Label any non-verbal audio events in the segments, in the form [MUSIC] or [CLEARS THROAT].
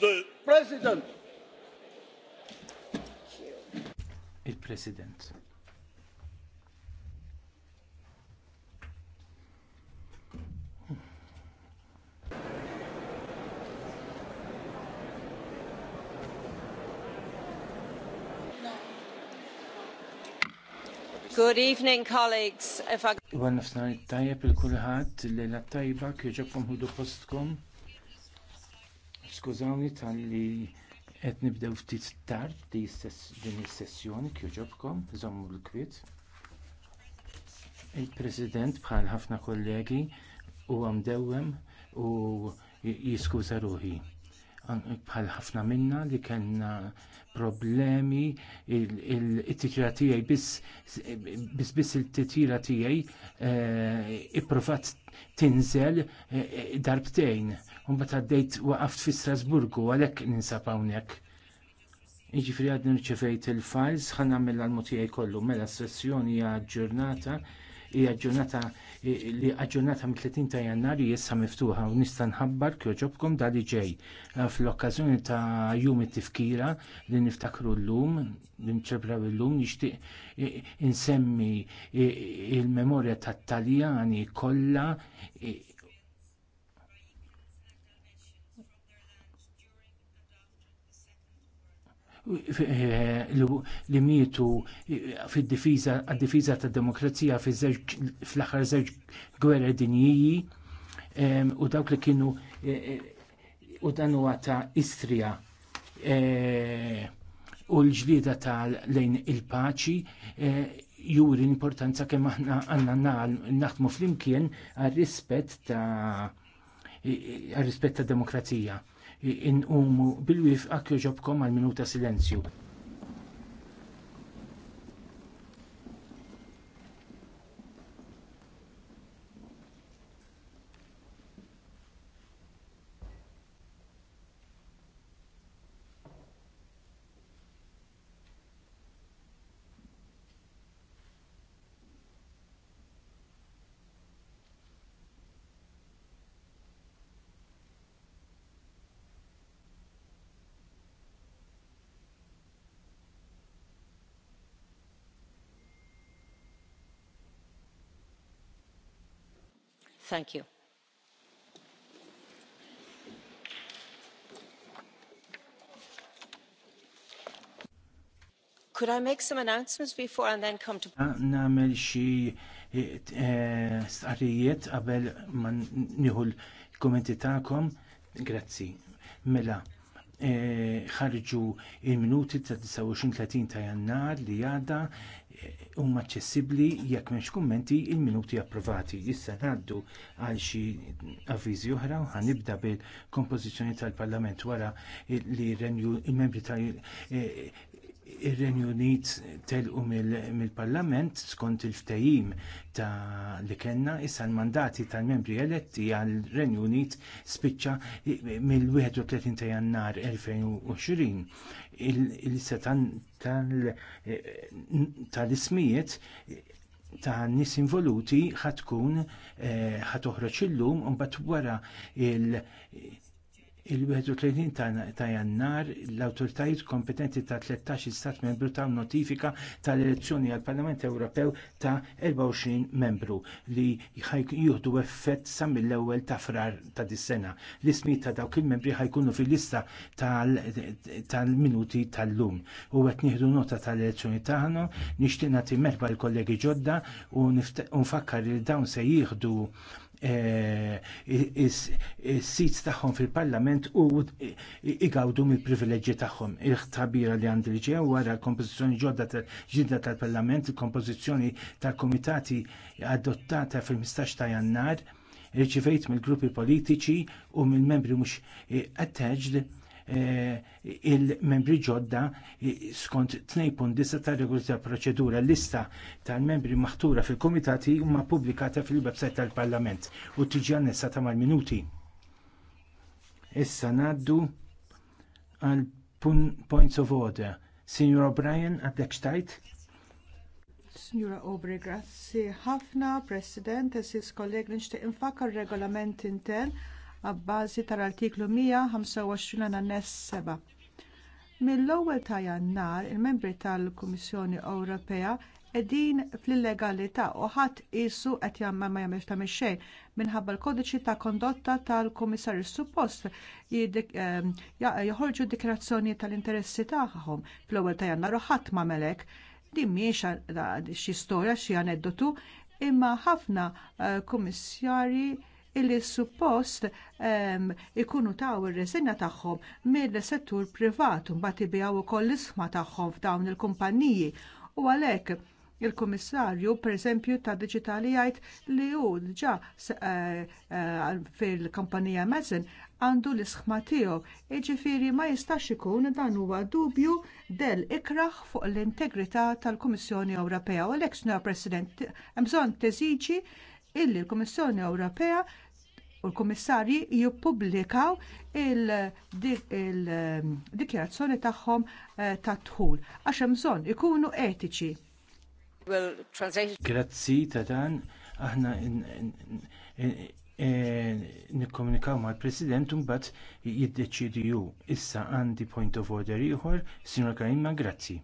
the President. Il-President. Good evening, colleagues. If I... Għan nafsna tajjeb il-kulħat li la tajba kieġakom hudu postkom. Skużawni tal-li qed nibdew ftit tard din is-sessjoni ġobkom, żommu l-kwiet. Il-President bħal ħafna kollegi huwa mdewwem u jiskuża ruħi bħal ħafna minna li kellna problemi il-titira tiegħi biss biss il-titira tiegħi eh, ippruvat tinżel eh, darbtejn. Mbagħad għaddejt waqaft fi Strasburgu għalhekk ninsab hawnhekk. Jiġifieri għad nirċevejt il-files, ħan nagħmel l-mutijaj kollu, mela s sessjoni għad ġurnata hija ġurnata li aġġornata mit-30 ta' jannar issa miftuħa u nista' nħabbar kjoġobkom da li ġej. Eh, Fl-okkażjoni ta' jum it-tifkira li niftakru llum, li nċebraw illum nixtieq insemmi il-memorja tat-Taljani kollha Eh, li mietu eh, fid-difiża għad-difiża tad-demokrazija fl-aħħar żewġ gwerra dinjiji u dawk li kienu eh, u dan huwa ta' Istrija u l-ġlieda ta' lejn il-paċi juri l-importanza kemm aħna għandna naħdmu flimkien għar-rispett ta' għal-rispett ta' demokrazija inqumu bil-wifqa kjoġobkom għal minuta silenzju. thank you. Could I make some announcements before and then come to... Namel xie eh, eh, starijiet qabel ma nieħu l-kommenti tagħkom. Grazzi. Mela, eh, ħarġu il-minuti ta' 29-30 ta' jannar li għada huma aċċessibbli jekk m'hemmx kummenti il-minuti approvati. Issa ngħaddu għal xi avviżi oħra u ħanibda bil-kompożizzjoni tal-Parlament wara li il-membri tal- eh, eh, ir-Renju Unit telqu mill-Parlament skont il-ftehim ta' li kellna issa l-mandati tal-membri eletti għal Renju Unit spiċċa mill-31 ta' Jannar 2020 il-setan tal-ismijiet ta' nis involuti ħatkun eh, ħatoħroċ illum un bat wara il- il-31 ta', ta jannar l-autoritajiet kompetenti ta' 13 stat membru ta' notifika tal-elezzjoni għall parlament Ewropew ta' 24 membru li jieħdu effett sa' mill-ewwel ta' frar ta' dis-sena. L-ismi ta' dawk il-membri ħajkunu fil-lista tal-minuti tal-lum. U qed nieħdu nota tal-elezzjoni tagħna, nixtieq nagħti merba l-kollegi ġodda u nfakkar li dawn se jieħdu Eh, is sits tagħhom fil-Parlament u igawdu mill-privileġġi tagħhom. Il-ħtabira li għandi li ġew wara l-kompożizzjoni ġodda ġidda tal-Parlament, il-kompożizzjoni tal-komitati adottata fil-15 ta' Jannar, irċivejt mill-gruppi politiċi u mill-membri mhux eh, attached Eh, il-membri ġodda eh, skont 2.9 ta' regoli tal proċedura. Lista tal-membri maħtura fil-komitati huma pubblikata fil-website tal-Parlament u tiġi ta' mal-minuti. Issa naddu għal points of order. Signor O'Brien, għaddek xtajt? Signora Obre, grazzi ħafna, President, esis kolleg nixtieq infakar regolament intern għabbażi tal-artiklu 125 għannes 7. Mill-ewwel ta' jannar, il-membri tal-Kummissjoni Ewropea qegħdin fl-illegalità u ħadd qisu qed jagħmel ma jagħmilx ta' mixej minħabba l-kodiċi ta' kondotta tal-Kummissarju suppost ehm, joħorġu dikjarazzjoni tal-interessi tagħhom fl-ewwel ta' jannar u ħadd ma' din mhijiex xi storja xi aneddotu imma ħafna eh, kummissarji illi suppost um, ikunu taw ir-reżenja tagħhom mill-settur privat mbagħad ibijaw wkoll l-isma tagħhom f'dawn il-kumpaniji u għalhekk il-Kummissarju pereżempju tad Diġitali jgħid li hu diġà eh, eh, fil-kampanija Mezen għandu l-isħma tiegħu. Jiġifieri ma jistax ikun dan huwa dubju del ikraħ fuq l-integrità tal-Kummissjoni Ewropea. U għalhekk, Sinjor President, hemm bżonn teżiġi illi l-Kummissjoni Ewropea u l-kummissarji jippubblikaw il-dikjarazzjoni tagħhom eh, ta' dħul għax hemm bżonn ikunu etiċi. Grazzi ta' dan aħna eh, nikkomunikaw mal-President mbagħad jiddeċidi ju. Issa għandi point of order ieħor, Sinjor Karima, grazzi.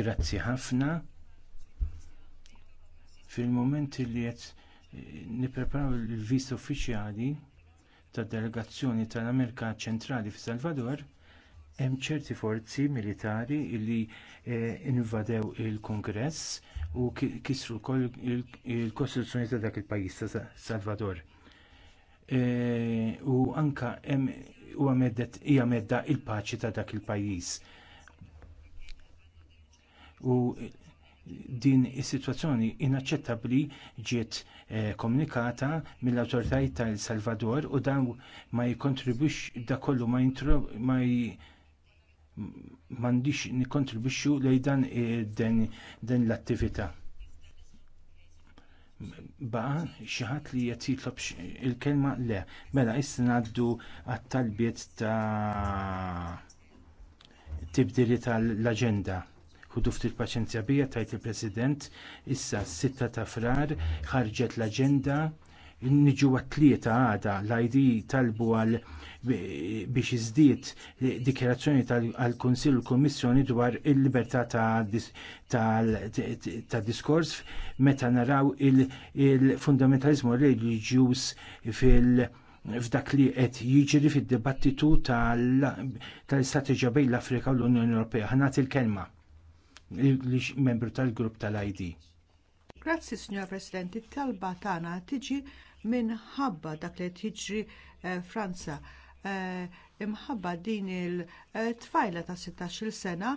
Grazzi ħafna Fil-moment li qed eh, nippreparaw il viża uffiċjali tad delegazzjoni tal-Amerika ċentrali fis Salvador, hemm ċerti forzi militari li eh, invadew il-Kongress u kisru wkoll il-Kostituzzjoni ta' dak il-pajjiż ta' Salvador. Eh, u anka hemm hija medda il-paċi ta' dak il-pajjiż. U din is-sitwazzjoni inaċċettabbli ġiet eh, komunikata mill-awtoritajiet tal Salvador u dan ma jikkontribwix da kollu ma jintro ma m'għandix nikkontribwixxu lejn dan eh, den l-attività. Ba' xi ħadd li qed jitlob il-kelma le. Mela issa ngħaddu għat-talbiet ta' tibdili tal agenda Ħudu ftit paċenzja bija tajt il-President issa s-sitta ta' frar ħarġet l-aġenda niġu għat-tlieta għada l-ID talbu għal biex iżdiet dikjerazzjoni tal-Konsil u Kommissjoni dwar il-libertà ta' diskors meta naraw il-fundamentalizmu reliġjuż fil- f'dak li qed jiġri fid-dibattitu tal-istrateġija bejn l-Afrika u l-Unjoni Ewropea. Ħanat il-kelma li membru tal-grupp tal-ID. Grazzi, Signor President, it-talba tagħna tiġi minħabba dak li tiġri eh, Franza. Eh, imħabba din il-tfajla ta' 16 sena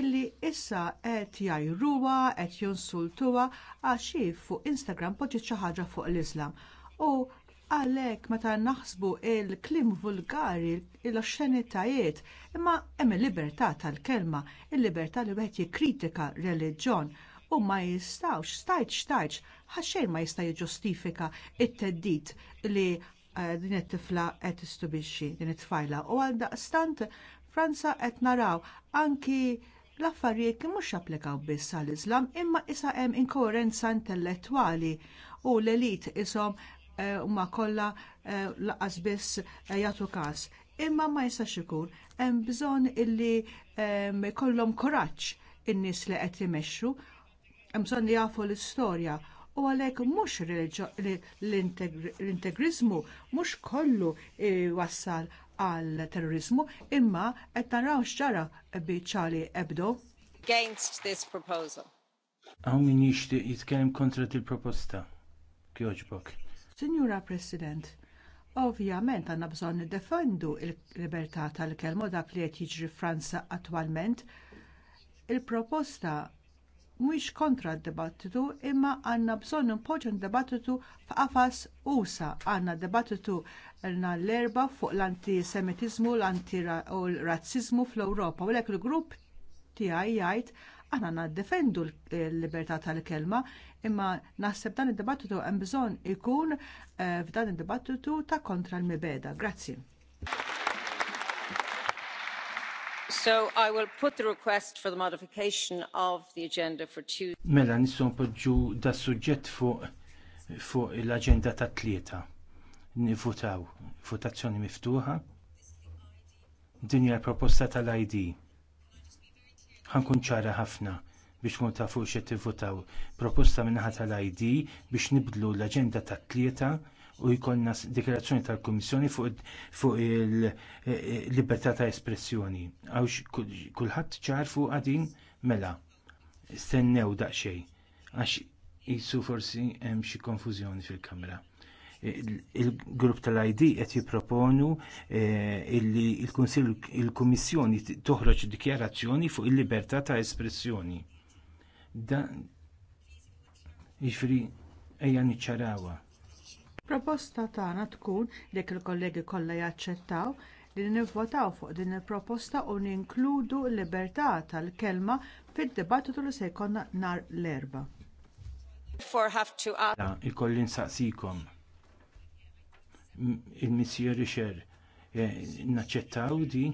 illi issa qed jajruha, qed jinsultuha għax fuq Instagram poġġi xi ħaġa fuq l-Islam. U Għalhekk meta naħsbu il klim vulgari, il-oxenitajiet imma hemm il-libertà tal-kelma, il-libertà li wieħed jikkritika reliġjon u ma jistawx, stajt stajt, ħaxxejn ma jista' jiġġustifika t teddit li eh, din it-tifla qed tistubixxi din it-tfajla. U għal daqstant Franza qed naraw anki l-affarijiet kien mhux applikaw biss għall iżlam imma isa hemm inkoerenza intellettwali u l-elit ishom huma eh, kollha eh, laqas biss eh, jagħtu każ. Imma ma jistax ikun hemm bżonn illi ehm, kollhom koraġġ in-nies li qed imexxu, hemm bżonn li jafu l-istorja u għalhekk mhux l-integriżmu mhux kollu wassal għal terrorizmu imma qed naraw x'ġara biċċali ebdo. Against this proposal. Għaw min jixtieq jitkellem kontra til proposta. Kjoġbok. Signora President, ovvjament għandna bżonn defendu l libertà tal kelmu dak li qed jiġri Franza attwalment. Il-proposta mhuwiex kontra d-dibattitu imma għandna bżonn impoġġu d-dibattitu f'qafas usa. Għandna dibattitu l-erba fuq l-antisemitiżmu u l-razziżmu fl-Ewropa u l-grupp tiegħi jgħid Aħna naddefendu l-libertà tal-kelma, imma naħseb dan id-dibattitu hemm bżonn ikun eh, f'dan id-dibattitu ta' kontra l-mibeda. Grazzi. So I will put the request for the modification of the agenda for Tuesday. Mela nisson podġu da suġġett fuq fu l-agenda ta' tlieta. Nifutaw, votazzjoni miftuħa. Din hija proposta tal-ID ħankun ċara ħafna biex mu tafu xe tivvotaw proposta minnaħa tal-ID biex nibdlu l-agenda ta' tlieta u jkollna dikjerazzjoni tal-Kummissjoni fuq il-libertà eh, ta' espressjoni. Għawx kulħadd ċar fuq għadin mela. Stennew daqsxejn għax jissu forsi hemm xi konfużjoni fil-kamra il-grupp tal-ID qed jipproponu eh, illi il-Kunsill il-Kummissjoni toħroġ dikjarazzjoni fuq il-libertà ta' espressjoni. Dan jiġri ejja niċċarawha. Proposta tagħna tkun dek il-kollegi kollha jaċċettaw li nivvotaw fuq din il-proposta u ninkludu l-libertà tal-kelma fid-dibattitu li se jkollna nhar l-erba'. Il-kollin nsaqsikom il-Missier Richer e, naċċettaw di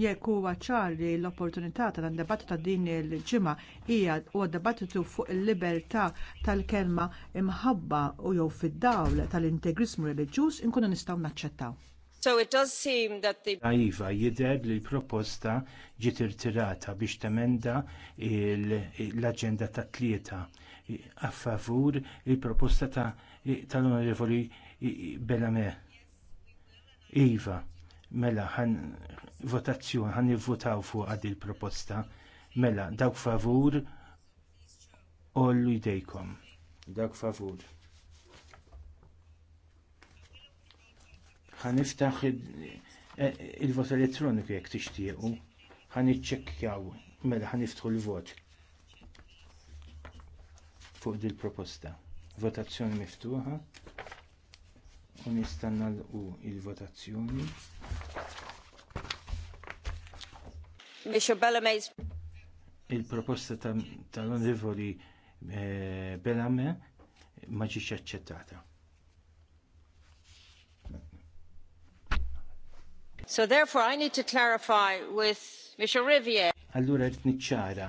jekk huwa ċar li l-opportunità tal-dibattitu ta' din il-ġimgħa hija huwa dibattitu fuq il-libertà tal-kelma imħabba u jew fid-dawl tal-integrismu reliġjuż inkunu nistgħu naċċettaw. So it does seem that the Aiva ah, jidher li l-proposta ġiet irtirata biex temenda l-aġenda tat tlieta a favur il-proposta tal-Onorevoli bela me. Iva, mela ħan votazzjoni, ħan nivvotaw fuq għad il-proposta. Mela, dawk favur, ollu jdejkom. Dawk favur. Ħan iftaħ e, il-vot elettroniku jekk tixtiequ. Ħan iċċekkjaw, mela ħan iftħu l-vot fuq dil-proposta. Votazzjoni miftuħa u nistanna l il-votazzjoni. Il-proposta tal-onorevoli eh, Belame ma ġiċ accettata. So therefore I need to clarify with Michel Rivier. Allora qed niċċara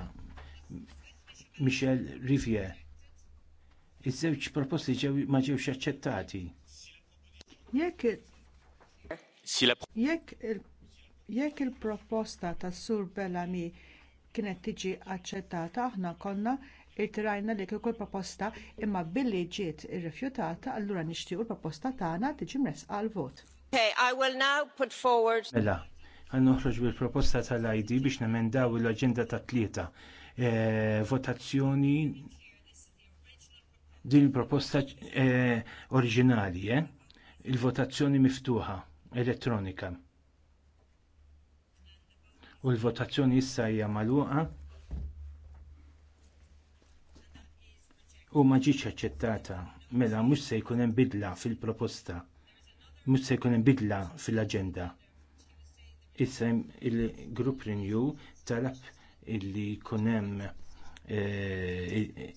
Michel Rivier. Iż-żewġ proposti ma ġewx aċċettati. Jekk jekk jekk il-proposta tas Sur Bellami kienet tiġi aċċettata aħna konna irtirajna li kieku proposta imma billi ġiet irrifjutata allura nixtiequ l-proposta tagħna tiġi mres għal vot. Okay, I will now put forward. Mela, għan ħroġ bil-proposta tal-ID biex nemendaw l-agenda ta' tlieta. E, votazzjoni din il-proposta e, oriġinali, eh? il-votazzjoni miftuħa elettronika. U l-votazzjoni issa hija magħluqa u ma ġietx aċċettata mela mhux se jkun hemm bidla fil-proposta, mhux se jkun hemm bidla fil-aġenda. Issa il-Group Renew talab illi jkun hemm eh,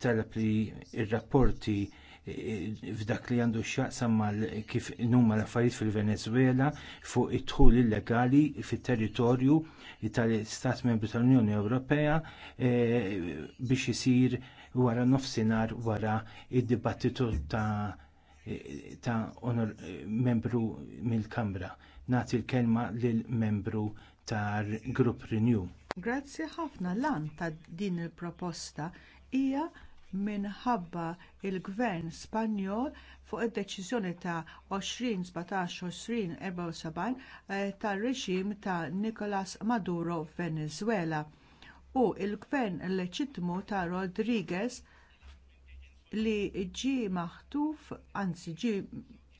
talab li r rapporti f'dak li għandu x'jaqsam mal kif numma l-affarijiet fil-Venezuela fuq id-dħul illegali fit-territorju tal-Istat Membru tal-Unjoni Ewropea eh, biex isir wara nofsinhar wara id-dibattitu ta' ta' onor membru mill-Kamra. Nagħti l-kelma lill membru tal-Grupp Renew. Grazzi ħafna lan ta' din il-proposta hija minħabba l gvern Spanjol fuq id-deċiżjoni ta' 2017 17 2074 tar-reġim ta' Nicolas Maduro Venezuela u l gvern leċitmu ta' Rodriguez li ġie maħtuf, anzi ġie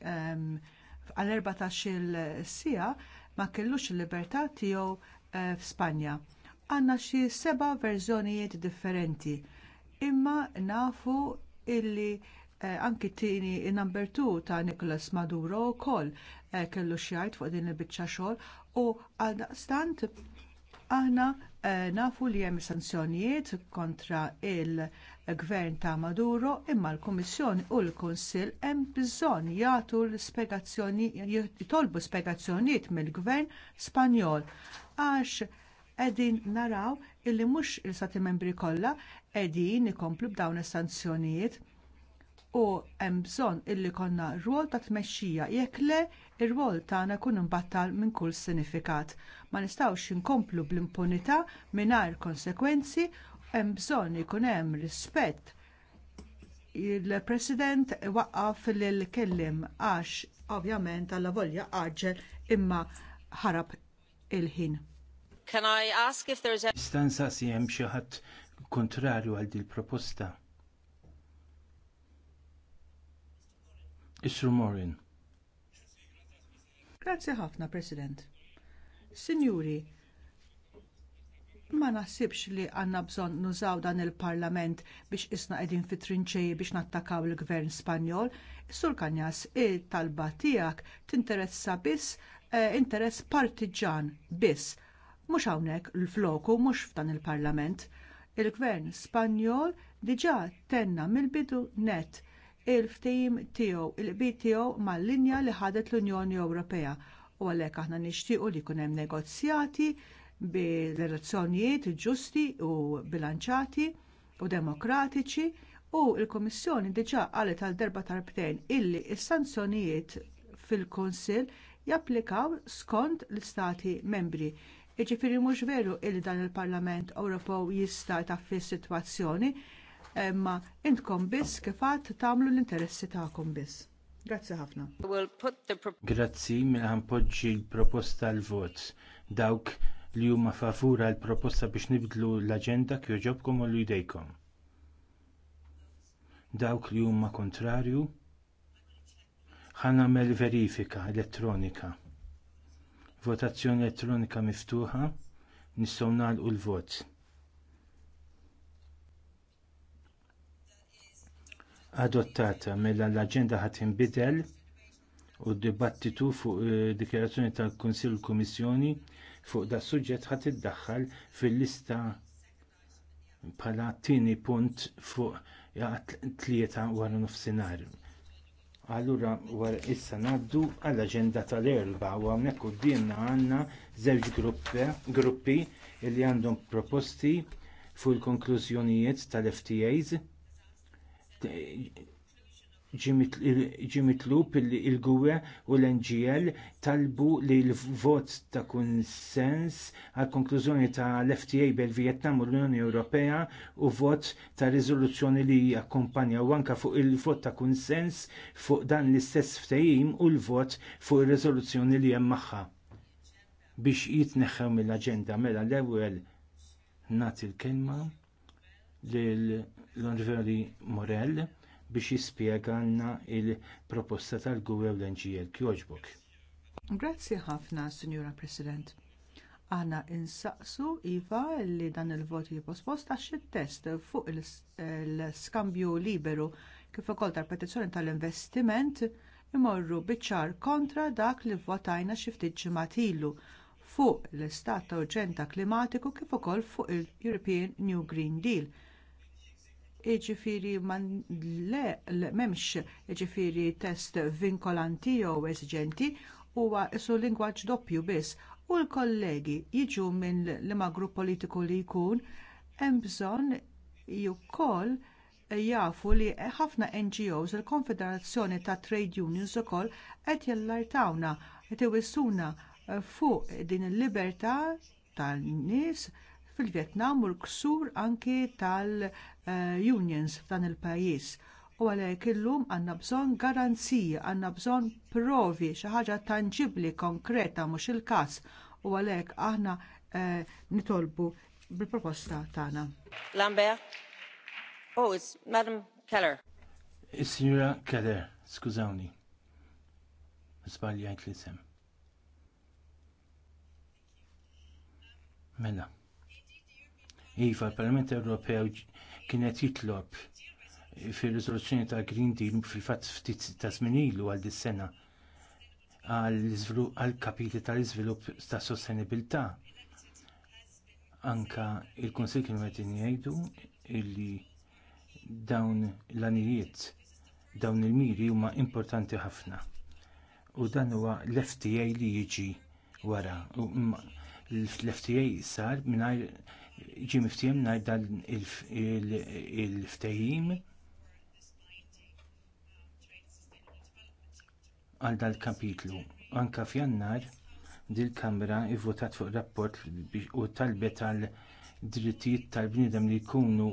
ehm, għal 14 siegħa ma kellux il-libertà tiegħu eh, f'Spanja. Għandna xi seba' verżjonijiet differenti imma nafu illi eh, anki t-tieni number 2 ta' Nicolas Maduro wkoll eh, kellu xi fuq din il-biċċa xogħol u għaldaqstant aħna eh, nafu li hemm sanzjonijiet kontra il-gvern ta' Maduro imma l-Kummissjoni u l-Kunsill hemm bżonn jagħtu l-spjegazzjoni jitolbu spjegazzjonijiet mill-gvern Spanjol għax qegħdin naraw illi mhux il sati membri kollha qegħdin ikomplu b'dawn is-sanzjonijiet u hemm bżonn illi jkollna rwol ta' tmexxija jekk le ir-rwol tagħna jkun imbattal minn kull sinifikat. Ma nistgħux inkomplu bl-impunità mingħajr konsegwenzi hemm bżonn ikun hemm rispett il-President waqqaf lill kellim għax ovvjament għalla volja għaġġel imma ħarab il-ħin. Can I ask if there's a... Stanza si jem xaħat kontrarju għal dil proposta. Isru Morin. Grazie ħafna, President. Signuri, ma naħsibx li għandna bżonn nużaw dan il-parlament biex isna qegħdin fit trinċeji biex nattakaw il-gvern Spanjol. Sur Kanjas, il-talba tiegħek tinteressa biss eh, interess partiġan biss Mhux hawnhekk l-floku mhux f'dan il-Parlament. Il-Gvern Spanjol diġà tenna mill-bidu net il-ftehim tiegħu il-qbit tiegħu mal-linja li ħadet l-Unjoni Ewropea u għalhekk aħna nixtiequ li jkun hemm negozjati bil-relazzjonijiet ġusti u bilanċati u demokratiċi u l kummissjoni diġà qalet għal darba tarbtejn illi s sanzjonijiet fil kunsill japplikaw skont l-Istati membri Iġifiri mhux veru li dan il-Parlament Ewropew jista' taffi s-sitwazzjoni, imma intkom biss kif għad tagħmlu l-interessi tagħkom biss. Grazzi ħafna. Grazzi minn mela ħanpoġġi l-proposta l-vot. Dawk li huma favura l-proposta biex nibdlu l-aġenda kjoġobkom u l-idejkom. Dawk li huma kontrarju ħanamel verifika elettronika. Votazzjoni elettronika miftuħa. Nistgħu nagħlqu l-vot. Adottata mela l-aġenda ħadd inbidel u ddibattitu dibattitu fuq eh, dikjarazzjoni tal-Kunsill Kummissjoni fuq da' suġġett ħadd iddaħħal fil-lista bħala tieni punt fuq tlieta wara nofsinhar. Allura war issa ngħaddu għall aġenda tal-erba u hawnhekk quddiemna għandna żewġ gruppi li għandhom proposti fuq il-konklużjonijiet tal-FTAs ġi mitlub il-gwe u l-NGL talbu li l-vot ta' kunsens għal konklużjoni ta' l-FTA bil-Vietnam u l-Unjoni Ewropea u vot ta' riżoluzzjoni li jakkompanja u anka fuq il-vot ta' kunsens fuq dan l-istess ftehim u l-vot fuq ir-riżoluzzjoni li hemm magħha biex jitneħħew mill-aġenda mela l-ewwel nagħti l-kelma lill-Onorevoli Morell biex jispjegalna il-proposta tal-gwew l-NGL. Kjoġbok. Grazzi ħafna, Signora President. Aħna insaqsu Iva li dan il-vot jipospost għax il-test fuq il-skambju liberu kif ukoll tal-petizzjoni tal-investiment imorru biċar kontra dak li votajna xi ftit ġimgħat ilu fuq l-istat ta' urġenta klimatiku kif ukoll fuq il-European New Green Deal Iġifieri man le, le memx jiġifieri test vinkolanti jew eżigenti huwa isu lingwaġġ doppju biss u l-kollegi jiġu minn liema grupp politiku li jkun hemm bżonn wkoll jafu li ħafna NGOs il-Konfederazzjoni ta' Trade Unions ukoll qed jallartawna qed iwissuna fuq din il-libertà tan-nies fil-Vjetnam u l-ksur anki tal-unions f'dan il-pajjiż. U għalhekk illum għandna bżonn garanzija, għandna bżonn provi, xi ħaġa tangibbli, konkreta mhux il-każ. U għalhekk aħna eh, nitolbu bil-proposta tagħna. Lambert. Oh, it's Madam Keller. Is-Sinjura Keller, skużawni. Sbaljajt l-isem. Mela. Iva, il-Parlament Ewropew kienet jitlob fil-rizoluzzjoni ta' Green Deal fil-fatt ftit ta' ilu għal dis-sena għal kapitli tal-iżvilupp ta' sostenibilità. Anka il-Konsil kienu qegħdin jgħidu illi dawn l-anijiet dawn il-miri huma importanti ħafna. U dan huwa l-FTA li jiġi wara. L-FTA sar mingħajr ġi miftijem najda il-ftejim għal dal-kapitlu. Anka f'jannar dil-Kamra ivvotat fuq rapport u talbet għal drittijiet tal-bniedem li jkunu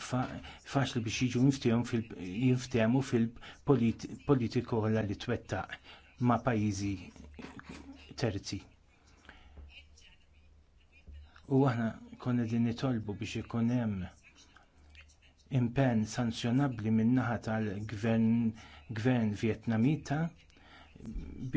faċli biex jiġu jinftehmu fil-politiku kollha li twettaq ma' pajjiżi terzi. U konna din nitolbu biex ikun hemm impenn sanzjonabbli min-naħa tal-gvern Vjetnamita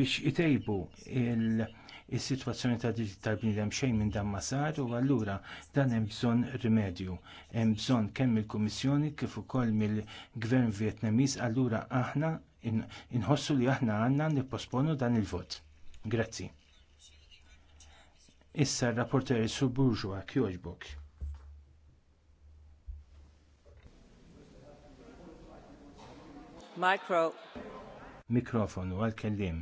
biex itejbu il-sitwazzjoni ta' tal-bniedem xejn minn dan ma sar u allura dan hemm bżonn rimedju. Hemm bżonn kemm il-Kummissjoni kif ukoll mill-Gvern Vjetnamiż allura aħna inħossu li aħna għandna nipposponu dan il-vot. Grazzi. Issa r-rapporteri su burġwa kjoġbok. Micro. Mikrofonu għal-kellim.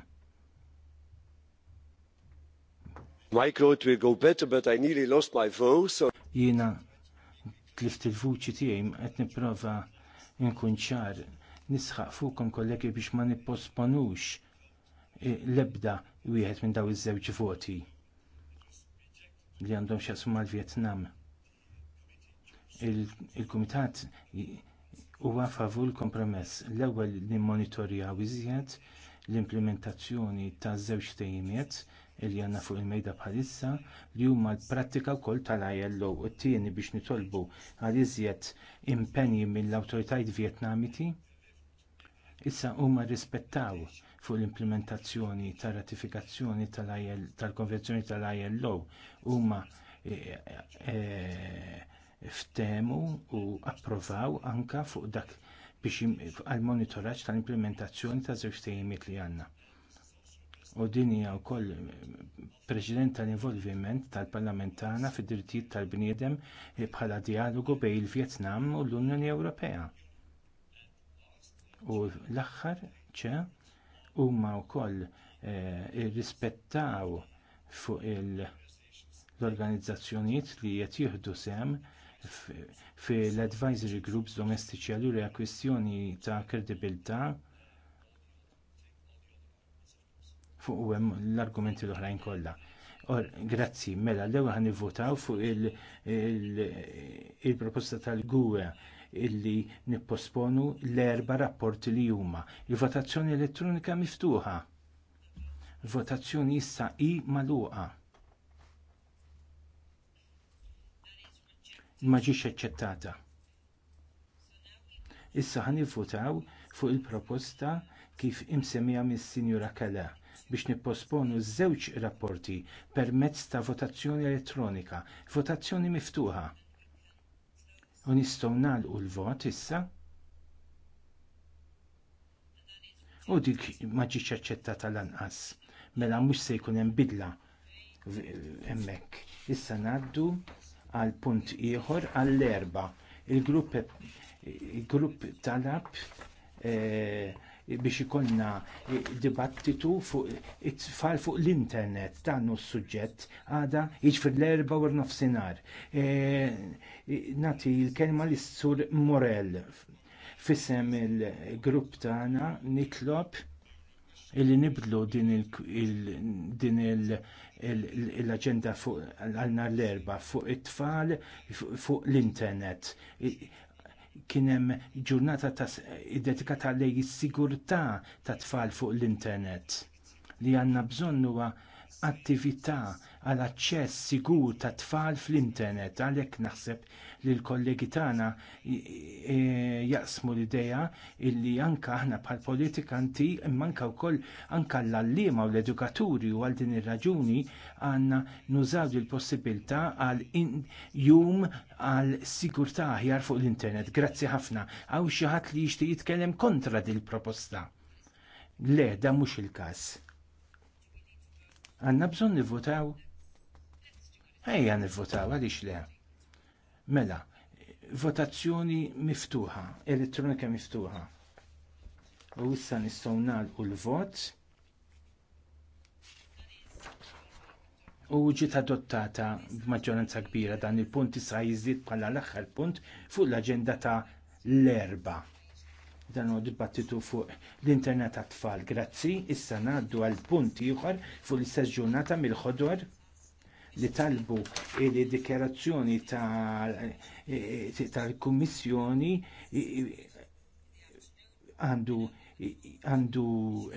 Micro, it will go better, but I nearly lost my voice. So... Jina, tlift il-vuċi tiegħi qed nipprova nkun ċar nisħaq fuqhom kollegi biex ma nipposponux eh, l-ebda wieħed minn daw iż-żewġ voti li għandhom xasum mal-Vjetnam. Il-Kumitat huwa favur kompromess l-ewwel li monitorja iżjed l-implementazzjoni ta' żewġ tejmiet li għandna fuq il-mejda bħalissa li huma l-prattika wkoll tal-ILO u t-tieni biex nitolbu għal iżjed impenji mill-awtoritajiet Vjetnamiti issa huma rrispettaw fuq l-implementazzjoni tar ratifikazzjoni tal-konvenzjoni tal-ILO huma eh, eh, ftemu u approvaw anke fuq dak biex għal monitoraġġ tal-implementazzjoni ta' żewġ tejjimiet li għandna. U din hija wkoll eh, preċedent tal-involviment tal-Parlament tagħna fid-drittijiet tal-bniedem bħala dijalogu bejn il-Vjetnam u l-Unjoni Ewropea. U l-aħħar ċe huma wkoll eh, irrispettaw fuq l-organizzazzjonijiet li qed jieħdu sehem fil-advisory groups domestiċi allura kwistjoni ta' kredibilità fuq l-argumenti l-oħrajn kollha. Grazzi, mela, l-ewwel ħan fuq il-proposta tal-gwe illi nipposponu l-erba rapporti li huma. Il-votazzjoni elettronika miftuħa. Il-votazzjoni issa i magħluqa. Ma ġiex eċċettata. Issa ħan votaw fuq il-proposta kif imsemija mis-Sinjura Kala biex nipposponu żewġ rapporti permezz ta' votazzjoni elettronika, votazzjoni miftuħa. U nistgħu nagħlqu l-vot issa. U dik ma ġietx aċċettata lanqas. Mela mhux se jkun hemm bidla hemmhekk. Issa ngħaddu għal punt ieħor għall-erba. Il-grupp il talab eh, biex ikollna eh, dibattitu fuq it-tfal fuq l-internet dan s-suġġett għada jiġifier l-erba' u nofsinhar. Eh, eh, nati l-kelma l sur Morel fissem il-grupp tagħna nitlob illi nibdlu din l-agenda għal nhar l-erba fuq it-tfal fuq l-internet kien hemm ġurnata iddedikata lejn is-sigurtà tat tfal fuq l-internet li għandna bżonn huwa attività għal aċċess sigur ta' tfal fl-internet għalhekk naħseb li l-kollegi tagħna e, jaqsmu l-idea illi anke aħna bħal politikanti imma anke wkoll anke l-allima u l-edukaturi u għal din ir-raġuni għandna nużaw il possibilità għal jum għal sigurtà aħjar fuq l-internet. Grazzi ħafna. Għaw xi ħadd li jixtieq jitkellem kontra din il proposta Le, dan mhux il-każ. Għanna bżon nivvotaw? Ejja nivvotaw, għalix le. Mela, votazzjoni miftuħa, elettronika miftuħa. U issa nistgħu nagħlqu l-vot. U ġiet adottata b'maġġoranza kbira dan il-punt issa jiżdied bħala l-aħħar punt fuq l-aġenda ta' l-erba' dan u dibattitu fuq l-internet għat-tfal. Grazzi, issa naddu għal punt ieħor fuq l-istess ġurnata mill-ħodor li talbu li dikjarazzjoni tal-Kummissjoni għandu għandu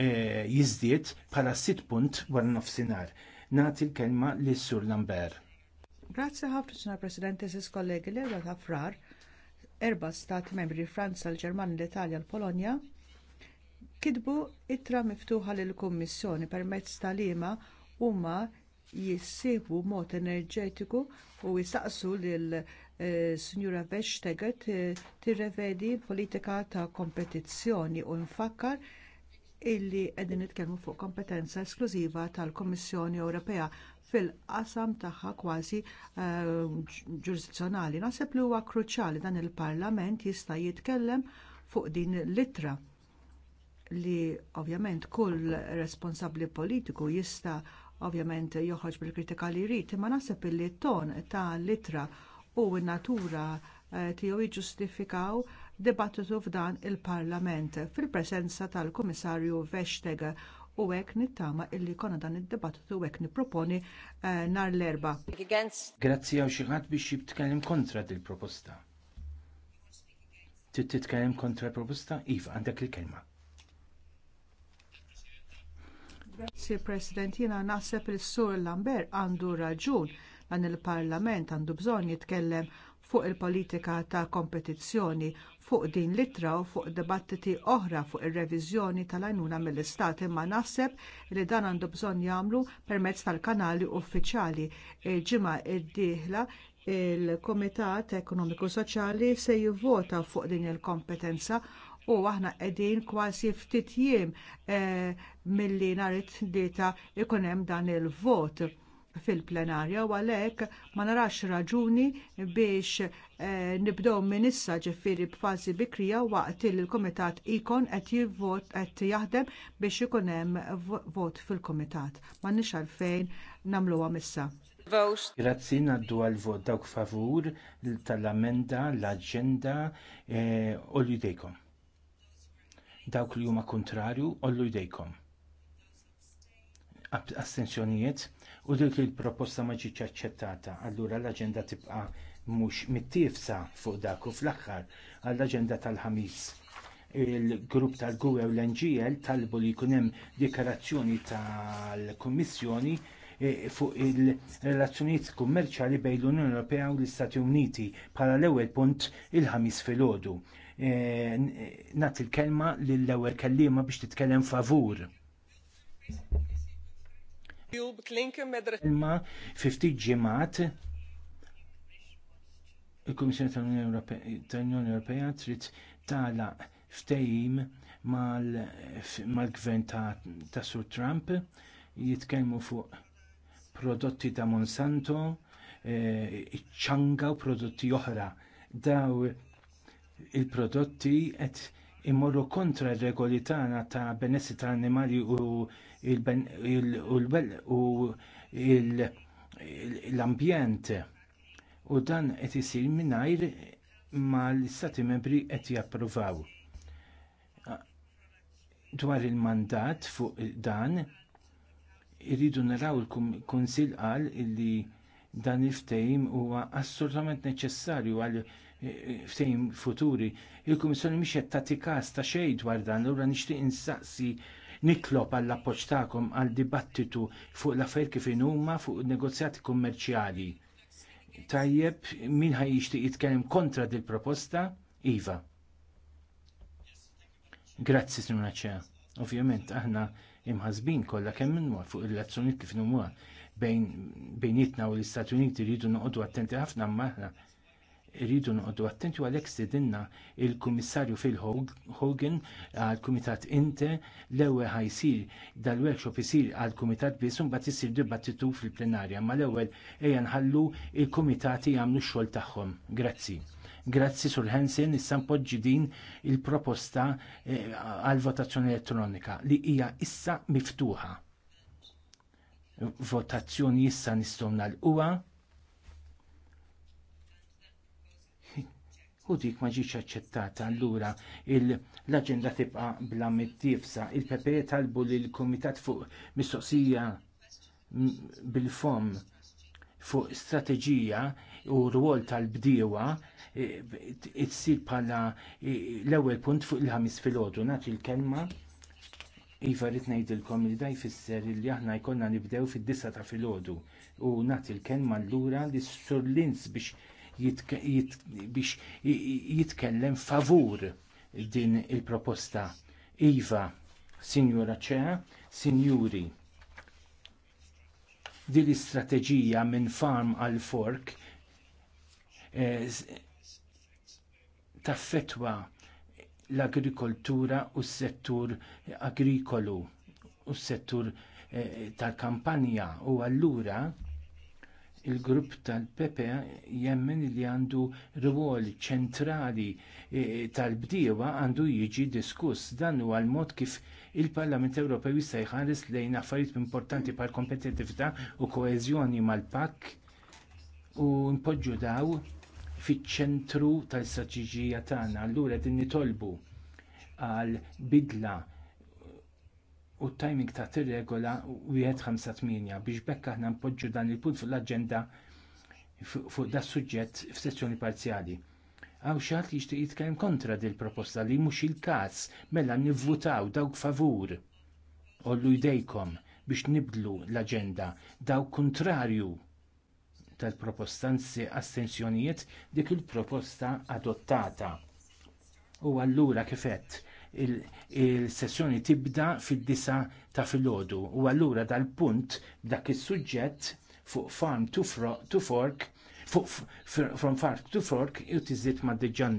eh, jizdiet pala sit punt wara nofsinar. Nati l-kelma lis sur Lambert. Grazzi ħafna, Presidente, s kollegi li għedha frar erba' stat membri Franza, l-Ġermanja, l-Italja, l-Polonja kitbu ittra miftuħa lill kummissjoni permezz ta' liema huma jissieħbu mod enerġetiku u jistaqsu lil eh, Sinjura Vestager tirrevedi politika ta' kompetizzjoni u nfakkar illi qegħdin nitkellmu fuq kompetenza esklużiva tal-Kummissjoni Ewropea fil-qasam tagħha kważi eh, ġurisdizzjonali. Naħseb li huwa kruċjali dan il-Parlament jista' jitkellem fuq din l-ittra li ovvjament kull responsabbli politiku jista' ovvjament joħroġ bil-kritika li jrid, imma naħseb li t-ton ta' l-ittra u n-natura eh, tiegħu jiġġustifikaw dibattitu f'dan il-Parlament fil-presenza tal-Kummissarju Vestager u hekk nittama illi konna dan id-dibattitu u hekk nipproponi eh, nhar l-erba. Grazzi għaw xi ħadd biex jitkellem kontra din proposta. Trid kontra l proposta? Iva, għandek il-kelma. Grazzi President, jiena naħseb il-Sur Lambert għandu raġun dan il-Parlament għandu bżonn jitkellem fuq il-politika ta' kompetizzjoni fuq din l-ittra u fuq dibattiti oħra fuq ir-reviżjoni tal-għajnuna mill-istat imma naħseb li dan għandu bżonn jagħmlu permezz tal-kanali uffiċjali. Il-ġimgħa d-dieħla il kumitat Ekonomiku Soċjali se jivvota fuq din il-kompetenza u aħna qegħdin kważi ftit jiem eh, milli nhar it-tlieta ikun hemm dan il-vot fil-plenarja u għalhekk ma narax raġuni biex eh, nibdew minn issa ġifieri b'fażi bikrija waqt li l-Kumitat ikon qed jivvot qed jaħdem biex ikun hemm vot fil-Kumitat. M'għandniex għalfejn nagħmluha issa. Grazzi naddu għal vot dawk favur tal-amenda, l-agenda eh, u li dejkom. Dawk li huma kontrarju, ollu jdejkom. Astenzjonijiet u dik il-proposta ma ġietx aċċettata. Allura l-aġenda tibqa' mhux mittiefsa fuq dak u fl-aħħar għall-aġenda tal-ħamis. Il-grupp tal-GUE l-NGL talbu li jkun hemm dikarazzjoni tal-Kummissjoni e, fuq il-relazzjonijiet kummerċjali bejn l-Unjoni Ewropea u l-Istati Uniti bħala l-ewwel punt il-ħamis filgħodu. E, nagħti l-kelma lill-ewwel kelliema biex titkellem favur. Imma 50 il komissjoni tal-Unjoni Ewropea trid tala ftehim mal-gvern ta' Sur Trump jitkellmu fuq prodotti ta' Monsanto, eh, ċanga u prodotti oħra. Daw il-prodotti qed imorru kontra r regoli tagħna ta' benessi tal-animali u l-ambjent u dan qed isir mingħajr ma l-istati membri qed japprovaw. Dwar il-mandat fuq dan irridu naraw il kunsill qal li dan il-ftehim huwa assolutament neċessarju għal eh, ftehim futuri. Il-Kummissjoni mhix qed tagħti każ ta' xejn dwar dan, allura nixtieq insaqsi Niklob għall appoġġ tagħkom għal dibattitu fuq l-affarijiet kif huma fuq negozjati kummerċjali. Tajjeb min ħaj jixtieq jitkellem kontra dil proposta? Iva. Grazzi Sinuna ċea. Ovvjament aħna imħazbin kollha kemm minwa fuq il-relazzjonijiet kif huma bejn bejnietna u l-Istati Uniti rridu noqogħdu attenti ħafna aħna rridu noqogħdu attenti għalhekk sidinna il-Kummissarju fil Hogan għall-Kumitat Inte l-ewwel ħajsir dal-workshop isir għall-Kumitat biss imbagħad isir dibattitu fil-plenarja, ma l-ewwel ejja nħallu il kumitati jagħmlu x-xogħol tagħhom. Grazzi. Grazzi Sur Hansen, issa npoġġi din il-proposta eh, għal-votazzjoni elettronika li hija issa miftuħa. Votazzjoni issa nistgħu nagħlquha. u dik ma ġietx aċċettata. Allura l-aġenda tibqa' bla mittifsa. Il-PPE talbu li l-Kumitat fuq mistoqsija bil-fom fuq strateġija u rwol tal-bdiewa e, it-sir bħala e, l-ewwel punt fuq il-ħamis filgħodu nagħti l-kelma Iva rrit ngħidilkom li da jfisser li aħna jkollna nibdew fid-disa ta' filgħodu u nagħti l-kelma allura lis Sur surlins biex biex jitkellem favur din il-proposta. Iva, Signora Cea, Sinjuri, din l-istrateġija minn farm għal fork eh, taffetwa l-agrikoltura u s-settur agrikolu u s-settur eh, tal-kampanja u allura il-grupp tal-Pepe jemmen li għandu rwol ċentrali e, tal-bdiewa għandu jiġi diskuss dan huwa l-mod kif il-Parlament Ewropew jista' jħares lejn affarijiet importanti bħal kompetitività u koeżjoni mal-PAK u npoġġu daw fiċ-ċentru tal-istraċiġija tagħna. Allura qed nitolbu għal bidla u t timing ta' tir-regola wieħed 58 biex bekk aħna npoġġu dan il-punt fuq l-aġenda fuq da' suġġett f'sezzjoni parzjali. Għaw xi li jishtiq jitkellem kontra dil proposta li mhux il-każ mela nivvutaw dawk favur ollu jdejkom biex nibdlu l-aġenda dawk kontrarju tal-proposta nsi astensjonijiet dik il-proposta adottata. U allura kif kifett il-sessjoni tibda fid-disa ta' filgħodu. U allura dal-punt dak is-suġġett fuq farm to fork fuq from farm to fork u ma' diġan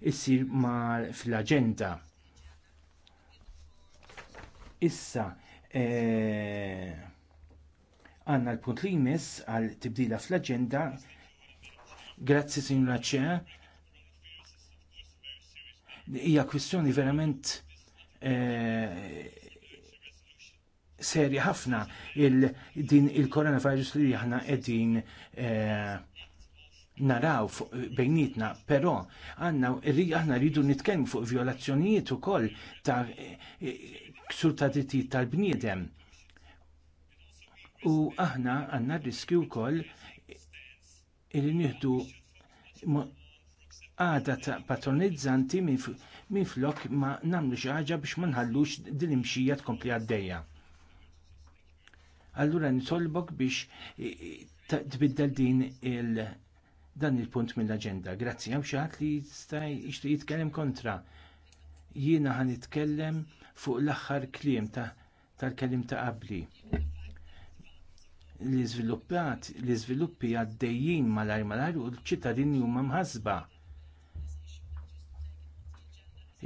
issir ma' fil-aġenda. Issa, e, għanna l-punt li jmiss għal tibdila fl-agenda. Grazzi, signora Ċe, hija kwistjoni verament eh, serja ħafna il, din il-coronavirus li aħna qegħdin e, naraw bejnietna, però għanna aħna rridu nitkellmu fuq violazzjonijiet ukoll ta' eh, ksur ta' drittijiet tal-bniedem. U aħna għanna riskju wkoll il nieħdu għada patronizzanti minn flok ma namlu xaħġa biex ma nħallux din imxija tkompli għaddejja. Allura nitolbok biex tbiddel din il- dan il-punt mill-agenda. Grazzi, għaw xaħat li jistaj ixti jitkellem kontra. Jiena għan jitkellem fuq l-axħar klim tal-kellim ta' qabli l-iżviluppat, l-iżviluppi għaddejjin mal malajr u l-ċittadini huma mħasba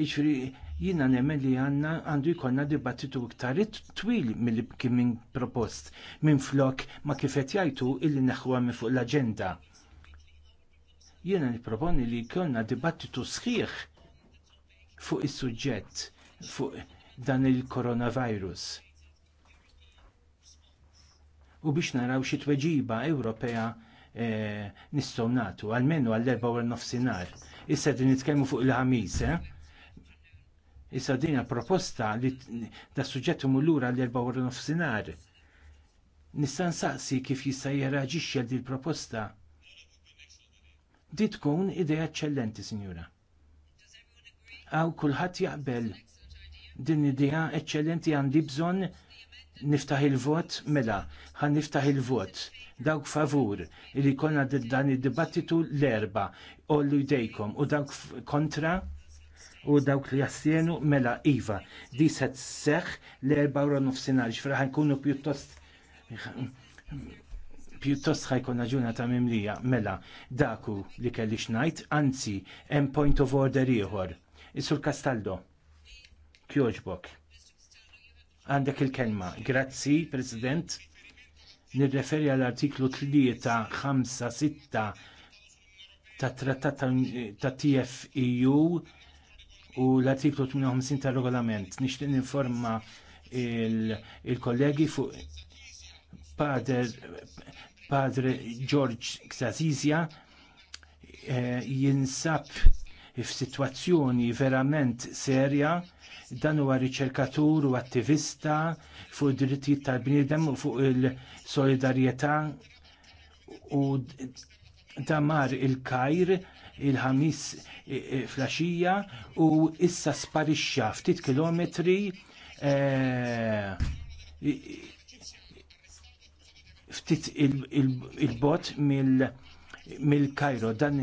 Iġri, jina nemmen li għanna għandu jkonna dibattitu iktar twil mill kien min propost minn flok ma kifet jajtu illi neħwa minn fuq l-agenda. Jina niproponi li jkonna dibattitu sħiħ fuq is suġġett fuq dan il-coronavirus. U biex naraw xi tweġiba Ewropea e, nistgħu nagħtu, għalmenu għall-erba' nofsinhar. Issa din nitkellmu fuq il-ħamis, eh? Issa din proposta li da suġġett mullura l-24 nofsinar. Nista' nsaqsi kif jista' jirraġiċi għal din proposta. Di tkun idea eċċellenti, signora. Għaw kulħadd jaqbel din idea eċċellenti għandi bżonn niftaħ il-vot mela, għan niftaħ il-vot. Dawk favur li konna dan id-dibattitu l-erba, l jdejkom u dawk kontra u dawk li jassienu mela Iva. Di set seħ l-erba ura nofsinarġ, fraħan pjuttost pjuttost ħajkonna ġuna ta' mimlija, mela, daku li kelli xnajt, anzi, hemm point of order ieħor. Isur Kastaldo, kjoġbok. Għandek il-kelma. Grazzi, President. Nirreferi għall-artiklu 3, 5, 6 ta' trattat ta' TFEU u l-artiklu 58 tar regolament nixtieq ninforma il-kollegi fuq padre George Xazizia eh, jinsab f'sitwazzjoni verament serja dan huwa riċerkatur u attivista fuq id-drittijiet tal-bniedem u fuq il-solidarjetà u damar il-kajr il-ħamis flaxija u issa sparixxa ftit kilometri e, ftit il-bot mill-Kajro dan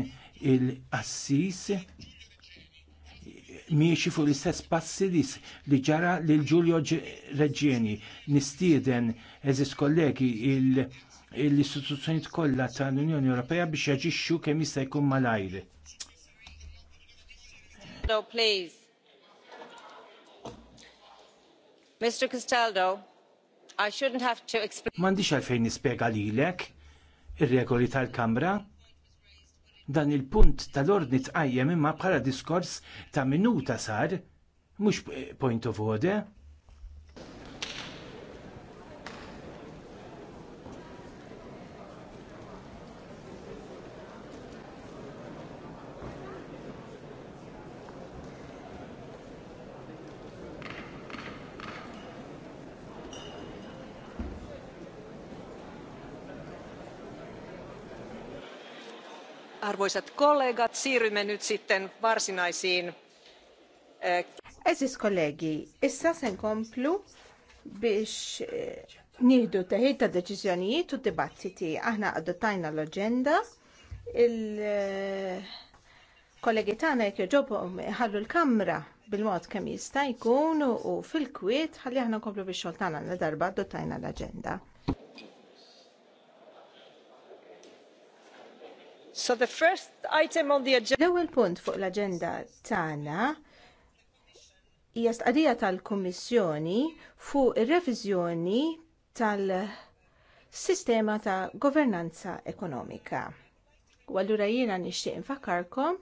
il-assis miexi fuq l-istess passi li ġara lil Giulio Reġġieni nistieden eżis kollegi il- l-istituzzjonijiet kollha tal-Unjoni Ewropea biex jaġixxu kemm jista' jkun malajr. No, please. Mr. Castaldo, I shouldn't have to explain. M'għandix għalfejn nispjega lilek ir-regoli tal-Kamra. Dan il-punt tal-ordni tqajjem imma bħala diskors ta' minuta sar, mhux point of order. Arvoisat kollegat, siirrymme nyt sitten varsinaisiin. Esis eh, kollegi, issa sen komplu biex eh, nieħdu teħid ta' deċiżjonijiet u dibattiti. Aħna adottajna l agenda il-kollegi eh, Tana jekk joġobom ħallu l-kamra bil-mod kemm jista' jkun u fil-kwiet ħalli aħna nkomplu bix-xogħol tagħna darba adottajna l-aġenda. So the first item on the agenda. L-ewwel punt fuq l-aġenda tagħna hija stqarrija tal-Kummissjoni fuq ir-reviżjoni tal-sistema ta' governanza ekonomika. U allura jiena nixtieq infakkarkom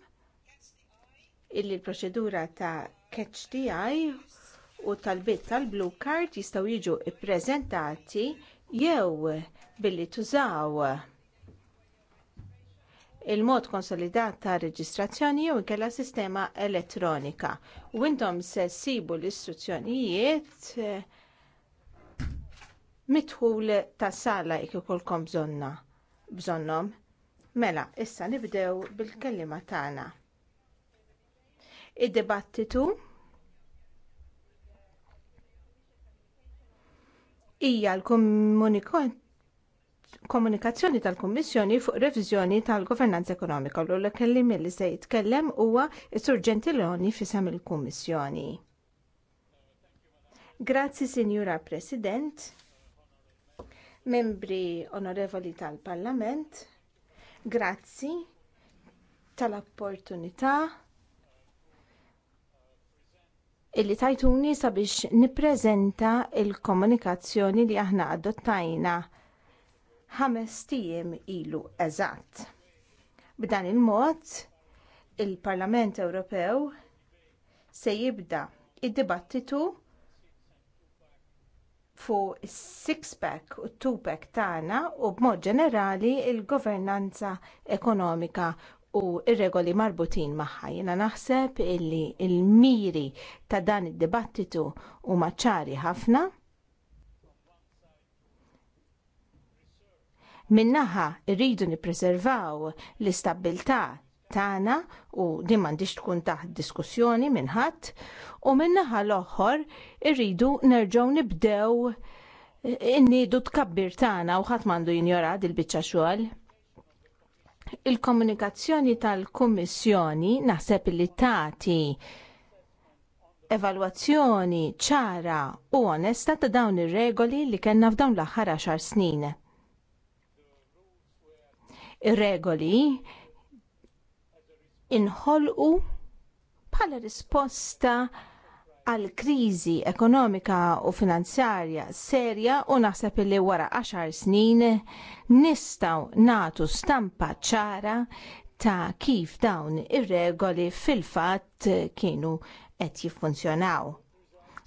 illi l-proċedura ta' catch DI u tal-bit tal-blue card jistgħu jiġu ippreżentati jew billi tużaw il-mod konsolidat ta' reġistrazzjoni jew inkella sistema elettronika. U intom se ssibu l-istruzzjonijiet eh, mitħul ta' sala jekk ikolkom bżonna bżonnom. Mela, issa nibdew bil-kellima tagħna. Id-dibattitu hija l komunikazzjoni komunikazzjoni tal-Kummissjoni fuq reviżjoni tal-Governanza Ekonomika l l-kellim li se jitkellem huwa s-Sur Gentiloni fisem il-Kummissjoni. Grazzi, Sinjura President, membri onorevoli tal-Parlament, grazzi tal-opportunità illi tajtuni sabiex niprezenta l komunikazzjoni li aħna adottajna ħames tijiem ilu eżatt. B'dan il-mod, il-Parlament Ewropew se jibda id-dibattitu fuq is six-pack u two-pack tagħna u b'mod ġenerali l governanza ekonomika u r regoli marbutin magħha. Jiena naħseb illi l il miri ta' dan id-dibattitu huma ċari ħafna Minnaħa rridu nippreservaw l-istabilità tagħna u din m'għandix tkun taħt diskussjoni minn ħadd u minnaħa l-oħor irridu nerġgħu nibdew innidu tkabbir tagħna u ħadd m'għandu jinjora dil-biċċa xogħol. Il-komunikazzjoni tal-Kummissjoni naħseb li tagħti evalwazzjoni ċara u onesta ta' dawn ir-regoli li kellna f'dawn l-aħħar għaxar snin regoli inħolqu bħala risposta għal kriżi ekonomika u finanzjarja serja u naħseb li wara 10 snin nistgħu nagħtu stampa ċara ta' kif dawn ir-regoli fil-fatt kienu qed jiffunzjonaw.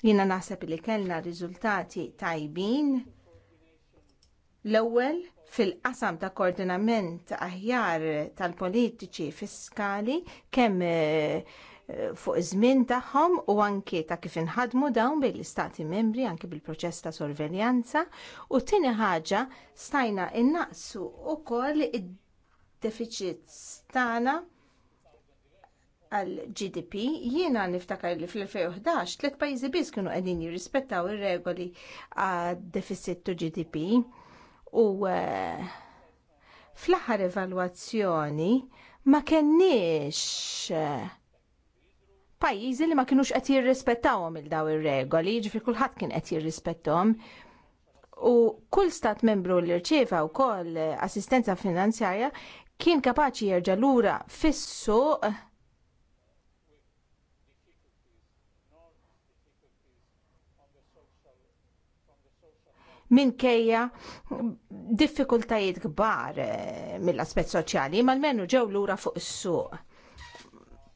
Jiena naħseb li kellna riżultati tajbin l-ewwel fil-qasam ta' koordinament aħjar tal-politiċi fiskali kemm eh, eh, fuq iż-żmien tagħhom u anke ta' kif inħadmu dawn bejn l-istati membri anke bil-proċess ta' sorveljanza u tieni ħaġa stajna innaqsu wkoll id-deficits tagħna għal GDP jiena niftakar li fl-2011 tliet pajjiżi biss kienu qegħdin jirrispettaw ir-regoli għad deficit to GDP u eh, fl-aħħar evalwazzjoni ma kenniex eh, pajjiżi li ma kinux qed jirrispettawhom il daw ir-regoli, ġifri kulħadd kien qed jirrispettahom. U kull stat membru li rċieva wkoll eh, assistenza finanzjarja kien kapaċi jerġa' lura fis-suq minkejja diffikultajiet kbar eh, mill-aspett soċjali, ma l-menu ġew lura fuq is-suq.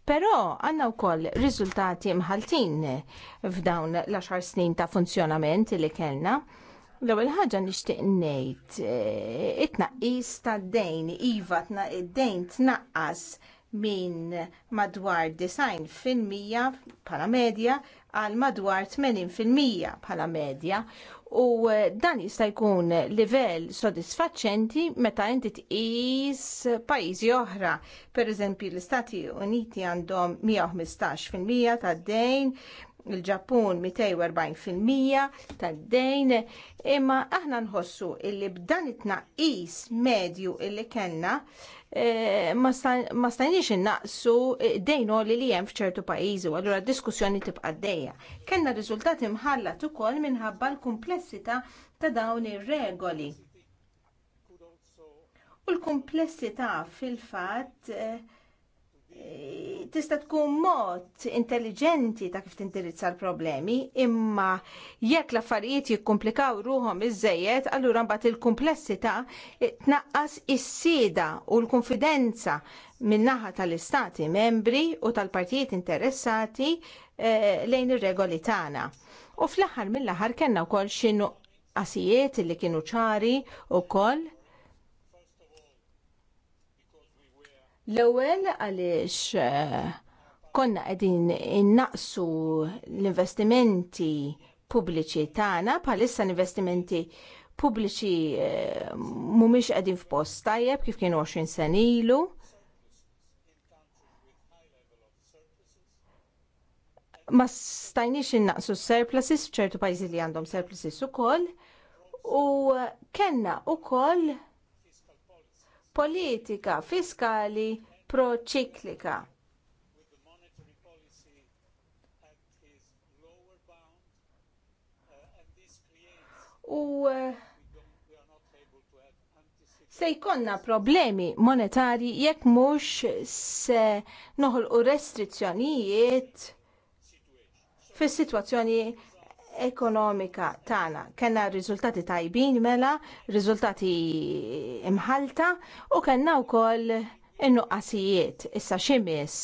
Però għanna wkoll riżultati mħaltin f'dawn l-10 snin ta' funzjonament li kellna. L-ewwel ħaġa nixtieq ngħid eh, it-tnaqqis tad-dejn iva id-dejn tnaqqas minn madwar 90% bħala medja għal madwar 80% bħala medja u eh, dan jista' jkun livell sodisfaċenti meta inti tqis pajjiżi oħra. Pereżempju l-Istati Uniti għandhom 115% tad-dejn, il-Ġappun 240% tad-dejn, imma aħna nħossu illi b'dan it-tnaqqis medju illi kellna eh, ma stajniex innaqsu dejno li li hemm f'ċertu pajjiżi u allura d-diskussjoni tibqa' dejja. Kenna riżultat imħallat ukoll minħabba l-kumplessità ta' dawn ir-regoli. U l-kumplessità fil-fatt eh, tista' tkun mod intelligenti ta' kif tindirizza l-problemi, imma jekk l-affarijiet jikkomplikaw ruhom iżejjed, allura mbagħad il-kumplessità tnaqqas is-sieda u l-konfidenza min-naħa tal-istati membri u tal-partijiet interessati eh, lejn ir-regoli tagħna. U fl-aħħar mill-aħħar kellna wkoll xi nuqqasijiet li kienu ċari wkoll L-ewwel għaliex eh, konna qegħdin innaqsu l-investimenti pubbliċi tagħna bħalissa investimenti pubbliċi eh, mhumiex qegħdin f'post tajjeb kif kienu 20 senilu. ilu. ma stajniex innaqsu surpluses f'ċertu pajjiżi li għandhom surpluses ukoll u eh, kellna koll politika fiskali proċiklika. u eh, se jkonna problemi monetari jekk mhux se noħolqu restrizzjonijiet fis-sitwazzjoni ekonomika tagħna kellna riżultati tajbin mela, riżultati imħalta u kellna wkoll in-nuqqasijiet issa ximis.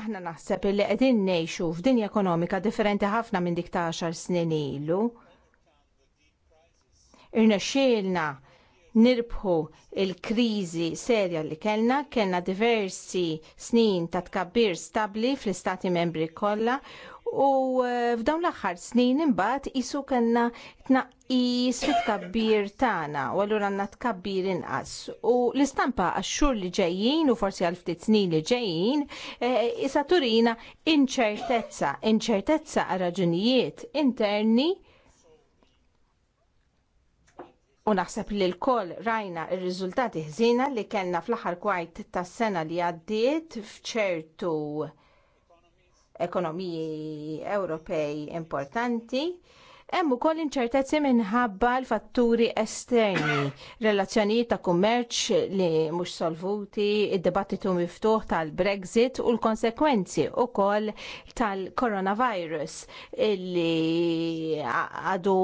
Aħna naħseb li qegħdin ngħixu f'dinja ekonomika differenti ħafna minn dik ta' għaxar snin ilu. Irnexxielna nirbħu il-kriżi serja li kellna, kellna diversi snin ta' tkabbir stabbli fl-istati membri kollha u eh, f'dawn l-aħħar snin imbagħad isu kellna tnaqqis fit-tkabbir tagħna u allura għandna tkabbir inqas. U l-istampa għax-xhur li ġejjin u forsi għal ftit snin li ġejjin eh, issa turina inċertezza, inċertezza għal raġunijiet interni U naħseb li l rajna il-riżultati ħżina li kellna fl-aħħar kwart tas-sena li għaddiet f'ċertu ekonomiji Ewropej importanti Hemm ukoll inċertezzi minħabba l-fatturi esterni, relazzjonijiet ta' kummerċ li mhux solvuti, id-dibattitu miftuħ tal-Brexit u l-konsekwenzi ukoll tal-coronavirus li għadu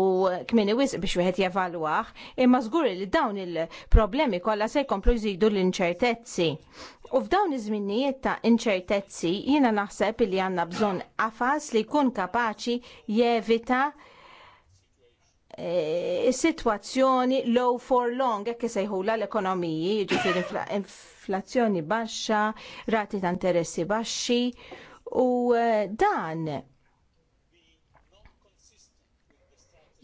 kmini wisq biex wieħed jevalwah, imma żgur li dawn il-problemi kollha se jkomplu jżidu l-inċertezzi. U f'dawn iż-żminijiet ta' inċertezzi jiena naħseb li għandna bżonn qafas li jkun kapaċi jevita Eh, situazzjoni low for long, ekki sejħula l-ekonomiji, ġifir inflazzjoni baxxa, rati ta' interessi baxxi, u eh, dan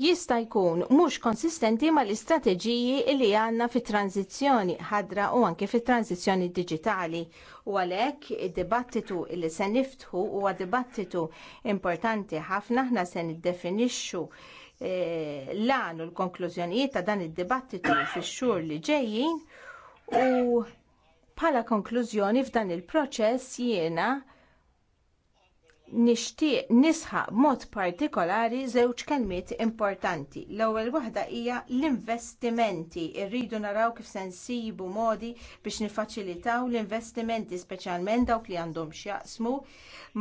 jista jkun mhux konsistenti mal istrateġiji li għandna fit tranzizzjoni ħadra u anke fit tranzizzjoni digitali. U għalhekk id-dibattitu li se niftħu huwa dibattitu importanti ħafna ħna se niddefinixxu Eh, l għanu u l-konklużjonijiet ta' dan id-dibattitu fix-xhur li ġejjin u bħala konklużjoni f'dan il-proċess jiena nixtieq nisħa b'mod partikolari żewġ kelmiet importanti. L-ewwel waħda hija l-investimenti. Irridu naraw kif se nsibu modi biex nifaċilitaw l-investimenti speċjalment dawk li għandhom x'jaqsmu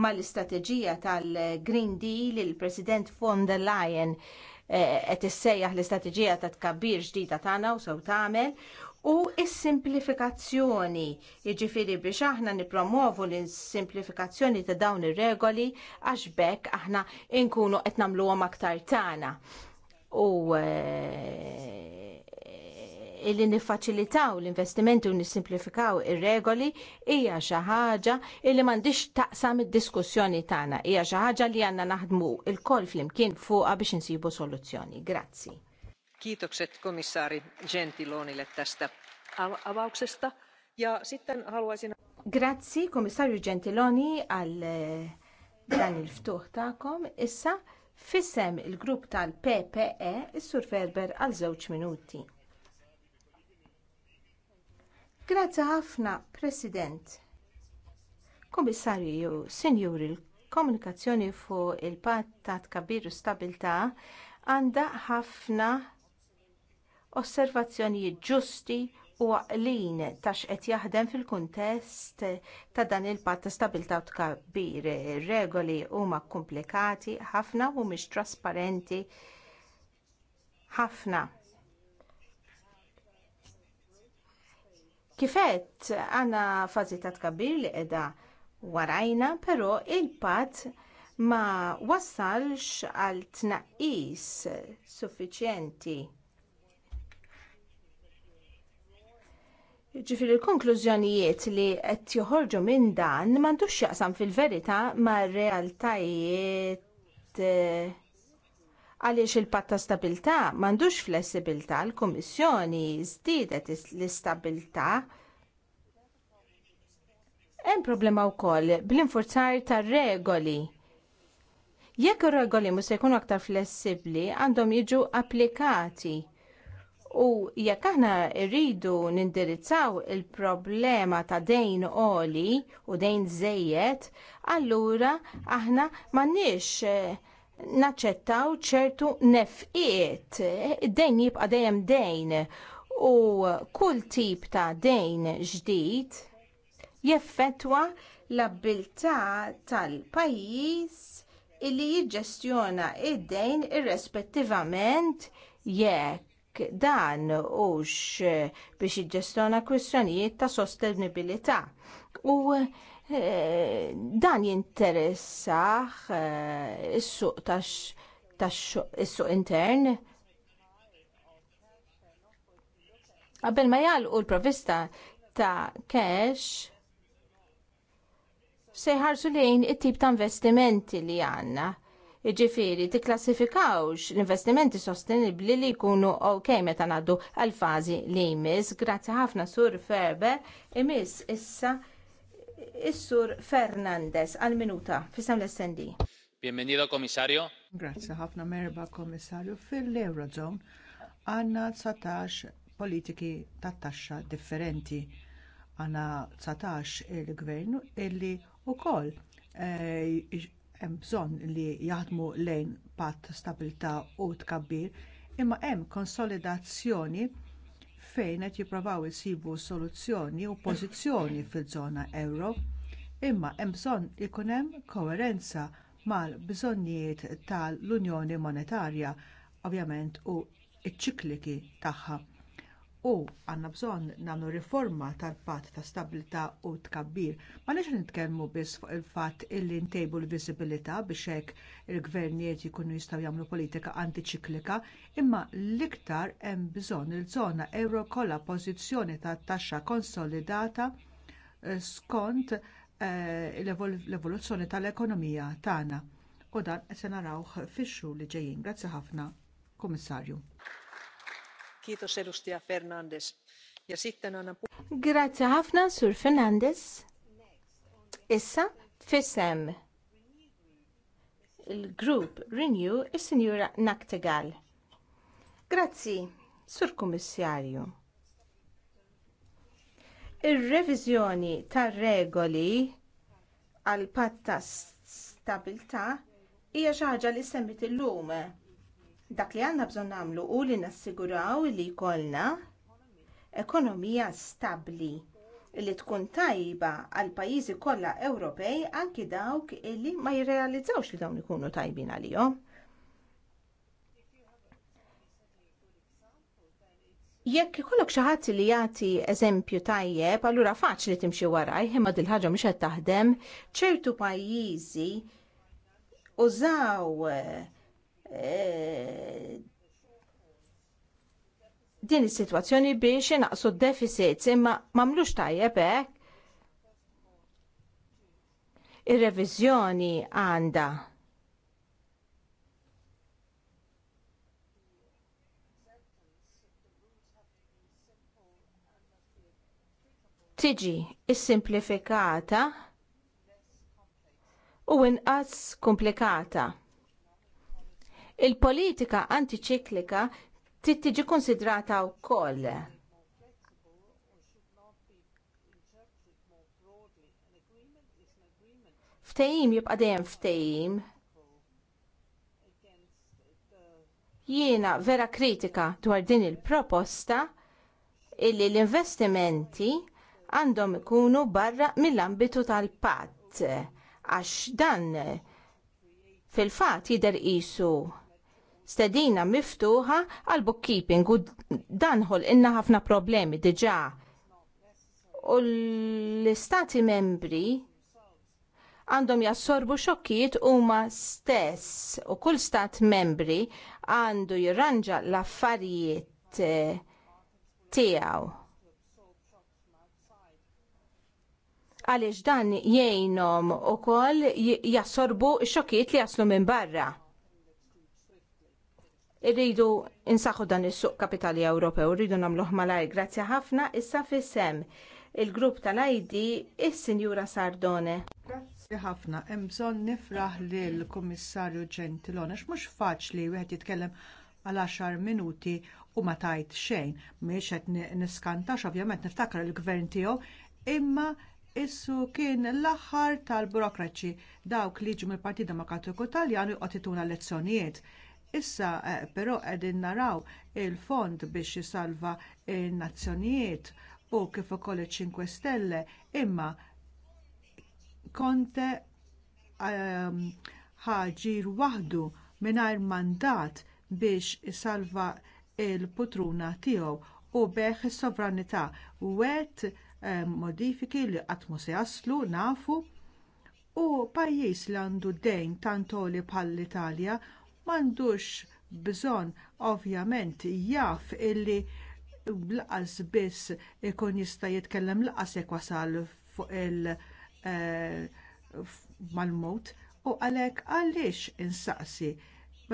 mal-istrateġija tal-Green Deal il-President von der Leyen eh, qed issejjaħ l-istrateġija ta' tkabbir ġdida tagħna u sew tagħmel u s-simplifikazzjoni. Jiġifieri biex aħna nippromovu l-simplifikazzjoni ta' dawn ir-regoli għax bekk aħna nkunu qed nagħmluhom aktar tagħna. U eh, illi niffaċilitaw l-investimenti u nissimplifikaw ir-regoli hija xi ħaġa illi m'għandix taqsam id-diskussjoni tagħna, hija xi ħaġa li għandna naħdmu il kol flimkien fuqha biex insibu soluzzjoni. Grazzi kiitokset komissaari gentilonille tästä avauksesta ja sitten haluaisin Grazzi komissarju Gentiloni għal eh, dan il-ftuħ tagħkom. Issa fissem il-grupp tal-PPE is-Sur Ferber għal żewġ minuti. Grazzi ħafna, President. Komissarju, Sinjuri, komunikazzjoni fuq il-patt ta' kabiru u stabilta' għandha ħafna osservazzjonijiet ġusti u għaqlin tax qed jaħdem fil-kuntest ta' dan il-patt ta' stabilta' u tkabbir. Regoli huma komplikati ħafna u mhix trasparenti ħafna. Kifet għandna fażi ta' tkabbir li qiegħda warajna, però il-patt ma wassalx għal tnaqqis suffiċjenti Ġifiri l-konklużjonijiet li qed joħorġu minn dan m'għandux jaqsam fil-verità mar-realtajiet eh, għaliex il-patt ta' stabilità m'għandux flessibilità l-Kummissjoni żdiedet l-istabilità. Hemm problema wkoll bl-infurzar tar-regoli. Jekk ir-regoli mhux se jkunu aktar flessibbli għandhom jiġu applikati U jekk aħna rridu nindirizzaw il-problema ta' dejn oli u dejn żejjed, allura aħna nix eh, naċċettaw ċertu nefqiet. Dejn jibqa' dejjem dejn u kull tip ta' dejn ġdid jeffettwa l-abilità tal-pajjiż illi jiġġestjona id-dejn irrispettivament jekk jekk dan hux eh, biex jiġġestjona kwistjonijiet ta' sostenibilità. U eh, dan jinteressax eh, is-suq tax is-suq intern. Qabel ma jgħalqu l-provista ta' cash se jħarsu lejn it-tip ta' investimenti li għandna Ġifiri, t-klassifikawx l-investimenti sostenibli li jkunu ok meta naddu għal fażi li jmiss. Grazzi ħafna sur Ferber, imiss issa is-sur Fernandez għal minuta fisem l-SND. Bienvenido komissario. Grazzi ħafna merba komissario. fil-Eurozone għanna 19 politiki tat taxxa differenti Għanna 19 il-gvern illi wkoll e, eh, hemm bżonn li jaħdmu lejn patt stabilità u tkabbir, imma hemm konsolidazzjoni fejn qed jippruvaw isibu soluzzjoni u pożizzjoni fiż-żona euro, imma hemm bżonn ikun hemm koerenza mal-bżonnijiet tal-Unjoni Monetarja, ovvjament u ċ-ċikliki tagħha u għandna bżonn nagħmlu riforma tal-patt ta' stabilità u tkabbir. Ma nix nitkellmu biss fuq il-fatt illi ntejbu l viżibilità biex hekk il-gvernijiet jkunu jistgħu jagħmlu politika antiċiklika, imma l-iktar hemm bżonn il-żona euro kollha pożizzjoni ta' taxxa konsolidata eh, skont eh, l-evoluzzjoni tal-ekonomija tagħna. U dan se narawh fix-xhur li ġejjin. Grazzi ħafna, Kummissarju. Grazzi ħafna, Sur Fernandez. Issa, fissem. Il-grupp Renew is-Sinjura Naktegal. Grazzi, Sur Kommissarju. Ir-reviżjoni tar-regoli għal patta stabilta hija xi ħaġa li semmit il-lume. Dak li għandna bżonn nagħmlu u li nassiguraw li jkollna ekonomija stabbli li tkun tajba għal pajjiżi kollha Ewropej anki dawk li ma jirrealizzawx li dawn ikunu tajbin għalihom. Jekk ikollok xi ħadd li jagħti eżempju tajjeb, allura faċli timxi waraj, imma dil ħaġa mhux qed taħdem, ċertu pajjiżi użaw eh, Eh, din is-sitwazzjoni biex inaqsu d-deficits imma m'għamlux tajjeb hekk. Ir-reviżjoni għandha tiġi issimplifikata u inqas komplikata. Il-politika antiċiklika trid tiġi konsidrata wkoll. Ftehim jibqa' dejjem ftehim. Jiena vera kritika dwar din il-proposta illi l-investimenti għandhom ikunu barra mill-ambitu tal-patt għax dan fil-fat jider qisu stedina miftuħa għal bookkeeping u danħol inna ħafna problemi diġa. U l-istati membri għandhom jassorbu xokkijiet huma stess u kull stat membri għandu jirranġa l-affarijiet eh, tiegħu. Għaliex dan jgħinhom ukoll jassorbu x-xokkijiet li jaslu minn barra. Irridu insaħħu dan is-suq kapitali Ewropew, rridu nagħmluh malaj, Grazzi ħafna issa fis-sem il-grupp tal-ID is-Sinjura Sardone. Grazzi ħafna, hemm bżonn nifraħ lill-Kummissarju Gentilone għax mhux faċli wieħed jitkellem għal 10 minuti u ma tajt xejn. Mhix qed niskantax ovvjament niftakar il-gvern tiegħu, imma issu kien l-aħħar tal-burokraċi dawk li ġu mill-Partit Demokratiku Taljan u qatituna lezzjonijiet. Issa eh, però qegħdin naraw il-fond biex jisalva n-nazzjonijiet u kif ukoll iċ-5 Stelle imma konte ehm, ħaġir waħda waħdu mingħajr mandat biex isalva l putruna tiegħu u beħ is-sovranità u għet ehm, modifiki li qatt ma se jaslu nafu u pajjiż li għandu dejn tantoli bħall-Italja m'għandux bżonn ovvjament jaf illi blqas biss ikun jista' jitkellem laqas jekk wasal fuq il eh, mal-mod u għalhekk għaliex insaqsi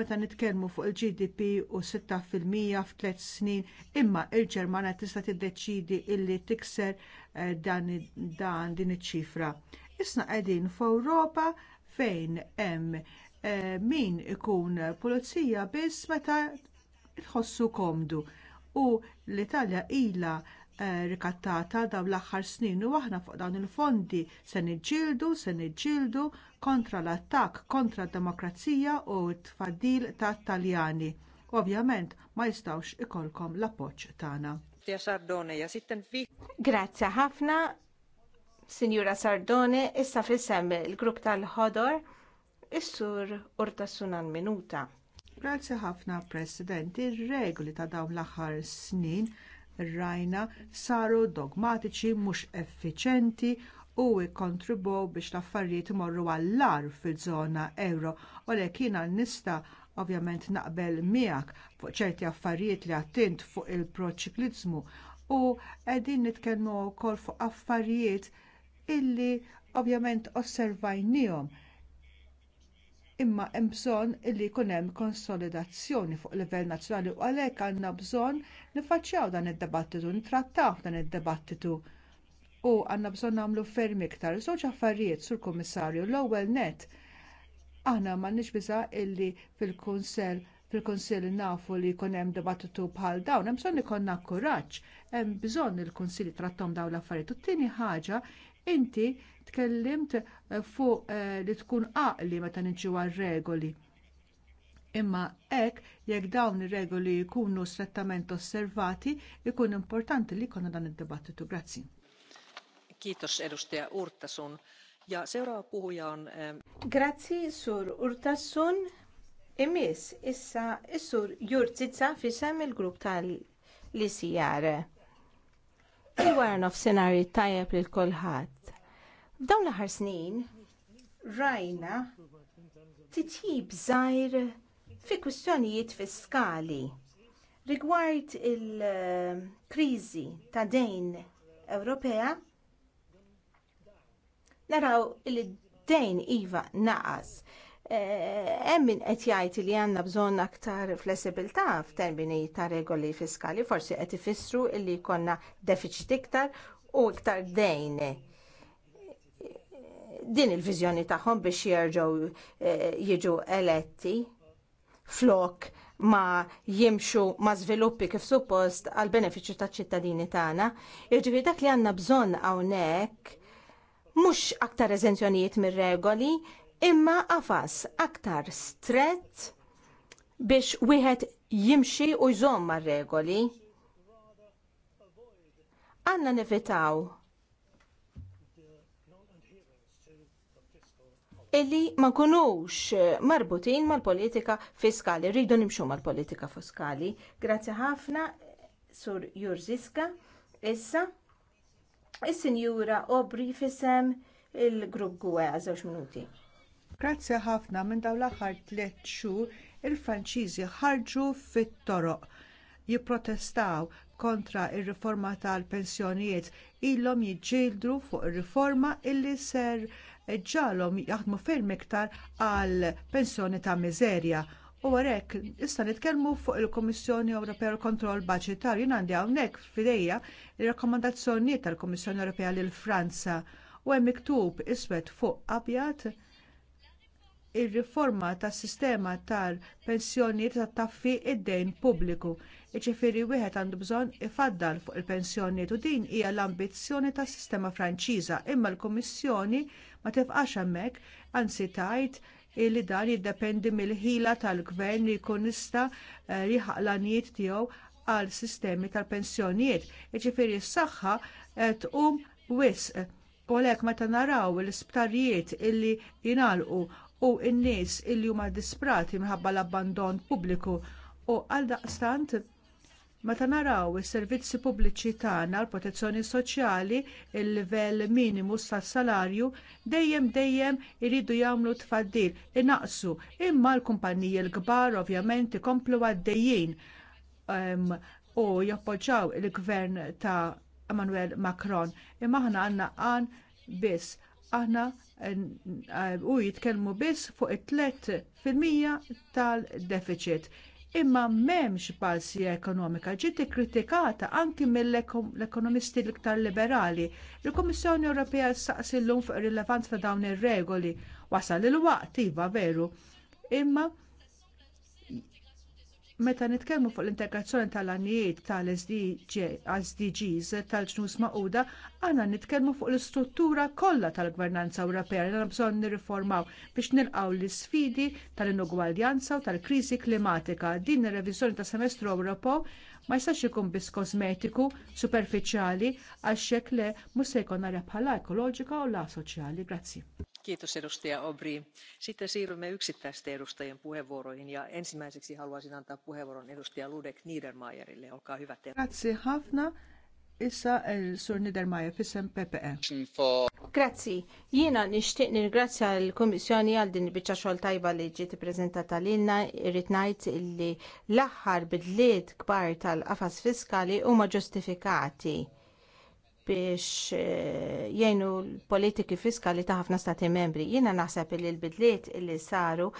meta nitkellmu fuq il-GDP u 6% f'tliet snin, imma l ġermana tista' tiddeċidi illi tikser eh, dan din iċ-ċifra. Isna qegħdin f'Ewropa fejn hemm Eh, min ikun pulizija biss meta tħossu komdu. U l-Italja ilha eh, rikattata dawn l-aħħar snin u aħna fuq dawn il-fondi se niġġieldu, se niġġieldu kontra l-attakk kontra d-demokrazija u t-tfaddil tat Taljani. Ovvjament ma jistawx ikolkom l-appoġġ tagħna. Grazie ħafna, Sinjura Sardone, issa fissem il-grupp tal-ħodor. Is-sur Urta Sunan Minuta. Grazzi ħafna, President. Ir-regoli ta' dawn l-aħħar snin rajna saru dogmatiċi mhux effiċenti u kontribu biex l-affarijiet imorru għall-lar fiż-żona euro. U lek jiena nista' ovvjament naqbel miegħek fuq ċerti affarijiet li għattint fuq il-proċiklizmu u qegħdin nitkellmu wkoll fuq affarijiet illi ovvjament osservajnijom imma hemm bżonn illi jkun hemm konsolidazzjoni fuq livell nazzjonali u għalhekk għandna bżonn nifaċċjaw dan id-dibattitu, nittrattaw dan id-dibattitu. U għandna bżonn nagħmlu ferm iktar. Żewġ affarijiet sur kummissarju l-ewwel nett, aħna m'għandniex biża illi fil-kunsell fil-Kunsill nafu li jkun hemm dibattitu bħal dawn, hemm bżonn ikollna kuraġġ, hemm bżonn il-Kunsill trattom dawn l-affarijiet. U t-tieni ħaġa Inti tkellimt eh, fuq eh, li tkun għaqli meta niġu għal-regoli. Imma hekk jekk dawn ir-regoli jkunu strettament osservati, ikun importanti li jkollna dan id-dibattitu. Grazzi. Kitos edustaja Urtasun. Ja seuraava puhuja on... Eh, Grazzi sur Urtasun. Emis, issa, issur Jurtsitsa fisem il-grupp tal-Lisijare. Li wara nofsinari tajjeb l kulħadd. F'dawn l-aħħar snin rajna titjib żgħir fi kwistjonijiet fiskali rigward il-kriżi ta' dejn Ewropea naraw il dejn iva naqas Eh, hemm min qed jgħid li għandna bżonn aktar flessibilità f'termini ta' regoli fiskali, forsi qed ifissru li jkollna deficit iktar u iktar dejn din il-viżjoni tagħhom biex jerġgħu eh, jiġu eletti flok ma jimxu ma żviluppi kif suppost għal beneficju taċ ċittadini tagħna. jiġifieri dak li għandna bżonn hawnhekk mhux aktar eżenzjonijiet mir-regoli, imma għafas aktar strett biex wieħed jimxi u jżomm mar-regoli. Għanna nevitaw illi ma nkunux marbutin mal-politika fiskali, rridu nimxu mal-politika fiskali. Grazzi ħafna, sur Jurziska, issa, is-sinjura Obri fisem il-grupp Gwea għazawx minuti. Grazzi ħafna minn dawn l-aħħar tliet xhur il-Franċiżi ħarġu fit-toroq jipprotestaw kontra r riforma tal-pensjonijiet ilhom jiġġieldu fuq ir-riforma illi ser ġalhom jaħdmu ferm iktar għal pensjoni ta' miżerja. U għarek, issa nitkellmu fuq il-Komissjoni Ewropea l-Kontroll Baċitarju jien għandi hawnhekk fidejja r rakkomandazzjonijiet tal-Komissjoni Ewropea lil Franza u hemm miktub iswed fuq abjad ir-riforma tas sistema tal-pensjonijiet tat taffi id-dejn pubbliku. Iġifieri wieħed għandu bżonn ifaddal fuq il-pensjonijiet u din hija l-ambizzjoni tas-sistema Franċiża, imma l-Kummissjoni ma tifqax hemmhekk, anzi tgħid li dan jiddependi mill-ħila tal-gvern li jkun jista' eh, jieħaq l-anijiet tiegħu għal sistemi tal-pensjonijiet. Iġifieri s-saħħa qed tqum wisq. U għalhekk meta naraw l-isptarijiet illi jingħalqu u n-nies illi huma disprati minħabba l-abbandon pubbliku u għaldaqstant meta naraw is-servizzi pubbliċi tagħna l-protezzjoni soċjali il-livell minimu tas-salarju dejjem dejjem iridu jagħmlu tfaddil inaqsu imma l-kumpaniji l-kbar ovvjament ikomplu għaddejjin um, u jappoġġjaw il-gvern ta' Emmanuel Macron imma aħna għandna għan biss aħna eh, eh, u jitkellmu biss fuq it-3 fil-mija tal-deficit. Imma m'hemmx palsija ekonomika ġiet ikkritikata anki mill-ekonomisti l-iktar liberali. Il-Kummissjoni Ewropea saqsi llum fuq ir rilevanza ta' dawn ir-regoli wasal il-waqt iva veru. Imma Meta nitkellmu fuq l-integrazzjoni tal-għanijiet tal-SDGs tal-ġnus maquda, aħna nitkellmu fuq l-istruttura kollha tal-gvernanza Ewropea li bżonn nirriformaw biex nilqgħu l isfidi tal-inugwaljanza u tal-kriżi klimatika. Din ir-reviżjoni ta' semestru Ewropew ma jistax ikun biss kosmetiku, superfiċjali, għax le mhux se jkun bħala ekoloġika u la soċjali. Grazzi. Kiitos edustaja Sitten siirrymme yksittäisten edustajien puheenvuoroihin ja ensimmäiseksi haluaisin antaa puheenvuoron edustaja Ludek Niedermayerille. Olkaa hyvä. Grazie sur eh, Niedermayer fissem PPE. Jiena nixtieq nirgrazzja l-Kummissjoni għal din biċċa xogħol tajba li ġiet ippreżentata lilna irrid ngħid li l-aħħar bidliet kbar tal-qafas fiskali huma ġustifikati biex eh, jgħinu l-politiki fiskali ta' ħafna stati membri. Jiena naħseb li l-bidliet li saru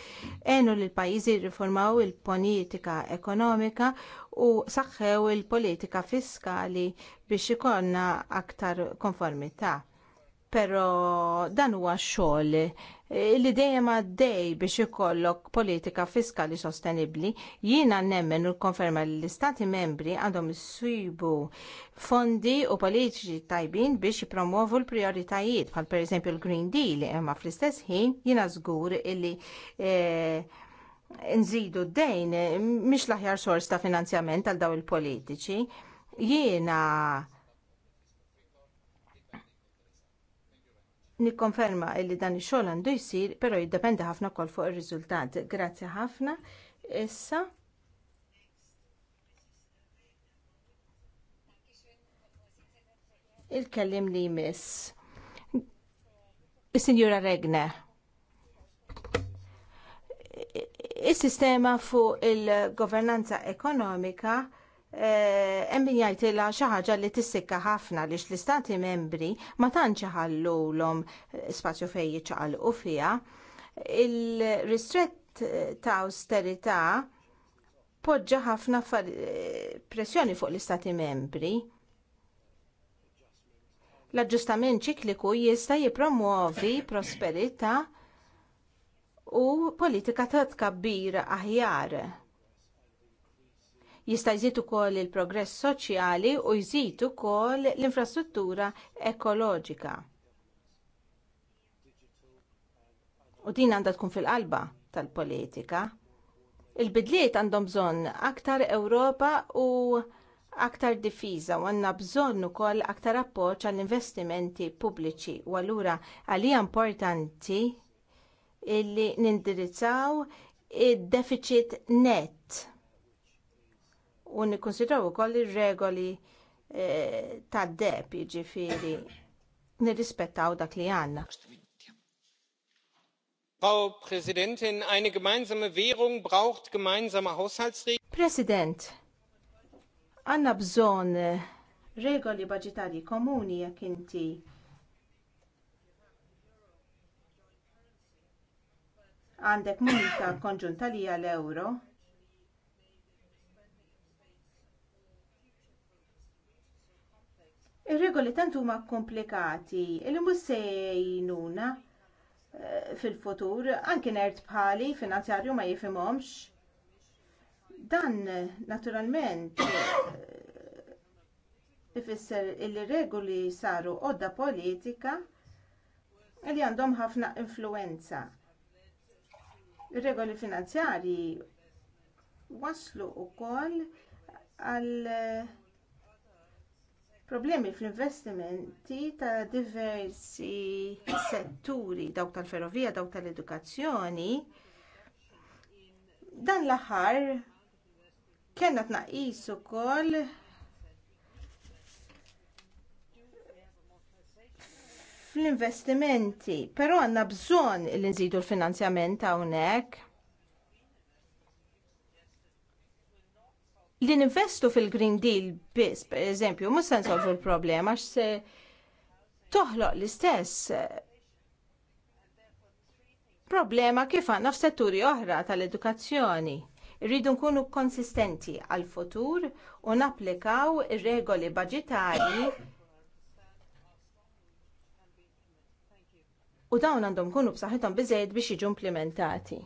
għenu li l-pajizi riformaw il-politika ekonomika u saħħew il-politika fiskali biex ikonna aktar konformità pero dan huwa xogħol eh, li dejjem għaddej biex ikollok politika fiskali sostenibbli, jiena nemmen u konferma li l-Istati membri għandhom jsibu fondi u politiċi tajbin biex jipromovu l-prioritajiet, bħal eżempju l-Green Deal, imma fl-istess ħin jiena żgur illi eh, nżidu d-dejn eh, mhix l-aħjar sors ta' finanzjament għal daw il-politiċi. Jiena nikkonferma li dan ix-xogħol għandu jsir, però jiddependi ħafna wkoll fuq ir-riżultat. Grazzi ħafna. Issa il-kellim li jmiss. Is-Sinjura Regne. Is-sistema fuq il-governanza ekonomika Eh, emmin jajtila xaħġa li tissikka ħafna li l-istati membri ma tantx ħallu l-om spazju fej u fija. Il-ristret ta' austerita poġġa ħafna eh, pressjoni fuq l-istati membri. L-aġġustament ċikliku jista' jipromuovi prosperita u politika ta' tkabbir aħjar jista' jżid ukoll il-progress soċjali u jżid ukoll l-infrastruttura ekoloġika. U din għandha tkun fil-qalba tal-politika. Il-bidliet għandhom bżonn aktar Ewropa u aktar difiża u għandna bżonn ukoll aktar appoġġ għall-investimenti pubbliċi u allura għalija importanti illi nindirizzaw id-deficit net u nikkonsidraw ukoll ir-regoli eh, tad-deb jiġifieri nirrispettaw dak li għandna. Frau Präsidentin, eine gemeinsame Währung braucht gemeinsame Haushaltsregeln. President, għanna bżon eh, regoli budgetari komuni jekk inti għandek munita konġunta li għal euro Ir-regoli tant huma komplikati li mhux se jgħinuna eh, fil-futur anki nerd bħali finanzjarju ma jifhimhomx. Dan naturalment eh, ifisser il-regoli saru odda politika li għandhom ħafna influwenza. ir Regoli finanzjarji waslu wkoll għal eh, problemi fl-investimenti ta' diversi setturi, dawk tal-ferrovija, dawk tal-edukazzjoni. Dan l-aħħar kellna tnaqqis ukoll fl-investimenti, però għandna bżonn li nżidu l-finanzjament hawnhekk. li ninvestu fil-Green Deal biss, per eżempju, mhux se nsolvu l-problema għax se toħloq l-istess eh, problema kif għandna f'setturi oħra tal-edukazzjoni. Irridu nkunu konsistenti għal-futur u napplikaw ir-regoli budġetarji u dawn għandhom kunu b'saħħithom biżejjed biex jiġu implementati.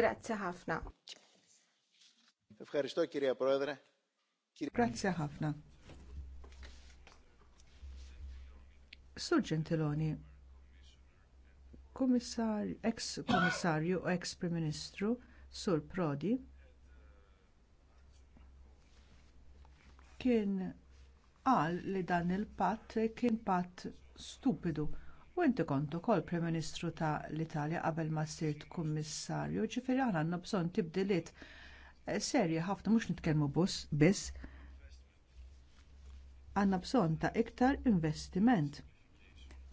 Grazzi ħafna. Ευχαριστώ κυρία Πρόεδρε. Grazie ħafna. Sur Gentiloni, komissar, ex komissarju u ex prim ministru Sur Prodi kien qal li dan il-patt kien patt stupidu u inti kont ukoll prim ministru ta' l-Italja qabel ma sirt kummissarju, ġifiri aħna għandna bżonn tibdiliet serja ħafna mhux nitkellmu buss biss għandna bżonn ta' iktar investiment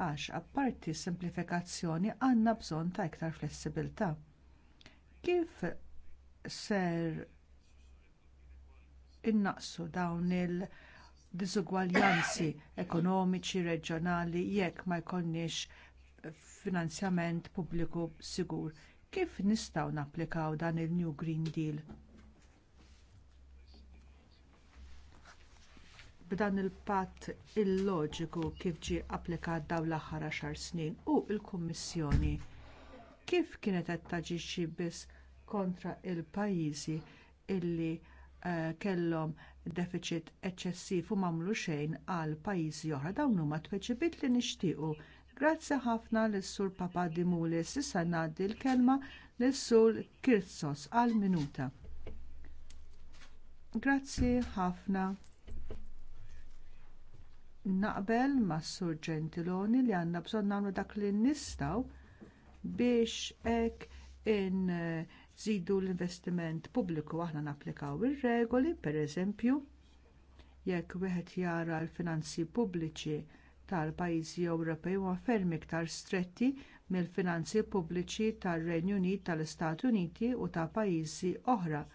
għax apparti s semplifikazzjoni għandna bżonn ta' iktar flessibilità. Kif ser innaqsu dawn il- diżugwaljanzi ekonomiċi reġjonali jekk ma jkollniex finanzjament pubbliku sigur. Kif nistgħu napplikaw dan il-New Green Deal? b'dan il-patt illoġiku kif ġie applikat dawn l-aħħar għaxar snin u l-Kummissjoni kif kienet qed taġixxi biss kontra l pajjiżi illi uh, kellhom deficit eċċessiv u m'għamlu xejn għal pajjiżi oħra dawn huma tweġibiet li nixtiequ. Grazzi ħafna lis sur Papadimulis issa ngħaddi l-kelma lis sur Kirzos għal minuta. Grazzi ħafna naqbel mas Sur Gentiloni li għandna bżonn nagħmlu dak li nistgħu biex hekk in zidu l-investiment pubbliku aħna napplikaw ir-regoli, pereżempju, jekk wieħed jara l-finanzi pubbliċi tal-pajjiżi Ewropej ma ferm iktar stretti mill-finanzi pubbliċi tar-Renju Unit, tal-Istati Uniti u ta' pajjiżi oħra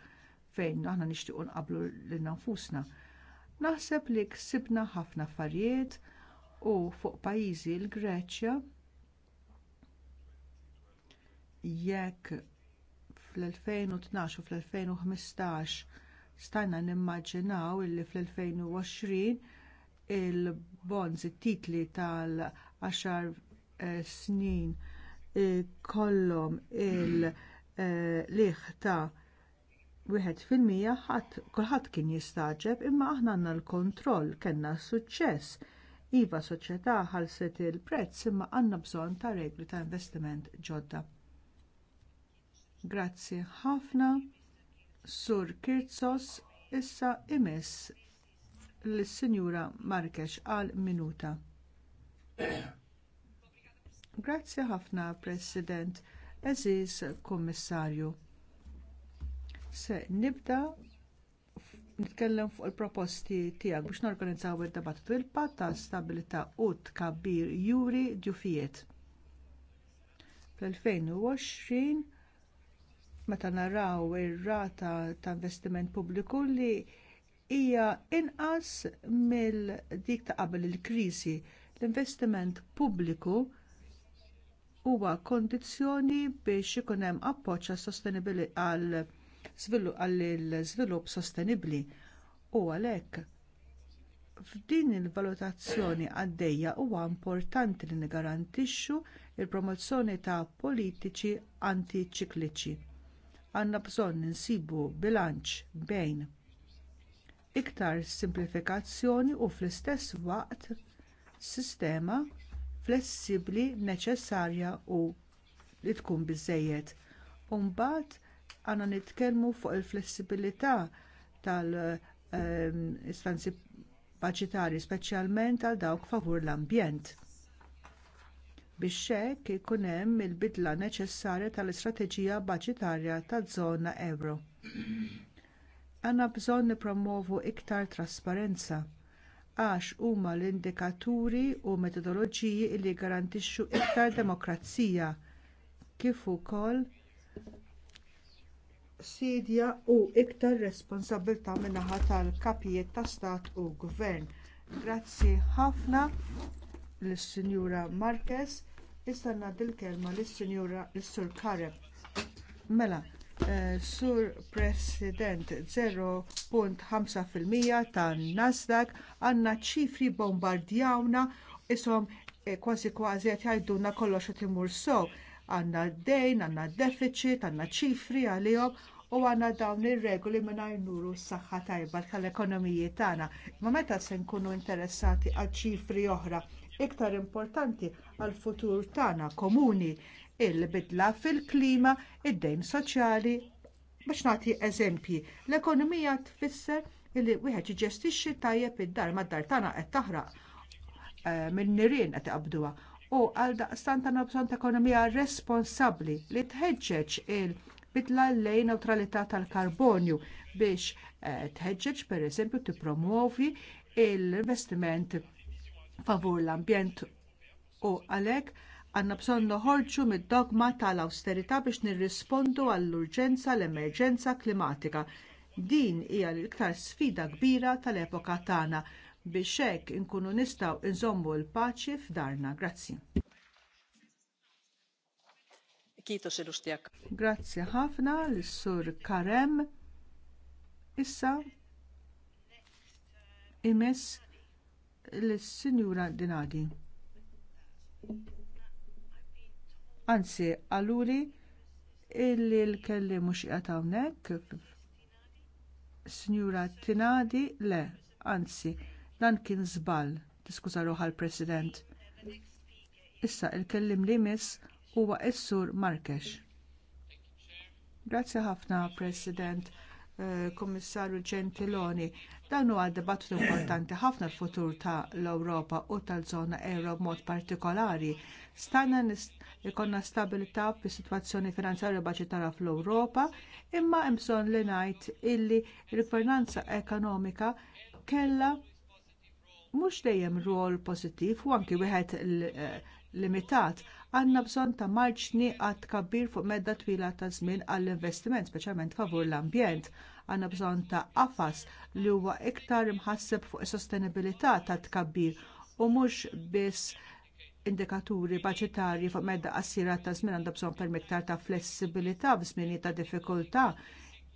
fejn aħna nixtiequ nqabblu lil nafusna. Naħseb li ksibna ħafna affarijiet u fuq pajjiżi l-Greċja jekk fl-2012 u fl-2015 stajna nimmaġinaw illi fl-2020 il-bonds it-titli tal-10 eh, snin eh, kollhom il-liħ eh, ta' wieħed fil-mija ħadd kulħadd kien jistaġeb imma aħna għandna l-kontroll kellna suċċess. Iva soċjetà ħalset il-prezz imma għandna bżonn ta' regli ta' investiment ġodda. Grazzi ħafna Sur Kirzos issa imiss lis-Sinjura Markex għal minuta. Grazzi ħafna President, Eżis Kummissarju Se nibda nitkellem fuq il-proposti tiegħek biex norganizzaw id-dibattitu filpa ta' stabilità u tkabbir juri djufijiet. Fl-2020 meta naraw ir-rata ta' investiment pubbliku li hija inqas mill dik ta' qabel il-kriżi. L-investiment pubbliku huwa kondizzjoni biex ikun hemm appoġġ għas-sostenibilità għall-iżvilupp sostenibbli u għalhekk f'din il-valutazzjoni għaddejja huwa importanti li nigarantixxu l promozzjoni ta' politiċi antiċikliċi. Għandna bżonn insibu bilanċ bejn iktar simplifikazzjoni u fl-istess waqt sistema flessibbli neċessarja u li tkun biżżejjed għandna nitkellmu fuq il-flessibilità tal-istanzi ehm, baġitarji speċjalment għal dawk favur l-ambjent biex hekk ikun hemm il-bidla neċessarja tal-istrateġija baġitarja taż-żona euro. Għandna bżonn nippromovu iktar trasparenza għax huma l-indikaturi u metodoloġiji li jgarantixxu iktar demokrazija kif ukoll sidja u iktar responsabilta min-naħa tal-kapijiet ta' stat u gvern. Grazzi ħafna lis-Sinjura Marquez. Issa ngħaddi l-kelma lis-Sinjura l-Sur Kareb. Mela, eh, Sur President 0.5% tan Nasdaq għandna ċifri bombardjawna isom eh, kważi kważi qed jgħidulna kollox qed imur sew. So għandna d-dejn, għandna d-deficit, għandna ċifri għalihom u għandna dawn ir-regoli mingħajr jnuru s-saħħa tajba tal-ekonomiji tagħna. Ma meta se nkunu interessati għal ċifri oħra iktar importanti għal futur tagħna komuni il-bidla fil-klima, id-dejn soċjali biex nagħti eżempji. L-ekonomija tfisser li wieħed jiġestixxi tajjeb id-dar mad-dar tagħna qed taħraq eh, minn nirien qed qabduha u għaldaqstant għandna bżonn ta' ekonomija responsabbli li tħeġġeġ il-bidla lejn neutralità tal-karbonju biex eh, tħeġġeġ pereżempju tippromuovi l-investiment favur l-ambjent u għalhekk għandna bżonn noħorġu mid-dogma tal-austerità biex nirrispondu għall-urġenza l-emerġenza klimatika. Din hija l-iktar sfida kbira tal-epoka tagħna biex hekk inkunu nistgħu nżommu l-paċi f'darna. Grazzi. Kitos il-ustijak. Grazzi ħafna l-sur Karem. Issa imess l-Sinjura Dinadi. Anzi, għaluri illi l-kelli mux jgħatawnek, Sinjura Tinadi, le, anzi, Dan kien żball, diskuża ruħa l-President. Issa il-kellim li miss huwa s-sur Markex. Grazzi ħafna, President, eh, Kommissarju Gentiloni. Dan huwa dibattitu importanti ħafna l-futur ta' l-Ewropa u tal-żona euro b'mod partikolari. Stanna ikonna stabilità fi situazzjoni finanzjarja baċitara fl-Ewropa, imma hemm bżonn li ngħid illi l-gvernanza ekonomika kellha mhux dejjem rol pożittiv u anki wieħed eh, limitat għandna bżonn ta' marġni għad tkabbir fuq medda twila ta' żmien għall-investiment, speċjalment favur l-ambjent. Għandna bżonn ta' qafas li huwa iktar imħasseb fuq is sostenibilità ta' tkabbir u mhux biss indikaturi baċitarji fuq medda qassira ta' żmien għandha bżonn permiktar ta' flessibilità f'żmieni ta' diffikultà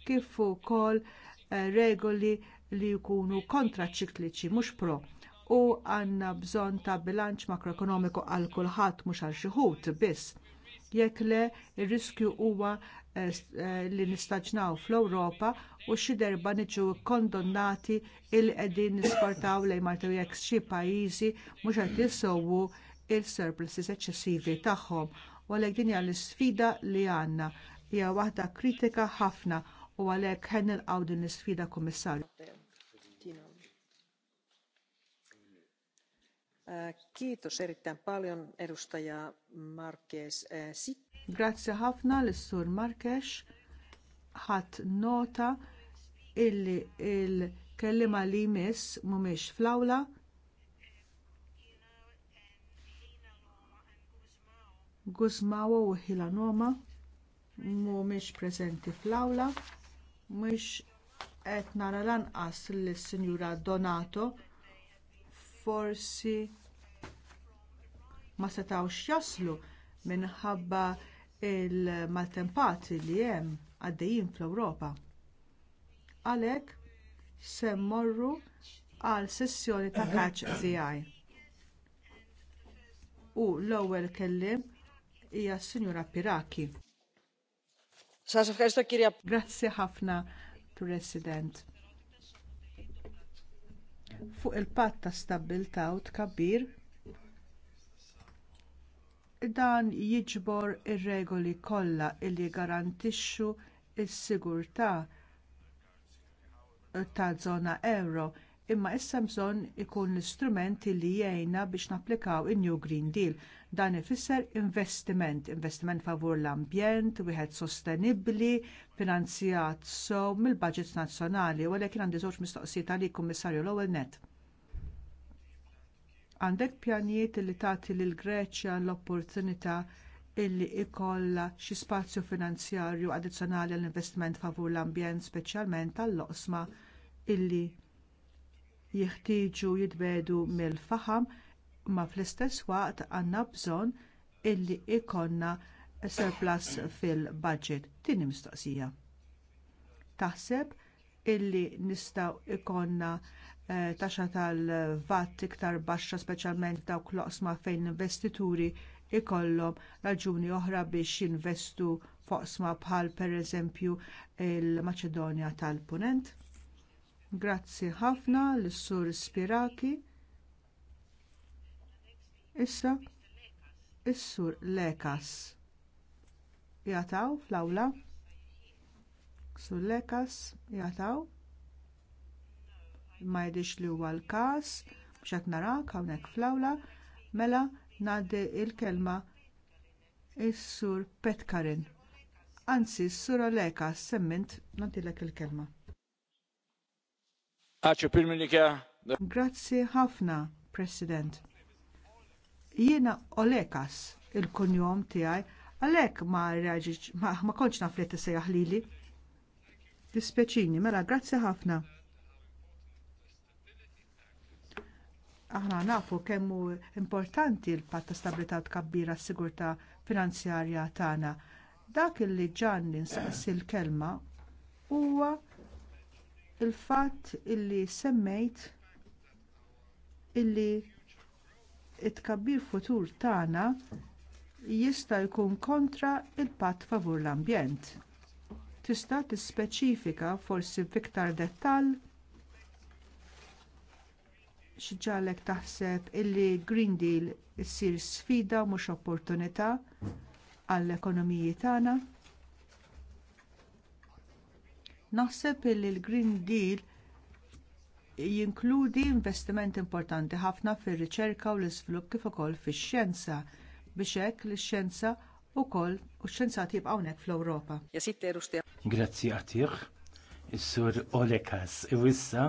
kif ukoll eh, regoli li jkunu kontra ċikliċi, mhux pro u għandna bżonn ta' bilanċ makroekonomiku għal kulħadd mhux għal xi wħud biss. Jekk le ir-riskju huwa eh, eh, li nistaġnaw fl-Ewropa u xi darba niġu kondonnati il qegħdin nisportaw lejn martu jekk xi pajjiżi mhux qed jissowwu s surpluses eċċessivi tagħhom. U għalhekk din hija l-isfida li għandna hija waħda kritika ħafna u għalhekk ħen nilqgħu din l-isfida kummissarju. Kiitos paljon Marques. Eh, Grazie ħafna l-sur Marques ħadd nota illi il-kellima li jmiss mhumiex fl-awla Guzmawo u Hilanoma mhumiex preżenti fl-awla mhux qed nara lanqas lis-Sinjura Donato forsi ma setawx jaslu minħabba l maltempati li hemm għaddejjin fl-Ewropa. Għalhekk se mmorru għal sessjoni ta' kaċ tiegħi. U l-ewwel kelliem hija s-Sinjura Piraki. Grazzi ħafna, President fuq il-patt ta' stabbiltà u tkabbir dan jiġbor ir-regoli kollha li jgarantixxu s-sigurtà taż-żona ewro imma issa bżonn ikun l-istrument li jgħinna biex napplikaw in-New Green Deal. Dan ifisser investiment, investiment favur l-ambjent, wieħed sostenibbli, finanzjat sew so, mill-budget nazzjonali, u għalhekk għandi żewġ mistoqsijiet għalik kummissarju l-ewwel nett. Għandek pjanijiet li tagħti lill Greċja l-opportunità illi ikollha xi spazju finanzjarju addizzjonali għall-investiment favur l-ambjent speċjalment għall-oqsma illi jeħtieġu jitbedu mill-faħam ma fl-istess waqt għandna bżonn illi ikonna surplus fil-budget. Tieni mistoqsija. Taħseb illi nistgħu ikonna taxa eh, taxxa tal-vat iktar baxxa speċjalment dawk l-oqsma fejn investituri ikollhom raġuni oħra biex jinvestu foqsma bħal pereżempju l maċedonja tal-Punent? Grazzi ħafna l-Sur Spiraki. Issa, issur sur Lekas. Jataw fl-awla? Sur Lekas, jataw? Ma jidix li huwa l-kas, bxek narak hawnhekk fl-awla, mela ngħaddi il kelma is-Sur Petkarin. Anzi, s-Sur Lekas, semmint, nantilek il-kelma. Grazzi ħafna, President. Jiena Olekas il-kunjom tiegħi għalhekk ma reġiċ, ma, ma kontx naf li Dispeċini, mela grazzi ħafna. Aħna nafu kemm hu importanti l-patt ta' stabilità tkabbira s-sigurtà finanzjarja tagħna. Dak li ġan ninsaqsi l-kelma huwa il-fatt illi semmejt illi t tkabbir futur tagħna jista' jkun kontra l patt favur l-ambjent. Tista' tispeċifika forsi b'iktar dettall xġalek taħseb illi Green Deal issir sfida mhux opportunità għall-ekonomiji tagħna. Naħseb li l-Green Deal jinkludi investiment importanti ħafna fir-riċerka u l-iżvilupp kif ukoll fix-xjenza biex hekk l-xjenza wkoll u x-xjenzati jibqgħu hawnhekk fl-Ewropa. Grazzi għatih, is-sur Olekas, u issa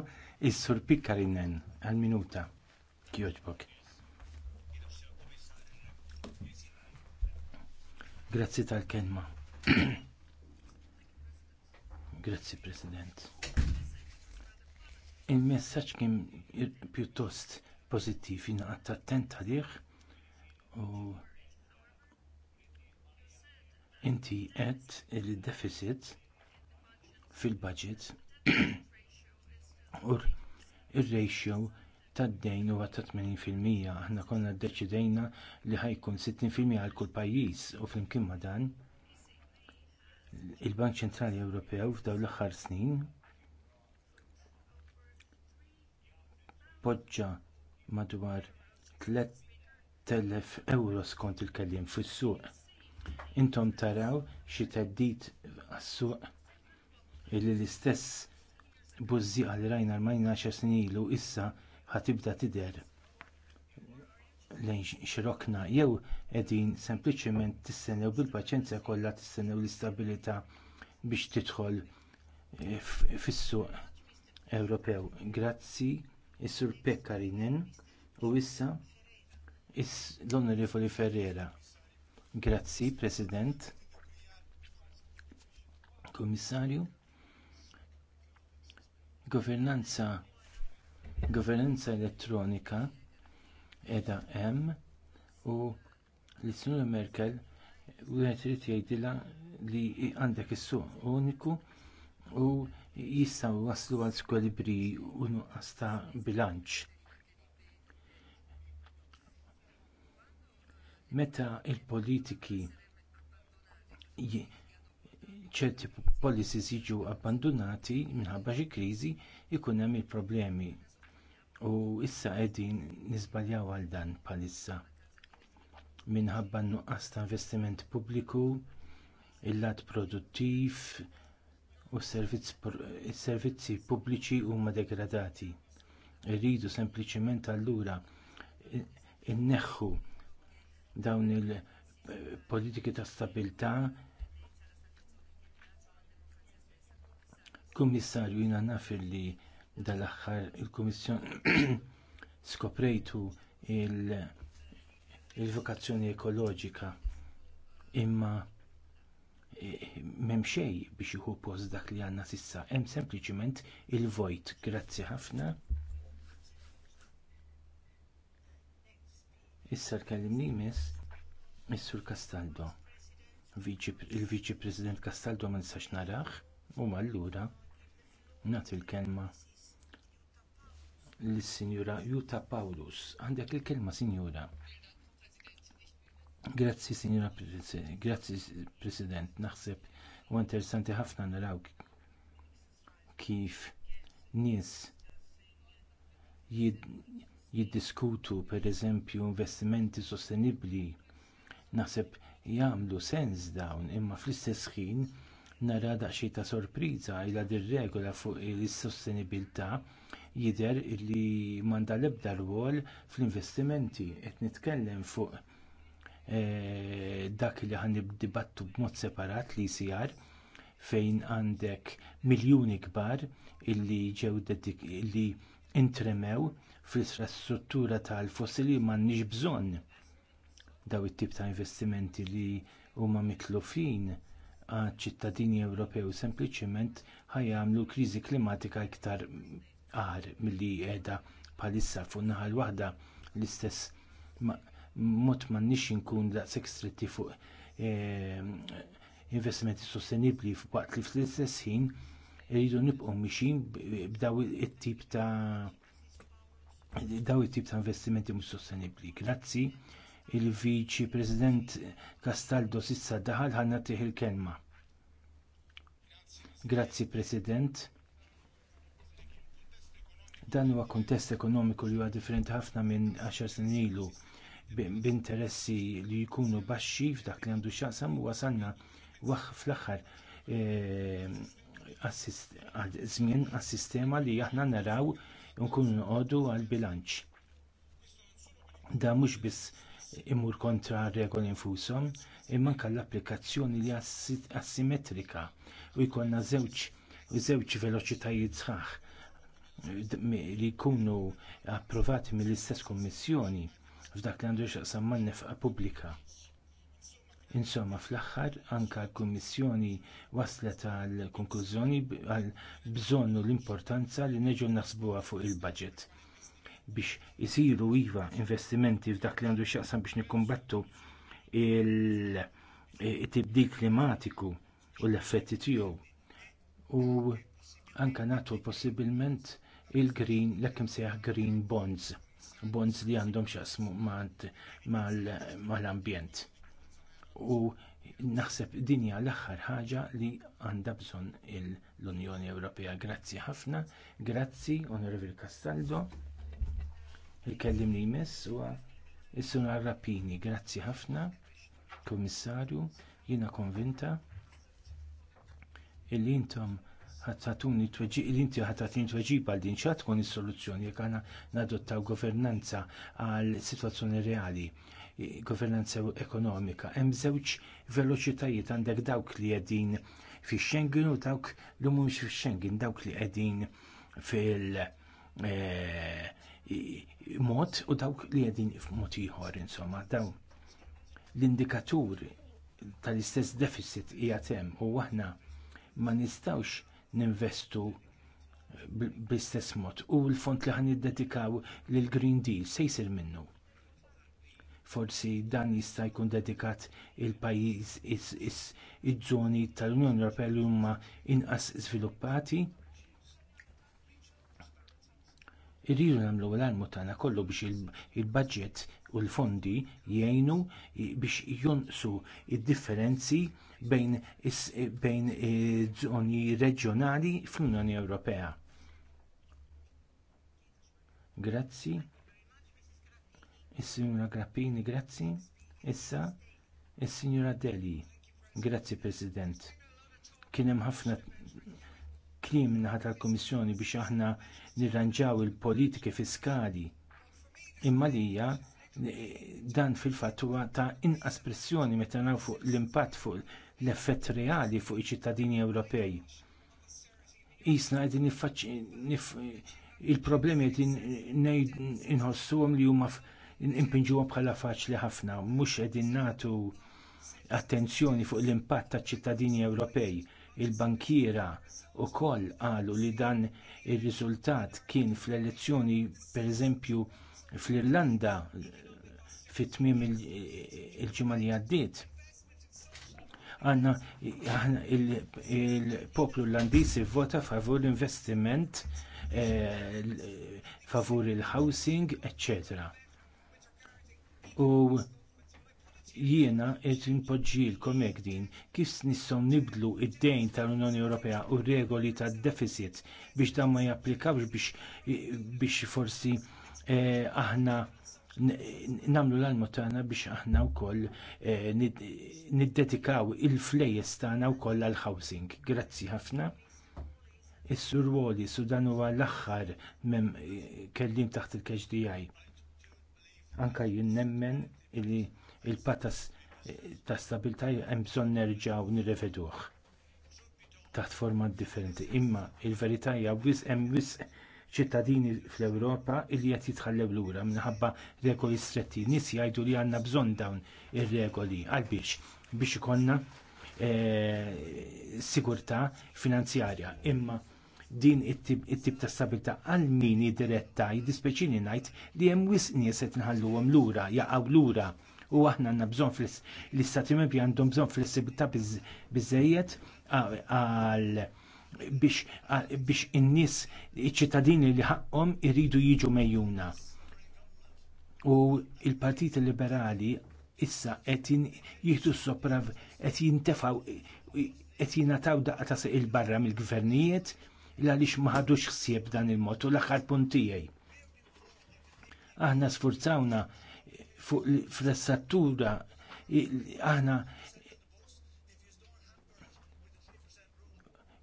is-sur Pikarinen għal-minuta. Kjoġbok. Grazzi tal kenma [CLEARS THROAT] Grazzi, President. Il-messaġġ kien pjuttost pożittiv għatta attent għadih. u inti għed il-deficit fil-budget u il ratio d dejn u għatta 80% aħna konna ddeċidejna li ħajkun 60% għal kull pajjiż u flimkien ma' dan il-Bank Ċentrali Ewropew f'dawn l-aħħar snin poġġa madwar 3,000 euro skont il-kelliem fis-suq. Intom taraw xi teddit għas-suq li l-istess buzzi għal rajna l-majna 10 snin ilu issa ħatibda tidher lejn xirokna jew qegħdin sempliċement tistennew bil-paċenzja kollha tistennew l-istabilità biex tidħol eh, fis-suq Ewropew. Grazzi is-Sur Pekkarinen u issa l-Onorevoli Ferrera. Grazzi, President, Komissarju. Governanza, governanza elettronika edha hemm u l-Sinjura Merkel wieħed irid jgħidilha li għandek is-suq uniku u jistgħu waslu għal skwelibri u nuqqas ta' bilanċ. Meta l politiki ċerti policies jiġu abbandonati minħabba xi kriżi ikun hemm il-problemi U issa qegħdin niżbaljaw għal dan bħalissa. Minħabba nuqqas ta' investiment pubbliku, il-lat produttiv u s-servizzi pubbliċi huma degradati. Irridu sempliċement allura inneħħu dawn il-politiki ta' stabilità Kummissarju jina naf li dal-aħħar il-Kummissjon [CLEARS THROAT] skoprejtu il-vokazzjoni ekoloġika imma e, m'hemm xejn biex iħu post dak li għandna sissa, hemm sempliċiment il-vojt. Grazzi ħafna. Issa l-kellimni jmiss Missur Castaldo. Il-Viċi President Castaldo ma nistax narax u allura nagħti l-kelma l-Sinjura Juta Paulus. Għandek il-kelma, Sinjura. Grazzi, Sinjura Grazzi, President. Naħseb u interessanti ħafna naraw kif nies jiddiskutu pereżempju investimenti sostenibbli. Naħseb jagħmlu sens dawn imma fl-istess ħin nara daqsxejn ta' sorpriża ila dir-regola fuq is-sostenibilità jidher li m'għandha l-ebda rwol fl-investimenti. Qed nitkellem fuq eh, dak li ħan dibattu b'mod separat li jsir fejn għandek miljuni kbar illi ġew illi intremew fl-infrastruttura tal-fossili m'għandniex bżonn daw it-tip ta' investimenti li huma mitlufin għad ċittadini Ewropew sempliċement ħajamlu kriżi klimatika iktar għar milli qiegħda bħalissa fuq naħal waħda l-istess mod m'għandniex inkun daqshekk stretti fuq ehm, investimenti sostenibbli f'waqt li fl-istess ħin irridu nibqgħu mixin b'daw it-tip ta' daw it-tip ta' investimenti mhux sostenibbli. Grazzi il-Viċi President Castaldo sissa daħal ħanna tieħ il-kelma. Grazzi President. Dan huwa kuntest ekonomiku li huwa differenti ħafna minn 10 snin ilu b'interessi li jkunu baxxi f'dak li għandu x'jaqsam u wasalna fl-aħħar eh, żmien għas-sistema li aħna naraw nkunu noqogħdu għall bilanċ. Dan mhux biss imur kontra regoli infushom, imma anke l-applikazzjoni li assimetrika u jkollna żewġ veloċitajiet sħaħ li jkunu approvati mill-istess kummissjoni f'dak li għandu xaqsam man nefqa pubblika. Insomma, fl-axħar anka l-Kummissjoni waslet għal konklużjoni għal bżonnu l-importanza li neġu naħsbuha fuq il-budget biex isiru iva investimenti f'dak li għandu xaqsam biex nikkumbattu il-tibdil klimatiku u l-effetti tiegħu. U anka nagħtu possibilment il-green, l-ekkim sejaħ green bonds, bonds li għandhom xasmu mal-ambjent. U naħseb dinja l-axħar ħaġa li għandha bżonn l-Unjoni Ewropea. Grazzi ħafna, grazzi onorevil Castaldo, il-kellim li jmiss u Is-suna Rappini, grazzi ħafna, komissarju, jiena konvinta illi intom ħattatuni tweġib, l-inti ħattatini tweġib għal din ċat tkun is-soluzzjoni jek għana nadottaw governanza għal situazzjoni reali governanza ekonomika. Hemm żewġ veloċitajiet għandek dawk li għedin fix Schengen u dawk li mhumiex fix Schengen, dawk li qegħdin fil eh, mod u dawk li f f'mod ieħor insomma dawn l-indikatur tal-istess deficit hija u aħna ma nistawx ninvestu bl-istess mod. U l-font li ħan iddedikaw lill green Deal se jsir minnu. Forsi dan jista' jkun dedikat il-pajjiż iż-żoni tal-Unjoni Ewropea li huma inqas żviluppati. Irridu nagħmlu l-armu tagħna kollu biex il-budget u l-fondi jgħinu biex jonqsu id-differenzi il bejn bejn żoni eh, reġjonali fl-Unjoni Ewropea. Grazzi. Is-Sinjura Grappini, grazzi. Issa, is-Sinjura Deli. Grazzi, President. Kien hemm ħafna kliem naħa tal-Komissjoni biex aħna nirranġaw il-politiki fiskali. Imma lija eh, dan fil huwa ta' inqas pressjoni meta naw fuq l-impatt fuq l-effett reali fuq iċ-ċittadini Ewropej. Isna qegħdin il-problemi qegħdin inħossuhom li huma impinġuhom bħala faċli ħafna, mhux qegħdin nagħtu attenzjoni fuq l-impatt taċ ċittadini Ewropej. Il-bankiera wkoll qalu li dan ir-riżultat kien fl-elezzjoni pereżempju fl-Irlanda fit-tmiem il-ġimgħa li għaddiet għanna il-poplu l-landisi vota favur l-investiment, eh, favur il-housing, etc. U jiena qed impoġġilkom hekk din kif nistgħu nibdlu id-dejn tal-Unjoni Ewropea u r regoli tad-deficit biex dan ma japplikawx biex, forsi eh, aħna namlu l-almu tagħna biex aħna wkoll eh, niddedikaw il-flejes tagħna wkoll għall housing Grazzi ħafna. Is-sur Woli Sudan huwa l-aħħar mem kellim taħt il-KHDI. Anka jien nemmen li il-patas eh, ta' stabilta hemm bżonn nerġgħu nirreveduh taħt format differenti. Imma il-verità hija hemm wisq ċittadini fl-Ewropa illi qed jitħallew lura minħabba regoli stretti. Nies jgħidu li għandna bżonn dawn ir-regoli għalbiex biex ikollna eh, sigurtà finanzjarja. Imma din it-tip ta' stabilità għal min diretta jiddispeċini ngħid li hemm wisq nies qed nħalluhom lura, jaqgħu lura u aħna għandna bżonn fl-istati membri għandhom bżonn flessibilità biżejjed għal biex, biex in-nies iċ-ċittadini li ħaqhom iridu jiġu mejjuna. U l partit Liberali issa qed jieħdu sopra soprav qed jintefgħu qed jingħataw daqqa ta' il barra mill-gvernijiet għaliex ma ħadux ħsieb dan il-mod u l-aħħar punt tiegħi. Aħna sfurzawna fuq fl-essatura aħna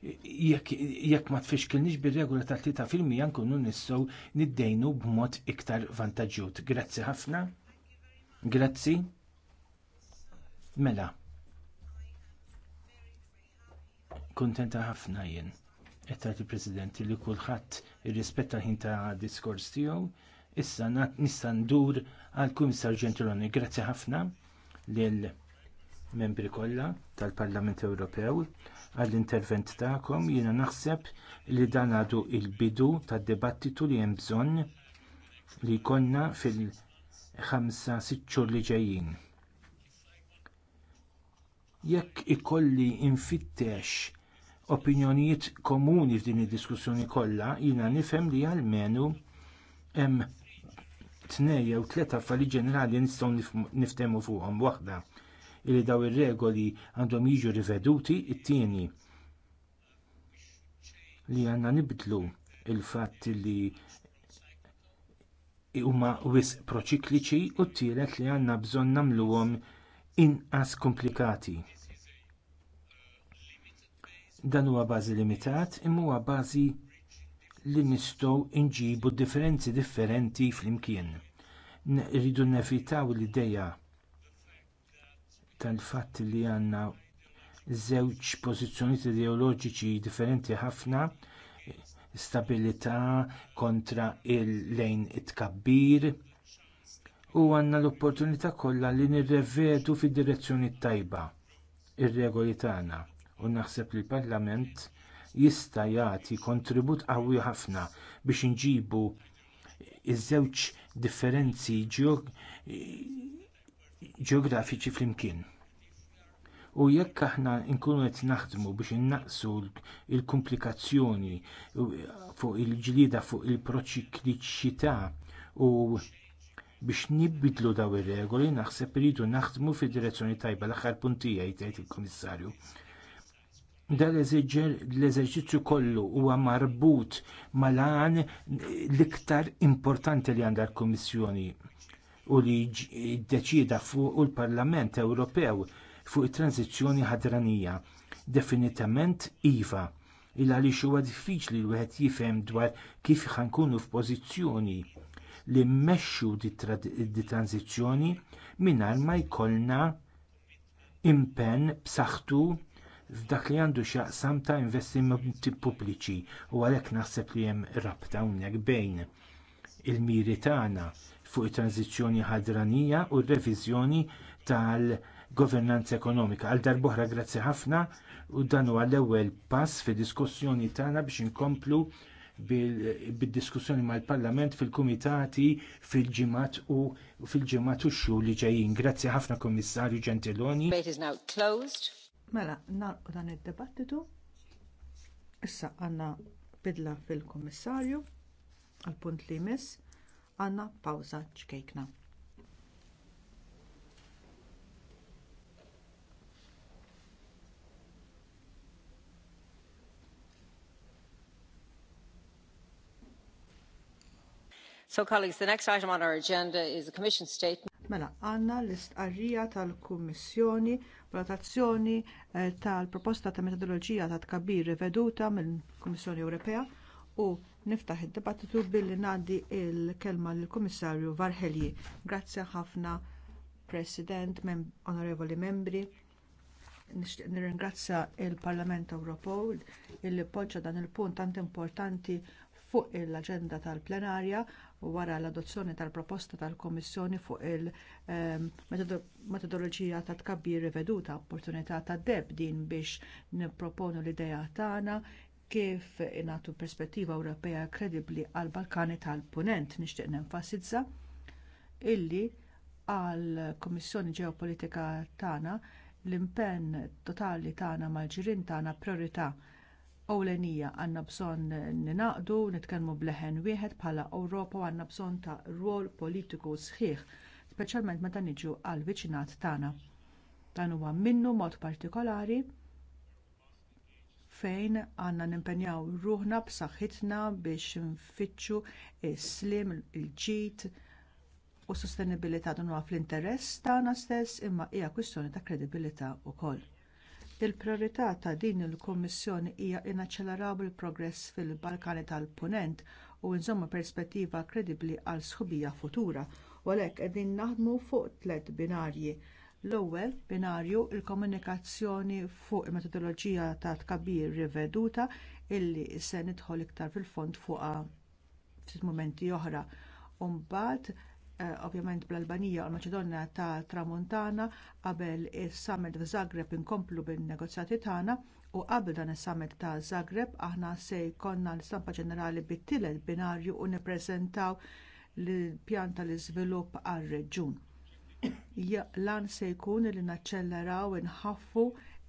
jekk ma kilniġ bir-regola tal-3 filmi nun nissow niddejnu b'mod iktar vantaġġut. Grazzi ħafna. Grazzi. Mela. Kuntenta ħafna jien. Qed il-President li kulħadd il-rispetta ħin ta' diskors tiegħu issa nista' ndur għal Kummissar Gentiloni. Grazzi ħafna lill membri kollha tal-Parlament Ewropew għall-intervent tagħkom. Jiena naħseb li dan għadu l bidu tad dibattitu li hemm bżonn li jkollna fil-5 xhur li ġejjin. Jekk ikolli infittex opinjonijiet komuni f'din id-diskussjoni kollha, jiena nifhem li għalmenu hemm tnej jew tliet affarijiet ġenerali nistgħu niftehmu fuqhom waħda Illi daw ir-regoli għandhom jiġu riveduti, it-tieni li għandna nibdlu il-fatt li huma wisq proċikliċi u t-tielet li għandna bżonn nagħmluhom inqas komplikati. Dan huwa bażi limitat imma huwa bażi li nistgħu inġibu differenzi differenti flimkien. Rridu nevitaw l-ideja tal-fatt li għandna żewġ pożizzjonijiet ideoloġiċi differenti ħafna stabilità kontra il-lejn it-tkabbir u għandna l-opportunità kollha li nirrevedu fid-direzzjoni tajba ir-regoli tagħna u naħseb li l-Parlament jista' jagħti kontribut qawwi ħafna biex inġibu iż-żewġ differenzi ġeografiċi flimkien. U jekk aħna nkunu qed naħdmu biex innaqsu l-komplikazzjoni fuq il-ġlida fuq il-proċikliċità u biex nibidlu daw ir-regoli naħseb iridu naħdmu fid-direzzjoni tajba l-aħħar puntija jgħid il-Kummissarju. Dan l-eżerċizzju kollu huwa marbut mal-għan l-iktar importanti li għandha l-Kummissjoni u li jiddeċida fuq il-Parlament Ewropew fuq it-tranzizzjoni ħadranija. Definitament iva, il għaliex huwa diffiċli li wieħed jifhem dwar kif ħankunu f'pożizzjoni li mmexxu di tranzizzjoni mingħajr ma jkollna impenn b'saħħtu f'dak li għandu xaqsam ta' investimenti pubbliċi u għalhekk naħseb li hemm rabta hawnhekk bejn il-miri tagħna fuq it-tranzizzjoni ħadranija u r-reviżjoni tal-governanza ekonomika. Għal darbohra grazzi ħafna u dan huwa l-ewwel pass fid-diskussjoni tagħna biex inkomplu bid-diskussjoni mal-Parlament fil-Kumitati fil-ġimat u fil-ġimat u xu li ġejjin. Grazzi ħafna Kommissarju Gentiloni. Mela, narqu dan id-debattitu. Issa għanna bidla fil kummissarju għal-punt li jmiss għanna Pawza ċkejkna. So colleagues, the next item on our agenda is the Commission statement. Mela, għanna l-istqarrija tal-Kummissjoni valutazzjoni eh, tal-proposta ta' metodoloġija ta' tkabbir riveduta mill-Kummissjoni Ewropea u niftaħ id-dibattitu billi ngħaddi l kelma lill kummissarju Varhelji. Grazzi ħafna, President, mem onorevoli membri. Nixtieq nirringrazzja l parlament Ewropew illi poġġa dan il-punt tant importanti fuq l aġenda tal-plenarja wara l-adozzjoni tal-proposta tal kummissjoni fuq il-metodoloġija ehm, ta' tkabbir riveduta opportunità ta' deb din biex nipproponu l-idea tagħna kif ingħatu perspettiva Ewropea kredibbli għall Balkani tal-Punent nixtieq nenfasizza illi għall Kummissjoni Ġeopolitika tagħna l-impenn totali tagħna mal-ġirien tagħna prijorità ewlenija għandna bżonn ninaqdu nitkellmu bleħen wieħed bħala Ewropa u għandna bżonn ta' rwol politiku sħiħ, speċjalment meta niġu għall viċinat tagħna. Dan huwa minnu mod partikolari fejn għandna nimpenjaw ruħna b'saħħitna biex nfittxu s-slim, il-ġid u s sostenibilità dan fl-interess tagħna stess imma hija kwistjoni ta' kredibilità wkoll. Il-priorità ta' din il-Kummissjoni hija inaċċeleraw il-progress fil-Balkani tal-Punent u nżomma perspettiva kredibbli għal sħubija futura u għalhekk qegħdin naħdmu fuq tliet binarji L-ewwel binarju l komunikazzjoni fuq il-metodoloġija ta' tkabbir riveduta illi se nidħol iktar fil-fond fuqha ftit mumenti oħra. U mbagħad eh, ovvjament bl-Albanija u l-Maċedonja ta' Tramuntana qabel is-summit f'Zagreb inkomplu bin-negozjati tagħna u qabel dan is-summit ta' Zagreb aħna se jkollna l-istampa ġenerali bit-tielet binarju u nippreżentaw l-pjan tal-iżvilupp għar-reġjun lan se jkun li naċċelleraw inħaffu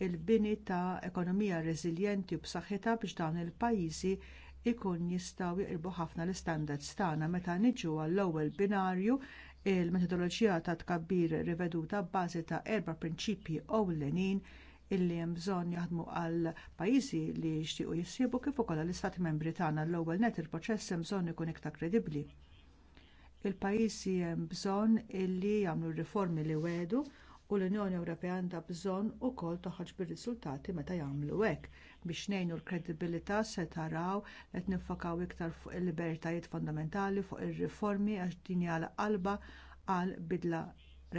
l bini ta' ekonomija reżiljenti u b'saħħitha biex dawn il-pajjiżi ikun jistgħu jqirbu ħafna l-istandards tagħna meta niġu għall-ewwel binarju il-metodoloġija ta' tkabbir riveduta bbażi ta' erba' prinċipji ewlenin illi hemm bżonn jaħdmu għal pajjiżi li jixtiequ jissibu kif ukoll għall istati membri tagħna l-ewwel net il-proċess hemm bżonn ikun iktar kredibbli il-pajjiżi hemm bżonn illi jagħmlu riformi li wedu u l-Unjoni Ewropea għandha bżonn ukoll toħroġ bir-riżultati meta jagħmlu hekk biex ngħinu l-kredibilità se taraw qed niffakaw iktar fuq il-libertajiet fondamentali fuq ir-riformi għax din hija qalba għal bidla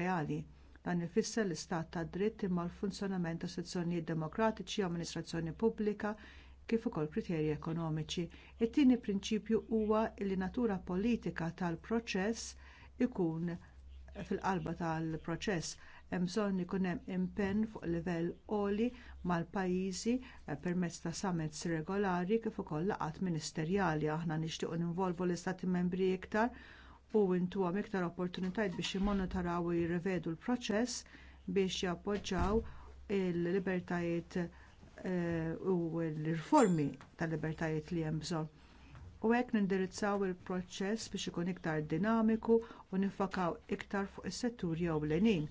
reali. Dan ifisser l-istat tad dritt imma l-funzjonament ta' sezzjonijiet demokratiċi u amministrazzjoni pubblika kif ukoll kriterji ekonomiċi. It-tieni prinċipju huwa li natura politika tal-proċess ikun fil-qalba tal-proċess hemm bżonn ikun hemm impenn fuq livell għoli mal-pajjiżi eh, permezz ta' summits regolari kif ukoll laqgħat ministerjali aħna nixtiequ ninvolvu l-istati membri iktar u ntuhom iktar opportunitajiet biex jimmonitoraw u jirrivedu l-proċess biex jappoġġjaw il-libertajiet Eh, u l-riformi tal-libertajiet li hemm bżonn. U hekk nindirizzaw il-proċess biex ikun iktar dinamiku u nifakaw iktar fuq is-settur jew lenin.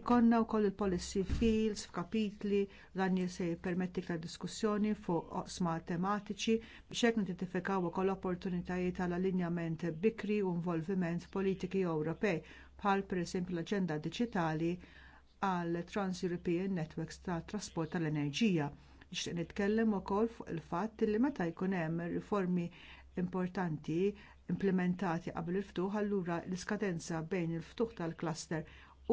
Ikonna wkoll il-policy fields f'kapitli dan se jippermetti iktar diskussjoni fuq oqsma tematiċi biex hekk nidentifikaw ukoll opportunitajiet għal allinjament bikri u involviment politiki Ewropej bħal pereżempju l-aġenda diġitali għal Trans-European Networks ta' Trasport tal-Enerġija. Nixtieq nitkellem ukoll fuq il-fatt li meta jkun hemm riformi importanti implementati qabel il-ftuħ allura l-iskadenza bejn il-ftuħ tal-cluster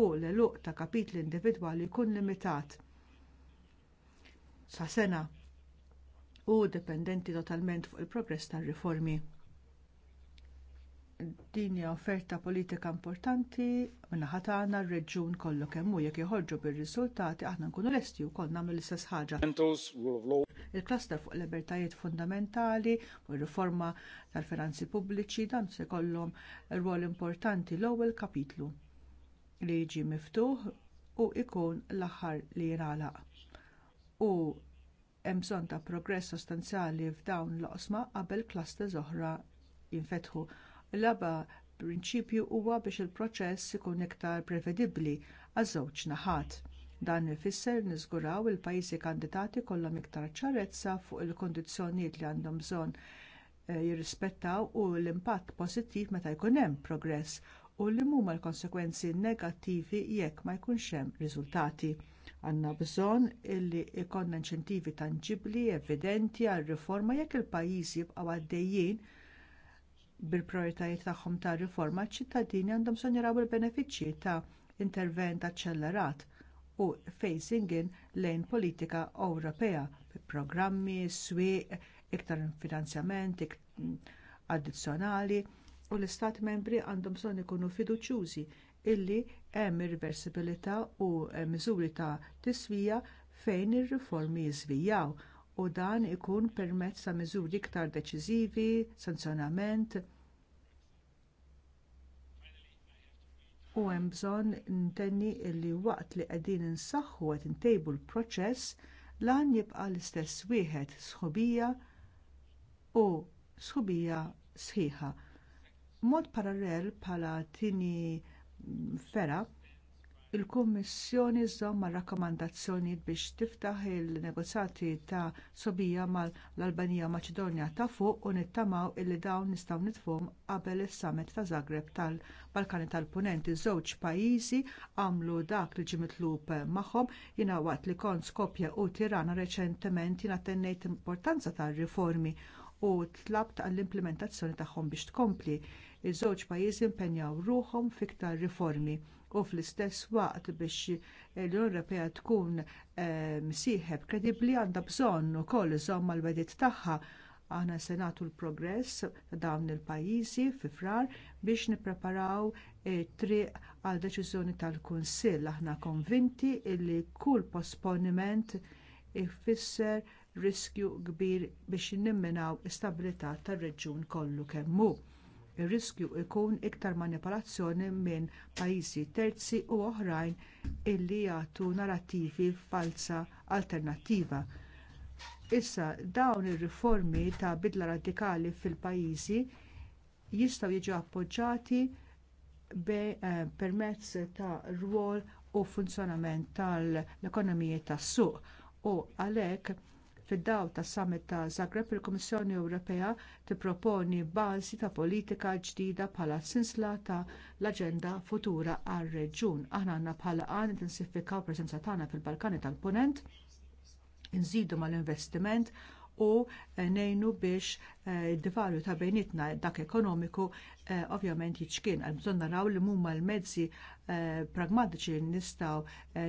u l-eluq ta' kapitli individwali jkun limitat sa' sena u dipendenti totalment fuq il-progress tar riformi din hija offerta politika importanti minnaħa tagħna r-reġjun kollu kemm hu jekk joħorġu bir-riżultati aħna nkunu lesti wkoll nagħmlu l-istess ħaġa. Il-klaster fuq libertajiet fundamentali u r-riforma tal-finanzi pubbliċi dan se jkollhom rwol importanti l-ewwel kapitlu li jiġi miftuħ u jkun l-aħħar li jirala. U hemm bżonn ta' progress sostanzjali f'dawn l-oqsma qabel klaster oħra jinfetħu L-aba prinċipju huwa biex il-proċess ikun iktar prevedibbli għaż-żewġ naħat. Dan ifisser niżguraw il-pajjiżi kandidati kollhom iktar ċarezza fuq il-kondizzjonijiet li għandhom bżonn eh, jirrispettaw u l-impatt pożittiv meta jkun hemm progress u li huma l-konsekwenzi negattivi jekk ma jkunx hemm riżultati. Għandna bżonn illi jkollna inċentivi tangibbli evidenti għal riforma jekk il-pajjiżi jibqgħu għaddejjin bil-prioritajiet tagħhom ta' riforma ċ-ċittadini għandhom son jaraw il-benefiċċji ta' intervent aċċellerat u phasing in lejn politika Ewropea bi programmi, swieq, iktar finanzjament addizzjonali u l-Istati membri għandhom bżonn ikunu fiduċjużi illi hemm irreversibilità u miżuri ta' tiswija fejn ir-riformi jiżvijaw u dan ikun permezz ta' miżuri iktar deċiżivi, sanzjonament, u hemm bżonn ntenni li waqt li qegħdin insaħħu qed intejbu l-proċess lan jibqa' l-istess wieħed sħubija u sħubija sħiħa. Mod parallel bħala tieni fera il-Kummissjoni żomm ma' rakkomandazzjonijiet biex tiftaħ il-negozjati ta' sobija mal-Albanija Maċedonja ta' fuq u nittamaw illi dawn nistgħu nitfhom qabel is-summit ta' Zagreb tal-Balkani tal-Punent. Iż-żewġ pajjiżi għamlu dak li ġie mitlub magħhom jiena waqt li kont Skopje u Tirana reċentement jiena tennejt importanza tal riformi u tlabt għall-implementazzjoni tagħhom biex tkompli. Iż-żewġ pajjiżi impenjaw ruhom fiktar riformi u fl-istess waqt biex l-Unjoni Ewropea tkun eh, msieħeb kredibbli għandha bżonn ukoll iżomm mal-wedit tagħha aħna se nagħtu l-progress ta' dawn il-pajjiżi fi frar biex nippreparaw triq għal deċiżjoni tal-Kunsill. Aħna konvinti li kull posponiment ifisser riskju kbir biex nimminaw istabilità tar-reġjun kollu kemm hu ir-riskju jkun iktar manipolazzjoni minn pajjiżi terzi u oħrajn illi jagħtu narattivi falsa alternattiva. Issa dawn ir-riformi ta' bidla radikali fil-pajjiżi jistgħu jiġu appoġġjati eh, permezz ta' rwol u funzjonament tal-ekonomiji tas-suq u għalhekk Fid-daw tas summit ta' Zagreb il-Kummissjoni Ewropea tipproponi bażi ta' politika ġdida bħala sinsla ta' l-aġenda futura għar-reġjun. Aħna għandna bħala għan intensifikaw preżenza tagħna fil-Balkani tal-Punent, inżidu mal-investiment u eh, nejnu biex id-divalu eh, ta' bejnietna dak ekonomiku eh, ovvjament jiċkien għal bżonn naraw li mumma l-mezzi pragmatiċi li nistgħu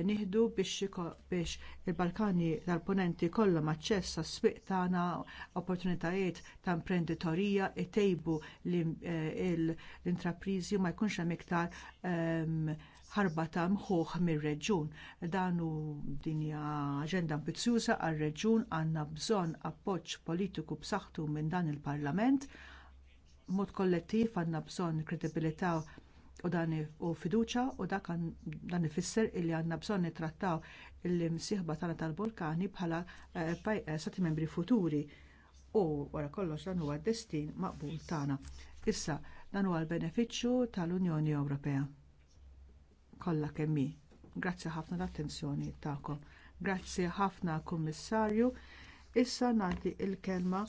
nieħdu biex il-Balkani tal-Ponenti kollhom aċċess għas swieq tagħna opportunitajiet ta' imprenditorija itejbu l-intrapriżi ma jkunx hemm iktar ehm, ħarba ta' mħuħ mir-reġjun. Dan hu dinja aġenda ambizjuża għar-reġjun għandna bżonn appoġġ politiku b'saħħtu minn dan il-Parlament. Mod kollettiv għandna bżonn kredibilità u dan u fiduċa u dak dan ifisser illi għandna bżonn nittrattaw il-msieħba tagħna tal-Balkani bħala eh, eh, stati membri futuri u wara kollox dan huwa d-destin maqbul tagħna. Issa dan huwa l-benefiċċju tal-Unjoni Ewropea kollha kemm hi. Grazzi ħafna l-attenzjoni tagħkom. Grazzi ħafna Kummissarju. Issa nagħti l kelma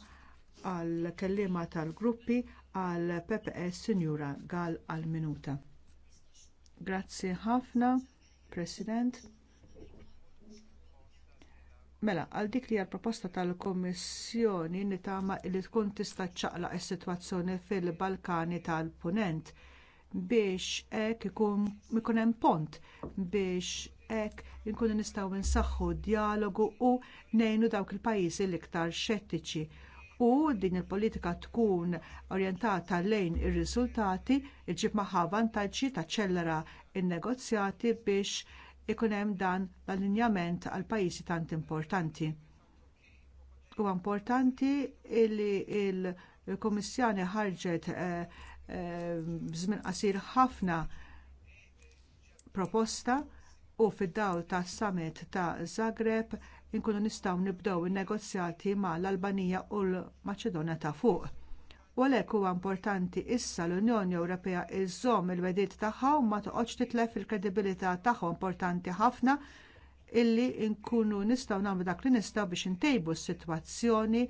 għal kelliema tal-gruppi għal PPS e Sinjura Gall għal minuta. Grazzi ħafna, President. Mela, għal dik li għal proposta tal-Kommissjoni nitama li tkun tista' ċaqla s-sitwazzjoni fil-Balkani tal-Punent biex hekk ikun hemm pont biex hekk inkunu nistgħu nsaħħu d dialogu u ngħinu dawk il-pajjiżi l-iktar xettiċi u din il-politika tkun orjentata lejn ir-riżultati iġib magħha vantaġġi taċċellera n negozjati biex ikun hemm dan l-allinjament għal pajjiżi tant importanti. Huwa importanti li l-Kummissjoni ħarġet eh, Eh, bżmin qasir ħafna proposta u fid-dawl tas summit ta' Zagreb inkunu nistgħu nibdew in-negozjati mal albanija u l-Maċedonja ta' fuq. U għalhekk huwa importanti issa l-Unjoni Ewropea iżżomm il-wedid tagħha u ma toqgħodx titlef il-kredibilità tagħhom importanti ħafna illi nkunu nistgħu nagħmlu dak li nistgħu biex intejbu s-sitwazzjoni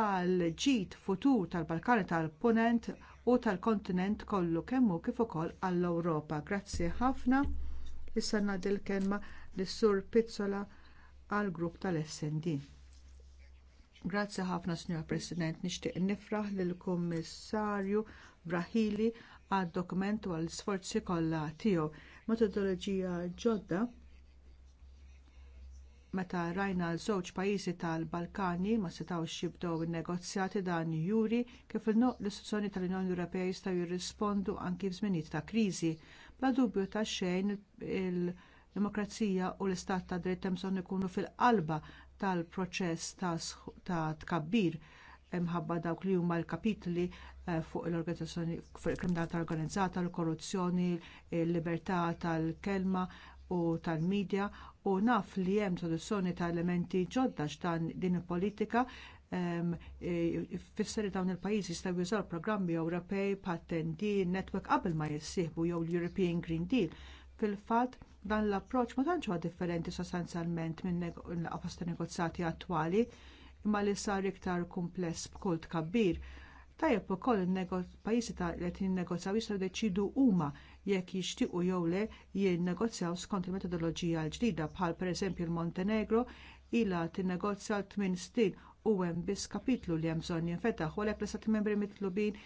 għal ġid futur tal-Balkani tal-Punent u tal-kontinent kollu kemm hu kif ukoll għall-Ewropa. Grazzi ħafna. Issa ngħaddi l-kelma lis-Sur Pizzola għall grupp tal-SND. Grazzi ħafna, Signor President, nixtieq nifraħ lill kummissarju Brahili għad dokument u għall isforzi kollha tiegħu. Metodoloġija ġodda meta rajna l-żewġ pajjiżi tal-Balkani ma setgħux jibdew in-negozjati dan juri kif il l-istituzzjoni tal-Unjoni Ewropea jistgħu jirrispondu anki f'żminijiet ta' kriżi. Bla dubju ta' xejn il-demokrazija u l-istat ta' dritt hemm bżonn ikunu fil-qalba tal-proċess ta' tkabbir imħabba dawk li huma l-kapitli eh, fuq l-organizzazzjoni fuq il-kriminalità organizzata, l-korruzzjoni, il-libertà tal-kelma u tal-medja u naf li hemm soluzzjoni ta' elementi ġodda x'dan din il-politika e, fissari dawn il-pajjiżi jistgħu jużaw programmi Ewropej, patenti, network qabel ma jissieħbu jew l-European Green Deal. Fil-fatt dan l-approċċ ma tantx huwa differenti sostanzjalment minn l-qafas negozjati attwali imma li sar iktar kumpless kabbir. Tajab u ukoll il-pajjiżi li qed jinnegozjaw jistgħu jdeċidu huma jekk jixtiequ jew le jinnegozjaw skont il-metodoloġija l-ġdida bħal pereżempju l-Montenegro ilha tinnegozja l-tmien snin u hemm biss kapitlu li hemm bżonn jinfetaħ u għalhekk l-istat membri mitlubin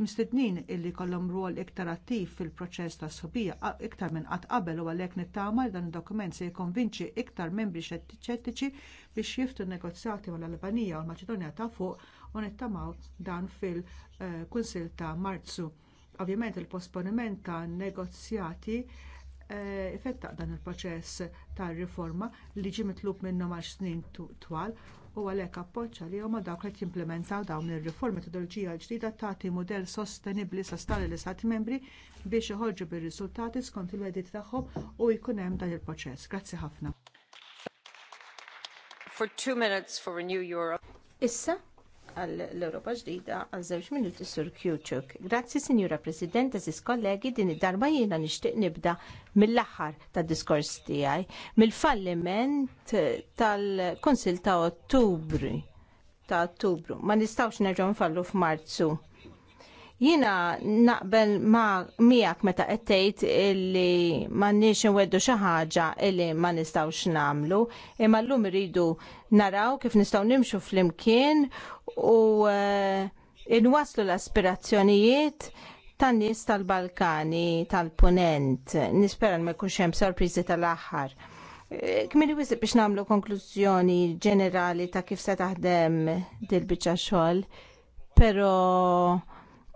mistednin illi jkollhom rwol iktar attiv fil-proċess ta' subija iktar minn qatt qabel u għalhekk nittama li dan id-dokument se jikkonvinċi iktar membri xettiċi biex jiftu negozjati mal-Albanija u l-Maċedonja ta' fuq u nittamaw dan fil-Kunsil eh, ta' Marzu. Ovvjament il-posponiment ta' negozjati ifettaq eh, dan il-proċess ta' riforma li ġie mitlub minnhom għal snin twal u għalhekk appoġġja li huma dawk qed jimplementaw dawn ir-riformi metodoloġija l-ġdida tagħti mudell sostenibbli sastali l istati membri biex iħorġu bir-riżultati skont il-wedit tagħhom u jkun hemm dan il-proċess. Grazzi ħafna. Issa għall-Europa ġdida għal żewġ minuti sur Kjuċuk. Grazzi, Sinjura President, eżis kollegi, din id-darba jiena nixtieq nibda mill-aħħar tad diskors tiegħi, mill-falliment tal-Konsil ta' Ottubru. Ta' Ottubru. Ma nistgħux nerġgħu nfallu f'Marzu. Jiena naqbel miegħek meta qed tgħid illi m'għandniex inweddu xi ħaġa illi ma nistgħux nagħmlu, imma llum iridu naraw kif nistgħu nimxu flimkien u eh, inwaslu l-aspirazzjonijiet tan-nies tal-Balkani tal-Punent. Nispera ma jkunx hemm sorpriżi tal-aħħar. Eh, kmini wisib biex nagħmlu konklużjoni ġenerali ta' kif se taħdem dil-biċċa xogħol, però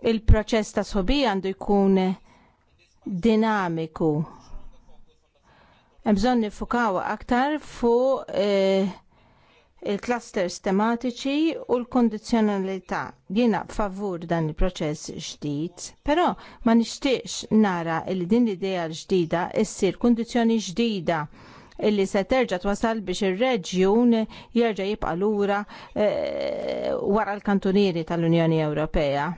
il-proċess ta' sħobija għandu jkun dinamiku. Hemm bżonn nifukaw aktar fuq eh, il-clusters tematiċi u l-kondizjonalità. Jiena favur dan il-proċess ġdid, però ma nixtiex nara li din l-idea l-ġdida issir kondizjoni ġdida illi se terġa' twasal biex ir-reġjun jerġa' jibqa' lura e, wara l-kantunieri tal-Unjoni Ewropea.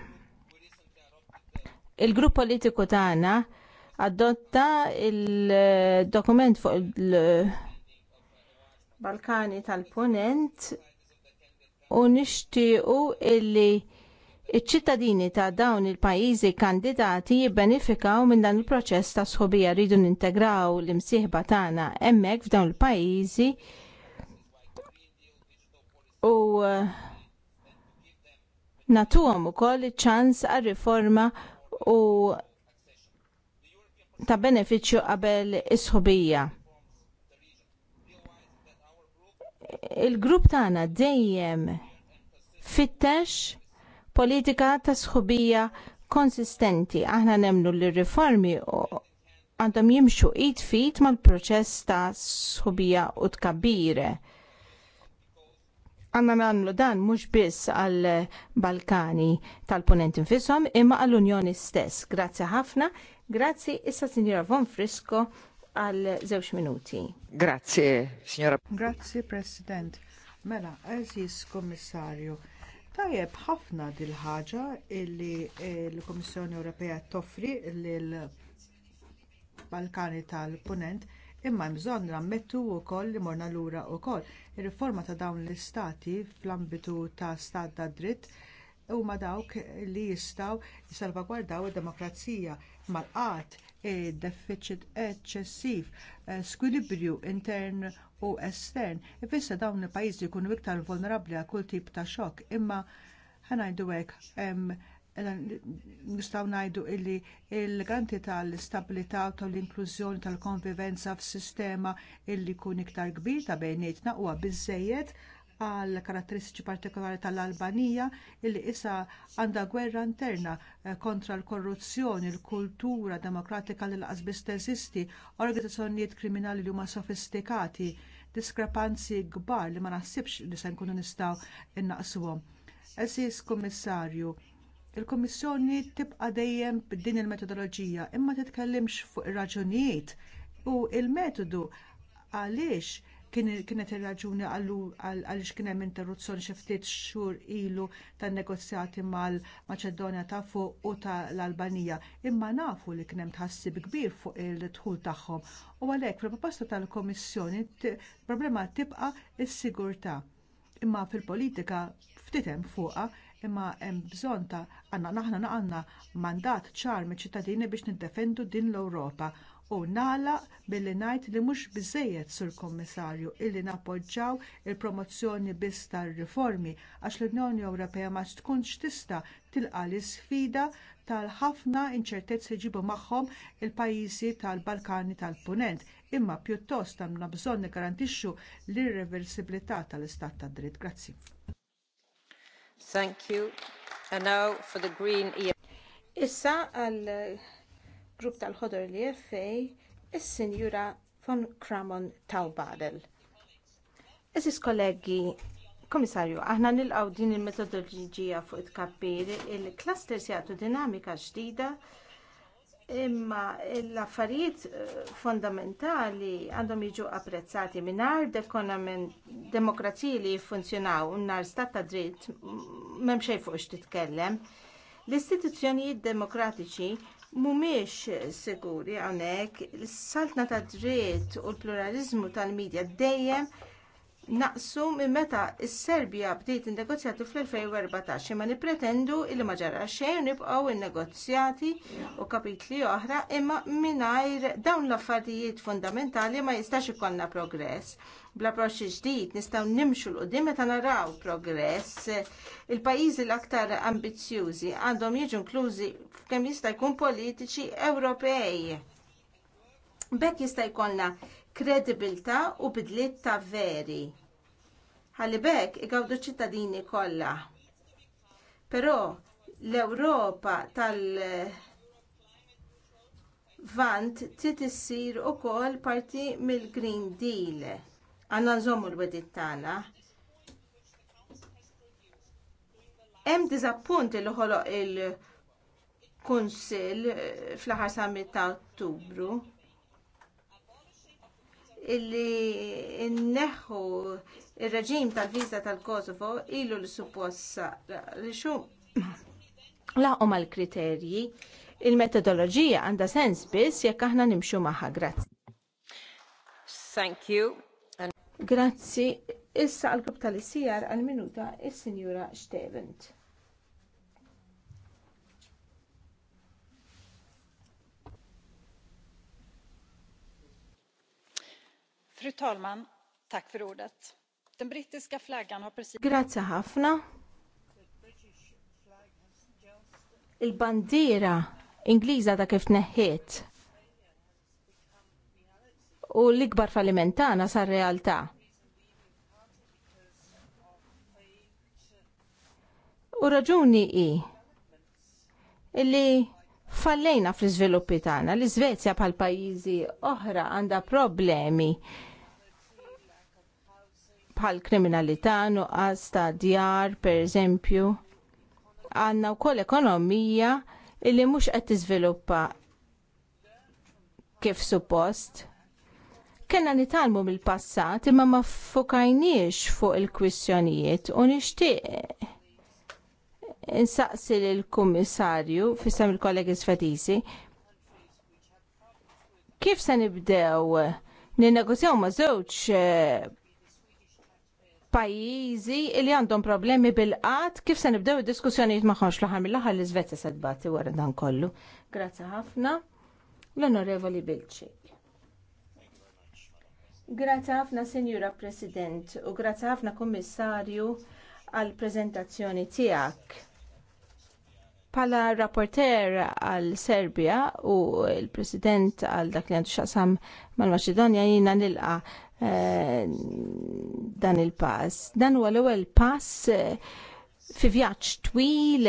Il-grupp politiku tagħna adotta il-dokument fuq il-, -dokument fuq il Balkani tal-Punent u nixtiequ illi iċ-ċittadini ta' dawn il-pajjiżi kandidati jibbenefikaw minn dan il-proċess ta' sħobija rridu nintegraw l-imsieħba tagħna hemmhekk f'dawn il-pajjiżi u uh, natuhom ukoll iċ-ċans għar-riforma u ta' benefiċċju qabel is-sħobija. il-grupp tagħna dejjem fittex politika ta' sħubija konsistenti. Aħna nemmnu li riformi għandhom jimxu id fit mal-proċess ta' sħubija u tkabbire. Għanna nagħmlu dan mhux biss għall Balkani tal punent infishom imma għall-Unjoni stess. Grazzi ħafna, grazzi issa Sinjora Von Frisco għal żewġ minuti. Grazie, signora. Grazie, President. Mela, eżis komissarju. tajjeb ħafna dil-ħaġa illi l komissjoni Ewropea toffri l-Balkani tal-Punent imma bżonn rammettu wkoll li morna lura wkoll. Ir-riforma ta' dawn l-istati fl-ambitu ta' stat ta' dritt huma dawk li jistgħu jsalvagwardaw id-demokrazija mal-qat deficit eċċessiv, skwilibrju intern u estern, ifissa dawn il-pajjiżi jkunu iktar vulnerabbli għal kull tip ta' xokk, imma ħanajdu hekk nistgħu ngħidu illi l garanti tal-istabilità u tal-inklużjoni tal-konvivenza f'sistema illi jkun iktar kbir ta' bejnietna huwa biżżejjed għal karatteristiċi partikolari tal-Albanija illi issa għandha gwerra interna eh, kontra l-korruzzjoni, l-kultura demokratika li biss teżisti, organizzazzjonijiet kriminali li huma sofistikati, diskrepanzi kbar li ma naħsibx li se nkunu nistgħu innaqsuhom. Eżis Kummissarju, il kummissjoni tibqa' dejjem b'din il-metodoloġija imma titkellimx fuq ir-raġunijiet u l metodu għaliex kienet ir-raġuni għaliex kien hemm interruzzjoni xi ftit xhur ilu tan-negozjati mal-Maċedonja ta' fuq u tal-Albanija. Imma nafu li kien hemm tħassib kbir fuq il-dħul tagħhom. U għalhekk fil-proposta tal-Komissjoni problema tibqa' is-sigurtà. Imma fil-politika ftitem fuqha imma hemm bżonn ta' għandna naħna għandna mandat ċar miċ ċittadini biex niddefendu din l-Ewropa u nagħlaq billi ngħid li mhux biżżejjed sur kommissarju illi nappoġġjaw il-promozzjoni biss tar-riformi għax l-Unjoni Ewropea ma tkunx tista' tilqa l-isfida tal-ħafna inċertezzi ġibu magħhom il-pajjiżi tal-Balkani tal-Punent, imma pjuttost għandna bżonn nigarantixxu l-irreversibilità tal-istat tad dritt. Grazzi. Thank you. And now for the green e Issa għal grupp tal-ħodor li fej is-Sinjura von Kramon Tawbadel. Eżis kollegi, Komissarju, aħna nilqaw din il metodologija fuq it kappiri il-clusters jgħatu dinamika ġdida imma l-affarijiet eh, fondamentali għandhom jiġu apprezzati minar demokrazija li jiffunzjonaw nar stat ta' dritt m'hemm xejn fuq titkellem. L-istituzzjonijiet demokratiċi mumiex siguri għanek, s-saltna ta' dritt u l-pluralizmu tal-medja dejjem naqsu minn meta s-Serbija bdiet innegozjati fl-2014 ma nipretendu li ma ġara xejn nibqgħu negozjati u kapitli oħra imma mingħajr dawn l-affarijiet fundamentali ma jistax ikollna progress. Bla proċċi ġdid nistgħu nimxu l qudiem meta naraw progress. Il-pajjiżi l-aktar ambizzjużi għandhom jiġu inklużi f'kemm jista' jkun politiċi Ewropej. Bekk jista' jkollna kredibilità u bidliet ta' veri. Ħalli bekk igawdu ċittadini kollha. Però l-Ewropa tal- vant trid issir ukoll parti mill-Green Deal għandna nżommu l-wedit tagħna. Hemm dizappunt li ħoloq il-Kunsill eh, fl-aħħar samit ta' Ottubru illi nneħħu ir-reġim tal-viża tal-Kosovo ilu l supposta li xu laqgħu mal-kriterji il-metodoloġija għandha sens biss jekk aħna nimxu magħha. Grazie. Thank you. Grazzi, issa għal-grupp tal sijar għal-minuta il-Sinjura Stevent. Fru talman, tack för ordet. Den brittiska flaggan har precis... Grazie ħafna. Il-bandiera Ingliża ta' kif neħħiet u l-ikbar falimentana sar realtà. U raġuni i illi fallejna fl-iżviluppi tagħna. L-Iżvezja bħal pajjiżi oħra għandha problemi bħal kriminalità nuqqas ta' djar, pereżempju. Għandna wkoll ekonomija illi mhux qed tiżviluppa kif suppost Kellna nitalmu mill-passat imma ma fokajniex fuq il-kwistjonijiet u nixtieq eh, insaqsi lill-Kummissarju fissam il-kollegi Sfatisi kif se nibdew ninnegozjaw ma' żewġ eh, pajjiżi li għandhom problemi bil-qat, kif se nibdew id-diskussjonijiet magħhom fl-aħħar mill-aħħar li Svezja se tbati wara dan kollu. Grazzi ħafna. L-Onorevoli Bilċi. Grazzi ħafna Sinjura President u grazzi ħafna Kommissarju għall prezentazzjoni tiegħek. Pala rapporter għal Serbia u l president għal dak li għandu xaqsam mal-Maċedonja jina nilqa eh, dan il-pass. Dan huwa l-ewwel pass eh, fi vjaġġ twil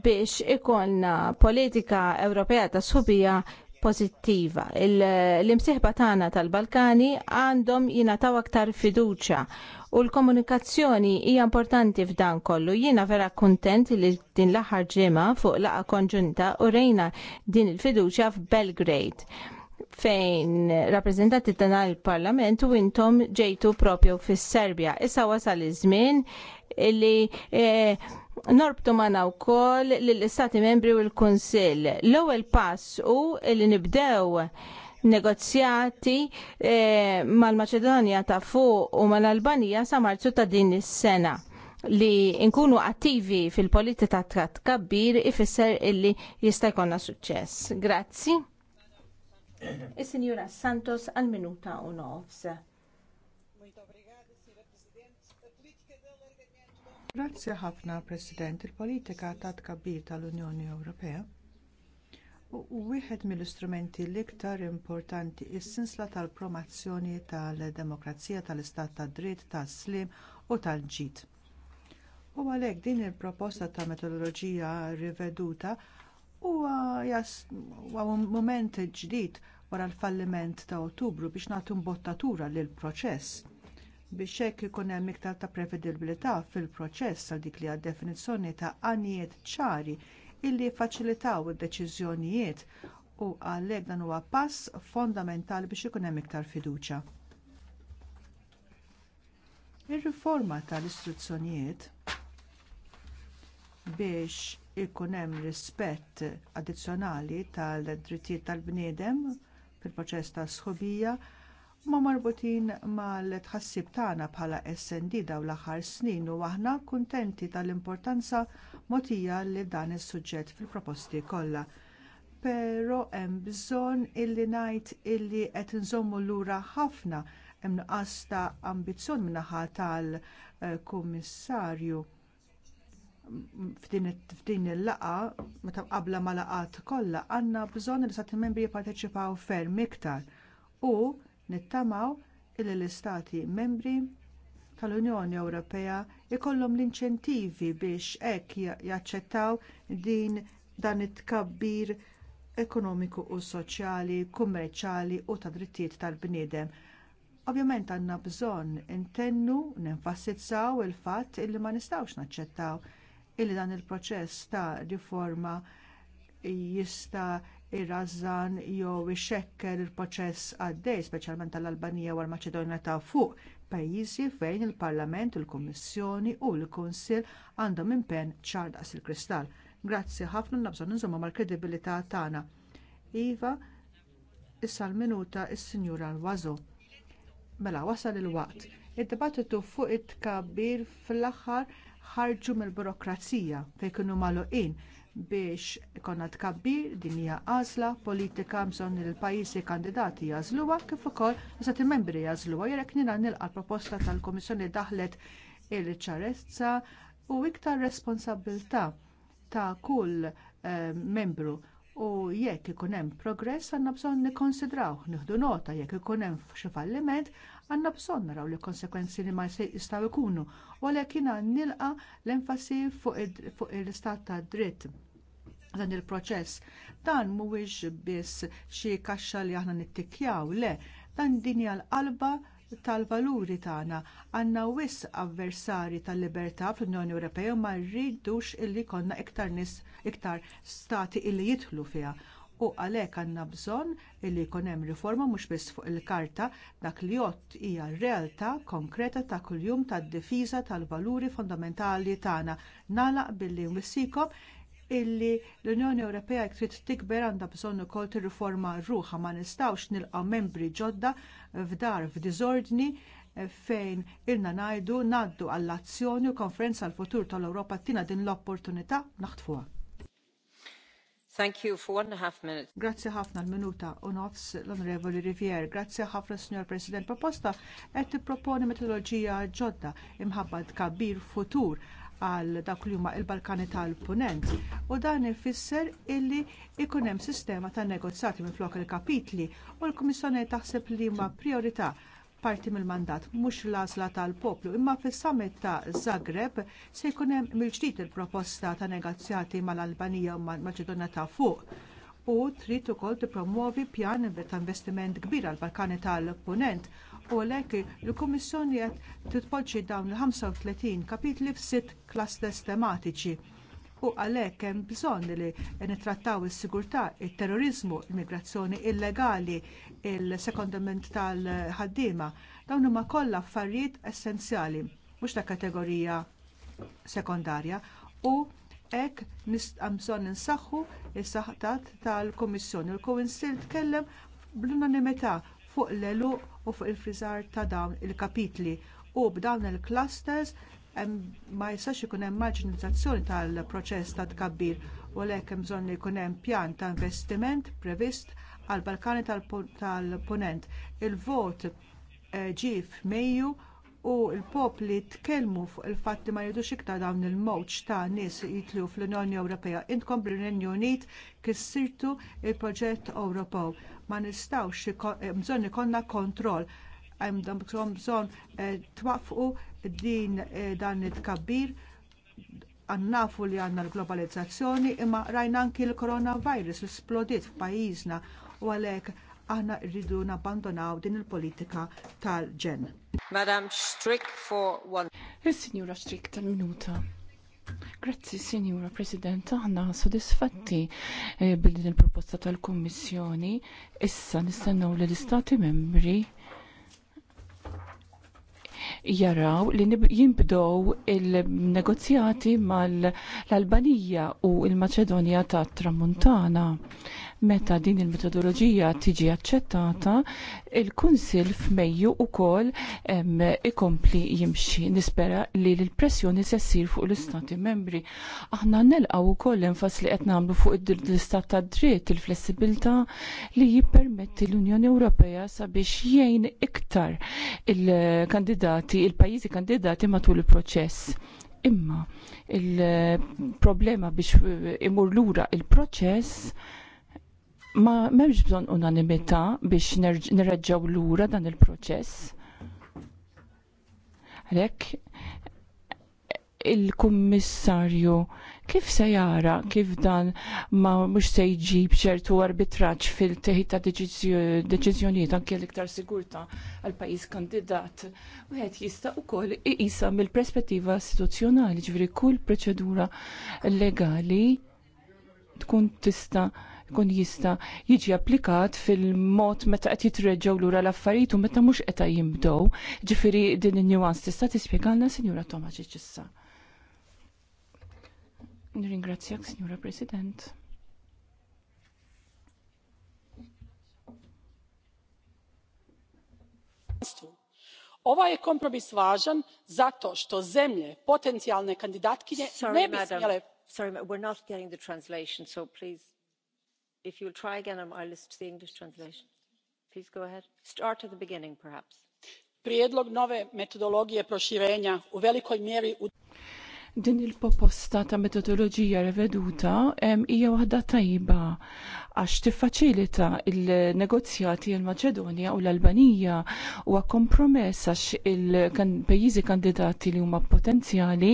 biex ikolna politika Ewropea ta' subija pozittiva. L-imsieħba tagħna tal-Balkani għandhom jingħataw aktar fiduċja u l-komunikazzjoni hija importanti f'dan kollu. Jiena vera kuntent li din l-aħħar ġimgħa fuq laqa konġunta u rejna din il-fiduċja f'Belgrade fejn rappresentanti dan il-Parlament u intom ġejtu propju fis-Serbja. Issa wasal iż-żmien li eh, Norbtu manna u koll l-Istati membri u l-Konsil. L-ewel pass u li nibdew negozjati eh, mal-Maċedonja ta' fuq u mal-Albanija sa' marzu ta' din is-sena li nkunu attivi fil-politika ta' tkabbir ifisser illi jista' jkollna suċċess. Grazzi. Is-Sinjura [COUGHS] Santos għal minuta u nofs. Grazzi ħafna, President. Il-politika ta' tkabbir tal-Unjoni Ewropea u wieħed mill-istrumenti l-iktar importanti is-sinsla tal-promozzjoni tal-demokrazija tal-istat tad dritt tas-slim u tal-ġid. U għalhekk din il-proposta ta' metodoloġija riveduta huwa mument ġdid wara l-falliment ta' Ottubru biex nagħtu mbottatura lill proċess biex hekk ikun hemm iktar ta' prevedibilità fil-proċess għal dik li għad definizzjoni ta' għanijiet ċari illi faċilitaw id-deċiżjonijiet u għalhekk dan huwa pass fondamentali biex ikun hemm iktar fiduċja. Ir-riforma tal-istruzzjonijiet biex ikun hemm rispett addizzjonali tad drittijiet tal-bniedem fil-proċess ta' sħobija ma marbutin mal-tħassib tagħna bħala SND dawn l-aħħar snin u aħna kuntenti tal-importanza mogħtija li dan is-suġġett fil-proposti kollha. Però hemm bżonn illi ngħid illi qed nżommu lura ħafna hemm nuqqas ta' ambizzjon minnaħa naħa tal-kummissarju f'din il laqgħa meta qabla ma laqat kollha għandna bżonn li stati membri jipparteċipaw ferm iktar u Nittamaw illi l-istati membri tal-Unjoni Ewropea ikollhom l-inċentivi biex hekk jaċċettaw din dan it-tkabbir ekonomiku u soċjali, kummerċjali u ta' drittijiet tal-bniedem. Ovvjament għandna bżonn intennu nenfasizzaw il-fatt illi ma nistgħux naċċettaw illi dan il-proċess ta' riforma jista' irrażżan jew ixxekkel il-proċess għaddej, speċjalment tal-Albanija u l-Maċedonja ta' fuq, pajjiżi fejn il-Parlament, il-Kummissjoni u l-Kunsill għandhom impenn ċar daqs il-kristall. Grazzi ħafna nabżon nżomma mal-kredibilità tagħna. Iva, issa l-minuta is-Sinjura Alwazo. Mela wasal il-waqt. Id-dibattitu fuq it tkabbir fl-aħħar ħarġu mill-burokrazija fejn kienu magħluqin biex ikonna tkabbir din hija għażla politika bżonn li l-pajjiżi kandidati jażluha kif ukoll l-istati membri jażluha jerek nina nilqa' proposta tal-Kummissjoni daħlet il-ċarezza u iktar responsabilità ta' kull eh, membru u jekk ikun hemm progress għandna bżonn nikkonsidraw, nieħdu nota jekk ikun hemm xi falliment għanna bżonn naraw li konsekwenzi li ma jistgħu jkunu, u għalhekk jiena nilqa l-enfasi fuq l-istat tad dritt dan il-proċess. Dan mhuwiex biss xi kaxxa li aħna nittikjaw, le, dan dinja l-qalba tal-valuri tagħna għandna wisq avversari tal-libertà fl-Unjoni Ewropea ma rridux illi jkollna iktar nis, iktar stati illi jidħlu fiha u għalhekk għandna bżonn li jkun hemm riforma mhux biss fuq il-karta dak li jott hija r-realtà konkreta ta' kuljum tad-difiża tal-valuri fondamentali tagħna. Nagħlaq billi Wissikom illi l-Unjoni Ewropea trid tikber għandha bżonn ukoll tirriforma ruħa ma nistgħux nilqgħu membri ġodda f'dar f'diżordni fejn ilna ngħidu ngħaddu għall-azzjoni u konferenza għall futur tal-Ewropa tina din l-opportunità naħtfuha. Thank you for one and a half minutes. Grazzi ħafna l-minuta u nofs l-Onorevoli Rivier. Grazzi ħafna Signor President. Proposta qed tipproponi metodoloġija ġodda imħabba tkabbir futur għal dak li huma l-Balkani tal-Punent u dan ifisser illi ikun hemm sistema ta' negozjati minn flok il-kapitli u l-Kummissjoni taħseb li huma priorità parti mill-mandat mhux l-għażla tal-poplu, imma fis-summit ta' Zagreb se jkun hemm mill-ġdid il-proposta ta' negozjati mal-Albanija u mal-Maċedonja ta' fuq u trid ukoll tippromuovi pjan ta' investiment kbir għall balkani tal-Punent u għalhekk il-Kummissjoni qed titpoġġi dawn il-35 kapitli f'sitt clusters tematiċi u għalhekk hemm bżonn li nittrattaw is-sigurtà, it-terrorizmu, l-migrazzjoni illegali, il-sekondament tal-ħaddiema. Dawn huma kollha affarijiet essenzjali mhux ta' kategorija sekondarja u hekk hemm bżonn insaħħu is-saħtat tal-Kummissjoni. Il-Kunsill tkellem bl-unanimità fuq l-eluq u fuq il-friżar ta' dawn il-kapitli u b'dawn il-clusters ma jistax ikun hemm marginalizzazzjoni tal-proċess ta' tkabbir u għalhekk hemm bżonn li jkun hemm pjan ta' investiment previst għall Balkani tal-Punent. Il-vot eh, ġie f'Mejju u l-popli tkellmu fuq il-fatt li ma jridux iktar dawn il-mowġ ta' nies jitlu fl-Unjoni Ewropea. Intkom bl-Unjoni Unit kissirtu l proġett Ewropew. Ma nistgħux eh, bżonn ikollna kontroll bżon bżonn eh, twaqfu din eh, dan it-tkabbir nafu li għandna l-globalizzazzjoni imma rajna anki l-coronavirus li splodiet f'pajjiżna u għalhekk aħna rridu nabbandonaw din il-politika tal-ġen. Madam Strick for one. Il-Sinjura Strick tal-minuta. Grazzi, Sinjura President, aħna sodisfatti eh, bil-din il-proposta tal-Kommissjoni. Issa nistennu li l-Istati membri jaraw li jinbdow il-negozjati mal-Albanija u l maċedonja tat tramuntana Meta din il-metodoloġija tiġi aċċettata, il-Kunsil f'Mejju wkoll ikompli jimxi. Nispera li l-pressjoni se ssir fuq l-Istati membri. Aħna nelqaw wkoll l-enfas li qed nagħmlu fuq l-istat ta' dritt il-flessibilità li jippermetti l-Unjoni Ewropea sabiex jgħin iktar il-kandidati, il-pajjiżi kandidati matul il-proċess imma il-problema biex imur lura il-proċess ma memx bżon unanimità biex nirreġġaw lura dan il-proċess. Għalek, il-kummissarju kif se jara kif dan ma mux se jġib ċertu arbitraċ fil teħi ta' deċizjonijiet anke l-iktar sigurta għal pajis kandidat. U għed jista' koll iqisa mill-perspettiva istituzzjonali ġviri kull proċedura legali tkun tista' kun jista jiġi applikat fil-mod meta qed jitreġgħu lura l-affarijiet u meta mhux qed jimdow. Ġifieri din in-nuance tista' tispjegalna Sinjura Tomaġiġ issa. Nirringrazzjak, Sinjura President. Ovaj je kompromis važan zato što zemlje potencijalne kandidatkinje ne bi smjele... Sorry, madam. Sorry, we're not getting the translation, so please if you'll try again um, i'll list the english translation. please go ahead. start at the beginning perhaps. prijedlog nove metodologije proširenja u velikoj mjeri din il-proposta ta' metodoloġija reveduta hija waħda tajba għax tiffaċilita il-negozjati il maċedonja u l-Albanija u kompromess għax il-pajjiżi kandidati li huma potenzjali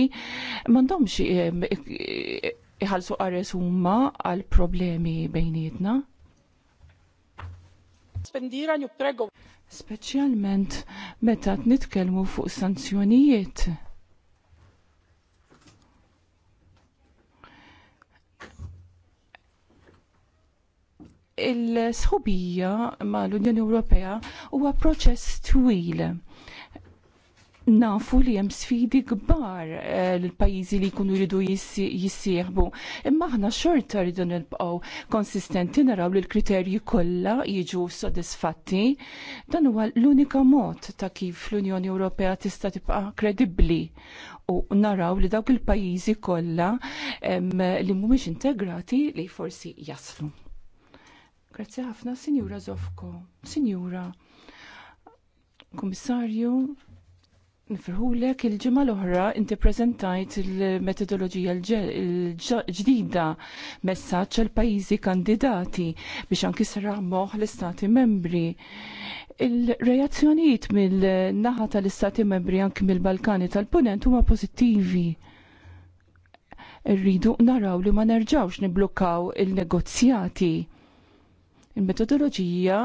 m'għandhomx iħalsu qares huma għal problemi bejnietna. Spendira prego. Speċjalment meta t-nitkelmu fuq sanzjonijiet. il-sħubija ma l-Unjoni Ewropea huwa proċess twil nafu li hemm sfidi kbar eh, l-pajjiżi li jkunu jridu jissieħbu. Imma aħna xorta rridu nilbqgħu konsistenti naraw li l-kriterji kollha jiġu sodisfatti. Dan huwa l-unika mod ta' kif l-Unjoni Ewropea tista' tibqa' kredibbli u naraw li dawk il-pajjiżi kollha li mhumiex integrati li forsi jaslu. Grazzi ħafna, Sinjura Zofko. Sinjura, Kummissarju, Nifirħulek il-ġimgħa l-oħra inti prezentajt il-metodoloġija l-ġdida messaġġ għal pajjiżi kandidati biex anki moħ l-istati membri. Il-reazzjonijiet mill-naħa tal-istati membri anki mill-Balkani tal-Punent huma pożittivi. Irridu naraw li ma nerġawx niblukkaw il-negozjati Il-metodoloġija,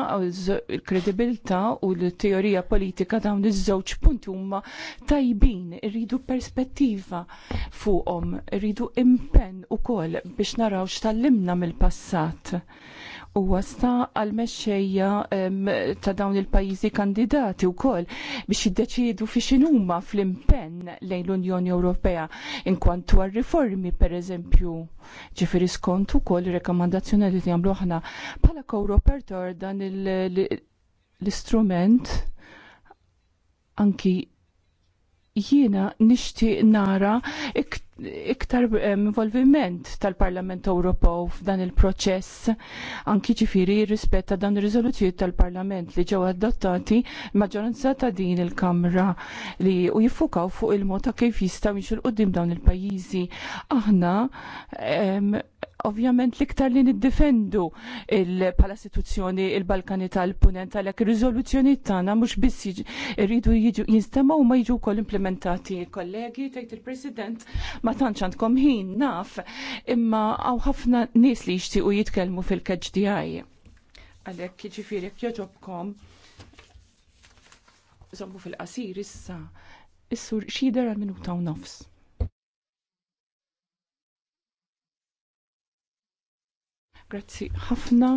il-kredibilità u l-teorija politika dawn iż-żewġ punti huma tajbin, irridu perspettiva fuqhom, irridu impenn ukoll biex naraw x'tallimna mill-passat u wasta għal-mexxejja ta' dawn il-pajjiżi kandidati wkoll biex jiddeċiedu fi xinuma fl-impenn lejn l-Unjoni Ewropea inkwantu għar-riformi pereżempju. Ġifieri skont ukoll ir-rekomandazzjoni li jagħmlu aħna pala Europertor dan l-istrument anki jiena nixtieq nara iktar iktar eh, involviment tal-Parlament Ewropew f'dan il-proċess anki ġifiri rispett ta' dan ir-riżoluzzjoni tal-Parlament li ġew adottati maġġoranza ta' din il-Kamra li u jiffukaw fuq il-mod ta' kif jistgħu jixu l-qudiem dawn il-pajjiżi. Aħna Ovvjament liktar li niddifendu il-pala istituzzjoni il-Balkani tal-Punent għalhekk ir-riżoluzzjoni tagħna mhux biss rridu jiġu u ma jiġu wkoll implementati. Kollegi tgħid il-President ma tantx għandkom ħin naf imma hawn ħafna nies li jixtiequ jitkellmu fil-KHDI. Għalhekk jiġifieri jekk jogħġobkom żommu fil-qasir issa Issur sur xider għal minuta u nofs. Grazzi ħafna.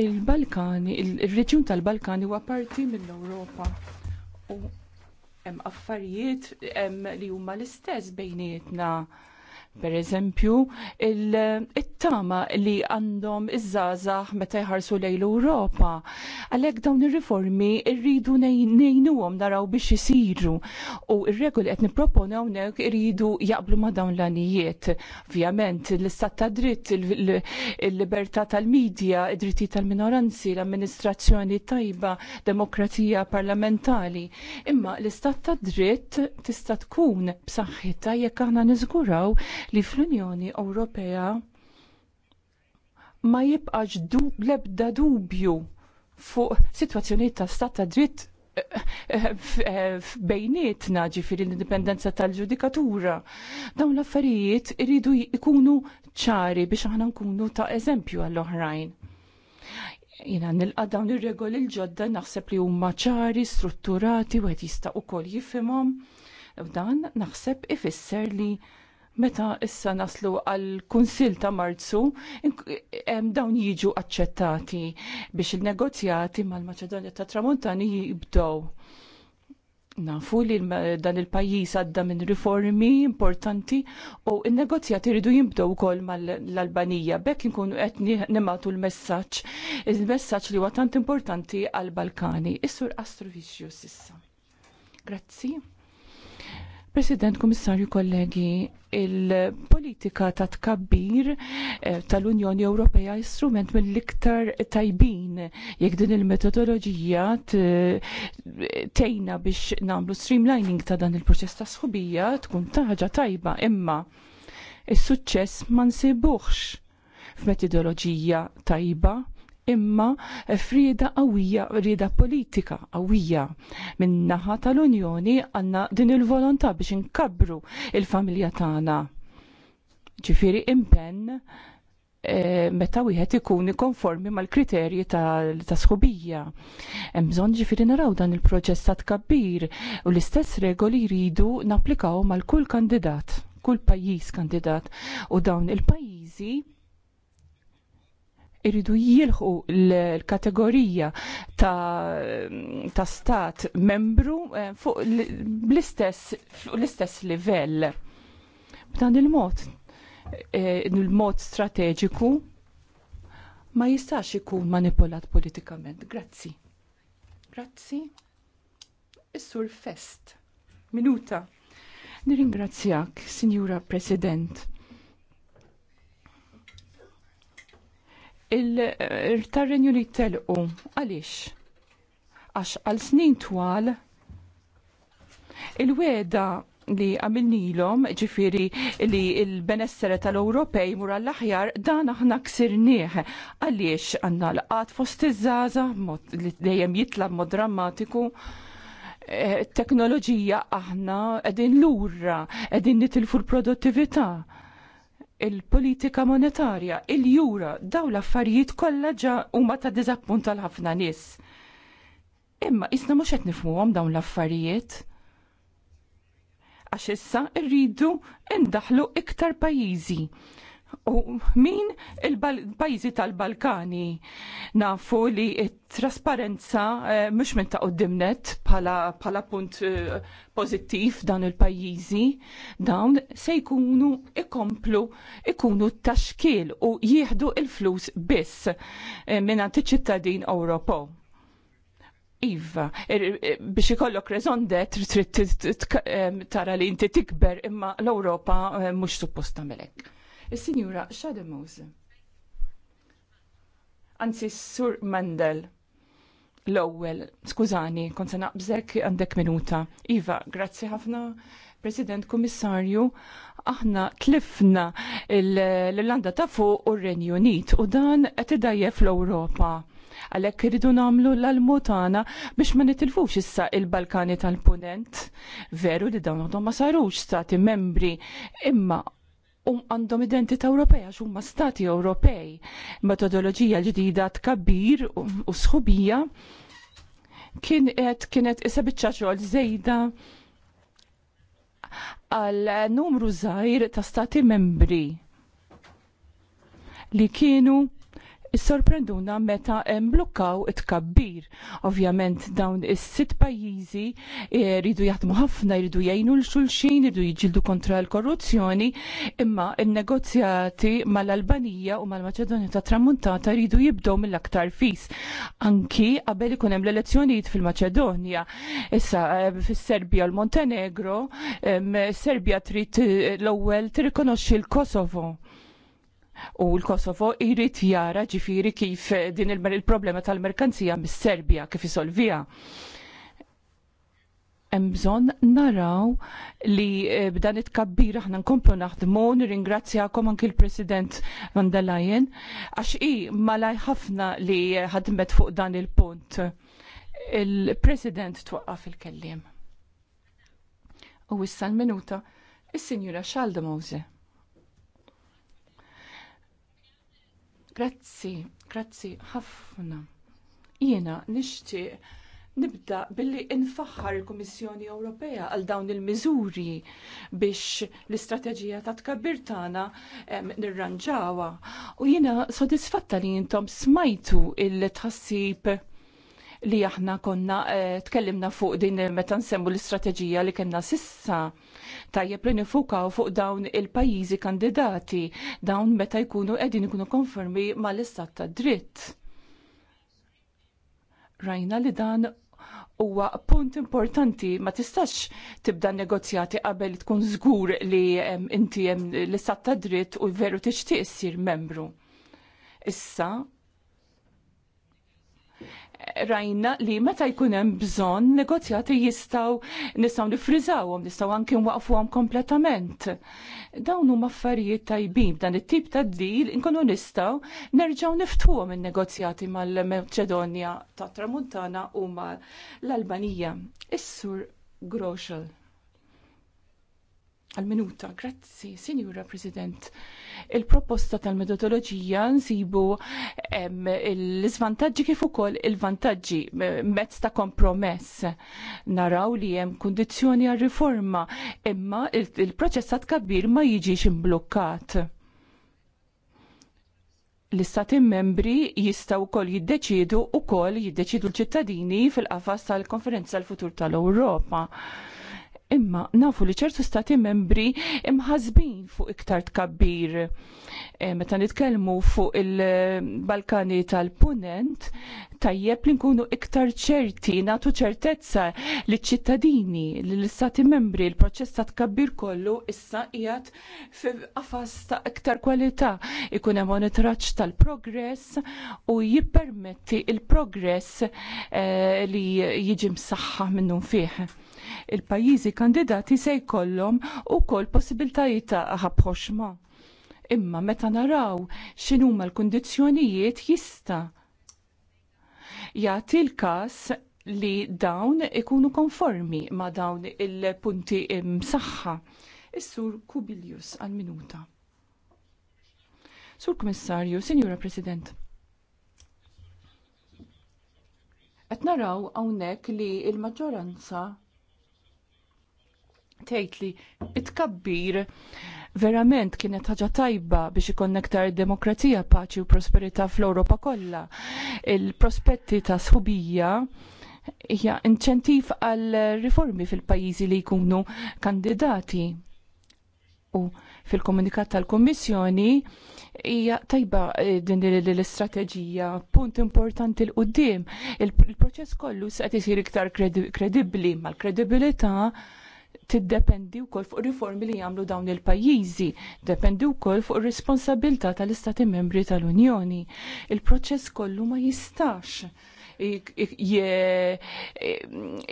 Il-Balkani, il-reġjun tal-Balkani huwa parti mill-Ewropa. U hemm affarijiet hemm li huma l-istess bejnietna. Per eżempju, il tama li għandhom iż-żazax meta jħarsu lejn l-Ewropa. Għalhekk dawn ir-riformi rridu ngħinuhom naraw biex isiru u r-regoli qed nipproponi hawnhekk iridu jaqblu ma' dawn l-anijiet. Ovvjament l-istat ta' dritt, il-libertà tal-medja, id-dritti tal-minoranzi, l-amministrazzjoni tajba, demokrazija parlamentali. Imma l-istat ta' dritt tista' tkun b'saħħitha jekk aħna niżguraw li fl-Unjoni Ewropea ma jibqax du, lebda dubju fuq situazzjoniet ta' stat ta' dritt eh, eh, eh, bejnietna ġifiri l-indipendenza tal-ġudikatura. Dawn l-affarijiet iridu jkunu ċari biex aħna nkunu ta' eżempju għall-oħrajn. Jina nilqa dawn ir-regoli l-ġodda naħseb li huma ċari, strutturati, u għed jista' ukoll jifhimhom. Dan naħseb ifisser li Meta issa naslu għal kunsil ta' Marzu, dawn jiġu aċċettati biex il-negozjati mal-Maċedonja ta' Tramontani jibdow. Nafu li dan il-pajjiż għadda minn riformi importanti u il-negozjati rridu jibdew kol mal-Albanija. Bekk nkunu qed nimatu l-messaġġ, il-messaġġ li huwa tant importanti għal-Balkani. Is-sur Astrovicius issa. Grazzi. President, Komissarju, kollegi, il-politika ta' tkabbir eh, tal-Unjoni Ewropea instrument mill-iktar tajbin jekk din il-metodoloġija eh, tejna biex namlu streamlining ta' dan il-proċess ta' sħubija tkun taħġa tajba imma is-suċċess ma nsibuħx f'metodoloġija tajba imma eh, frida qawwija, rida politika qawwija. Min-naħa tal-Unjoni għandna din il-volontà biex inkabru il-familja tagħna. Ġifieri impenn e, meta wieħed ikun konformi mal-kriterji ta' sħubija. Hemm bżonn ġifieri naraw dan il-proċess ta' tkabbir u l-istess regoli jridu napplikaw mal-kull kandidat, kull pajjiż kandidat u dawn il-pajjiżi iridu jilħu l-kategorija ta', ta stat membru eh, fuq l-istess livell. B'dan il-mod, eh, il-mod strateġiku ma jistax ikun manipolat politikament. Grazzi. Grazzi. Is-sur fest. Minuta. Nirringrazzjak, Sinjura President il-tarrenju li telqu. Għalix? Għax għal snin twal il-weda li għamilnilom ġifiri li il-benessere tal-Ewropej mura l aħjar dan aħna ksirnieħ għaliex għanna l-qat fost iż-żaza li dejjem jitla mod drammatiku e, teknoloġija aħna edin lura, edin nitilfu l-produttività il-politika monetarja, il-jura, daw l-affarijiet kollha ġa ma ta' diżappunt għal ħafna nies. Imma isna mhux qed nifhmuhom dawn l-affarijiet. Għax issa rridu indaħlu iktar pajjiżi U min il-pajzi tal-Balkani nafu li trasparenza eh, mux minn ta' qoddimnet pala, punt eh, pozittiv dan il-pajjiżi, dawn se jkunu ikomplu ikunu taxkil u jieħdu il-flus biss eh, minn ċittadin Ewropo. Iva, er, er, biex ikollok rezondet trid eh, tara li inti tikber imma l-Ewropa eh, mhux supposta melek. Is-Sinjura Shademus. Anzi, Sur Mandel l-ewwel, skużani, kont se naqbżek għandek minuta. Iva, grazzi ħafna, President Kummissarju, aħna tlifna l-Irlanda ta' fuq u r-Renju Unit u dan qed idajjef l-Ewropa. Għalhekk irridu nagħmlu l-almutana biex ma nitilfux issa il-Balkani tal-Punent. Veru li dawn ma sarux stati membri, imma um għandhom identità Ewropea huma stati Ewropej, metodoloġija ġdida tkabbir u sħubija kien qed kienet isha biċċa xogħol żejda għal numru żgħir ta' stati membri li kienu sorprenduna meta mblukkaw it-kabbir. Ovvjament dawn is-sitt pajjiżi jridu eh, jaħdmu ħafna, jridu jgħinu l-xulxin, jridu jġildu kontra l-korruzzjoni, imma il-negozjati mal-Albanija u mal-Maċedonja ta' Tramuntata jridu jibdew mill-aktar fis. Anki qabel ikun hemm l-elezzjonijiet fil-Maċedonja. Issa eh, fis-Serbja u l-Montenegro, Serbja trid eh, l-ewwel tirrikonoxxi l-Kosovo u l-Kosovo jrid jara ġifiri kif din il-problema tal-merkanzija mis-Serbja kif jisolvija. bżonn naraw li eh, b'dan it-kabbir aħna nkomplu naħdmu, nirringrazzjakom anki l-President van der Leyen, għax i malaj ħafna li ħadmet fuq dan il-punt. Il-President twaqqaf il-kellim. U issa l-minuta, is-Sinjura Xalda Mose. Grazzi, grazzi ħafna. Jena nixtieq nibda billi infaħħar il-Kummissjoni Ewropea għal dawn il-miżuri biex l-istrateġija ta' tkabbir tagħna nirranġawha. U jiena sodisfatta li intom smajtu il-tħassib li aħna konna eh, tkellimna fuq din meta nsemmu l-istrateġija li kena sissa tajjeb li nifukaw fuq dawn il-pajjiżi kandidati dawn meta jkunu qegħdin ikunu konformi mal-istat ta' dritt. Rajna li dan huwa punt importanti ma tistax tibda negozjati qabel tkun żgur li inti hemm l-istat ta' dritt u veru tixtieq issir membru. Issa, rajna li meta jkun hemm bżonn negozjati jistgħu nistgħu nifriżawhom, nistgħu anke nwaqfuhom kompletament. Dawn huma affarijiet tajbin dan it-tip ta' dil inkunu nistgħu nerġgħu niftuhom in-negozjati mal-Maċedonja tat Tramuntana u mal-Albanija. Is-sur Groxel. Għal-minuta, grazzi, Sinjura President il-proposta tal-metodoloġija nsibu l-iżvantaġġi kif ukoll il-vantaġġi mezz ta' kompromess. Naraw li hemm kundizzjoni għal riforma imma il-proċessat kabir ma jiġix imblukkat l-istati membri jistaw kol jiddeċidu u kol jiddeċidu l-ċittadini fil-qafas tal-konferenza l-futur tal-Europa imma nafu li ċertu stati membri imħazbin fuq iktar tkabbir. E, meta nitkellmu fuq il-Balkani tal-Punent, tajjeb li nkunu iktar ċerti, natu ċertezza li ċittadini, li l-istati membri, l-proċess ta' tkabbir kollu issa qiegħed f'qafas ta' iktar kwalità, ikun hemm monitoraġġ tal-progress u jippermetti il-progress e, li jiġi msaħħa minnu fih il-pajjiżi kandidati se jkollhom ukoll possibiltajiet ta' ħabħoxma. Imma meta naraw x'inhuma l-kundizzjonijiet jista' jagħti l-każ li dawn ikunu konformi ma' dawn il-punti msaħħa. Is-sur Kubilius għal-minuta. Sur Kummissarju, Sinjura President. Qed naraw hawnhekk li l maġġoranza tgħid li it-kabbir verament kienet ħaġa tajba biex ikon nektar demokrazija, paċi u prosperità fl-Ewropa kollha. Il-prospetti ta' sħubija hija inċentiv għal riformi fil-pajjiżi li jkunu kandidati. U fil-komunikat tal-Kommissjoni hija tajba eh, din l-istrateġija punt importanti l qudiem Il-proċess kollu se qed isir iktar kredibbli mal-kredibilità kredibilità tiddependi wkoll fuq riformi li jagħmlu dawn il-pajjiżi, dependi wkoll fuq ir-responsabilità tal-Istati Membri tal-Unjoni. Il-proċess kollu ma jistax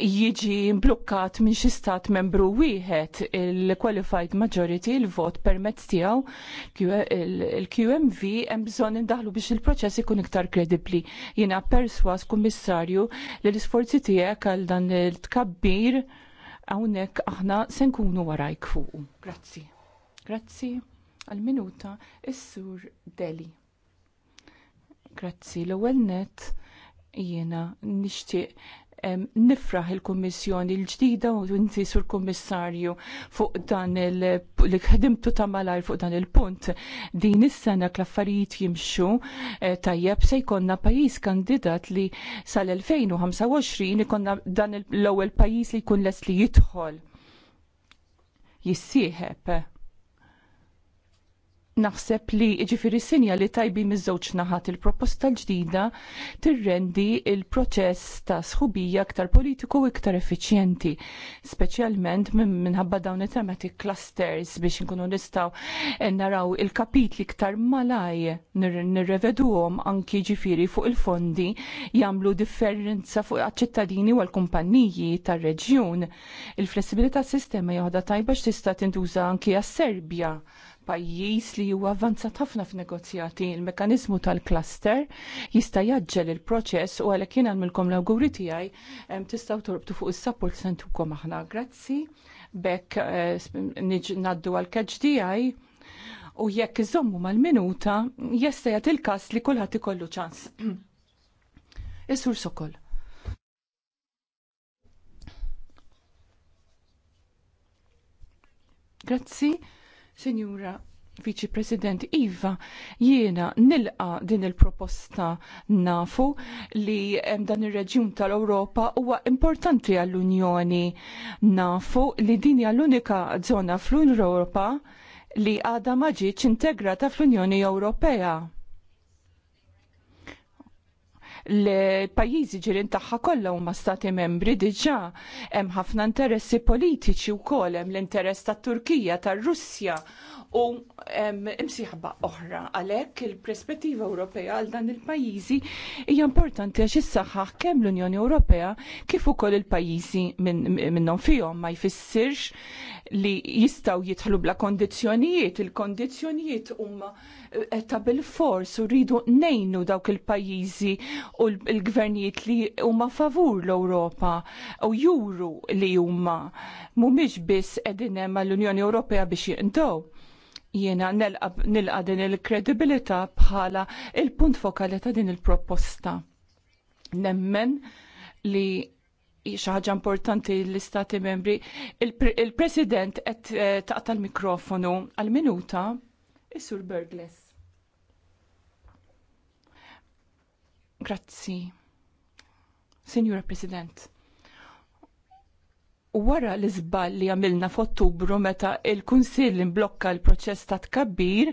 jiġi mblukkat minn xi stat membru wieħed il-qualified majority il-vot permezz tiegħu il-QMV hemm bżonn indaħlu biex il-proċess ikun iktar kredibbli. Jiena perswas kummissarju li l-isforzi tiegħek għal dan il-tkabbir hawnhekk aħna se nkunu warajk fuq. Grazzi. Grazzi għal-minuta is-sur Deli. Grazzi l-ewwel net jiena nixtieq nifraħ il-Kummissjoni l-ġdida u inti sur kummissarju fuq dan il-ħdimtu ta' malajr fuq dan il-punt. Din is-sena klaffarijiet jimxu eh, tajjeb se jkonna pajjiż kandidat li sal-2025 ikonna dan l-ewwel pajjiż li jkun les li jidħol jissieħeb naħseb li ġifiri sinja li tajbi miż-żewġ naħat il-proposta l-ġdida tirrendi il-proċess ta' sħubija aktar politiku iktar effiċjenti, speċjalment minħabba dawn it-tematik clusters biex nkunu nistgħu eh, naraw il-kapitli iktar malaj nirreveduhom anki ġifiri fuq il-fondi jagħmlu differenza fuq għaċ-ċittadini u l-kumpanniji tar-reġjun. Il-flessibilità sistema joħda tajba x'tista' tintuża anki għas-Serbja pajjiż li huwa avvanzat ħafna f'negozjati il-mekanizmu tal-cluster jista' jaġġel il-proċess u għalhekk jien għamilkom l-awguri tiegħi tistgħu torbtu fuq is-support sentukom aħna. Grazzi bekk eh, ngħaddu għal catch tiegħi u jekk iżommu mal-minuta jista' jagħti il-każ li kulħadd ikollu ċans. [CLEARS THROAT] Is-sur Sokol. Grazzi. Senjura Viċi President Iva, jiena nilqa din il-proposta nafu li hemm dan ir-reġjun tal-Ewropa huwa importanti għall-Unjoni. Nafu li din hija l-unika żona fl-Ewropa li għadha ma ġietx integrata fl-Unjoni Ewropea l-pajjiżi ġirin tagħha kollha huma stati membri diġà hemm ħafna interessi politiċi wkoll hemm l-interess tat-Turkija tar-Russja u imsieħba oħra għalhekk il-perspettiva Ewropea għal dan il-pajjiżi hija importanti għax issaħħaħ kemm l-Unjoni Ewropea kif ukoll il-pajjiżi minnhom fihom ma jfissirx li jistgħu jidħlu bla kondizzjonijiet, il-kondizzjonijiet huma Eh, ta' bil-fors u rridu nejnu dawk il-pajjiżi u l-gvernijiet li huma favur l-Ewropa u juru li huma mhumiex biss qegħdin hemm l-Unjoni Ewropea biex jindow. Jiena nilqa din il-kredibilità bħala il-punt fokali ta' din il-proposta. Nemmen li xaħġa importanti l-istati membri, il-president qed eh, taqta' l-mikrofonu għal-minuta Is-Sur Burgless. Grazzi. Signora President wara l iżball li għamilna f'Ottubru meta il-Kunsill imblokka l-proċess ta' tkabbir,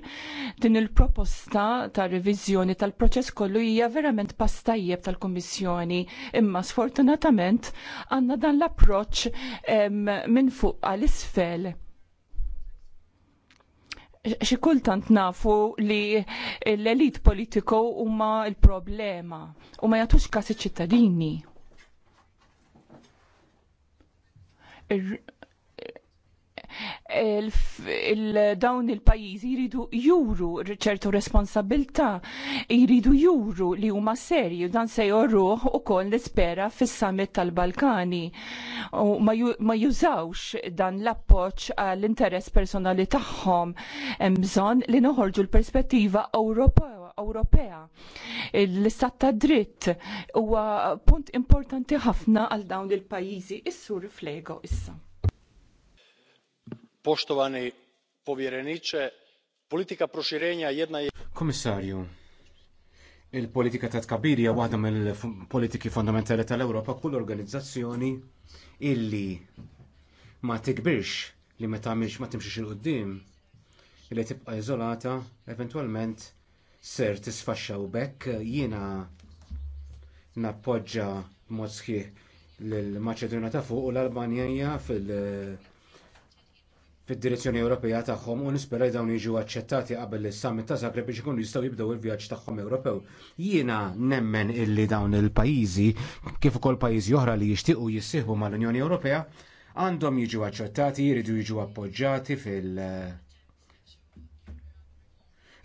din il-proposta ta' reviżjoni tal-proċess kollu hija verament pastajjeb tal-Kummissjoni, imma sfortunatament għandna dan l-approċċ minn fuq għal isfel xi kultant nafu li l-elit politiku huma l-problema u ma jagħtux każ iċ-ċittadini dawn il-pajjiżi jridu juru ċertu responsabilità, jridu juru li huma serju dan se jorruh ukoll nispera fis-summit tal-Balkani u ma jużawx dan l-appoġġ għall-interess personali tagħhom hemm bżonn li noħorġu l-perspettiva Ewropea. L-istat ta' dritt huwa punt importanti ħafna għal dawn il-pajjiżi. issur flego issa poštovani povjereniče politika proširenja jedna je. Komisarju, il-politika ta' tkabbir hija waħda mill-politiki fondamentali tal-Ewropa kull organizzazzjoni illi ma tikbirx li meta mhix ma timxix il qudiem illi tibqa' iżolata eventwalment ser tisfaxxa u bekk jiena nappoġġa mod sħiħ lill-Maċedonja ta' fuq u l-Albanija fil- fid-direzzjoni Ewropea tagħhom u nispera dawn jiġu aċċettati qabel is-summit ta' Zagreb biex ikunu jistgħu jibdew il-vjaġġ tagħhom Ewropew. Jiena nemmen illi dawn il-pajjiżi kif ukoll pajjiżi oħra li jixtiequ jissieħbu mal-Unjoni Ewropea għandhom jiġu aċċettati, jridu jiġu appoġġjati fil-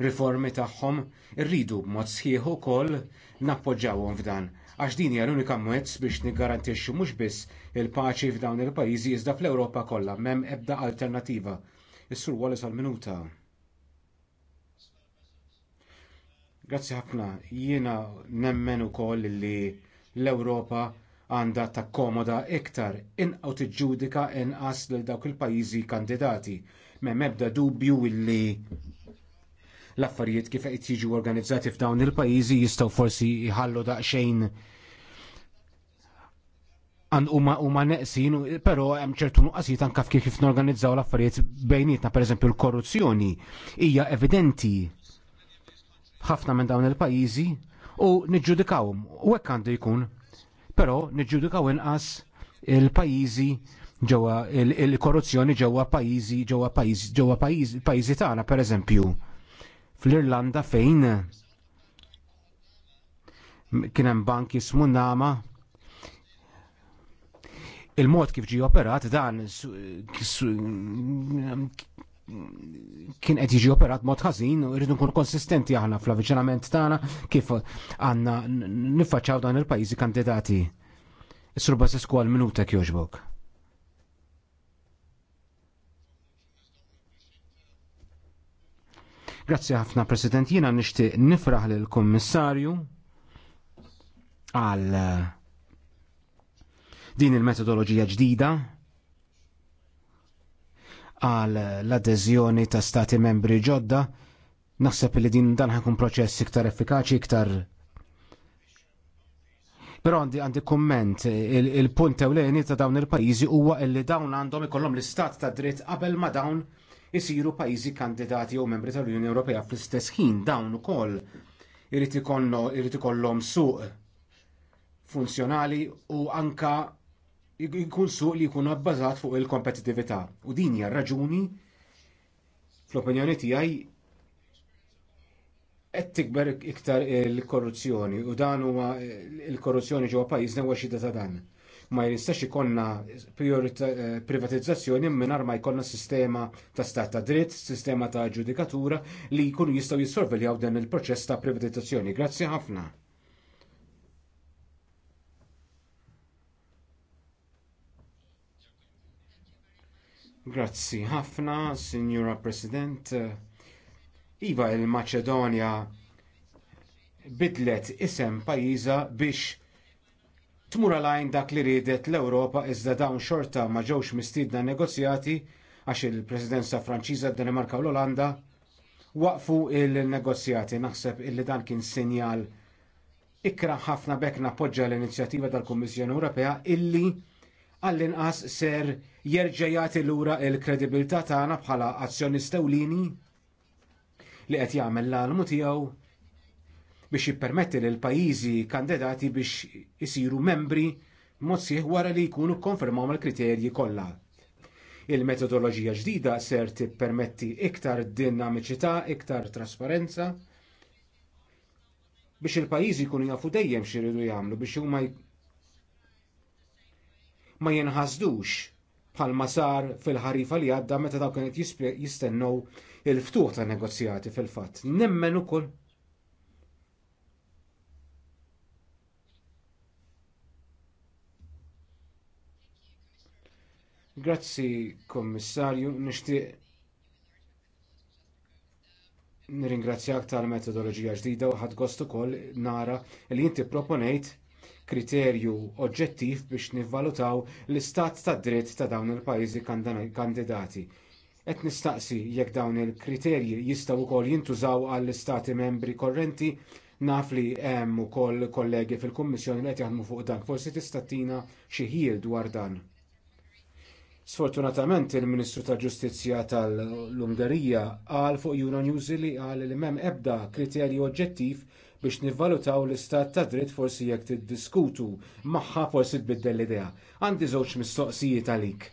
riformi tagħhom irridu b'mod sħiħ ukoll nappoġġawhom f'dan għax din hija l-unika mwezz biex niggarantixxu mhux biss il-paċi f'dawn il-pajjiżi iżda fl-Ewropa kollha m'hemm ebda alternattiva. Is-sur Wallace minuta Grazzi ħafna, jiena nemmen ukoll li l-Ewropa għandha takkomoda iktar inqaw tiġġudika inqas lil dawk il-pajjiżi kandidati. M'hemm ebda dubju illi l-affarijiet kif qed jiġu organizzati f'dawn il-pajjiżi jistgħu forsi jħallu daqsxejn għan huma huma neqsin, però hemm ċertu nuqqasijiet anke kif kif norganizzaw l-affarijiet bejnietna, pereżempju l-korruzzjoni hija evidenti ħafna minn dawn il-pajjiżi u niġġudikawhom u hekk għandu jkun. Però niġġudikaw inqas il-pajjiżi ġewwa il-korruzzjoni ġewwa pajjiżi ġewwa pajjiżi ġewwa pajjiżi tagħna pereżempju fl-Irlanda fejn kien hemm bank jismu Nama il-mod kif ġie operat dan kien qed jiġi operat mod ħażin u rridu nkun konsistenti aħna fl-avviċinament tagħna kif għandna niffaċċaw dan il-pajjiżi kandidati. Is-surba s skol minuta kjoġbok. Grazzi ħafna President, jiena nixtieq nifraħ lill kummissarju għal eh, din il-metodoloġija ġdida għal l-adeżjoni ta' stati membri ġodda naħseb li din dan ħakun proċess iktar effikaċi, iktar Però għandi għandi kumment, il-punt il ewleni ta' dawn il pajjiżi huwa li dawn għandhom ikollhom l-istat ta' dritt qabel ma dawn isiru pajjiżi kandidati jew membri tal-Unjoni Ewropea fl-istess ħin dawn ukoll irid ikollhom suq funzjonali u anka jkun suq li jkun abbażat fuq il-kompetitività. U din hija raġuni fl-opinjoni tiegħi qed tikber iktar il-korruzzjoni u dan huwa il-korruzzjoni ġewwa pajjiżna huwa xi ta' dan ma jistax ikonna eh, privatizzazzjoni mingħajr ma jkollna sistema ta' stat ta' dritt, sistema ta' ġudikatura li jkunu jistgħu jissorveljaw dan il-proċess ta' privatizzazzjoni. Grazzi ħafna. Grazzi ħafna, Signora President. Iva il-Maċedonja bidlet isem pajjiża biex tmur lajn dak li ridet l-Ewropa iżda dawn xorta ma ġewx mistiedna negozjati għax il-Presidenza Franċiża, Danimarka u l-Olanda waqfu il-negozjati. Naħseb illi dan kien sinjal ikra ħafna bekk napoġġa l-inizjattiva tal-Kummissjoni Ewropea illi għall-inqas ser il lura il-kredibilità tagħna bħala azzjoni stewlini li qed jagħmel l għalmu tiegħu biex jippermetti l pajjiżi kandidati biex isiru membri mod sieħ wara li jkunu konfermaw mal-kriterji kollha. Il-metodoloġija ġdida ser tippermetti iktar dinamiċità, iktar trasparenza biex il-pajjiżi jkunu jafu dejjem x'iridu jagħmlu biex huma ma jinħasdux bħal sar fil-ħarifa li għadda meta dawk kienet jistennew il-ftuħ ta' negozjati fil-fatt. Nemmen ukoll Grazzi kommissarju, nixtieq nirringrazzjak tal-metodoloġija ġdida u ħadd ukoll nara li inti proponejt kriterju oġġettiv biex nivvalutaw l-istat tad dritt ta' dawn il-pajjiżi kandidati. Qed nistaqsi jekk dawn il-kriterji jistgħu wkoll jintużaw għall-istati membri korrenti naf li hemm ukoll kollegi fil-Kummissjoni li qed jaħdmu fuq dan. Forsi tista' tina xi ħil dwar dan. Sfortunatament il-Ministru tal Ġustizzja tal-Ungerija qal fuq Euronews li qal li m'hemm ebda kriterju oġġettiv biex nivvalutaw l-istat ta' dritt forsi jekk tiddiskutu magħha forsi tbiddel l-idea. Għandi żewġ mistoqsijiet għalik.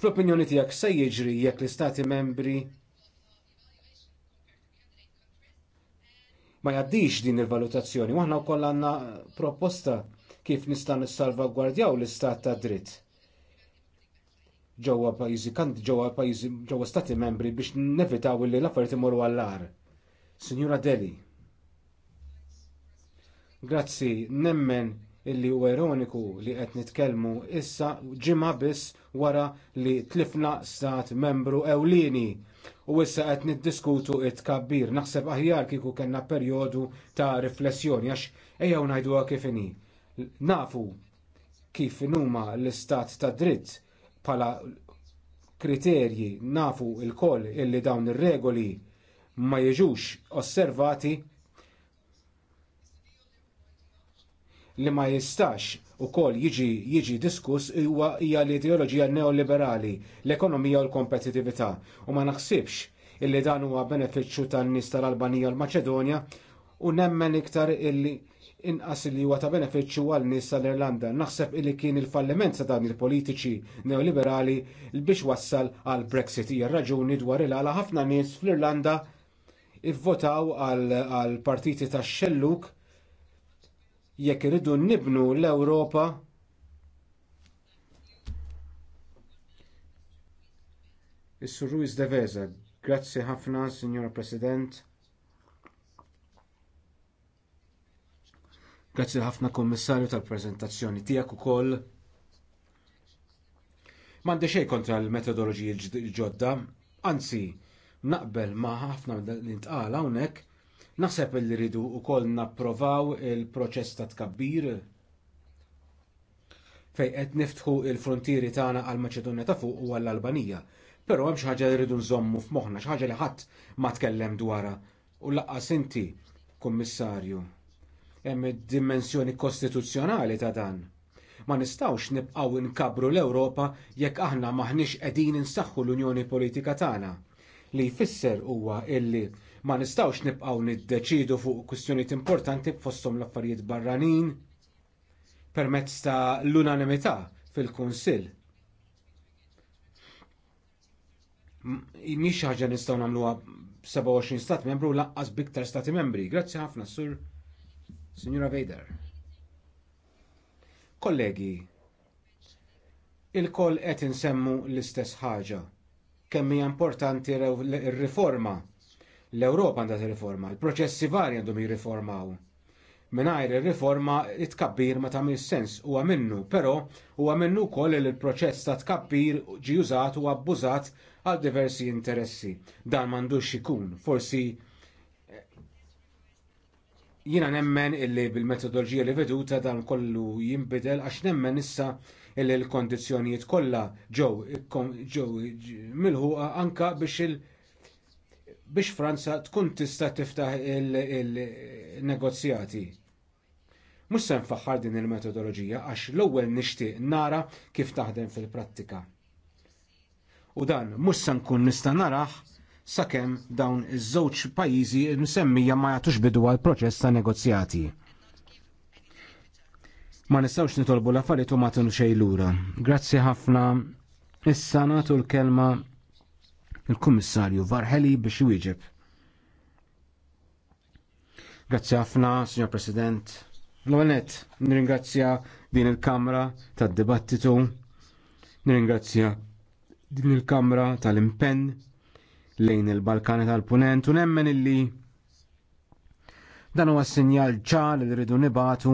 Fl-opinjoni tiegħek se jiġri jekk l-istati membri ma jgħaddix din il-valutazzjoni, u aħna wkoll għandna proposta kif nista' nissalvagwardjaw l-istat ta' dritt ġewwa pajjiżi kant ġewwa pajjiżi ġewwa stati membri biex nevitaw li l-affarijiet imorru għall-ar. Sinjura Deli. Grazzi, nemmen illi u ironiku li qed nitkellmu issa ġimgħa biss wara li tlifna stat membru ewlieni u issa qed niddiskutu it tkabbir Naħseb aħjar kieku kellna perjodu ta' riflessjoni għax ejjew ngħiduha kif inhi. Nafu kif inhuma l-istat ta' dritt bħala kriterji nafu il-koll illi dawn ir-regoli ma jiġux osservati li ma jistax ukoll jiġi jiġi diskuss huwa hija l-ideoloġija neoliberali, l-ekonomija u l-kompetitività. U ma naħsibx illi dan huwa benefiċċju tan-nies tal-Albanija u l-Maċedonja u nemmen iktar illi inqas li huwa ta' benefiċċju għal nies tal-Irlanda. Naħseb illi kien il-falliment ta' dan il-politiċi neoliberali biex wassal għal Brexit hija raġuni dwar il għala ħafna nies fl-Irlanda ivvotaw għal partiti tax xelluk jekk iridu nibnu l-Ewropa Is-Sur Ruiz Deveza, grazzi ħafna, Signora President. Grazzi ħafna kommissarju tal-prezentazzjoni tiegħek ukoll. M'għandi xejn kontra l-metodoloġiji ġodda, anzi naqbel ma ħafna li ntqal hawnhekk, naħseb li rridu wkoll napprovaw il-proċess ta' tkabbir fejn qed niftħu l frontieri tagħna għall maċedonja ta' fuq u għall albanija Però hemm xi ħaġa li rridu nżommu f'moħħna, xi ħaġa li ħadd ma tkellem dwarha u laqqas inti, Kummissarju hemm id-dimensjoni kostituzzjonali ta' dan. Ma nistawx nibqgħu nkabru l-Ewropa jekk aħna maħniex qegħdin insaħħu l-Unjoni Politika tagħna. Li jfisser huwa illi ma nistawx nibqgħu niddeċidu fuq kwistjonijiet importanti b'fosthom l-affarijiet barranin permezz ta' l-unanimità fil-Kunsill. Mhix ħaġa nistgħu nagħmluha 27 stat membru laqqas biktar stati membri. Grazzi ħafna sur. Signora Vader. Kollegi, il-koll qed insemmu l-istess ħaġa. Kemm hija importanti r-riforma. L-Ewropa għandha riforma, il-proċessi varji għandhom jirriformaw. minajr ir-riforma it-tkabbir ma tagħmel sens huwa minnu, però huwa minnu wkoll li l-proċess ta' tkabbir ġi użat u abbużat għal diversi interessi. Dan m'għandux ikun, forsi Jiena nemmen illi bil metodologija li veduta dan kollu jinbidel għax nemmen issa illi l-kondizjonijiet kollha ġew ġew milħuqa anka biex il biex Franza tkun tista' tiftaħ il-negozjati. Mhux se nfaħħar din il-metodoloġija għax l-ewwel nixtieq nara kif taħdem fil-prattika. U dan mhux se nkun nista' narah sakemm dawn iż-żewġ pajjiżi msemmija ma jagħtux bidu għal proċess ta' negozjati. Ma nistgħux nitolbu l-affarijiet u ma tunu xejn lura. Grazzi ħafna. Issa nagħtu l-kelma il-Kummissarju Varħeli biex jwieġeb. Grazzi ħafna, Signor President. L-għanet, nringrazzja din il-Kamra tad-dibattitu, nringrazzja din il-Kamra tal-impenn lejn il-Balkani tal-Punent u nemmen illi dan huwa sinjal ċar li rridu nibatu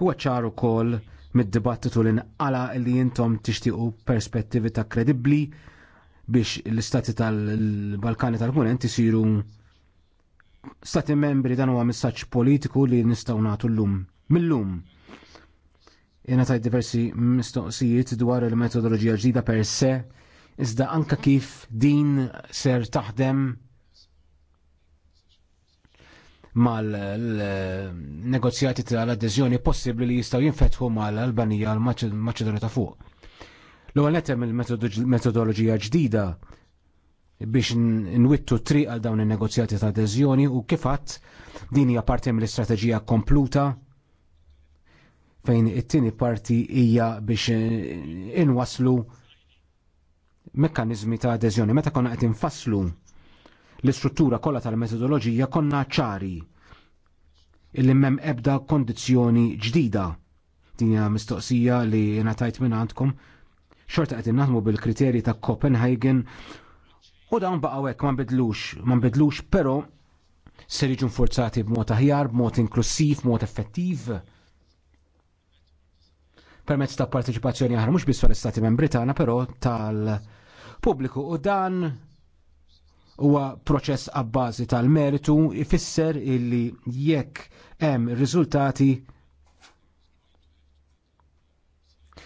huwa ċar ukoll mid-dibattitu li nqala li intom tixtiequ perspettivi ta' kredibbli biex l-istati tal-Balkani tal-Punent isiru stati membri dan huwa messaġġ politiku li nistgħu nagħtu llum millum. Jena tajt diversi mistoqsijiet dwar il-metodoloġija ġdida per se iżda anka kif din ser taħdem mal-negozjati tal-adeżjoni possibbli li jistgħu jinfetħu mal-Albanija l-Maċedonja ta' fuq. l għal netem il-metodoloġija ġdida biex nwittu triq għal dawn in-negozjati ta' adeżjoni u kif għadd din hija parti mill-istrateġija kompluta fejn it-tieni parti hija biex inwaslu mekkanizmi ta' adeżjoni. Meta konna qed infasslu l-istruttura kollha tal-metodoloġija konna ċari illi mem ebda kondizzjoni ġdida. Din hija mistoqsija li ngħatajt minn għandkom xorta qed naħdmu bil-kriterji ta' Copenhagen u dawn baqgħu hekk ma nbidlux, ma nbidlux però ser jiġu nfurzati b'mod aħjar, b'mod inklusiv, b'mod effettiv permezz ta' parteċipazzjoni aħra mhux biss tal-Istati Membri tagħna però tal- pubbliku u dan huwa proċess abbażi tal-meritu ifisser illi jekk hemm riżultati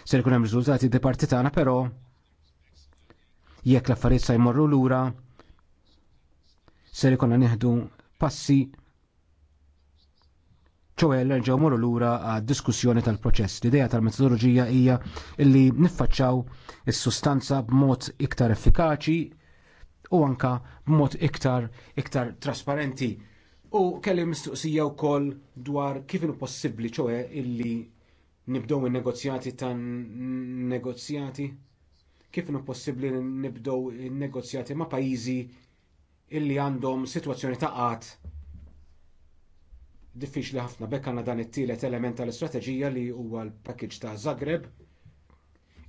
se jkun hemm riżultati departitana però jekk l-affarijiet se jmorru lura ser jkollna nieħdu passi ċoħe l-erġaw morru l-ura għad diskussjoni tal-proċess. L-ideja tal-metodologija hija illi niffaċċaw il sustanza b'mod iktar effikaċi u anka b'mod iktar iktar trasparenti. U kelli mistoqsija wkoll dwar kif possibli possibbli ċoħe illi nibdew il negozjati tan negozjati kif inhu possibbli nibdew in-negozjati ma' pajjiżi illi għandhom sitwazzjoni ta' qatt diffiċli ħafna bekk għandna dan it-tielet element tal-istrateġija li huwa l package ta' Zagreb,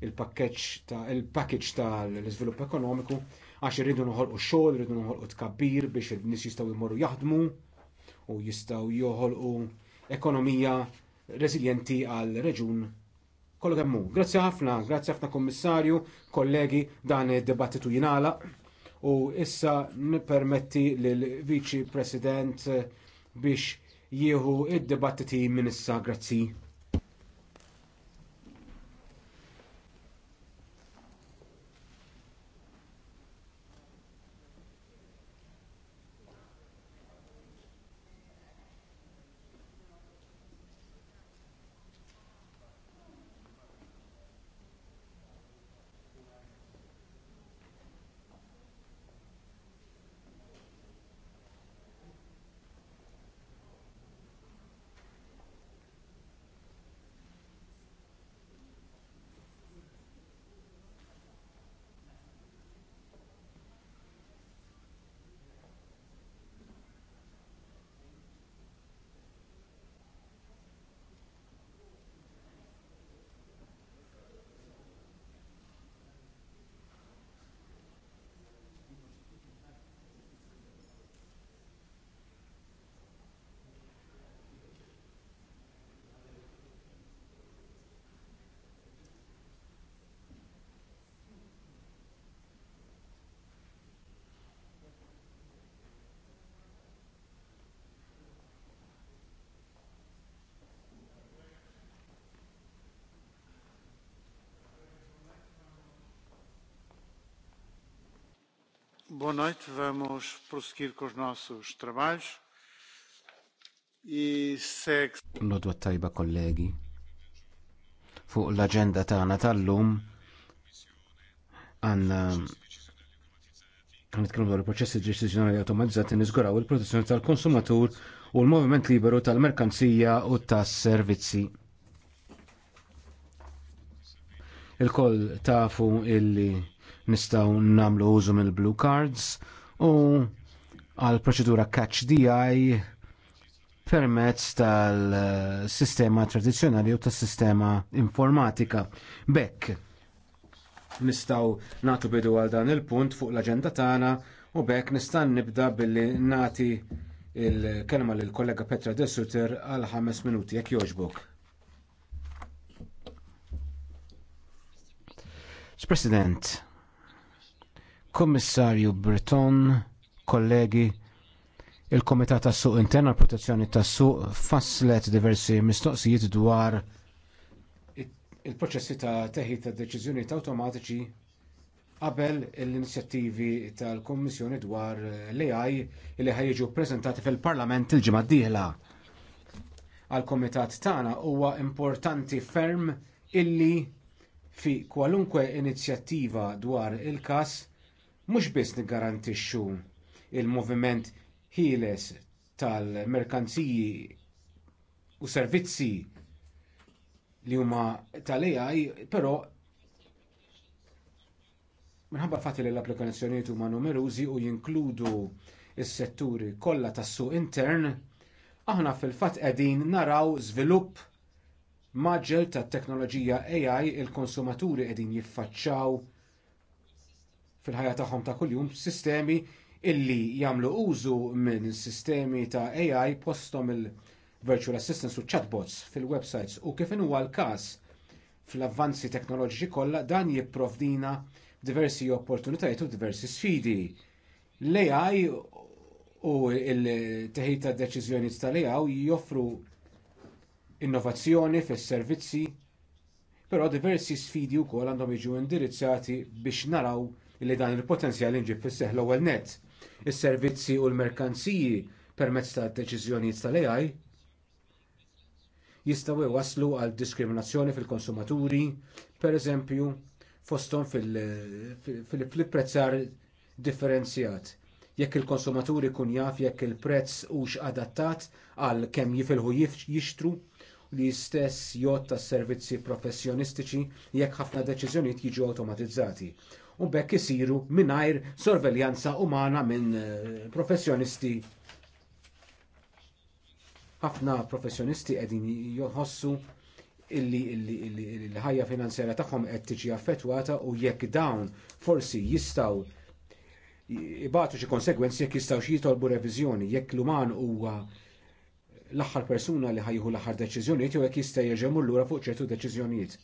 il-pakkeġġ ta' l tal-iżvilupp ekonomiku għax irridu noħolqu xogħol, irridu noħolqu tkabbir biex in-nies jistgħu jmorru jaħdmu u jistgħu joħolqu ekonomija reżiljenti għal reġun kollu kemmu. Grazzi ħafna, grazzi ħafna kommissarju, kollegi, dan id-dibattitu jinala. U issa nipermetti l-Viċi President biex jieħu id-dibattiti minn issa, grazzi. Boa noite, vamos prosseguir com os nossos trabalhos. E segue. Lodwa tajba kollegi. Fuq l-agenda tagħna tal-lum għandna nitkellmu dwar il-proċessi ġestizjonali automatizzati niżguraw il-protezzjoni tal-konsumatur u l-moviment liberu tal-merkanzija u tas-servizzi. Il-koll tafu illi nistgħu nagħmlu użu mill-blue cards u għal proċedura catch DI permezz tal-sistema tradizzjonali u tas-sistema informatika. Bekk, nistaw natu bidu għal dan il-punt fuq l-agenda tagħna u bekk nistan nibda billi nati il-kelma l kollega Petra Dessuter għal ħames minuti jekk jogħġbok. President, Kommissarju Breton, kollegi, il-Komitat tas Suq Interna Protezzjoni tas Suq fasslet diversi mistoqsijiet dwar il-proċessi ta' teħi ta' deċiżjoni ta' automatiċi qabel l-inizjattivi tal-Kommissjoni dwar l-AI li ħajġu prezentati fil-Parlament il-ġimgħa d-dieħla. Għal-Komitat tagħna huwa importanti ferm illi fi kwalunkwe inizjattiva dwar il-każ mhux biss niggarantixxu l moviment ħieles tal-merkanziji u servizzi li huma tal-AI, però minħabba fatti li l-applikazzjonijiet huma numerużi u jinkludu s-setturi kollha tas-suq intern, aħna fil-fatt qegħdin naraw żvilupp maġġel tat teknoloġija AI il-konsumaturi qegħdin jiffaċċjaw fil-ħajja tagħhom ta' kuljum sistemi illi jagħmlu użu minn sistemi ta' AI postom il-virtual assistants u chatbots fil-websites u kif huwa l-każ fl-avvanzi teknoloġiċi kollha dan jipprovdina diversi opportunitajiet u diversi sfidi. L-AI u l-teħid ta' deċiżjonijiet tal-AI joffru innovazzjoni fis-servizzi, però diversi sfidi wkoll għandhom jiġu indirizzati biex naraw li dan il-potenzjal inġib fis l-ewwel nett. Is-servizzi u l-merkanziji permezz ta' deċiżjonijiet tal-AI jistgħu waslu għal diskriminazzjoni fil-konsumaturi, pereżempju fosthom fil-prezzar differenzjat jekk il-konsumaturi kun jaf jekk il-prezz hux adattat għal kemm jifilħu jixtru li stess jgħod tas servizzi professjonistiċi jekk ħafna deċiżjonijiet jiġu awtomatizzati u bekk isiru mingħajr sorveljanza umana minn eh, professjonisti. Ħafna professjonisti qegħdin joħossu illi l-ħajja finanzjera tagħhom qed tiġi affettwata u jekk dawn forsi jistgħu jibatu xi konsegwenzi jekk jistgħu xi jitolbu reviżjoni jekk l-uman huwa l-aħħar persuna li ħajju l-aħħar deċiżjonijiet jew jekk jista' jerġgħu lura fuq ċertu deċiżjonijiet.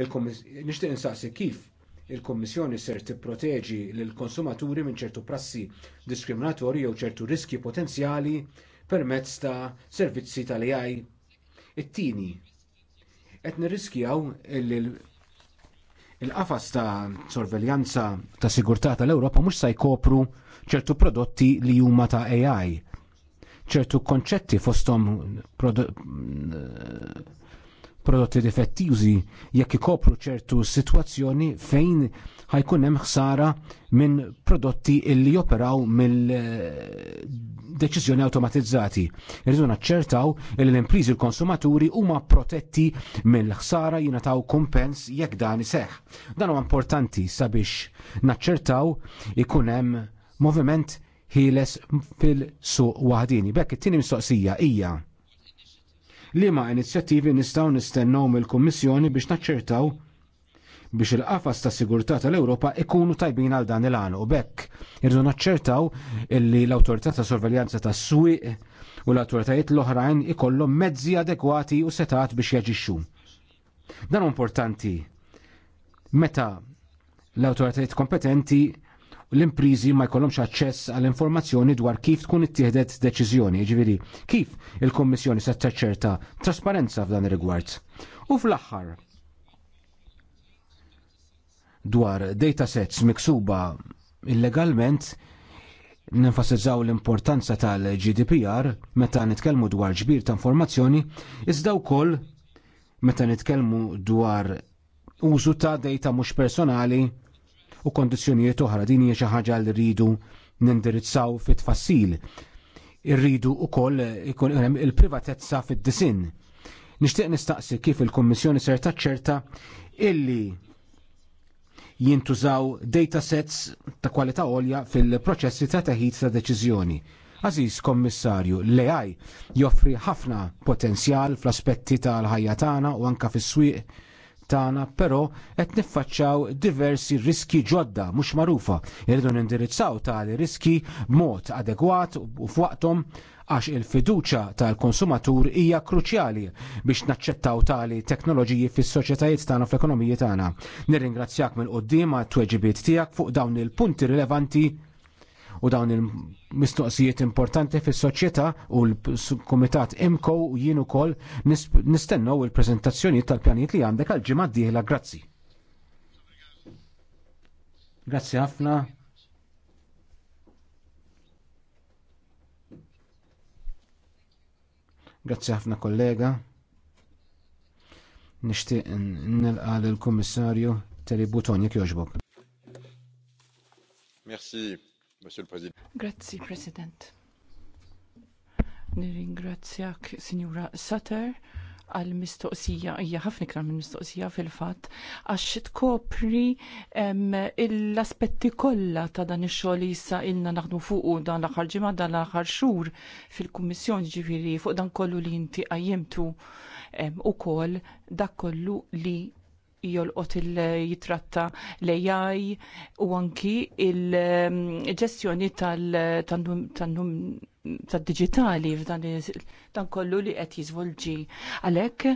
Nixtieq insaqsi kif il-Kommissjoni ser tipproteġi lill konsumaturi minn ċertu prassi diskriminatorji jew ċertu riski potenzjali permezz ta' servizzi tal-AI. It-tieni, qed nirriskjaw il-qafas ta' sorveljanza ta' sigurtà tal-Ewropa mhux se jkopru ċertu prodotti li huma ta' AI ċertu konċetti fosthom prodotti difettiżi jekk ikopru ċertu sitwazzjoni fejn ħajkun hemm ħsara minn prodotti illi joperaw mill-deċiżjoni eh, automatizzati. Irridu naċċertaw li l-imprizi l-konsumaturi huma protetti mill-ħsara jingħataw kumpens jekk dan iseħħ. Dan huwa importanti sabiex naċċertaw ikun hemm moviment ħieles fil-suq waħdini. Bekk it-tieni mistoqsija hija li ma' inizjattivi nistaw nistennom il-Kommissjoni biex naċċertaw biex il-qafas ta' sigurtà tal-Ewropa ikunu tajbin għal dan il-għan u bekk. Irdu naċċertaw illi l-autorità ta' sorveljanza ta' swieq u l-autoritajiet l-oħrajn ikollhom mezzi adekwati u setat biex jaġixxu. Dan importanti meta l-autoritajiet kompetenti l-imprizi ma jkollhomx aċċess għall informazzjoni dwar kif tkun ittieħdet deċiżjoni, jiġifieri, kif il-Kummissjoni se taċċerta trasparenza f'dan ir-rigward. U fl-aħħar dwar datasets miksuba illegalment ninfasizzaw l-importanza tal-GDPR meta nitkellmu dwar ġbir ta' informazzjoni iżda wkoll meta nitkellmu dwar użu ta' data mhux personali u kondizzjonijiet oħra din hija xi ħaġa li rridu nindirizzaw fit tfassil Irridu wkoll ikun hemm il-privatezza fid-disin. Nixtieq nistaqsi kif il-Kummissjoni ser taċċerta illi jintużaw datasets ta' kwalità għolja fil-proċessi ta' taħid ta' deċiżjoni. Aziz Kommissarju, l-AI joffri ħafna potenzjal fl-aspetti tal-ħajja tagħna u anke fis-swieq tagħna, però qed niffaċċaw diversi riski ġodda mhux magħrufa. Irridu nindirizzaw tali riski b'mod adegwat u f'waqthom għax il-fiduċa tal-konsumatur hija kruċjali biex naċċettaw tali teknoloġiji fis-soċjetajiet tagħna fl-ekonomiji tagħna. Nirringrazzjak mill-qoddim għat-tweġibiet tiegħek fuq dawn il-punti rilevanti u dawn il-mistoqsijiet importanti fis soċjetà u l komitat IMCO u jien ukoll nistennew il-preżentazzjonijiet tal pjaniet li għandek għal ġimgħa diħla grazzi. Grazzi ħafna. Grazzi ħafna kollega. Nixtieq nilqa il kummissarju Terry Butonik jekk Merci, Monsieur President. Grazzi, President. Nirringrazzjak, Signora Sutter għal mistoqsija hija ħafna iktar minn mistoqsija fil-fatt għax tkopri l-aspetti kollha ta' dan ix-xogħol li issa ilna naħdmu fuq dan l-aħħar ġimgħa dan l-aħħar xhur fil-Kummissjoni ġifieri fuq dan kollu li inti qajjimtu ukoll dak kollu li jolqot il-jitratta l-AI u anki il-ġestjoni tal-digitali f'dan dan kollu li qed jiżvolġi. Għalhekk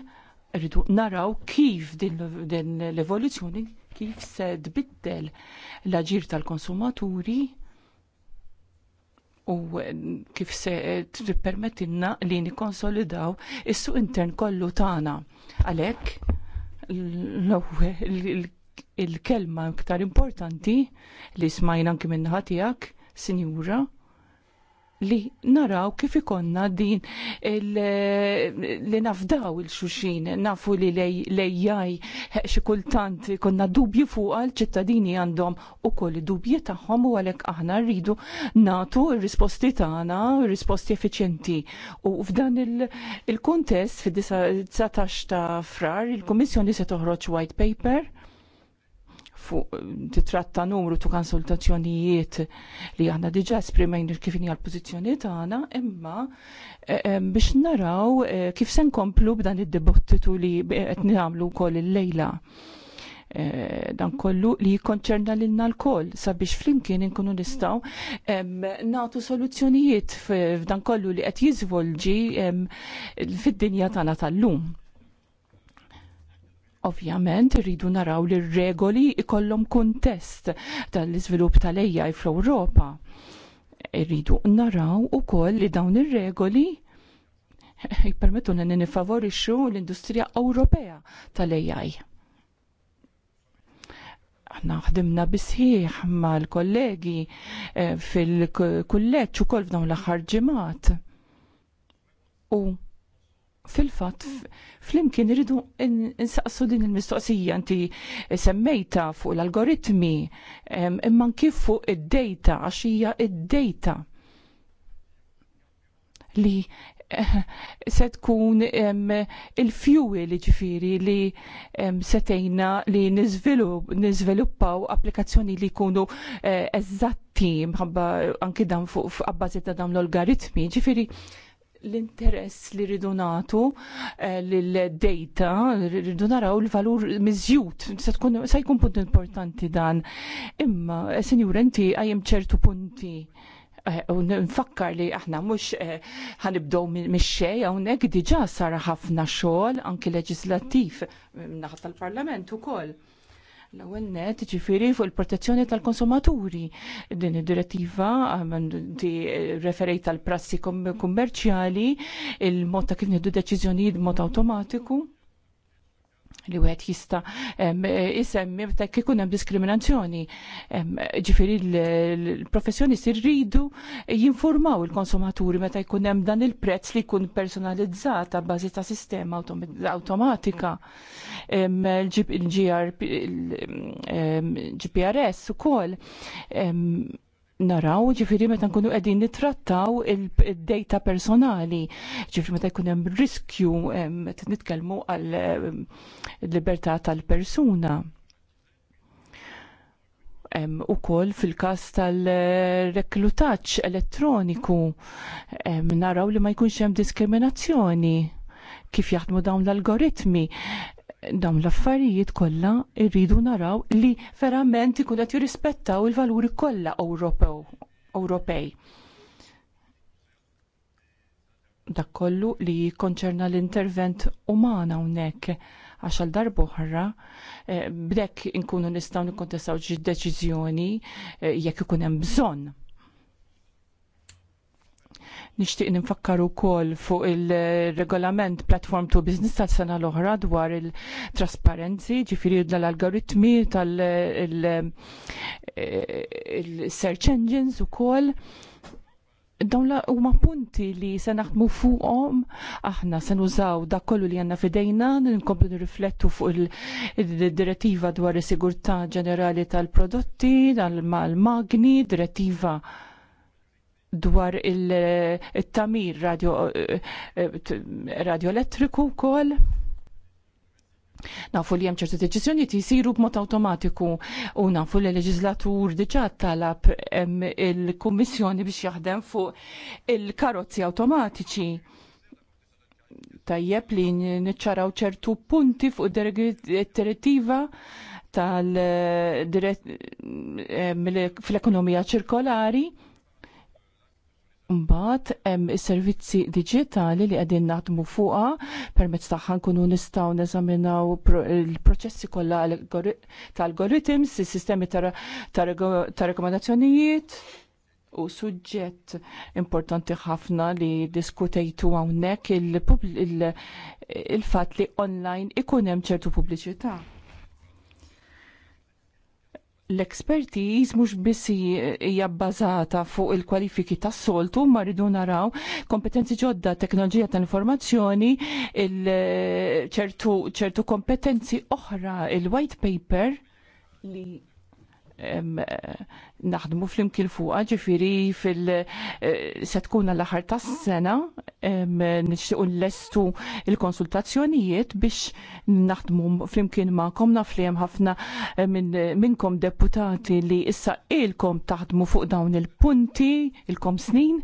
rridu naraw kif din l-evoluzzjoni kif se tbiddel l-aġir tal-konsumaturi u kif se tippermettilna li nikkonsolidaw is-suq intern kollu tagħna. Għalhekk il-kelma iktar importanti li smajna anki minnaħa tiegħek, Sinjura, li naraw kif ikonna din li nafdaw il-xuxin, nafu li lejjaj xi kultant ikonna dubji fuq l-ċittadini għandhom u koll dubji tagħhom u għalhekk aħna rridu natu r-risposti tagħna, risposti effiċjenti. U f'dan il-kuntest fid-19 ta' frar il-Kummissjoni se toħroġ white paper fuq titratta numru tu konsultazzjonijiet li għanna diġa esprimejn kif hija l-pożizzjoni tagħna, imma e, e, biex naraw e, kif se nkomplu b'dan id-dibattitu li qed nagħmlu wkoll il-lejla. dan kollu li jikonċerna l-inna l-koll sabiex flimkien inkunu nistaw natu soluzzjonijiet f'dan kollu li qed jiżvolġi fid-dinja tagħna tal-lum. Ovvjament rridu naraw li regoli ikollhom kuntest tal-iżvilupp tal-ejjaj fl-Ewropa. rridu naraw ukoll li dawn ir-regoli [LAUGHS] jippermettu li nifavorixxu l-industrija Ewropea tal-AI. Aħna ħdimna bisħiħ mal-kollegi eh, fil-kulleġġ ukoll f'dawn l-aħħar ġimgħat. U fil-fat flimkien irridu insaqsu din il-mistoqsija inti semmejta fuq l-algoritmi imman kif fuq id-data għax hija id-data li eh, se tkun il-fuel ġifiri li setejna li nizviluppaw applikazzjoni li jkunu eh, eżatti mħabba anki dan fuq abbażi ta' dawn l-algoritmi ġifiri l-interess li rridu nagħtu eh, l-data, rridu naraw l-valur mizjut, se jkun punt importanti dan. Imma, eh, senjur, inti għajem ċertu punti eh, u nfakkar li aħna mhux ħanibdew mix-xej hawnhekk diġà sar ħafna xogħol anki leġislattiv naħat tal-Parlament ukoll L-ewwel net ġifieri fuq il-protezzjoni tal-konsumaturi. Din id-direttiva ti referejt tal-prassi kummerċjali, il-mod ta' kif nieħdu deċiżjonijiet b'mod awtomatiku li wieħed jista' isemmi meta ikun hemm diskriminazzjoni. Ġifieri l-professjonisti rridu jinformaw il-konsumaturi meta jkun hemm dan il-prezz li jkun personalizzata bażi ta' sistema awtomatika. Il-GPRS ukoll naraw ġifiri meta nkunu qegħdin nittrattaw il-data personali, ġifiri meta jkun hemm riskju meta nitkellmu għal libertà tal-persuna. U kol fil kas tal reklutaċ elettroniku naraw li ma jkunx hemm diskriminazzjoni kif jaħdmu dawn l-algoritmi dawn l-affarijiet kollha rridu naraw li verament ikun qed jirrispettaw il-valuri kollha Ewropew Ewropej. Dak kollu li jikkonċerna l-intervent uman hawnhekk għax għal oħra eh, b'dek inkunu nistgħu nikkontestaw ġid deċiżjoni eh, jekk ikun hemm bżonn Nixtieq nifakkar ukoll fuq il-regolament Platform to Business tal-sena l-oħra dwar il-trasparenzi, ġifieri dal-algoritmi tal-search engines ukoll dawn huma punti li se naħdmu fuqhom aħna se nużaw dak kollu li għandna fidejna nkomplu nirriflettu fuq il-direttiva dwar is-sigurtà ġenerali tal-prodotti, tal-magni, direttiva dwar il-tamir eh, radioelettriku radio eh, eh, kol. Nafu li hemm ċerti deċiżjoni jisiru b'mod automatiku u nafu li leġislatur diġà talab il-Kummissjoni biex jaħdem fuq il-karozzi awtomatiċi. Tajjeb li niċċaraw ċertu punti fuq id-direttiva tal-fil-ekonomija ċirkolari Mbagħad hemm is-servizzi diġitali li qegħdin naħdmu fuqha permezz tagħha nkunu nistgħu neżaminaw il-proċessi kollha tal algoritms, is-sistemi ta' rekomendazzjonijiet u suġġett importanti ħafna li diskutejtu hawnhekk il-fatt li online ikun hemm ċertu pubbliċità l-ekspertiż mhux biss hija bbażata fuq il-kwalifiki tas-soltu ma rridu naraw kompetenzi ġodda teknoloġija tal-informazzjoni ċertu kompetenzi oħra il-white paper li naħdmu fl-imkien fuqa ġifiri fil- se tkun l-aħar tas-sena nixtiequ nlestu il-konsultazzjonijiet biex naħdmu fl-imkien magħkom naf li hemm ħafna minnkom deputati li issa ilkom taħdmu fuq dawn il-punti ilkom snin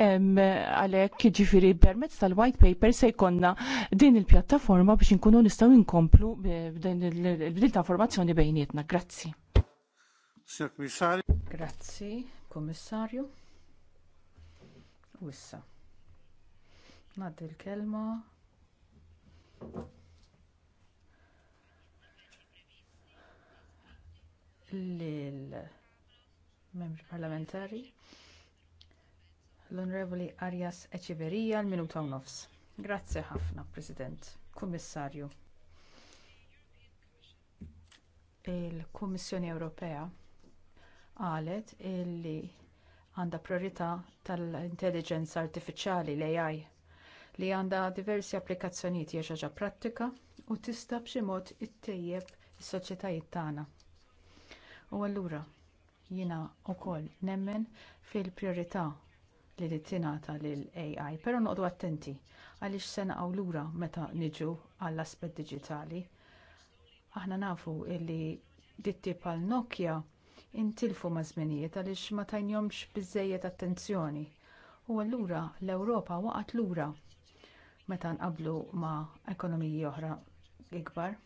għalhekk ġifiri permezz tal-white paper se jkollna din il-pjattaforma biex inkunu nistgħu nkomplu b'din ta' informazzjoni bejnietna. Grazzi. Signor Commissario. Grazzi, Kommissarju. Wissa. Naddi il kelma Lil-membri parlamentari. L-Onorevoli Arias Eċiverija, l-Minuta u Nofs. Grazzi ħafna, President, Kummissarju. Il-Kummissjoni Ewropea qalet illi għandha priorità tal-intelligenza artifiċjali l-AI li għandha diversi applikazzjonijiet hija ħaġa prattika u tista' b'xi mod ittejjeb is-soċjetajiet tagħna. U allura jiena wkoll nemmen fil-priorità li li tingħata lill AI, però noqogħdu attenti għaliex se naqgħu lura meta niġu għall-aspett diġitali. Aħna nafu li ditti bħal Nokia intilfu ma' żminijiet għaliex ma tajnjomx biżżejjed attenzjoni. U allura l-Ewropa waqgħet lura meta nqabblu ma' ekonomiji oħra ikbar.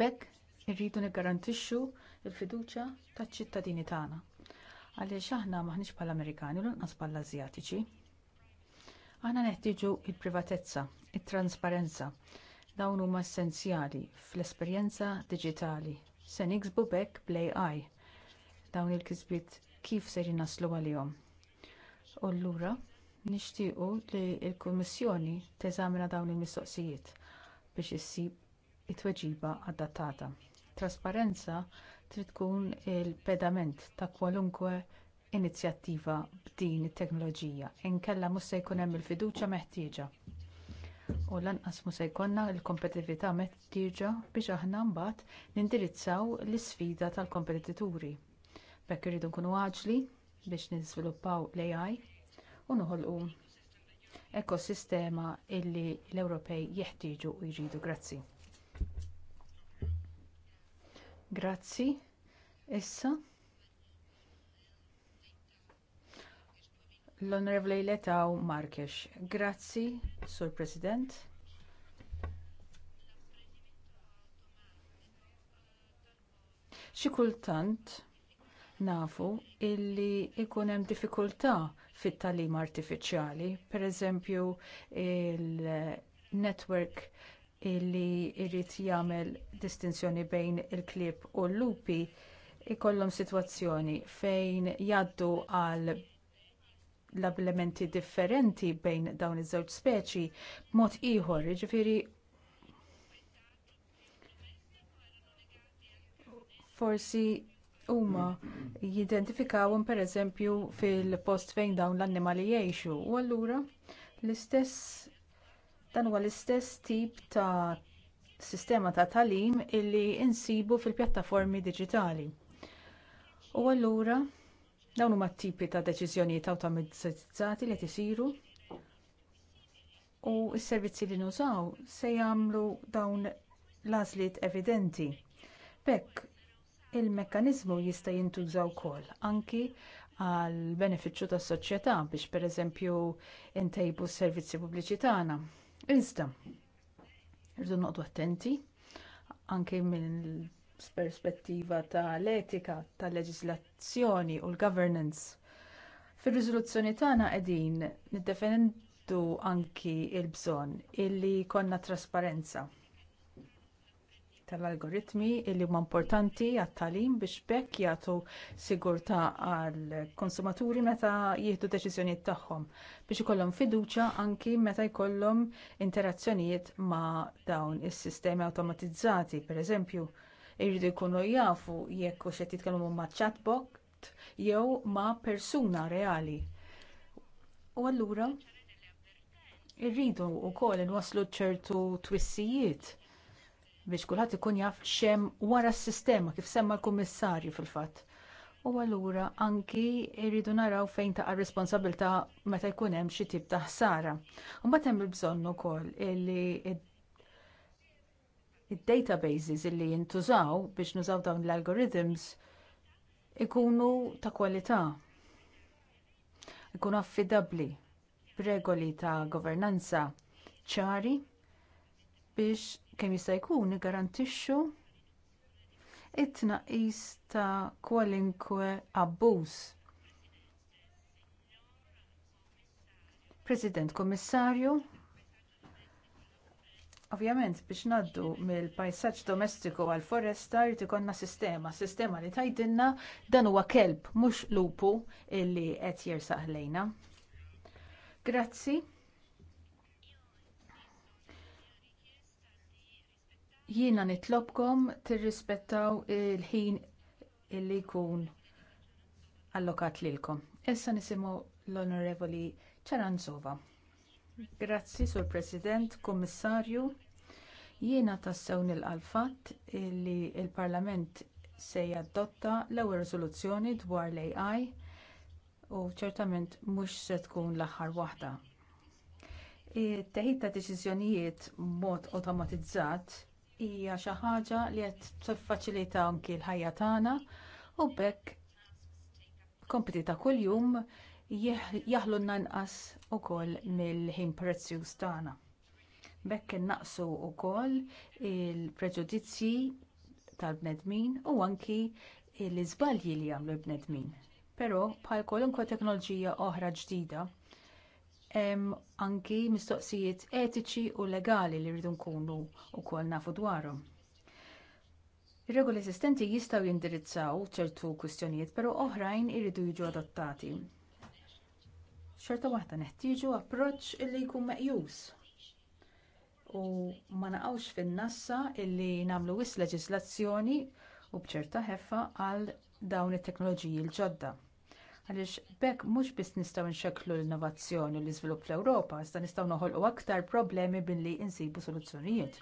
B'hekk irridu niggarantixxu l-fiduċja taċ-ċittadini tagħna. Għaliex aħna maħniex bħala amerikani u lanqas bħall-Asjatiċi. Aħna neħtieġu l privatezza it-trasparenza. Dawn huma essenzjali fl-esperjenza diġitali. Se niksbu b'hekk bl-AI dawn il-kisbiet kif ser jinaslu għalihom. U allura nixtiequ li l-Kummissjoni teżamina dawn il-mistoqsijiet biex issib it-tweġiba adattata. Trasparenza trid tkun il-pedament ta' kwalunkwe inizjattiva b'din it-teknoloġija inkella mhux se jkun hemm il-fiduċja meħtieġa u lanqas mu se jkollna l-kompetitività meħtieġa biex aħna mbagħad nindirizzaw l-isfida tal-kompetituri. Bekk irridu nkunu għaġli biex niżviluppaw l-AI u nħolqu ekosistema illi l-Ewropej jeħtieġu u jridu. Grazzi. Grazzi. Issa. L-Onorevole Letaw Markex. Grazzi, Sur President. Xi kultant nafu illi ikun hemm diffikultà fit-talim artifiċjali, pereżempju il-network illi jrid jagħmel distinzjoni bejn il-klieb u l-lupi ikollhom sitwazzjoni fejn jgħaddu għal l-ablementi differenti bejn dawn iż-żewġ speċi b'mod ieħor, jiġifieri forsi huma jidentifikawhom pereżempju fil-post fejn dawn l-annimali jgħixu. U allura l-istess dan huwa l-istess tip ta' sistema ta' tagħlim illi insibu fil-pjattaformi diġitali. U allura dawn huma t-tipi ta' deċiżjonijiet awtomatizzati li qed isiru u s-servizzi li nużaw se jagħmlu dawn l-għażliet evidenti. B'hekk il-mekkaniżmu jista' jintuża wkoll anki għal benefiċċju tas-soċjetà biex pereżempju ntejbu s-servizzi pubbliċi tagħna. Iżda, irdu noqdu attenti anke minn perspettiva tal-etika, tal-leġislazzjoni u l-governance. Fir-riżoluzzjoni tagħna qegħdin niddefendu anki l bżonn illi jkollna trasparenza tal-algoritmi li huma importanti għat-talim biex bekk jagħtu sigurtà għall konsumaturi meta jieħdu deċiżjonijiet tagħhom biex ikollhom fiduċja anki meta jkollhom interazzjonijiet ma' dawn is-sistemi awtomatizzati, pereżempju jridu jkunu jafu jekk hux qed jitkellmu ma' chatbot jew ma' persuna reali. U allura irridu wkoll inwasslu ċertu twissijiet biex kulħadd ikun jaf xem wara s-sistema kif semma l-kummissarju fil-fatt. U allura anki jridu naraw fejn taqa' r-responsabbilta meta jkun hemm xi tip ta' ħsara. U mbagħad hemm il-bżonn ukoll li id-databases illi jintużaw biex nużaw dawn l-algorithms ikunu ta' kwalità. Ikunu affidabbli b'regoli ta' governanza ċari biex kemm jista' jkun igarantixxu it-tnaqqis ta' kwalinkwe abbuż. President Kommissarju, ovvjament biex ngħaddu mill-pajsaġġ domestiku għall foresta jrid ikollna sistema, sistema li tgħidilna dan huwa kelb mhux lupu illi qed jersaħ lejna. Grazzi. Jiena nitlobkom tirrispettaw il-ħin illi jkun allokat lilkom. Issa nisimgħu l-Onorevoli Ċaranzova. Grazzi, Sur President, Kommissarju. Jiena tassew nil fatt li l parlament se jaddotta l-ewwel riżoluzzjoni dwar l-AI u ċertament mhux se tkun l-aħħar waħda. teħid ta' deċiżjonijiet mod awtomatizzat hija xi ħaġa li qed tiffaċilita anki l-ħajja tagħna u b'hekk kompiti ta' kuljum jaħlunna nqas ukoll mill-ħin prezzjuż tagħna. B'hekk innaqsu wkoll il-preġudizzji tal-bnedmin u anki l-iżbalji li jagħmlu l-bnedmin. Però bħal kwalunkwe teknoloġija oħra ġdida hemm anki mistoqsijiet etiċi u legali li rridu nkunu wkoll nafu dwarhom. Ir-regoli esistenti jistgħu jindirizzaw ċertu kwistjonijiet, però oħrajn iridu jiġu adottati. Xorta waħda neħtieġu approċċ li jkun meqjus u ma naqgħux fin-nassa illi nagħmlu wis leġiżlazzjoni u bċerta ħeffa għal dawn it-teknoloġiji l-ġodda għaliex bekk mhux biss nistgħu nxeklu l-innovazzjoni u l-iżvilupp fl-Ewropa, nistaw nistgħu noħolqu aktar problemi billi insibu soluzzjonijiet.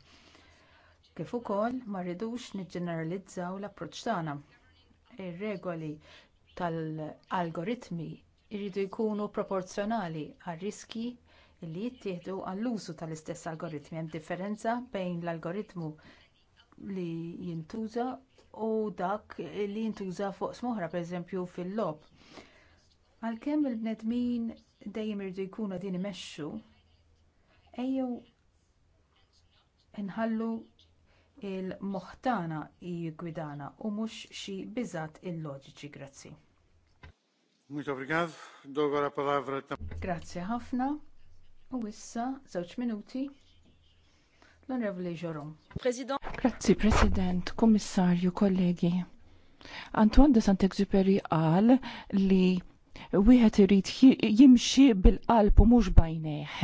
Kif ukoll ma rridux niġġeneralizzaw l-approċċ tagħna. Ir-regoli tal-algoritmi jridu jkunu proporzjonali għar-riski li jittieħdu għall-użu tal-istess algoritmi. Hemm differenza bejn l-algoritmu li jintuża u dak li jintuża fuq smoħra, pereżempju fil-lob Għalkemm il-bnedmin dejjem irdu jkunu din imexxu, ejjew inħallu il-moħtana jgwidana u mhux xi il illoġiċi grazzi. Muito obrigado. Dou agora a palavra Grazie ħafna. U issa żewġ minuti l-Onorevoli Joron. President. Grazzi President, Kommissarju, kollegi. Antoine de Saint-Exupéry qal li wieħed irid jimxi bil-qalb u mhux bajnejh.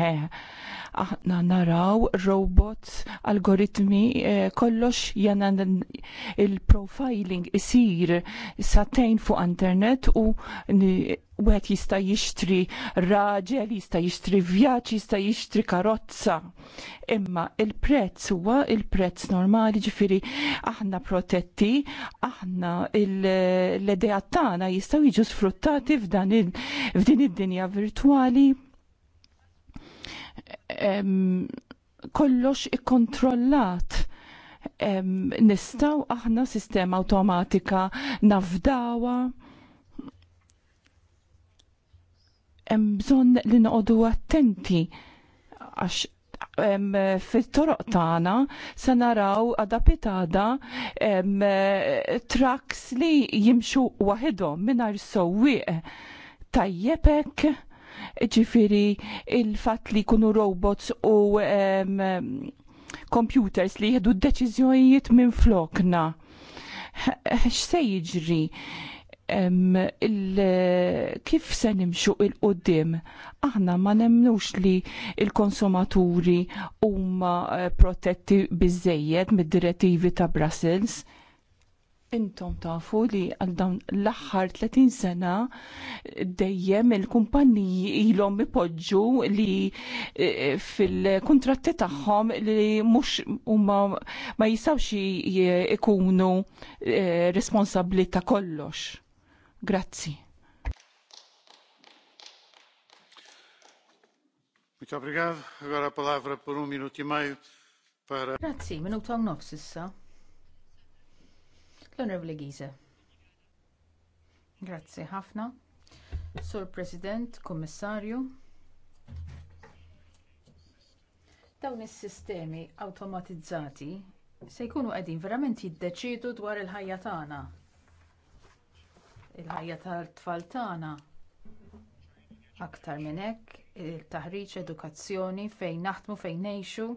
Aħna naraw robots, algoritmi, eh, kollox jana il-profiling isir satejn fuq internet u wieħed jista' jixtri raġel, jista' jixtri vjaċ, jista' jixtri karozza. Imma il-prezz huwa il-prezz normali, ġifieri aħna protetti, aħna l-idea tagħna jistgħu jiġu sfruttati f'dan f'din id-dinja virtwali. kollox ikkontrollat nistaw aħna sistema automatika nafdawa hemm bżonn li noqogħdu attenti għax fit-toroq tagħna se naraw adapitada trucks li jimxu waħedhom mingħajr sewwieq tajjebek ġifiri il-fat li kunu robots u um, computers li jieħdu d-deċizjonijiet minn flokna. X'se jiġri? kif se nimxu il-qoddim. Aħna ma nemnux li il-konsumaturi huma eh, protetti biżejjed mid-direttivi ta' Brussels intom tafu li għal dawn l-aħħar 30 sena dejjem il-kumpanniji ilhom ipoġġu li eh, fil kuntratti tagħhom li mhux huma ma jistgħux ikunu eh, responsabbli ta' kollox. Grazzi. Muito obrigado. Agora a palavra por um minuto e meio para... Grazzi, minuto għan nofs issa. L-Onorevole Gize. Grazzi ħafna. Sur President, Kommissarju. Dawn is-sistemi automatizzati se jkunu qegħdin verament jiddeċidu dwar il-ħajja tagħna il-ħajja tal-tfal tagħna. Aktar minn hekk, il-taħriġ edukazzjoni fejn naħdmu fejn ngħixu,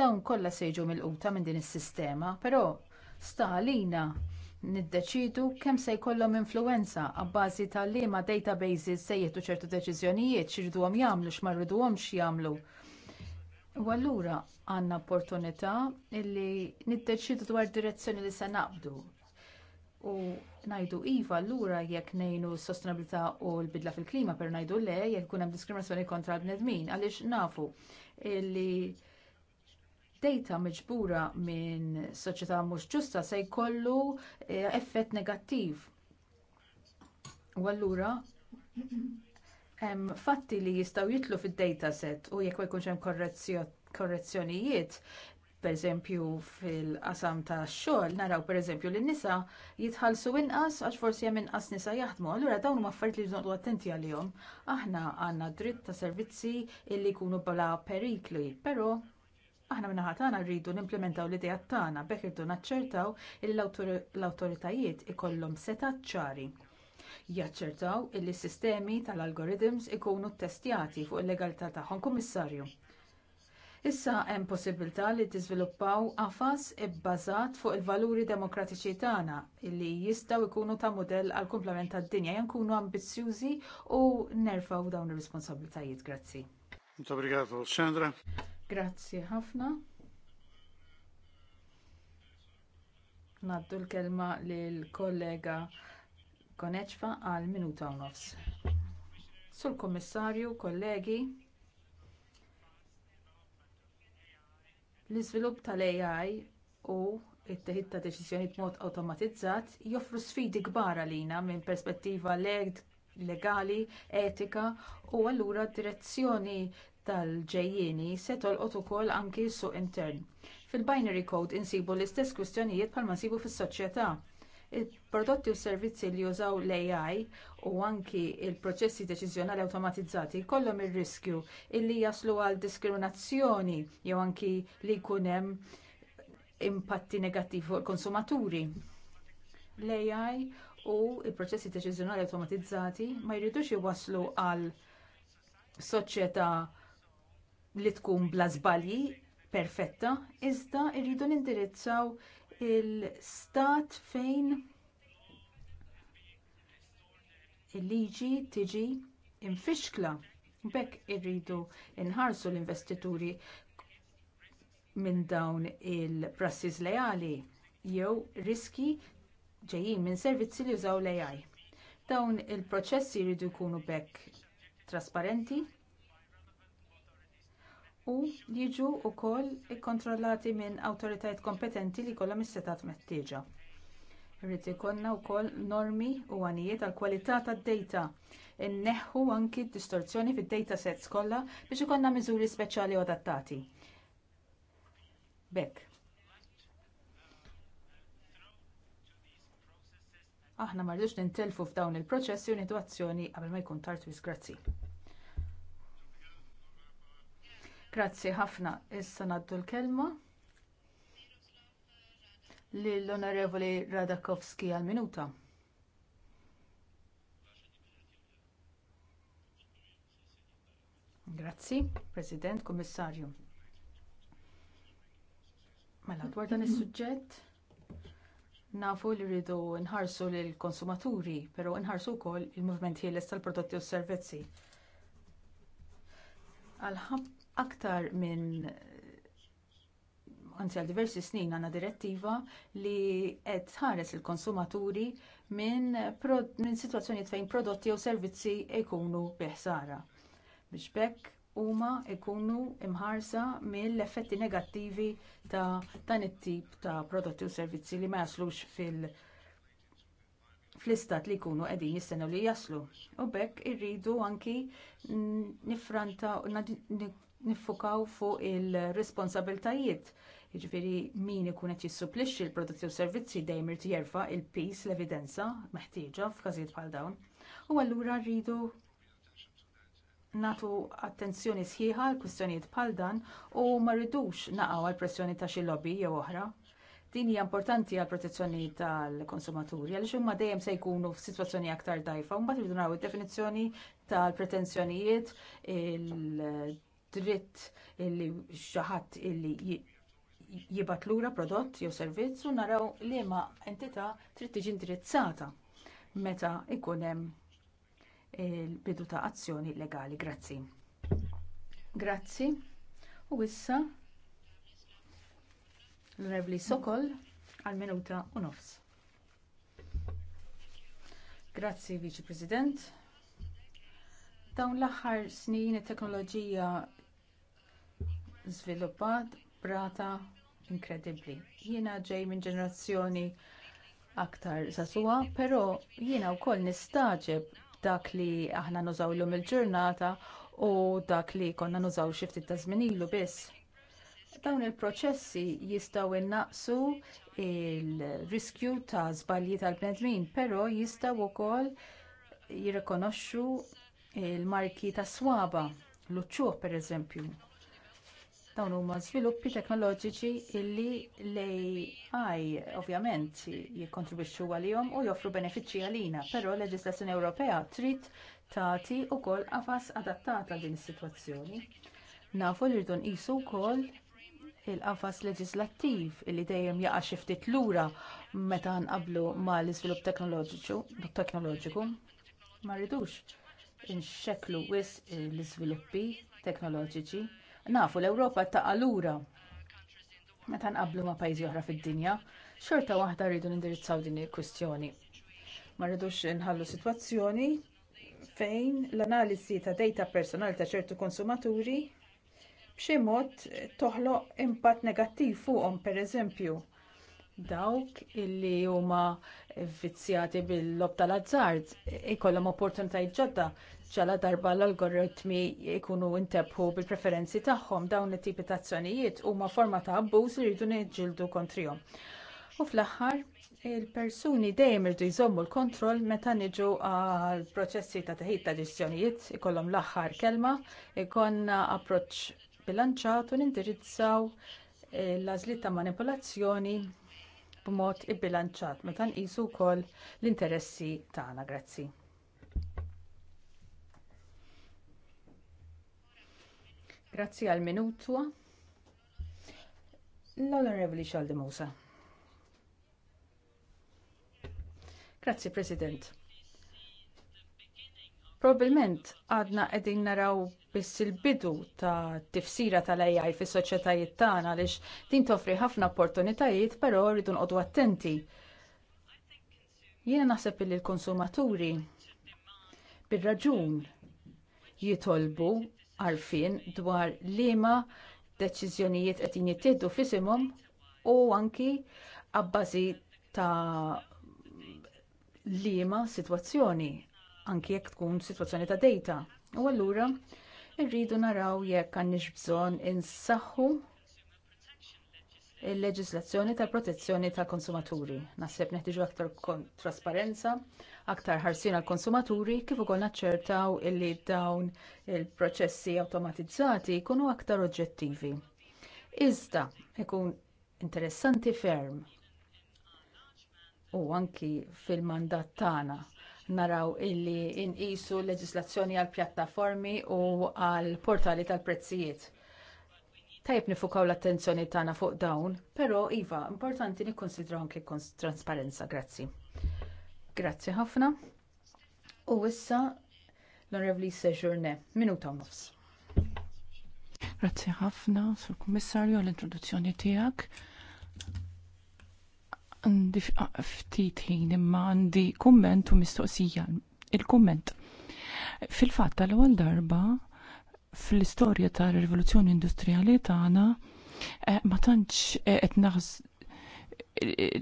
dawn kollha se jiġu milquta minn din is-sistema, però sta għalina niddeċidu kemm se jkollhom influwenza abbażi ta' liema databases se jieħdu ċertu deċiżjonijiet x'irduhom jagħmlu rriduhomx jagħmlu. U allura għandna opportunità li niddeċidu dwar direzzjoni li se naqbdu u ngħidu iva allura jekk ngħinu s-sostenabilità u l-bidla fil-klima per ngħidu le jekk kunem hemm diskriminazzjoni kontra l-bnedmin għaliex nafu li dejta miġbura minn soċjetà mhux ġusta se jkollu eh, effett negattiv. U allura fatti li jistgħu jitlu fid-data set u jekk ma jkunx hemm korrezzjonijiet pereżempju fil-qasam tax xogħol naraw pereżempju li nisa jitħallsu inqas għax forsi hemm inqas nisa jaħdmu, allura dawn huma affarijiet li noqgħdu attenti għalihom. Aħna għandna dritt ta' servizzi li jkunu bla perikli, però aħna minna ħatana rridu nimplementaw l-idea tagħna bekk irdu naċċertaw li l-awtoritajiet ikollhom seta ċari jaċċertaw li s sistemi tal-algorithms ikunu ttestjati fuq il-legalità tagħhom, Kummissarju Issa hemm possibilità li tiżviluppaw qafas ibbażat fuq il-valuri demokratiċi tagħna li jistgħu jkunu ta' mudell għal kumplament tad-dinja jekk nkunu ambizzjużi u nerfaw dawn ir-responsabbiltajiet. Grazzi. Obrigado, Sandra. Grazzi ħafna. Naddu l-kelma lill kollega Koneċfa għal minuta u nofs. Sul kommissarju, kollegi, L-iżvilupp tal-AI u it-teħid ta' deċiżjoni b'mod awtomatizzat joffru sfidi kbar għalina minn perspettiva legali, etika u allura d direzzjoni tal-ġejjieni se tolqot ukoll anki suq intern. Fil-binary code insibu l-istess kwistjonijiet bħalma nsibu fis-soċjetà. Il-prodotti u s servizzi li jużaw l-AI u anki l proċessi deċiżjonali awtomatizzati jkollhom ir il riskju illi jaslu għal diskriminazzjoni jew anki li jkun hemm impatti negattivi fuq il-konsumaturi. L-AI u l proċessi deċiżjonali awtomatizzati ma jridux jwaslu għal soċjetà li tkun bla żbalji perfetta, iżda jridu nindirizzaw il-stat fejn il-liġi tiġi infixkla. B'hekk irridu nħarsu l-investituri minn dawn il-prassis lejali jew riski ġejjin minn servizzi li jużaw l-AI. Dawn il-proċessi jridu jkunu b'hekk trasparenti u jiġu wkoll ikkontrollati minn awtoritajiet kompetenti li jkollhom is-setat meħtieġa. Rrid ikollna wkoll normi u għanijiet għal kwalità tad-data. Inneħħu anki d distorzjoni fid-data sets kollha biex ikollna miżuri speċjali u adattati. Bekk. Aħna ma rridux nintelfu f'dawn il-proċessi u nitwazzjoni azzjoni qabel ma jkun tartu grazzi. Grazzi ħafna, issa naddu l-kelma lill-Onorevoli Radakowski għal minuta. Grazzi, President, Kommissarju. Mela, dwar dan is-suġġett, nafu li rridu nħarsu lill konsumaturi, però nħarsu wkoll il-movement ħieles tal-prodotti u s servizzi. Għal aktar minn anzi għal diversi snin għandna direttiva li qed tħares il-konsumaturi minn min situazzjoni fejn prodotti jew servizzi jkunu biħsara. Biex bekk huma jkunu imħarsa mill-effetti negattivi ta' dan it-tip ta' prodotti u servizzi li ma jaslux fil- fl-istat li jkunu qegħdin jistenu li jaslu. U bekk irridu anki nifranta nifukaw fuq il-responsabiltajiet Jiġifieri min ikun qed jissupplixxi l-prodotti u servizzi dejjem irid jerfa' il-pis l-evidenza meħtieġa f'każijiet bħal dawn. U allura rridu nagħtu attenzjoni sħiħa għal kwistjonijiet bħal dan u ma rridux naqgħu għal pressjoni ta' xi lobby jew oħra din hija importanti għal protezzjoni tal-konsumaturi għaliex huma dejjem se jkunu f'sitwazzjoni aktar dajfa. Mbagħad irridu naraw id-definizzjoni tal-pretenzjonijiet il-dritt illi xi ħadd illi jibat lura prodott jew servizz u naraw li ma entità trid tiġi indirizzata meta ikun hemm il-bidu ta' azzjoni legali. Grazzi. Grazzi. U issa l-Revli Sokol għal minuta u nofs. Grazzi, Viċi President. Dawn l-aħħar snin it-teknoloġija żviluppat brata inkredibbli. Jiena ġej minn ġenerazzjoni aktar sasuwa, però jiena wkoll nistaġeb dak li aħna nużaw l il-ġurnata u dak li konna nużaw xi ftit ta' zminilu bis. biss. Dawn il-proċessi jistgħu innaqsu l riskju ta' żbalji tal-bnedmin, però jistgħu wkoll jirrikonoxxu l marki ta' swaba, l-uċċuħ pereżempju. Dawn huma żviluppi teknoloġiċi illi l-AI ovvjament jikkontribwixxu għalihom u joffru benefiċċji għalina, però l-leġislazzjoni Ewropea trid tagħti wkoll qafas adattata din is-sitwazzjoni. Nafu li rridu nqisu wkoll il-qafas leġislattiv li dejjem jaqa' xi ftit lura meta nqabblu mal-iżvilupp teknoloġiku ma rridux inxekklu wisq l-iżviluppi teknoloġiċi Nafu l-Ewropa ta' allura meta nqablu ma' pajjiżi oħra fid-dinja, xorta waħda rridu nindirizzaw din il-kwistjoni. Ma rridux nħallu sitwazzjoni fejn l-analisi ta' data personali ta' ċertu konsumaturi b'xi mod toħloq impatt negattiv fuqhom pereżempju dawk illi huma vizzjati bil-lob tal-azzard ikollhom opportunitajiet ġodda ċala darba l-algoritmi jkunu ntebħu bil-preferenzi tagħhom dawn it-tipi ta' azzjonijiet huma forma ta' abbuż li jridu niġġieldu kontrihom. U fl-aħħar il-persuni dejjem irdu jżommu l-kontroll meta niġu għal proċessi ta' teħid ta' deċiżjonijiet ikollhom l-aħħar kelma, ikonna approċċ bilanċat u nindirizzaw eh, l-għażliet ta' manipolazzjoni b'mod ibbilanċat meta nqisu wkoll l-interessi tagħna. Grazzi. Grazzi għal minutwa. L-Onorevoli Xaldi Musa. Grazzi, President. Probabilment għadna qegħdin naraw biss il-bidu ta' tifsira tal-AI fis soċjetajiet tagħna għaliex din toffri ħafna opportunitajiet però rridu nqogħdu attenti. Jiena naħseb li l-konsumaturi bir-raġun jitolbu għarfien dwar liema deċiżjonijiet qed jittieħdu f'isimhom u anki abbażi ta' liema sitwazzjoni anki jekk tkun situazzjoni ta' dejta. U allura rridu naraw jekk għandniex bżonn insaħħu il-leġislazzjoni tal-protezzjoni tal-konsumaturi. Naħseb neħtiġu aktar trasparenza, aktar ħarsina għall konsumaturi kif ukoll naċċertaw illi dawn il-proċessi awtomatizzati jkunu aktar oġġettivi. Iżda ikun interessanti ferm u anki fil-mandat tagħna naraw illi inqisu leġislazzjoni għal pjattaformi u għal portali tal-prezzijiet. Tajb nifukaw l-attenzjoni tagħna fuq dawn, però iva, importanti nikkonsidraw anke trasparenza, grazzi. Grazzi ħafna. U issa l-Onorevoli Sejourne, minuta u nofs. Grazzi ħafna, sur kummissarju, għall-introduzzjoni tiegħek Għandi ftit ħin imma għandi kumment u mistoqsija. Il-kumment. Fil-fatt tal-ewwel darba fl-istorja tar-rivoluzzjoni industrijali tagħna eh, ma tantx eh,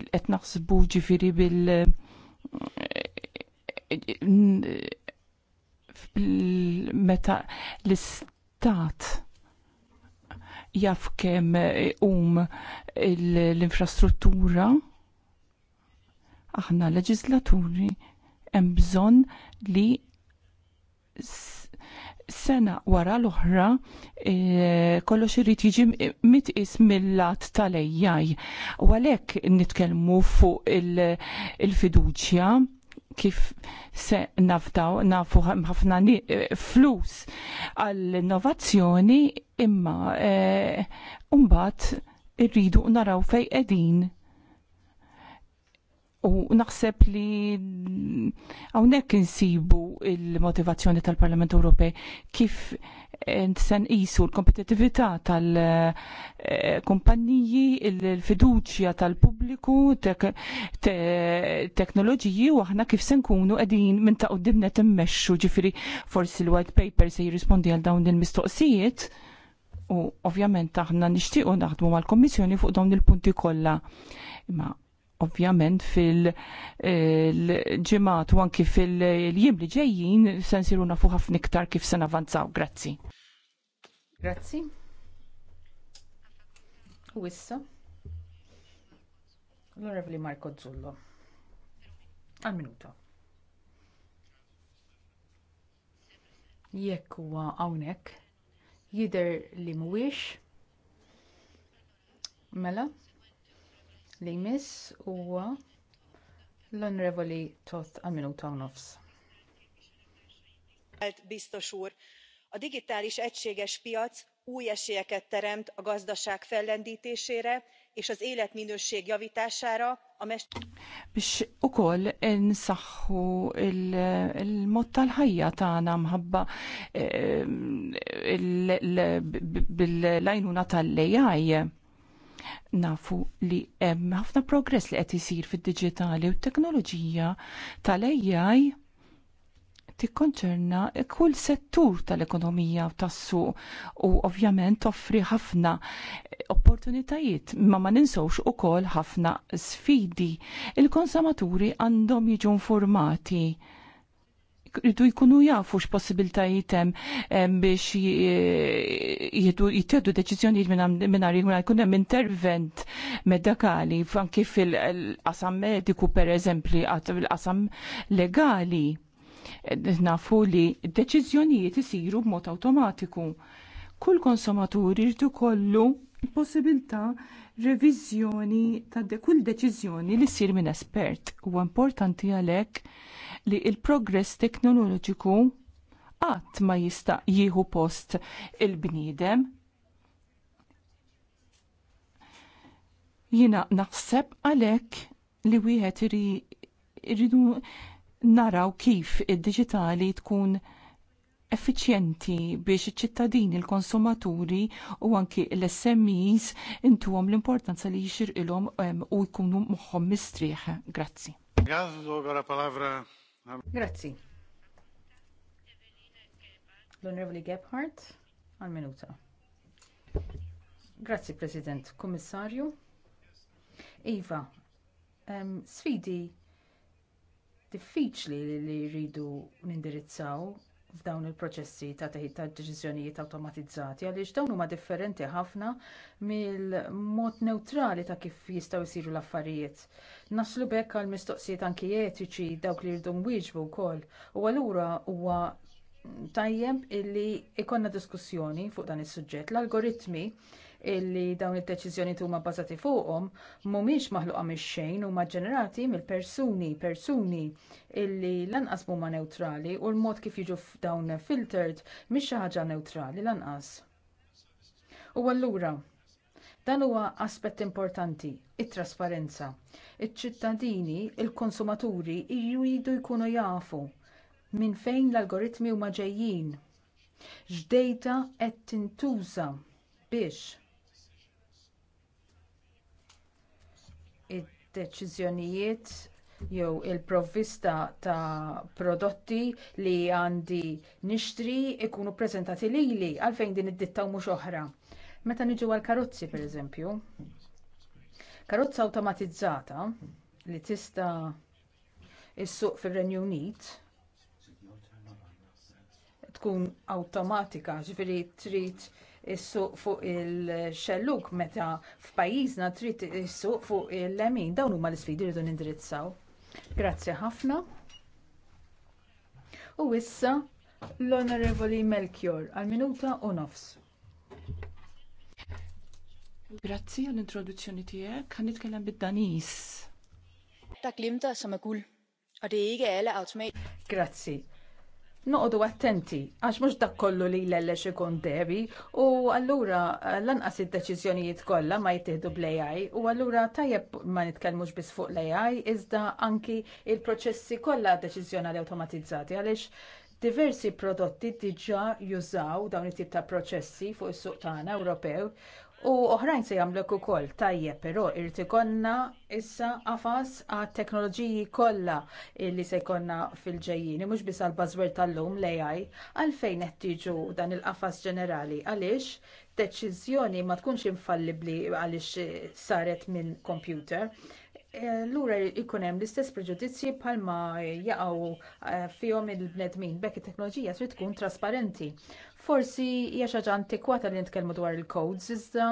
qed naħsbu ġifieri bil meta l-istat jaf kemm eh, um l-infrastruttura Aħna leġislaturi hemm bżonn li sena wara l-oħra e, kollox irid jiġi mitqis mill-lat tal-ejjaj. U għalhekk nitkellmu fuq il-fiduċja kif se nafdaw nafu ħafna e, flus għall-innovazzjoni imma mbagħad e, umbat irridu naraw fej qegħdin U naħseb li hawnhekk insibu il-motivazzjoni tal-Parlament Ewropej kif eh, sen isu l-kompetitività tal-kumpanniji, eh, il-fiduċja tal-pubbliku, teknoloġiji u aħna kif se nkunu qegħdin minn ta' qudiemna timmexxu ġifiri forsi l-white paper se jirrispondi għal dawn il-mistoqsijiet. U ovvjament aħna nixtiequ naħdmu mal-Kommissjoni fuq dawn il-punti kollha ovvjament fil-ġimgħat eh, u anki fil-jiem li ġejjin se nsiru nafu ħafna iktar kif se navanzaw. Grazzi. Grazzi. U issa? L-Onorevoli Marco Zullo. Għal minuta. Jekk huwa hawnhekk jidher li mhuwiex mela li jmiss huwa l-Onorevoli Toth għal minuta Biztos úr, a digitális egységes piac új esélyeket teremt a gazdaság fellendítésére és az életminőség javítására a mest... Biex ukoll nsaħħu il-mod tal-ħajja tagħna mħabba eh, bil-lajnuna tal-lejaj Nafu li hemm ħafna progress li qed isir fid-diġitali u t-teknoloġija tal-AI tikkonċerna kull settur tal-ekonomija u tas-suq u ovvjament toffri ħafna opportunitajiet ma ma ninsawx ukoll ħafna sfidi. Il-konsumaturi għandhom jiġu informati jridu jkunu jafu x'possibiltajiet hemm biex jittieħdu deċiżjonijiet mingħajr mingħajr jkun hemm intervent medikali anke fil-qasam mediku pereżempli fil-qasam legali nafu li deċiżjonijiet isiru b'mod awtomatiku. Kull konsumatur jridu kollu possibilità reviżjoni ta' de kull deċiżjoni li ssir minn espert huwa importanti għalhekk li l progress teknoloġiku qatt ma jista' jieħu post il-bniedem jina naħseb għalek li wieħed iridu naraw kif id-digitali tkun effiċjenti biex iċ-ċittadini, il-konsumaturi u anki l-SMEs intuhom l-importanza li jixir ilhom u jkunu moħħom mistrieħ. Grazzi. Grazzi. L-Onorevoli Gebhardt, għal-minuta. Grazzi, President. Kommissarju? Iva, sfidi diffiċli li rridu nindirizzaw f'dawn il-proċessi ta' teħid ta' deċiżjonijiet awtomatizzati għaliex dawn huma differenti ħafna mill-mod newtrali ta' kif jistgħu jsiru l-affarijiet. Naslu bekk għal mistoqsijiet anki etiċi dawk li jridu nwieġbu wkoll u allura huwa tajjeb illi ikonna diskussjoni fuq dan is-suġġett. L-algoritmi illi dawn id-deċiżjoni huma bbażati fuqhom mhumiex maħluqa mix-xejn huma ġenerati mill-persuni, persuni illi lanqas huma neutrali u l-mod kif jiġu dawn filtered mhix xi ħaġa neutrali lanqas. U allura dan huwa aspett importanti, it-trasparenza. Iċ-ċittadini, il-konsumaturi jridu jkunu jafu minn fejn l-algoritmi huma ġejjin. X'dejta qed tintuża biex deċiżjonijiet jew il-provvista ta' prodotti li għandi nixtri ikunu ppreżentati lili għalfejn din id-ditta mhux oħra. Meta niġu għall karozzi pereżempju, karozza awtomatizzata li tista' issuq fir-Renju Unit tkun awtomatika, ġifieri trid is-suq fuq il-xelluk meta f'pajjiżna trid is-suq fuq il-lemin. Dawn huma l-isfidi li rridu nindirizzaw. Grazzi ħafna. U issa l-Onorevoli Melchior għal minuta u nofs. Grazzi għall-introduzzjoni tiegħek, kan nitkellem bid-Danis. Dak limta sa' makul. Għadi għala Grazzi noqdu attenti, għax mux dak kollu li l-ellex ikun debi, u allura eh, lanqas id-deċizjonijiet kollha ma jittieħdu bl-AI, u allura tajjeb ma nitkellmux biss fuq l-AI, iżda anki il-proċessi kollha deċizjonali automatizzati għaliex diversi prodotti diġà jużaw dawn it-tip ta' proċessi fuq is-suq tagħna Ewropew U oħrajn se jagħmlek ukoll tajjeb, però irrid ikollna issa qafas għat teknoloġiji kollha li se jkollna fil-ġejjini, mhux biss għall bażwer tal-lum l-AI, għalfejn qed tiġu dan il-qafas ġenerali għaliex deċiżjoni ma tkunx infallibbli għaliex saret minn computer. E, Lura ikun hemm l-istess preġudizzji bħalma jaqgħu e, fihom il-bnedmin bekk it-teknoloġija trid tkun trasparenti Forsi hija xi ħaġa antikwata li nitkellmu dwar il-codes, iżda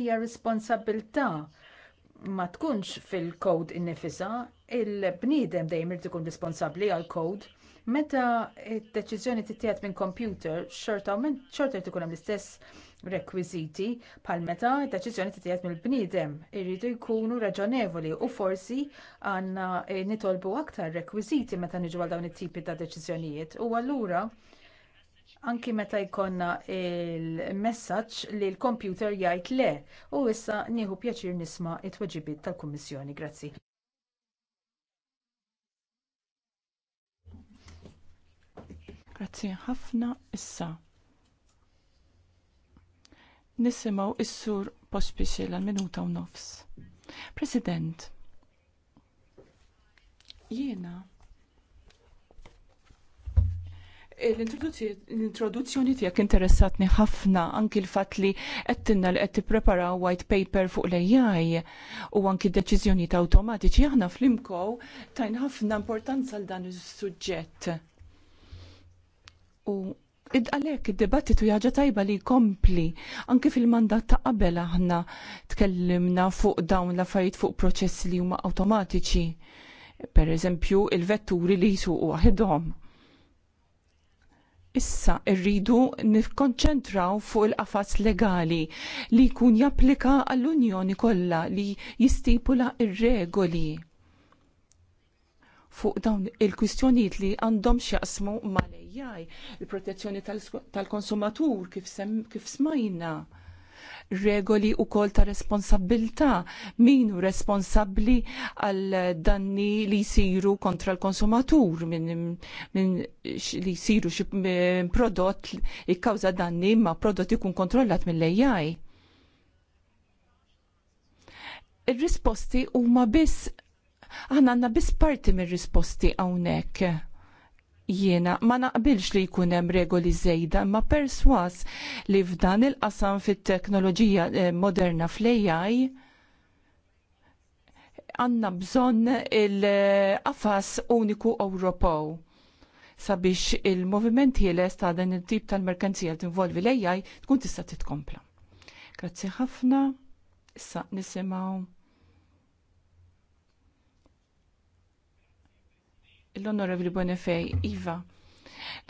hija responsabilità ma tkunx fil-kod innifisa, il-bniedem dejjem irid ikun responsabbli għall code Meta d-deċiżjoni tittieħed minn computer, xorta xorta irid ikun hemm l-istess rekwiżiti bħal meta d-deċiżjoni tittieħed mill-bniedem irridu jkunu raġonevoli u forsi għandna eh, nitolbu aktar rekwiżiti meta niġu għal dawn it-tipi ta' deċiżjonijiet. U allura anki meta jkollna il-messaġġ li l-kompjuter jgħid le u issa nieħu pjaċir nisma' it tweġibiet tal-Kummissjoni. Grazzi. Grazzi ħafna issa. Nisimgħu is-sur pospiċi l-minuta u nofs. President, jiena L-introduzzjoni tiegħek interessatni ħafna anki l-fatt li qed tinna li qed tippreparaw white paper fuq l-AI u anki deċiżjonijiet awtomatiċi aħna flimkow tajn ħafna importanza għal dan is-suġġett. U id għalhekk id debattitu jaġa tajba li jkompli anke fil-mandat ta' qabel aħna tkellimna fuq dawn l fajt fuq proċessi li huma awtomatiċi. Per eżempju, il-vetturi li jisuqu għahidhom. Issa rridu nikkonċentraw fuq il-qafas legali li jkun japplika għall-Unjoni kollha li jistipula ir-regoli fuq dawn il-kwistjonijiet li għandhom x'jaqsmu mal-AI, il-protezzjoni tal-konsumatur kif, kif smajna regoli u kol ta' responsabilta minu responsabli għal danni li jisiru kontra l-konsumatur min, min, li jisiru eh, prodott ikkawza danni ma prodott ikun kontrollat min lejjaj Il-risposti huma biss aħna għandna biss parti min risposti hawnhekk jiena ma naqbilx li jkun hemm regoli żejda, ma perswas li f'dan il-qasam fit-teknoloġija eh, moderna fl-AI għandna bżonn il-qafas uniku Ewropew sabiex il-moviment ħieles ta' dan il-tip tal-merkanzija tinvolvi l-AI tkun tista' titkompla. Grazzi ħafna, issa nisimgħu l-Onorevoli Bonifej, Iva,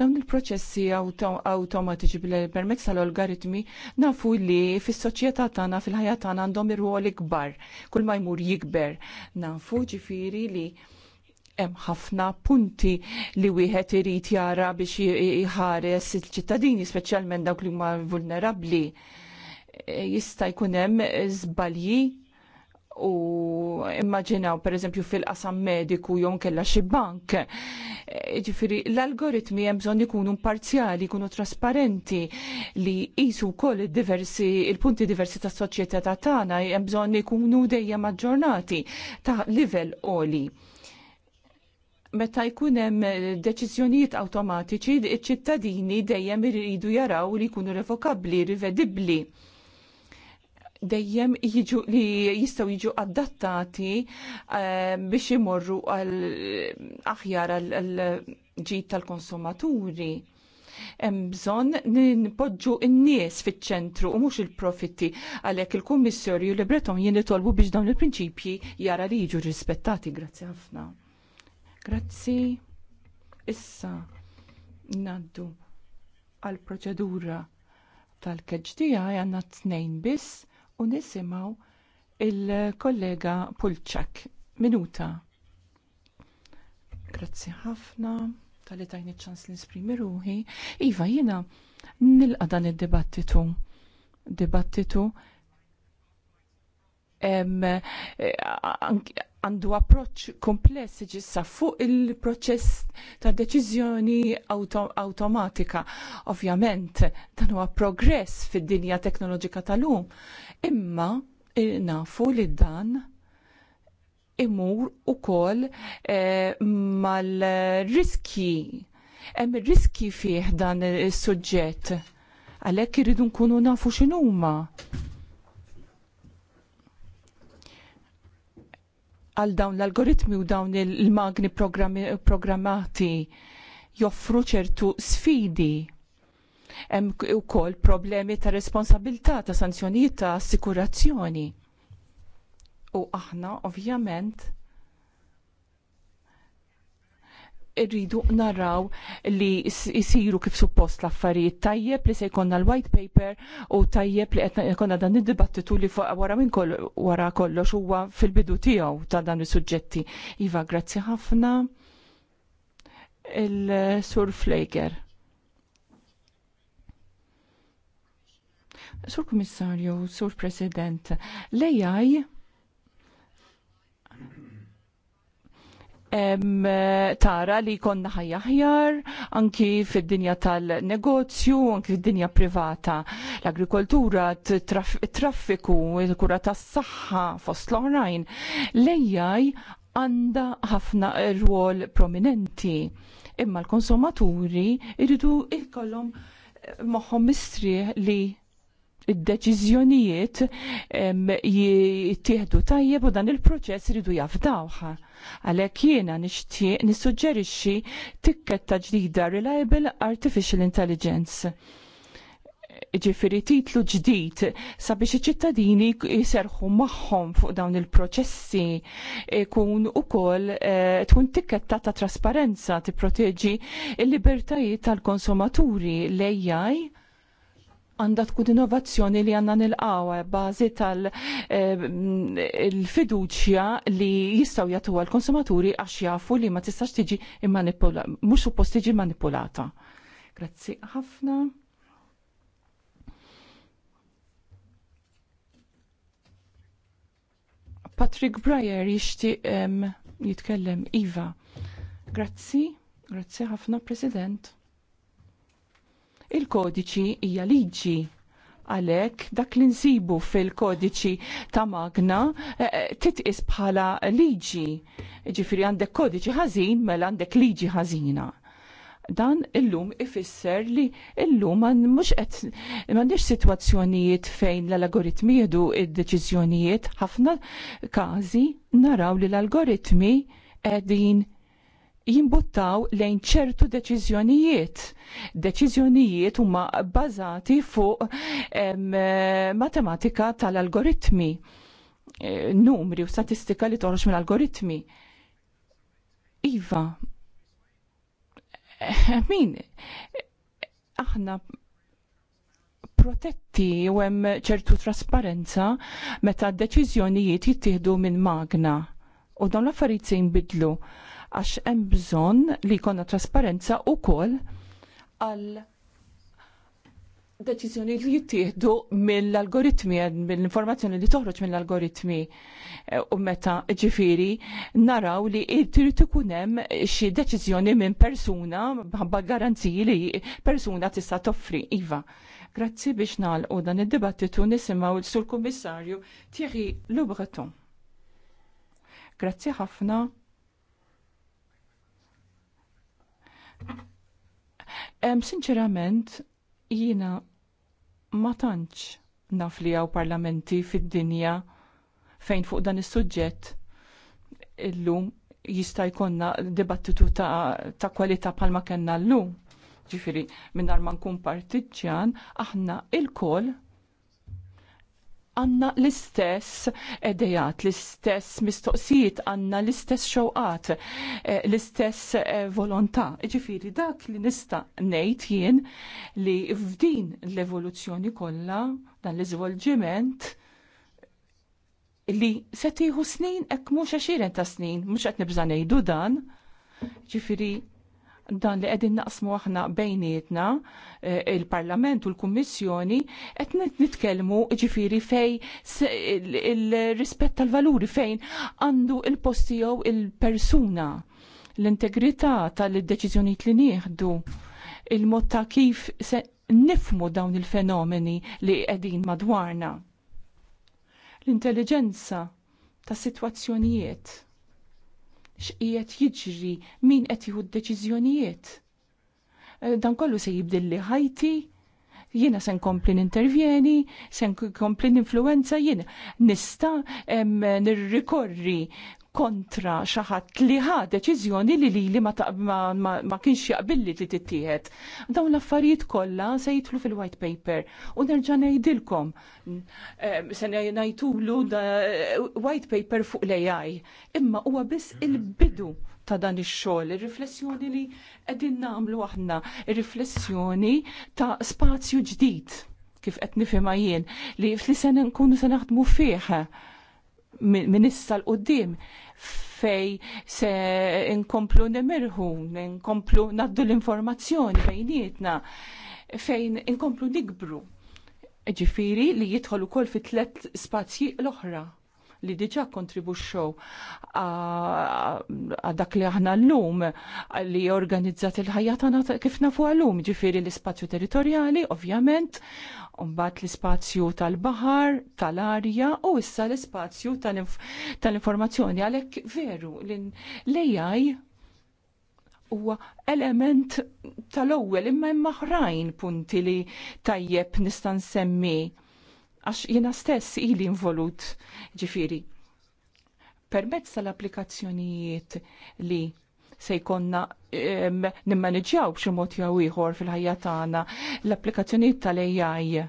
dawn il-proċessi automatiċi bil-permezz tal-algoritmi nafu li fis-soċjetà tagħna fil-ħajja tagħna għandhom ir-ruoli kbar, kull ma jmur jikber. Nafu ġifieri li hemm ħafna punti li wieħed irid jara biex jħares il-ċittadini, speċjalment dawk li huma vulnerabbli. E, jista' jkun hemm żbalji u immaginaw per eżempju fil-qasam mediku jew kella xi bank. E, ġifiri, l-algoritmi hemm bżonn ikunu parzjali, ikunu trasparenti li jisu wkoll diversi il-punti diversi tas soċjetà ta' tagħna hemm bżonn ikunu dejjem aġġornati ta' livell oli meta jkun hemm deċiżjonijiet awtomatiċi, iċ-ċittadini dejjem iridu jaraw li jkunu revokabbli, rivedibbli dejjem jiġu li jistaw jiġu adattati eh, biex imorru għal aħjar għal ġid tal-konsumaturi. Hemm bżonn n-nies fiċ-ċentru u mhux il-profitti għalhekk il-Kummissarju li Breton jien itolbu biex dawn il-prinċipji jara li jiġu rispettati. Grazzi ħafna. Grazzi. Issa ngħaddu għall proċedura tal-keġ tiegħi għandna tnejn biss u nisimaw il-kollega Pulċak. Minuta. Grazzi ħafna tal-li tajni ċans li nisprimi ruħi. Iva, jina nilqa dan id-dibattitu. Dibattitu, dibattitu eh, anki għandu approċ kompless ġissa fuq il-proċess ta' deċiżjoni autom automatika. Ovvjament, dan huwa progress fid-dinja teknoloġika tal-lum, imma eh, nafu li dan imur ukoll eh, mal-riski. Hemm riski fih dan is-suġġett. Għalhekk irridu nkunu nafu x'inhuma għal dawn l-algoritmi u dawn il-magni programmati joffru ċertu sfidi. Hemm ukoll problemi ta' responsabilità ta' sanzjonijiet ta' assikurazzjoni. U aħna ovvjament irridu naraw li jisiru kif suppost l-affarijiet tajjeb li se jkollna l-white paper u tajjeb li qed jkollna dan id-dibattitu li wara minn kol, wara kollox huwa fil-bidu tiegħu ta' dan is-suġġetti. Iva, grazzi ħafna. Il-Sur Flaker. Sur Kummissarju, Sur President, l-AI tara li jkollna ħajja aħjar anki fid-dinja tal-negozju, anki fid-dinja privata. L-agrikoltura, traffiku, il-kura tas-saħħa fost l-oħrajn. Lejjaj għanda ħafna rwol prominenti. Imma l-konsumaturi irridu jkollhom moħħom mistrieħ li id-deċiżjonijiet jittieħdu tajjeb u dan il-proċess ridu jafdawħa. Għalhekk jiena nixtieq nissuġġerixxi tikketta ġdida Reliable Artificial Intelligence ġifiri titlu ġdid sabiex iċ-ċittadini jiserħu magħhom fuq dawn il-proċessi ikun ukoll e, tkun tikketta ta' trasparenza tipproteġi l libertajiet tal-konsumaturi l-AI għanda tkun innovazzjoni li għanna nil-qawa eh, bazi tal-fiduċja eh, li jistaw jatu għal-konsumaturi għax jafu li ma tistax tiġi immanipulata, mux suppost tiġi manipulata. Grazzi ħafna. Patrick Breyer jishti um, jitkellem Iva. Grazzi, grazzi ħafna President. Il-kodiċi hija liġi għalek dak li nsibu fil-kodiċi ta' magna eh, eh, titqis bħala liġi. Ġifiri għandek kodiċi ħażin mela għandek liġi ħażina. Dan illum ifisser li illum mhux qed m'għandix sitwazzjonijiet fejn l-algoritmi jedu id-deċiżjonijiet ħafna każi naraw li l-algoritmi qegħdin jimbuttaw lejn ċertu deċiżjonijiet. Deċiżjonijiet huma bbażati fuq matematika tal-algoritmi, eh, numri u statistika li toħroġ mill-algoritmi. Iva, eh, min, aħna protetti u hemm ċertu trasparenza meta d deċiżjonijiet jittieħdu minn magna u dawn l-affarijiet se jinbidlu għax hemm bżonn li jkollna trasparenza wkoll għal deċiżjoni li jittieħdu mill-algoritmi, mill-informazzjoni li toħroġ mill-algoritmi eh, u meta ġifiri naraw li trid ikun hemm xi deċiżjoni minn persuna bħabba garanziji li persuna tista' toffri iva. Grazzi biex nagħlqu dan id-dibattitu nisimgħu sul kummissarju Thierry Lubreton. Grazzi ħafna. Sinċerament, jina ma tantx naf li għaw parlamenti fid-dinja fejn fuq dan is-suġġett illum jista' jkollna dibattitu ta', ta kwalità bħalma kellna llum. Ġifieri minn ma nkun partiġġjan aħna il-koll għanna l-istess edejat, l-istess mistoqsijiet, għanna l-istess xewqat, eh, l-istess eh, volontà. Ġifiri, dak li nista' ngħid jien li f'din l-evoluzzjoni kollha, dan l-iżvolġiment, li se tieħu snin hekk mhux għaxiren ta' snin, mhux qed nibża ngħidu dan. Ġifiri, dan li qegħdin naqsmu aħna bejnietna eh, il-Parlament u l-Kummissjoni qed nitkellmu ġifiri fej il-rispett tal-valuri fejn għandu il-post il-persuna l-integrità tal-deċiżjonijiet li nieħdu il-mod ta' kif se nifmu dawn il-fenomeni li qegħdin madwarna. L-intelligenza ta' sitwazzjonijiet x'qiet jiġri, min qed jieħu d-deċiżjonijiet. Eh, dan kollu se jibdilli ħajti, jiena se nkompli nintervjeni, se nkompli ninfluenza jiena nista' nirrikorri kontra xaħat li ħa deċiżjoni li li li ma, ma, kienx jaqbilli li tittieħed. Dawn l-affarijiet kollha se jitlu fil-white paper u nerġa' ngħidilkom se ngħidulu white paper fuq l-AI imma huwa biss il-bidu ta' dan ix-xogħol, ir-riflessjoni li qegħdin nagħmlu aħna, ir-riflessjoni ta' spazju ġdid kif qed nifhimha jien li fli se nkunu se naħdmu fih minissa issa l-qoddim fej se inkomplu nimirħu, inkomplu naddu l-informazzjoni bejnietna, fejn inkomplu nikbru. Ġifiri li jidħol ukoll fi tlet spazji l-oħra li diġa kontribuxxew għal dak li aħna llum li organizzat il-ħajja tagħna kif nafu għallum, ġifieri l-ispazju territorjali, ovvjament, Umbat l-ispazju tal-bahar, tal-arja u issa l-ispazju tal-informazzjoni. għalhekk Għalek veru, l-AI huwa element tal-ewwel imma hemm aħrajn punti li tajjeb nista' nsemmi għax jiena stess ili involut ġifiri. Permezz tal-applikazzjonijiet li se jkonna um, nimmanġġaw b'xi mod jew ieħor fil-ħajja tagħna l-applikazzjonijiet tal-AI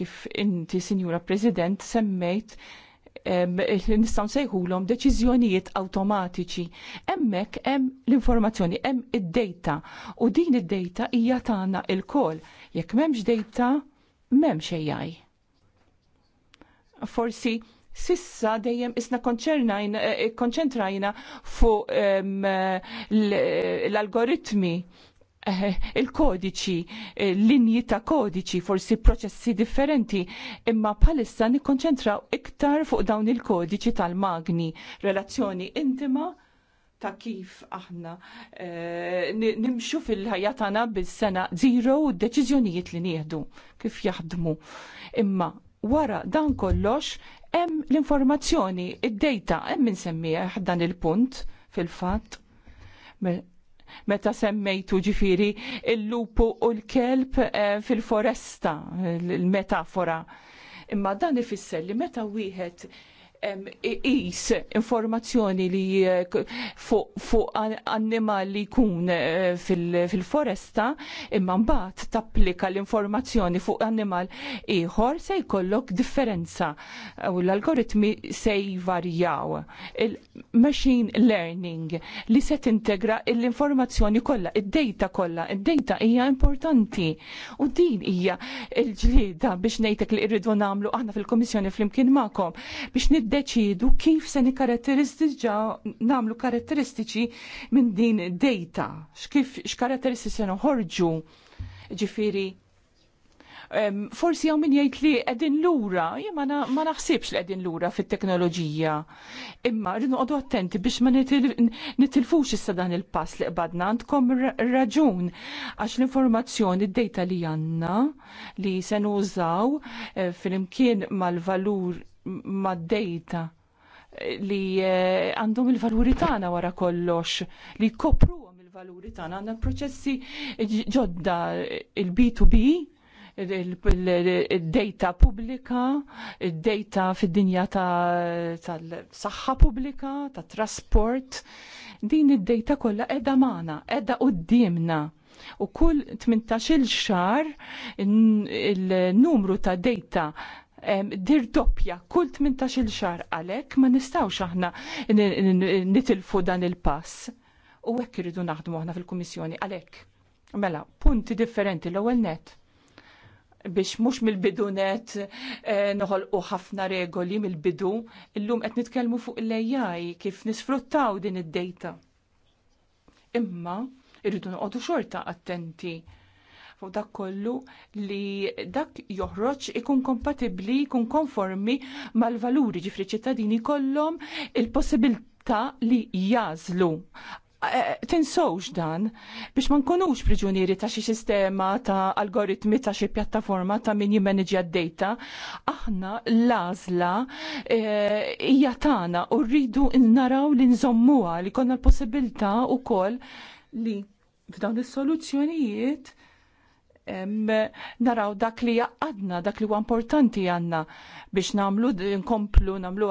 kif inti Sinjura President semmejt um, nistgħu nsejħulhom deċiżjonijiet awtomatiċi. Hemmhekk hemm l-informazzjoni, hemm id-data u din id-data hija tagħna il-kol. Jekk m'hemmx data, m'hemmx AI forsi sissa dejjem isna eh, eh, konċentrajna fuq l-algoritmi eh, il-kodiċi, linji ta' kodiċi, forsi proċessi differenti, imma palissa nikkonċentraw iktar fuq dawn il-kodiċi tal-magni, relazzjoni intima ta' kif aħna nimxu fil-ħajja tagħna bis-sena zero u d-deċiżjonijiet li nieħdu kif jaħdmu. Imma wara dan kollox hemm l-informazzjoni, id-data hemm insemmieħ dan il-punt fil-fatt. Meta semmejtu ġifiri il-lupu u l-kelb eh, fil-foresta, il-metafora. Imma dan ifisser li meta wieħed is informazzjoni li eh, fuq fu annimal li jkun eh, fil-foresta imma mbagħad tapplika l-informazzjoni fuq annimal ieħor se jkollok differenza u l-algoritmi se jvarjaw. Il-machine learning li se tintegra l-informazzjoni kollha, id-data kollha, id-data hija importanti u din hija l ġlieda biex ngħidlek li rridu nagħmlu aħna fil kummissjoni flimkien magħkom biex nid niddeċidu kif se nikaratteristiġa namlu karatteristiċi minn din data, x'kif x'karatteristiċi se noħorġu. Ġifiri, um, forsi jew min jgħid li qegħdin lura, jien ma naħsibx li qegħdin lura fit-teknoloġija. Imma rridu noqogħdu attenti biex ma nitilfux issa dan il-pass li qbadna għandkom raġun għax l-informazzjoni d-dejta li għandna li se nużaw eh, fil-imkien mal-valur mad-dejta li eh, għandhom il-valuri tagħna wara kollox, li kopruhom il-valuri tagħna għandna proċessi ġodda il-B2B, il-data pubblika, il-data fid-dinja tal-saħħa pubblika, tat trasport, din id-data kollha edha magħna, qiegħda qudiemna. U kull 18-il xar il-numru ta' data dir doppja kull 18 xar għalek ma nistawx aħna nitilfu dan il-pass. U hekk irridu naħdmu aħna fil-Kummissjoni għalek. Mela, punti differenti l-ewwel net biex mux mill bidu noħol eh, u ħafna regoli mill-bidu, illum qed nitkellmu fuq l-AI kif nisfruttaw din id-data. Imma irridu noqogħdu xorta attenti u dak kollu li dak joħroġ ikun kompatibbli, ikun konformi mal-valuri ġifri ċittadini kollom il-possibilità li jażlu eh, eh, tinsowx dan biex ma nkunux priġunieri ta' xi sistema ta' algoritmi ta' xi pjattaforma ta' min jimmaneġja d-data. Aħna l-għażla eh, hija tagħna u rridu naraw li nżommuha li konna l-possibilità wkoll li f'dawn is-soluzzjonijiet naraw dak li jaqadna, dak li huwa importanti għanna biex namlu, nkomplu, namlu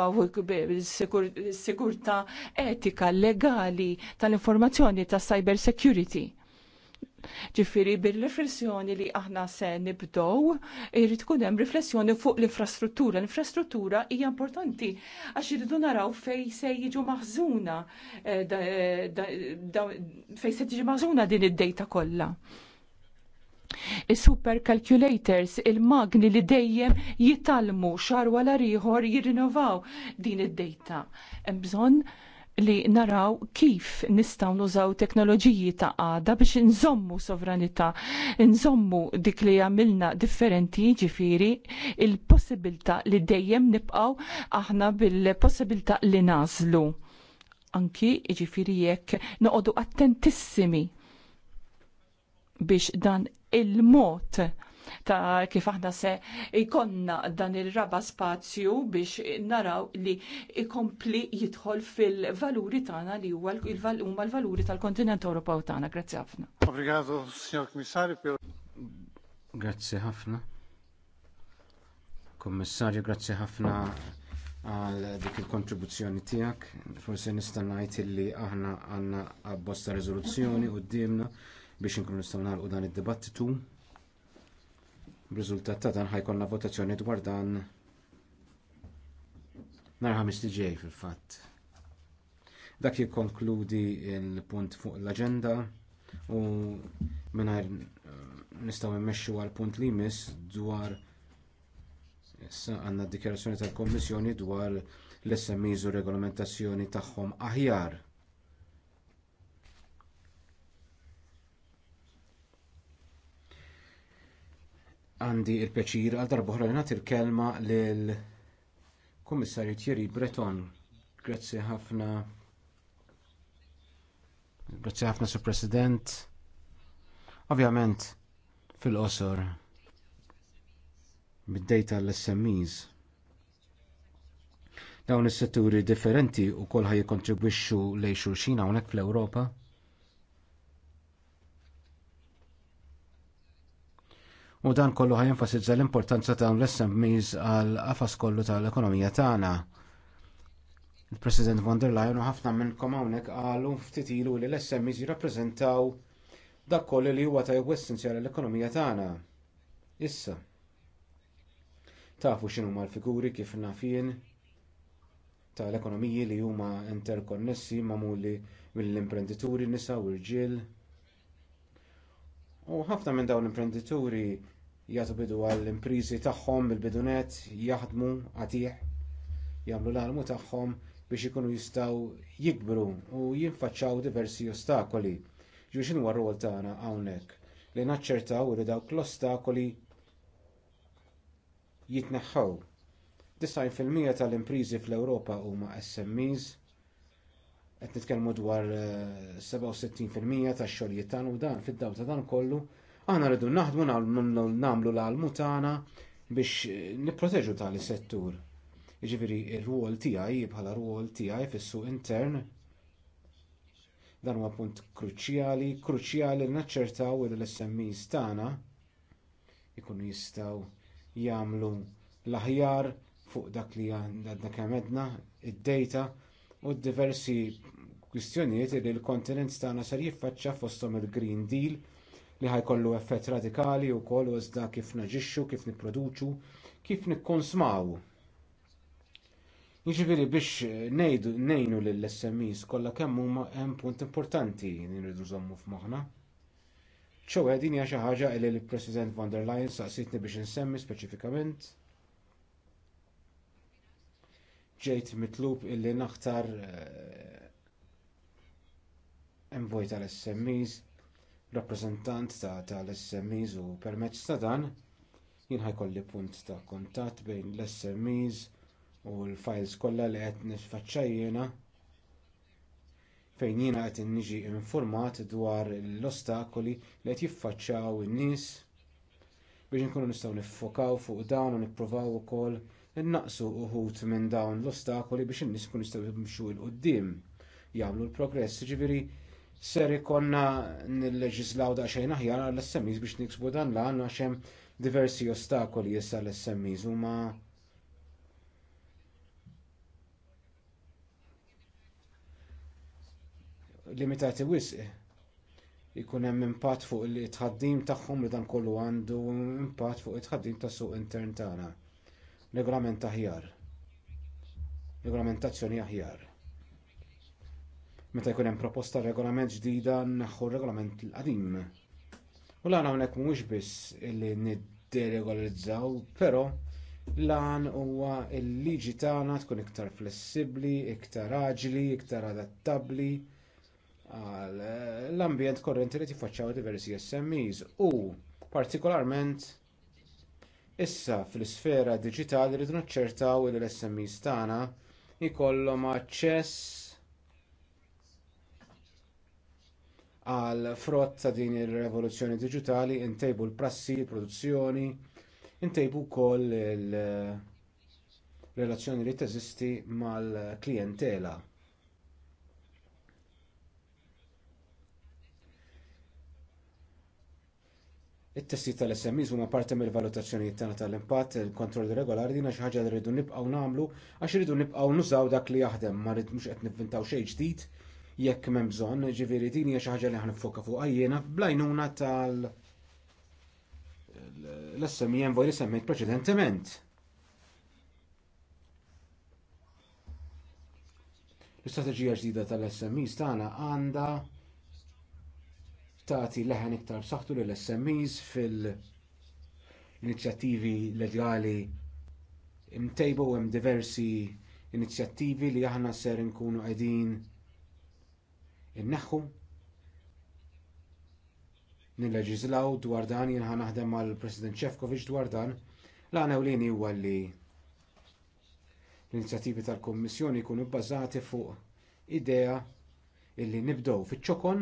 sigurta etika, legali, tal-informazzjoni, ta' cyber security. Ġifiri, bil-riflessjoni li aħna se nibdow, irrid tkun hemm riflessjoni fuq l-infrastruttura. L-infrastruttura hija importanti għax irridu naraw fej se jiġu maħżuna, eh, eh, fej se tiġi maħżuna din id-dejta kollha Supercalculators, il-magni li dejjem jitalmu xar wala ieħor jirinovaw din id-data. Hemm bżonn li naraw kif nistaw nużaw teknoloġiji ta' għada biex nżommu sovranità, nżommu dik li għamilna differenti ġifiri il-possibilta li dejjem nibqaw aħna bil-possibilta li nazlu. Anki ġifiri jekk noqodu attentissimi biex dan il-mod ta' kif aħna se ikonna dan il-raba spazju biex naraw li ikompli jidħol fil-valuri tagħna li huwa huma l-valuri tal-kontinent Ewropew tagħna. Grazzi ħafna. Obrigado, signor Kommissarju. Grazzi ħafna. Kommissarju, grazzi ħafna għal dik il-kontribuzzjoni tiegħek. Forsi nista' ngħid li aħna għandna abbosta riżoluzzjoni quddiemna biex inkunu nistgħu nagħlqu dan id-dibattitu. B'riżultat ta' dan ħajkollna votazzjoni dwar dan nhar ħames ġej fil-fatt. Dak jikkonkludi l punt fuq l-aġenda u mingħajr eh, nistgħu immexxu għal punt li jmiss dwar issa għandna d dikjarazzjoni tal-Kommissjoni dwar l-SMEs u regolamentazzjoni tagħhom aħjar. għandi il-peċir għal darbohra li nagħti l-kelma lil kummissarju Thierry Breton. Grazzi ħafna. Grazzi ħafna Sur President. Ovvjament fil-qosor bid-dejta tal smes Dawn is-setturi differenti wkoll ħaj jikkontribwixxu lejn xulxin hawnhekk fl-Ewropa. u dan kollu ħajenfasizza l-importanza ta' l-SMEs għal qafas kollu tal-ekonomija tagħna. Il-President von der Leyen u ħafna minnkom hawnhekk qalu ftit ilu li l-SMEs jirrappreżentaw dak kollu li huwa tajjeb essenzjali l-ekonomija tagħna. Issa. Tafu x'inhu l figuri kif nafien tal-ekonomiji li huma interkonnessi magħmuli mill-imprendituri nisa u rġiel U ħafna minn dawn l-imprenditori jagħtu bidu għall impriżi tagħhom bil-bidunet jaħdmu għatih, jagħmlu l-almu tagħhom biex ikunu jistgħu jikbru u jinfaċċaw diversi ostakoli. Ġu xinu għar-rol tagħna hawnhekk li naċċertaw li dawk l-ostakoli jitneħħaw. 90% tal-impriżi fl-Ewropa huma SMEs qed nitkellmu dwar 67% tax-xogħlijiet tagħna u dan fid dawta ta' dan kollu aħna rridu naħdmu nagħmlu l-almu tagħna biex eh, nipproteġu tal settur. Jiġifieri r-rwol tiegħi bħala rwol tiegħi fis-suq intern dan huwa punt kruċjali, kruċjali li naċċertaw li l-SMEs tagħna ikunu jistgħu jagħmlu l-aħjar fuq dak li għandna kemedna id-data u diversi kwistjonijiet li l-kontinent tagħna ser jiffaċċja fosthom il-Green Deal li ħajkollu effett radikali wkoll kollu iżda kif naġixxu, kif nipproduċu, kif nikkonsmaw. Jiġifieri biex ngħinu lill-SMEs kollha kemm huma hemm punt importanti li nridu nżommu f'moħħna. ċewwe din hija xi ħaġa li l-President von der Leyen saqsitni biex insemmi speċifikament ġejt mitlub illi naħtar eh, envoj tal-SMEs, rappreżentant tal-SMEs u permezz ta' dan, jien ħajkolli punt ta' kuntatt bejn l-SMEs u l-files kollha li qed jiena fejn jiena qed niġi infurmat dwar l-ostakoli li qed jiffaċċjaw in-nies biex inkunu nistgħu niffokaw fuq dawn u nippruvaw ukoll innaqsu uħud minn dawn l-ostakoli biex in-nies kun jistgħu jimxu l qudiem jagħmlu l-progress. Ġifieri ser ikonna nilleġislaw daqsxejn aħjar għall smis biex niksbu dan la għandna hemm diversi ostakoli issa l-SMEs huma limitati wisq ikun hemm impatt fuq it tħaddim tagħhom li dan kollu għandu impatt fuq it tħaddim tas suq intern tagħna regolament aħjar. Regolamentazzjoni aħjar. Meta jkun hemm proposta regolament ġdida naħħu regolament l-qadim. U l hawnhekk mhux biss illi nidderegolizzaw, però lan huwa l-liġi tagħna tkun iktar flessibbli, iktar aġli, iktar adattabbli l ambjent korrenti li tiffaċċjaw diversi SMEs u partikolarment Issa fl-isfera diġitali rridu naċċertaw li l-SMEs tagħna jkollhom aċċess għal frott ta' din ir-revoluzzjoni diġitali ntejbu l-prassi, l-produzzjoni, ntejbu wkoll il-relazzjoni li teżisti mal-klijentela. It-testi tal-SMEs huma parti mill-valutazzjoni tagħna tal-impatt, il-kontroll regolari dina xi ħaġa li rridu nibqgħu nagħmlu għax irridu nibqgħu nużaw dak li jaħdem ma rrid mhux qed nivvintaw xejn ġdid jekk m'hemm bżonn, ġifieri din hija xi ħaġa li aħna nfoka fuq bl blajnuna tal- l-SMI e, voj li semmejt preċedentement. L-istrateġija ġdida tal-SMI stana għanda tagħti leħen iktar b'saħħtu lill smes fil-inizjattivi legali imtejbu hemm diversi inizjattivi li aħna ser nkunu qegħdin inneħħu nilleġiżlaw dwar dan jien naħdem mal-President Shevkovic dwar dan l-għana lini huwa li l-inizjattivi tal kummissjoni jkunu bbażati fuq idea illi nibdew fiċ-ċokon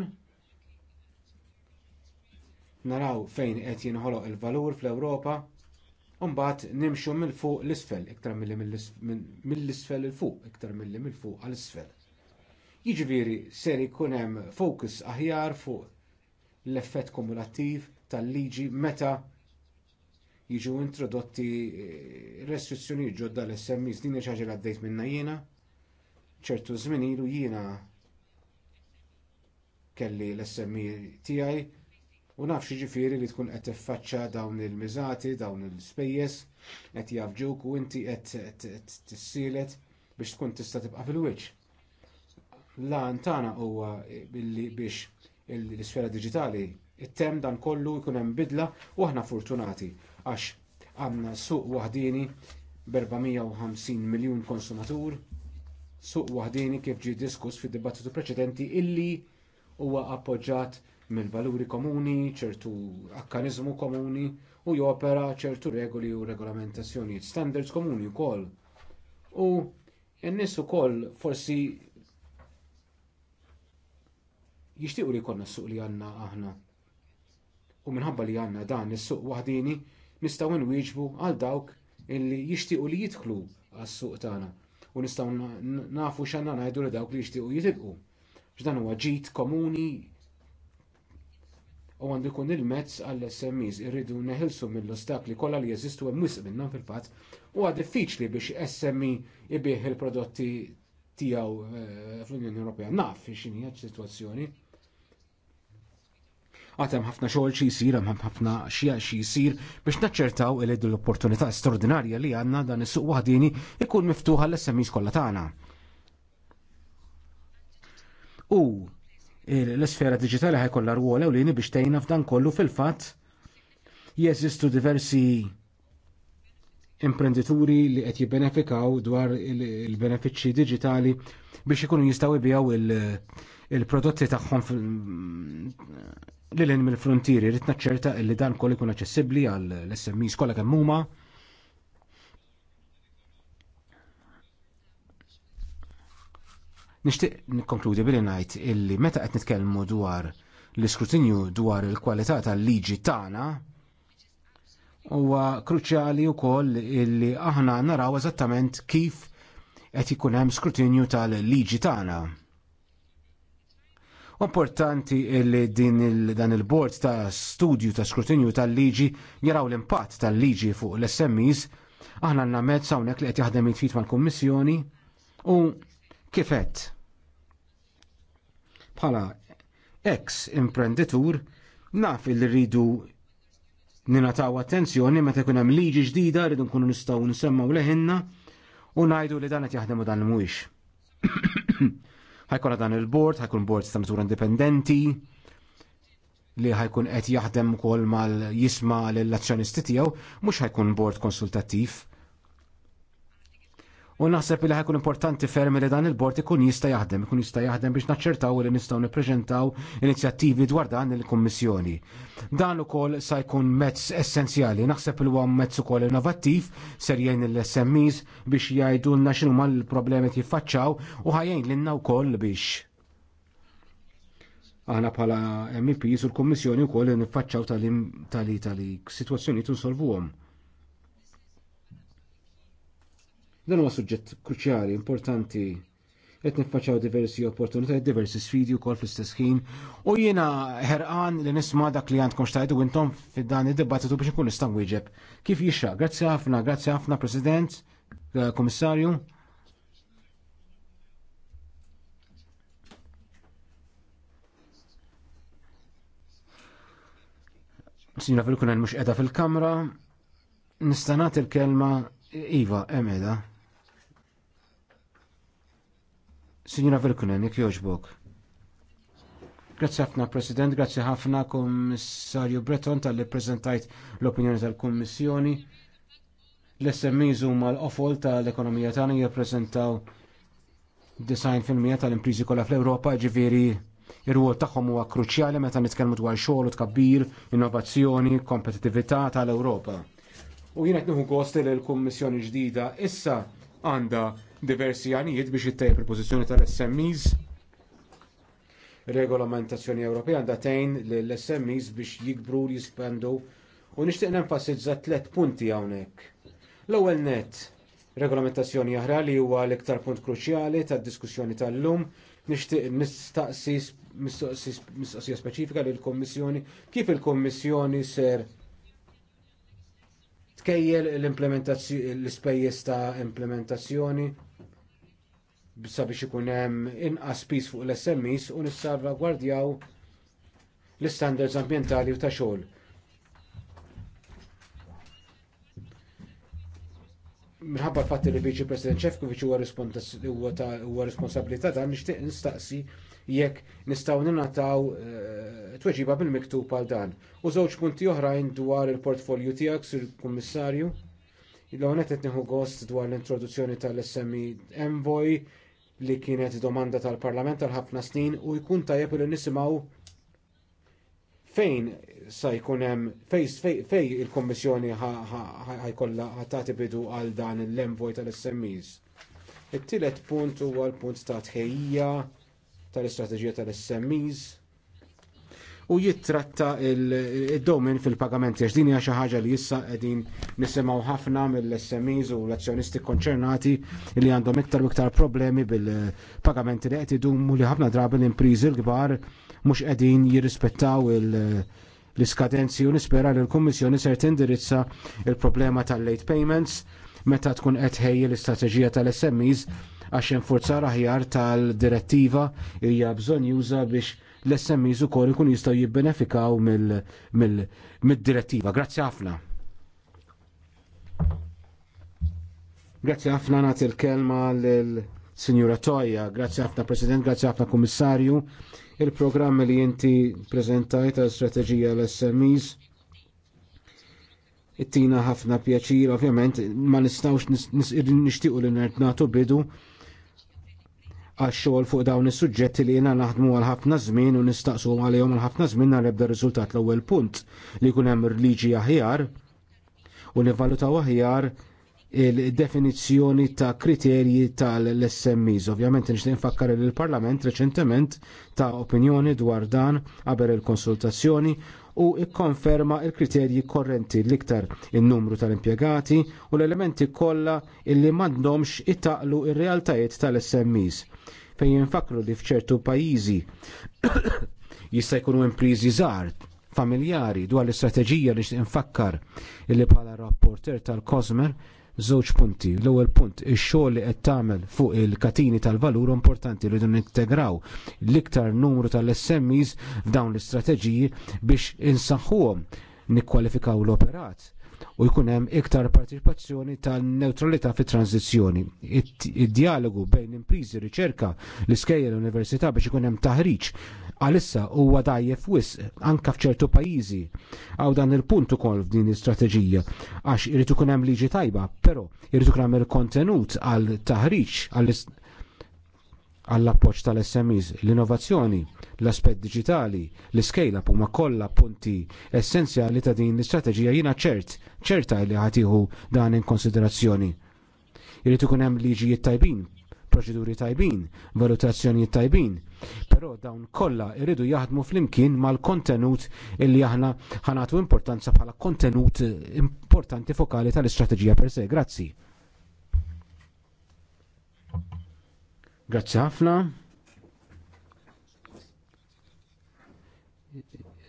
naraw fejn qed jinħoloq il-valur fl-Ewropa u mbagħad nimxu mill fuq l-isfel iktar milli mill-isfel il fuq iktar milli mill fuq għall isfel Jiġifieri ser ikun hemm fokus aħjar fuq l-effett kumulattiv tal-liġi meta jiġu introdotti eh, restrizzjonijiet ġodda l-SMIs din xi ħaġa għaddejt minnha jiena. ċertu żmien ilu jiena kelli l-SMI e tiegħi U naf xiġifieri li tkun qed tiffaċċa dawn il-miżati, dawn il ispejjeż qed jafġuk u inti qed tissielet biex tkun tista' tibqa' fil-wiċċ. Lan tagħna huwa billi biex l-isfera diġitali it-tem dan kollu jkun hemm bidla u aħna fortunati għax għandna suq waħdini b'450 miljun konsumatur, suq waħdini kif ġie diskuss fid-dibattitu preċedenti illi huwa appoġġjat minn valuri komuni, ċertu akkanizmu komuni u jopera ċertu regoli u regolamentazzjoni, standards komuni wkoll. U jennis nies ukoll forsi jixtiequ li jkollna s-suq li għandna aħna. U minħabba li għandna dan is-suq waħdini nistgħu nwieġbu għal dawk illi jixtiequ li jitħlu għas-suq tagħna u nistgħu nafu x'anna ngħidu li dawk li jixtiequ jitilqu. X'dan huwa ġid komuni u għandu jkun il-mezz għall-SMEs irridu neħilsu mill-ostakli kollha li jeżistu hemm wisq minnhom fil-fatt huwa diffiċli biex SME jbih il-prodotti tiegħu eh, fl-Unjoni Ewropea. Naf x'inhi situazzjoni. Għatem ħafna xogħol xi jsir, hemm ħafna xija xi jsir biex naċċertaw li l-opportunità straordinarja li għandna dan is-suq waħdini ikun miftuħa l-SMEs kollha tagħna. U l-sfera digitali ħajkollha rwol ewlieni biex tgħinna f'dan kollu fil-fatt jeżistu diversi imprendituri li qed jibbenefikaw dwar il-benefiċċji digitali biex ikunu jistgħu jbigħu il-prodotti tagħhom lil mill-frontieri rid naċċerta li dan kollu jkun aċċessibbli għall SMEs kollha kemm huma Nixtieq nikkonkludi billi ngħid illi meta qed nitkellmu dwar l-iskrutinju dwar il-kwalità tal-liġi tagħna huwa kruċjali wkoll illi aħna naraw eżattament kif qed ikun hemm skrutinju tal-liġi tagħna. Importanti li din il, dan il-bord ta' studju ta' skrutinju tal-liġi jaraw l-impatt tal-liġi fuq l smis aħna għandna mezz hawnhekk li qed jaħdem il-fit mal-Kummissjoni u kifet bħala ex imprenditur naf li rridu ninataw attenzjoni meta jkun hemm liġi ġdida rridu nkunu nistgħu nsemmaw leħinna u ngħidu li dan qed jaħdem u dan mhuwiex. [COUGHS] Ħajkun dan il-bord, ħajkun bord ta' natura indipendenti li ħajkun qed jaħdem ukoll mal jisma' lill-azzjonisti tiegħu, mhux ħajkun bord konsultattiv U naħseb li ħajkun importanti ferm li dan il-bord ikun jista' jaħdem, ikun jista' jaħdem biex naċċertaw li nistgħu nippreżentaw inizjattivi dwar dan il-Kummissjoni. Dan ukoll sa jkun mezz essenzjali, naħseb li huwa mezz ukoll innovattiv ser jgħin l-SMEs biex jgħidulna x'inhuma l-problemi jiffaċċaw u ħajjin lilna wkoll biex aħna bħala MEPs u l kummissjoni wkoll koll nifacċaw tal-li tal-li insolvuhom. Dan huwa suġġett kruċjali, importanti, qed niffaċċaw diversi opportunitajiet, diversi sfidi wkoll fl-istess ħin. U jiena ħerqan li nisma' dak li għandkom xtajtu intom fid-dan id-dibattitu biex ikun nista' nwieġeb. Kif jixra? Grazzi ħafna, grazzi ħafna President, eh, Kommissarju. Sinjora fil-kunen mux edha fil-kamra, nistanat il-kelma Iva, emeda. Signora Vilkunen, jek joġbok. Grazzi ħafna President, grazzi ħafna Kommissarju Breton tal-li prezentajt l-opinjoni tal-Kommissjoni. L-SMEs huma l-qofol tal-ekonomija tagħna design filmija tal-imprizi kollha fl-Ewropa, ġifieri ir-rwol tagħhom huwa kruċjali meta nitkellmu dwar xogħol u tkabbir, innovazzjoni, kompetitività tal-Ewropa. U jien qed nieħu gost li l-Kummissjoni ġdida issa għandha diversi għanijiet biex ittejjeb il-pożizzjoni tal-SMEs. Regolamentazzjoni Ewropea għandha tgħin lill-SMEs biex jikbru jispandu u nixtieq nenfasizza tliet punti hawnhekk. L-ewwel nett, regolamentazzjoni aħra li huwa l-iktar punt kruċjali tad-diskussjoni tal-lum nixtieq nistaqsi mistoqsija speċifika lill kummissjoni kif il-Kummissjoni ser tkejjel l-ispejjeż ta' implementazzjoni sabiex ikun hemm inqas pis fuq l smis u gwardjaw l-istandards ambjentali u ta' xogħol. Minħabba l fatti li viċi President Ċefkoviċ huwa responsabilità dan nixtieq nistaqsi jekk nistgħu ninataw eh, tweġiba bil-miktub għal dan. U żewġ punti oħrajn dwar il-portfolju tiegħek sur kummissarju. Il-għonet etniħu gost dwar l-introduzzjoni tal-SMI e Envoy li kienet domanda tal-Parlament għal ħafna snin u jkun tajjeb li nisimgħu fejn sa jkun hemm fej il-Kommissjoni ħajkollha ħatati bidu għal dan l-envoj tal smis It-tielet punt huwa l-punt ta' tħejja tal-istrateġija tal-SMEs u jittratta il-domin fil-pagamenti għax din hija xi ħaġa li issa qegħdin nisimgħu ħafna mill-SMEs u l-azzjonisti konċernati li għandhom iktar u iktar problemi bil-pagamenti li qed idumu li ħafna drabi l-impriżi l-kbar mhux qegħdin jirrispettaw l-iskadenzi u nispera li l-Kummissjoni ser tindirizza il-problema tal-late payments meta tkun qed ħejji l-istrateġija tal-SMEs għax infurzar aħjar tal-direttiva hija bżonn juża biex l-SMEs ukoll ikun jistgħu jibbenefikaw mid-direttiva. Grazzi ħafna. Grazzi ħafna nagħti il kelma l Signora Toja, grazzi ħafna President, grazzi ħafna Kummissarju. Il-programm li inti prezentajt għal strateġija l-SMEs it-tina ħafna pjaċir, ovvjament, ma nistawx nishtiqu li nagħtu bidu għal xogħol fuq dawn is-suġġetti li jiena naħdmu għal ħafna żmien u nistaqsu għalihom għal ħafna żmien nhar ebda riżultat l-ewwel punt li jkun hemm liġi aħjar u nivvalutaw aħjar il-definizzjoni ta' kriterji tal-SMEs. Ovvjament nixtieq nifakkar il parlament reċentement ta' opinjoni dwar dan qabel il-konsultazzjoni u ikkonferma l kriterji korrenti l-iktar in-numru tal-impjegati u l-elementi kollha illi m'għandhomx taqlu r realtajiet tal-SMEs. Fejn jinfakru li f'ċertu pajjiżi [COUGHS] jista' jkunu imprizi żgħar familjari dwar l-istrateġija li nfakkar illi bħala rapporter tal-Kosmer żewġ punti. L-ewwel punt, ix-xogħol li qed tagħmel fuq il-katini tal-valur importanti li nintegraw l-iktar numru tal-SMEs f'dawn l-istrateġiji biex insaħħuhom nikkwalifikaw l-operat u jkun hemm iktar partiċipazzjoni tan-newtralità fit-tranzizzjoni. Id-dialogu bejn imprizi riċerka l-iskejjel l-università biex ikun hemm taħriġ għalissa huwa dajjef wis, anka f'ċertu pajjiżi. Għaw dan il-punt ukoll f'din l-istrateġija għax irid ikun hemm liġi tajba, però irid ikun hemm il-kontenut għal taħriġ għall-appoġġ tal-SMEs, l-innovazzjoni, l-aspett diġitali, l-iskejla huma kollha punti essenzjali ta' din l-istrateġija jiena ċert, ċerta li ħatiħu dan in konsiderazzjoni. Irid ikun hemm liġijiet tajbin, proċeduri tajbin, valutazzjonijiet tajbin. Però dawn kollha irridu jaħdmu flimkien mal-kontenut illi aħna ħanatu importanza bħala kontenut importanti fokali tal-istrateġija per se. Grazzi. Grazzi ħafna.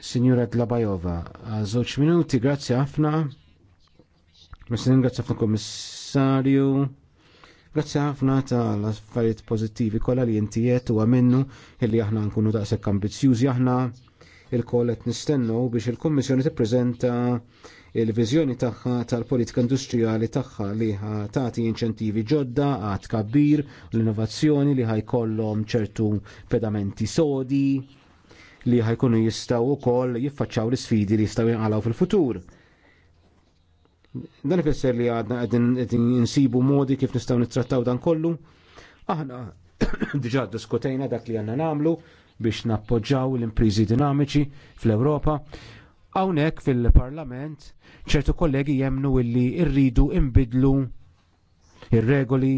Signora Dlabajova, għal żewġ minuti, grazzi ħafna. Mis ringrazzja fil-Kommissarju Grazzi ħafna tal-affarijiet pożittivi kollha li intijiet u minnu illi aħna nkunu daqshekk ambizzjużi aħna il-koll qed nistennu biex il-Kummissjoni tippreżenta il-viżjoni tagħha tal-politika industrijali tagħha li tagħti inċentivi ġodda għad kabbir l-innovazzjoni li ħajkollhom ċertu pedamenti sodi li ħajkunu jistgħu wkoll jiffaċċaw l-isfidi li jistgħu jinqalgħu fil-futur Dan ifisser li għadna qegħdin insibu modi kif nistgħu nittrattaw dan kollu. Aħna [CLEARS THROAT] diġà diskutejna dak li għandna nagħmlu biex nappoġġaw l-imprizi dinamiċi fl-Ewropa. Hawnhekk fil-Parlament ċertu kollegi jemnu illi rridu imbidlu ir-regoli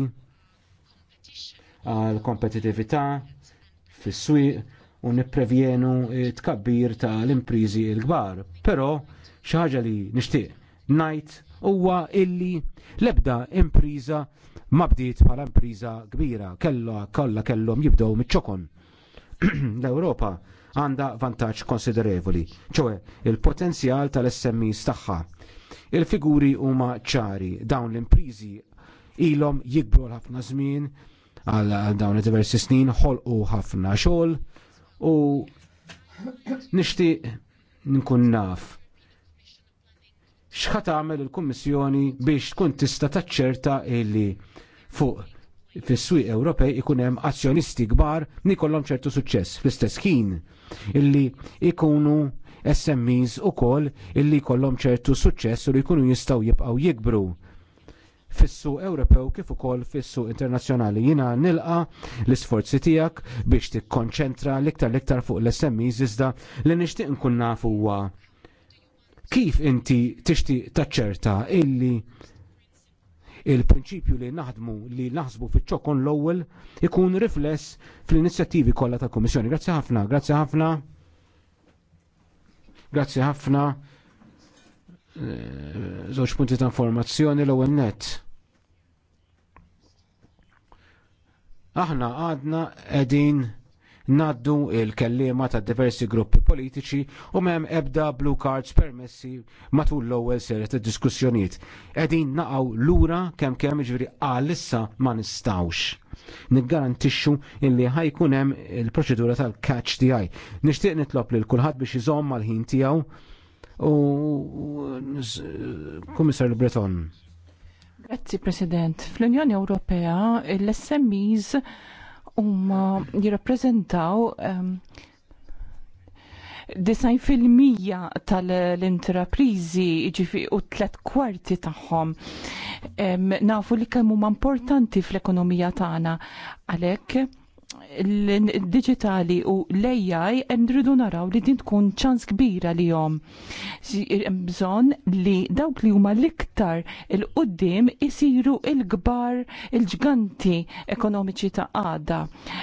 għal kompetitività fis-swieq u nipprevjenu tkabbir tal-imprizi l-kbar. Però xi ħaġa li nixtieq ngħid huwa illi l-ebda impriża ma bdiet bħala impriża kbira, kellha kollha kellhom jibdew miċ-ċokon. [CLEARS THROAT] L-Ewropa għandha vantaġġ konsiderevoli, ċewwe il-potenzjal tal-SMEs tagħha. Il-figuri huma ċari dawn l-impriżi ilhom jikbru l-ħafna żmien għal dawn diversi snin ħolqu ħafna xogħol u nixtieq nkun naf xħat għamel il-Kommissjoni biex tkun tista taċċerta illi fuq fis-swieq Ewropej ikun hemm azzjonisti kbar li kollhom ċertu suċċess fl-istess ħin illi ikunu SMEs ukoll illi kollhom ċertu suċċess u li jkunu jistgħu jibqgħu jikbru fis-suq Ewropew kif ukoll fis-suq internazzjonali. Jiena nilqa l-isforzi tiegħek biex tikkonċentra l-iktar l-iktar fuq l-SMEs iżda li nixtieq nkun nafu huwa kif inti tixti taċċerta illi il-prinċipju li naħdmu li naħsbu fiċ-ċokon l-ewwel ikun rifless fl-inizjattivi kollha tal-Kummissjoni. Grazzi ħafna, grazzi ħafna. Grazzi ħafna. Eh, żewġ punti ta' informazzjoni l-ewwel net. Aħna għadna qegħdin naddu il-kellima ta' diversi gruppi politiċi u mem ebda blue cards permessi matul l-ewwel seret ta' diskussjonijiet. Qegħdin naqgħu lura kemm kemm jiġri għalissa ma nistawx. Niggarantixxu illi ħajkun hemm il-proċedura tal-catch the eye. Nixtieq nitlob lil kulħadd biex iżomm mal-ħin tiegħu u Kummissar Breton. Grazzi President. Fl-Unjoni Ewropea l-SMEs huma jirrappreżentaw um, ehm, 90% tal-intraprizi u tlet kwarti tagħhom. Ehm, nafu li kemm huma importanti fl-ekonomija tagħna għalhekk digitali u l-AI nridu naraw li din tkun ċans kbira li jom. Bżon li dawk li huma l-iktar il-qoddim isiru il-gbar il-ġganti ekonomiċi ta' għada.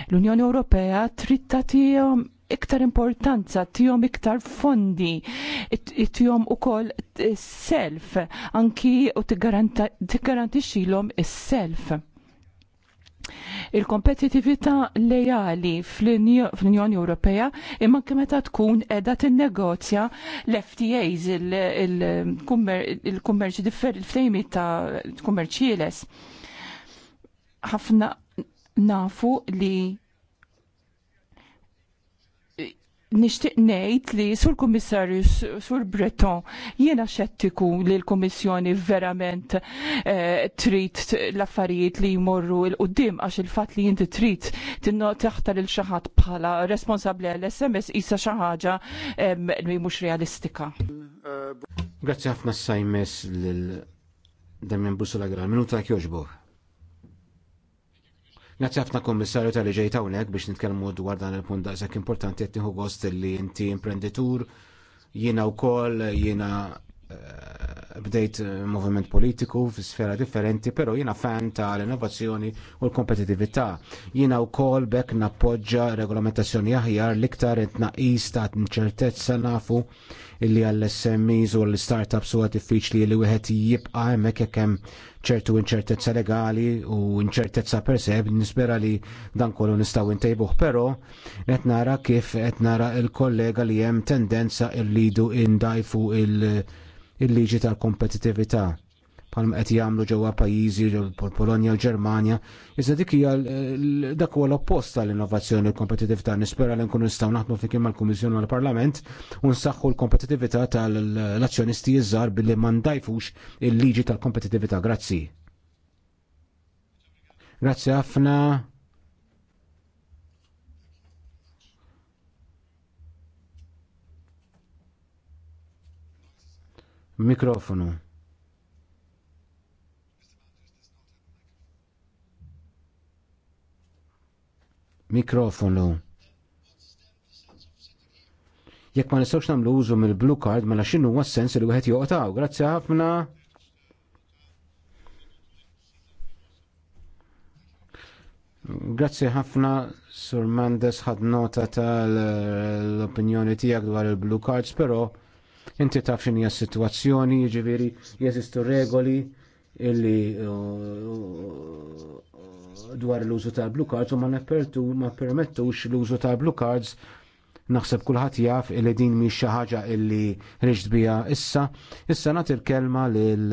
L-Unjoni Ewropea trid tagħtihom iktar importanza, tijom iktar fondi, tijom u kol self, anki u t-garantixilom is-self il-kompetitività lejali fl-Unjoni Ewropea imma kemm meta tkun qiegħda tinnegozja l-FTAs il-kummerċi differ il-ftejmi ta' kummerċieles. Ħafna nafu li Nishtiq ngħid li sur kummissarju sur Breton jiena xettiku li l-Kummissjoni verament eh, trid l-affarijiet li jmorru l qudiem għax il-fatt li jinti trid tinno taħtar il xaħat bħala responsabbli għall sms isa xi ħaġa li mhux realistika. Grazzi ħafna sajmes lil Damien l-agra. minuta kjoġbuħ. Grazzi ħafna kommissarju tal ġejt hawnhekk biex nitkellmu dwar dan il-punt daqshekk importanti qed nieħu gost li inti imprenditur jiena wkoll jiena bdejt eh, moviment politiku fi sfera differenti, pero jina fan ta' l-innovazzjoni u l-kompetitività. Jina u kol bek nappoġġa regolamentazzjoni aħjar liktar intnaqis ta' inċertezza nafu illi għall-SMEs u l-startups huwa diffiċli li wieħed jibqa' hemmhekk jekk hemm ċertu inċertezza legali u inċertezza per se nispera li dan kollu nistgħu ntejbuh, però qed nara kif qed nara l kollega li hemm tendenza il-lidu indajfu il-, il il-liġi tal-kompetitività bħalma qed jagħmlu ġewwa pajjiżi Polonja u Ġermanja. Iżda dik hija dak huwa l-oppost tal-innovazzjoni u l-kompetitività. Nispera li nkunu nistgħu naħdmu kien mal-Kummissjoni u l-Parlament u nsaħħu l-kompetitività tal-azzjonisti iżgħar billi ma ndajfux il-liġi tal-kompetitività. Grazzi. Grazzi ħafna. Mikrofonu. Mikrofonu. Jekk ma nistgħux nagħmlu użu mill-blue card mela x'inhu huwa sens li wieħed joqtaw. Grazzi ħafna. Grazzi ħafna Sur Mendes ħad nota tal-opinjoni tiegħek dwar il-blue cards, però Inti taf xini s-situazzjoni, ġiviri, jeżistu regoli illi dwar l-użu ta' blue cards u ma nepertu ma permettux l-użu ta' blue cards naħseb kulħadd jaf illi din mi xi ħaġa illi riġt bija issa. Issa nagħti l-kelma lil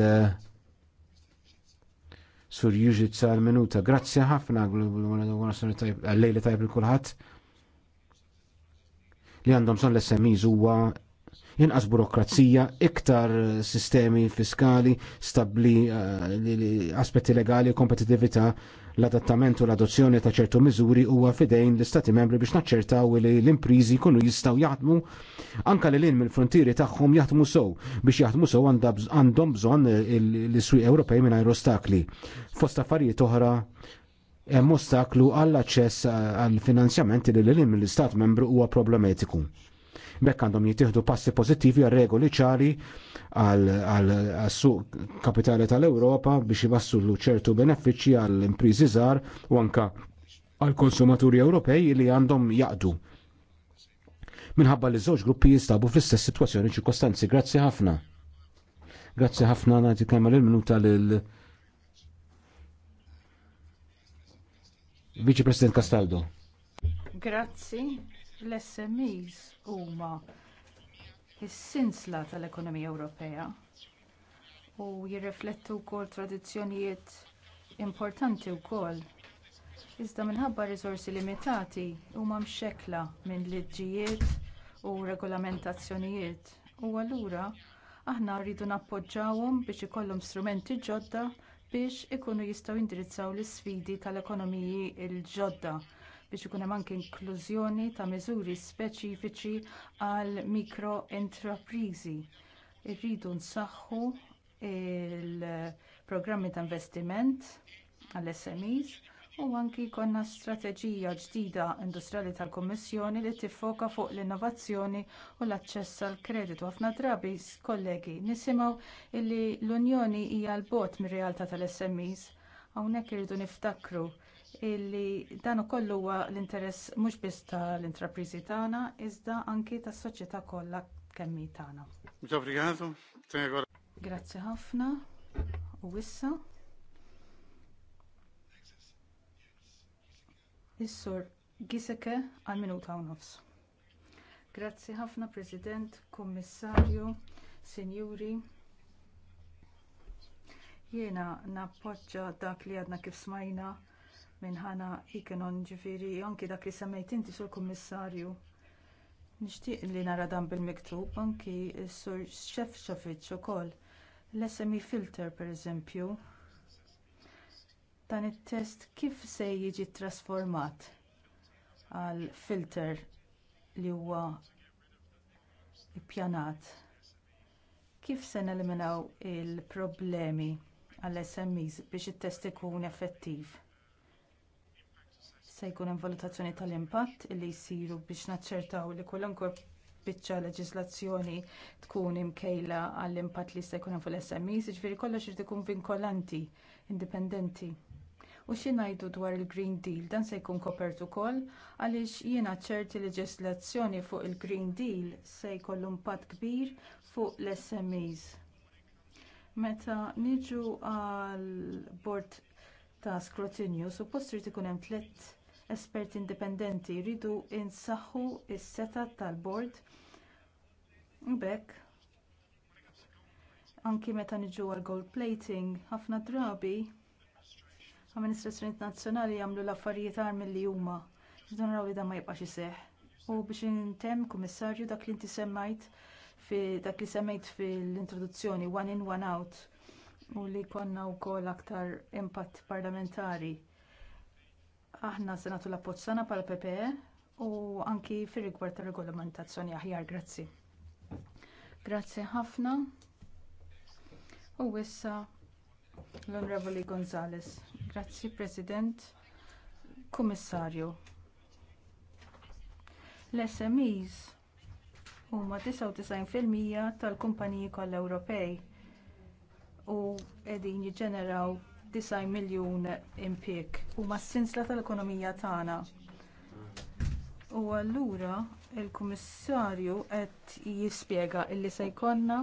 Sur juġi sal-minuta. Grazzi ħafna għal-lejli tajb il-kulħadd li għandhom son l-SMEs huwa Jinqas burokrazija, iktar eh, sistemi fiskali, stabli eh, aspetti legali, kompetitività, l-adattament u l-adozzjoni ta' ċertu miżuri huwa fidejn l-Istati membri biex naċċertaw li l-imprizi kunu jistgħu jaħdmu anke li l-in mill-frontieri tagħhom jaħdmu sew biex jaħdmu sew għandhom bżonn l-iswi Ewropej mingħajr ostakli. Fost affarijiet oħra hemm ostaklu għall-aċċess eh, għall finanzjamenti li l in l-Istat membru huwa problematiku. Bekk għandhom jittieħdu passi pozittivi għal regoli ċari għal suq kapitali tal-Ewropa biex l ċertu benefiċċji għall impriżi żgħar u anka għall konsumaturi Ewropej li għandhom jaqdu. Minħabba li żewġ gruppi jistabu fl-istess sitwazzjoni ċirkostanzi. Grazzi ħafna. Grazzi ħafna nagħti kemm il-minuta lil Vice President Castaldo. Grazzi. L-SMEs huma is-sinsla tal-ekonomija Ewropea u jirriflettu wkoll tradizzjonijiet importanti wkoll. Iżda minħabba riżorsi limitati huma mxekkla minn liġijiet u regolamentazzjonijiet u allura aħna rridu nappoġġawhom biex ikollhom strumenti ġodda biex ikunu jistgħu jindirizzaw l isfidi tal-ekonomiji l-ġodda biex ikun hemm anke inklużjoni ta' miżuri speċifiċi għal mikroentreprizi. Irridu nsaħħu il-programmi ta' investiment għall smes u anki jkollna strateġija ġdida industrijali tal kummissjoni li tiffoka fuq l-innovazzjoni u l-aċċess għall kreditu Ħafna drabi, kollegi, nisimgħu li l-Unjoni hija l-bot mir-realtà tal-SMEs. Hawnhekk irridu niftakru illi dan ukoll huwa l-interess mhux biss tal-intrapriżi tagħna iżda anki tas-soċjetà kollha kemm tagħna. Grazzi ħafna. U issa Is-sur Giseke għal minuta u nofs. Grazzi ħafna President, Kummissarju, Sinjuri. Jiena nappoġġa dak li għadna kif smajna minn ħana ikenon ġifiri anki dak li semmejt inti sur kummissarju. Nixtieq li nara dan bil-miktub anki sur xef xafiċ ukoll. L-SME filter pereżempju. Dan it-test kif se jiġi trasformat għal filter li huwa ippjanat. Kif se neliminaw il-problemi għall smes biex it-test ikun effettiv? Se jkun hemm valutazzjoni tal-impatt li jsiru biex naċċertaw li kwalunkwe biċċa leġiżlazzjoni tkun imkejla għall-impatt li se jkun hemm fl smes jiġifieri kollox irid ikun vinkolanti, indipendenti. U xi ngħidu dwar il-Green Deal dan se jkun kopert ukoll għaliex jiena ċerti leġiżlazzjoni fuq il-Green Deal se jkollu impatt kbir fuq l-SMEs. Meta niġu għall bord ta' skrutinju, suppost trid ikun hemm tliet esperti indipendenti jridu insaħħu s-seta tal-bord b'hekk anki meta niġu għal gold plating ħafna drabi amministrazzjonijiet nazzjonali jagħmlu l-affarijiet għar milli huma ġdan raw li dan ma jibqax iseħħ. U biex intemm kummissarju dak li inti semmajt fi dak li semmejt fil-introduzzjoni one in one out u li jkollna wkoll aktar impatt parlamentari Aħna se nagħtu l-appoġġ pal PPE u anki fir-rigward tar regolamentazzjoni aħjar, grazzi. Grazzi ħafna. U issa l-Onorevoli Gonzales. Grazzi President, Kummissarju. L-SMEs huma 99% tal-kumpaniji kollha Ewropej u qegħdin jiġġeneraw 9 miljun impjieg huma s-sinsla tal-ekonomija tagħna. U allura l kummissarju qed jispjega li se jkollna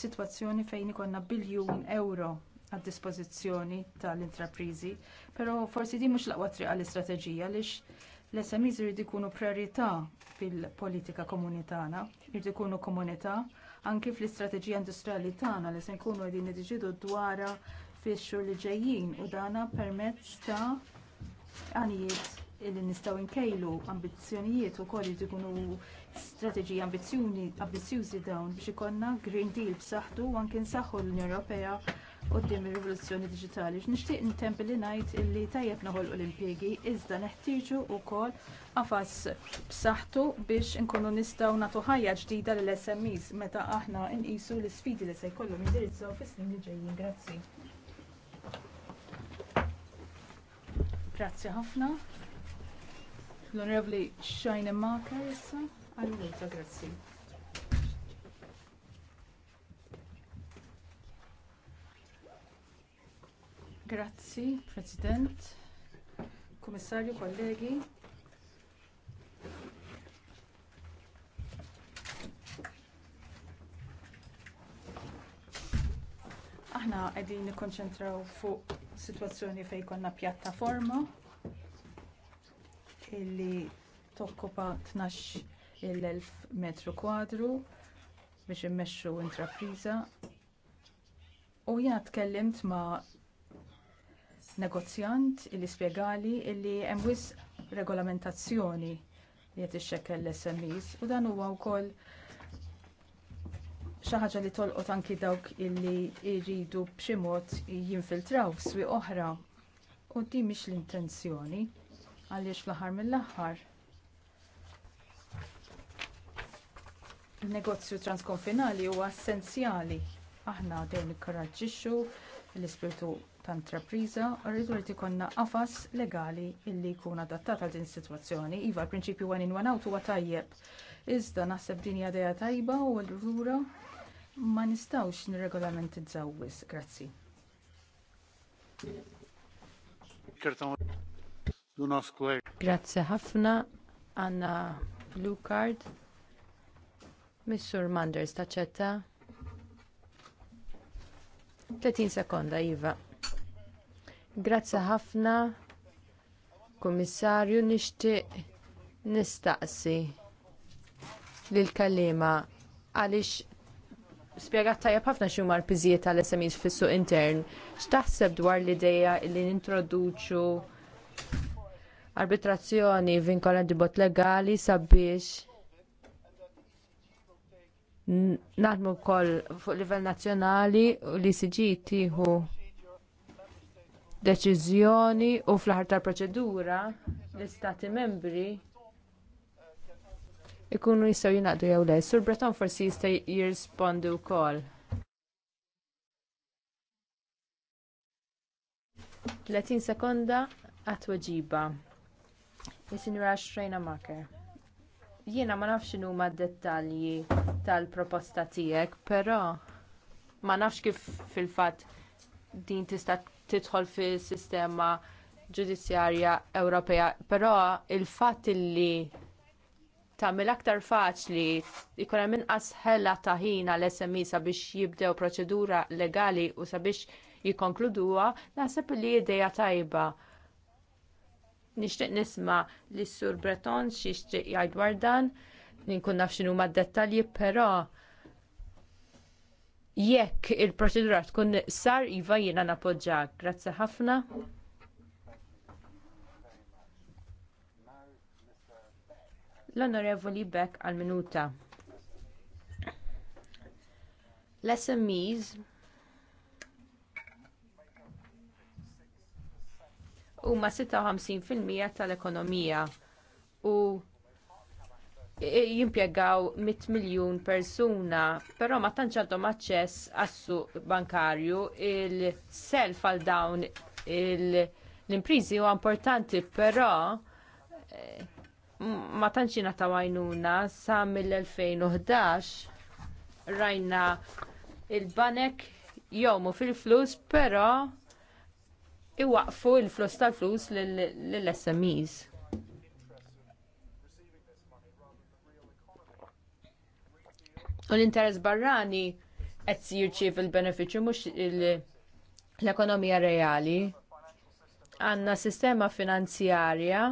sitwazzjoni fejn ikollna biljun euro għad dispożizzjoni tal-intraprizi, però forsi din mhux l-aqwa triq għall-istrateġija għaliex l-SMEs irid ikunu priorità fil-politika komunitana, jridu ikunu komunità anke fl-istrateġija industrijali tagħna li se nkunu qegħdin niġġieldu dwarha fix-xhur li ġejjin u dana permezz ta' għanijiet li nistgħu nkejlu ambizzjonijiet ukoll li jkunu strateġiji ambizzjużi dawn biex ikollna Green Deal b'saħħtu u anke nsaħħu l-Unjoni Ewropea quddiem ir-rivoluzzjoni diġitali. Nixtieq intempi li ngħid illi tajjeb noħolqu l-impjiegi iżda neħtieġu wkoll qafas b'saħħtu biex inkunu nistgħu nagħtu ħajja ġdida lill SMEs meta aħna nqisu l-isfidi li se jkollhom indirizzaw fis-snin li ġejjin. Grazzi. Grazie ħafna. L-Onorevoli Shine Marker. issa għal-minuta, grazie. Grazie, President, Komissarju, kollegi. Aħna qegħdin nikkonċentraw fuq situazzjoni fejn konna pjattaforma illi tokkupa 12.000 metru kwadru biex immexxu intrapriża u jena tkellimt ma' negozjant illi spjegali illi hemm wisq regolamentazzjoni li qed l-SMEs u dan huwa wkoll xi ħaġa li tolqot anki dawk illi jridu b'xi mod jinfiltraw f'swieq oħra. U di mhix l-intenzjoni għaliex fl-aħħar mill-aħħar. in negozju transkonfinali huwa essenzjali. Aħna dejjem nikkoraġġixxu l-ispirtu ta' intrapriża u rridu li tikonna qafas legali illi jkun adattat għal din is-sitwazzjoni. Iva l-prinċipju one in one out huwa tajjeb. Iżda naħseb din hija dejja tajba u l-rura ma nistawx nirregolamentizzaw wis, grazzi. Grazzi ħafna għanna blue card. Missur Manders taċċetta. 30 sekonda, Iva. Grazzi ħafna, Kummissarju, nixtieq nistaqsi lil kalima għaliex Spiegat tajjeb ħafna x'huma l-piżijiet tal-SMEs fis-suq intern. X'taħseb dwar l ideja li nintroduċu arbitrazzjoni vinkolanti bot legali sabiex naħdmu wkoll fuq livell nazjonali u li siġi tieħu deċiżjoni u fl aħħar tal-proċedura l-istati membri ikunu jistaw jingħaqdu jew le. Sur Breton forsi jista' jirrispondi wkoll. 30 sekonda għat-tweġiba. Is-sinjura Xrejna Maker. Jiena ma nafx huma d-dettalji tal-proposta tiegħek, però ma nafx kif fil-fatt din tista' tidħol fis-sistema ġudizzjarja Ewropea, però il fat li tagħmel aktar faċli jkun hemm inqas ħela ta' ħin għal SMI sabiex jibdew proċedura legali u sabiex jikkonkluduha, naħseb li idea tajba. Nixtieq nisma' li sur Breton xi jixtieq jgħid dwar dan, ninkun naf x'inhuma d-dettalji, però jekk il-proċedura tkun sar iva jiena napoġġak. Grazzi ħafna. L-Onorevoli Beck għal minuta. L-SMEs huma 56% tal-ekonomija u jimpjegaw 100 miljun persuna, però ma tantx għandhom aċċess bankarju il-self għal dawn l-imprizi huwa importanti, però eh, ma tanċina ta' għajnuna sa mill-2011 rajna il-banek jomu fil-flus, però iwaqfu il-flus tal-flus lill-SMEs. U l-interess barrani qed jirċiev il-benefiċċju mhux l-ekonomija reali. Għandna sistema finanzjarja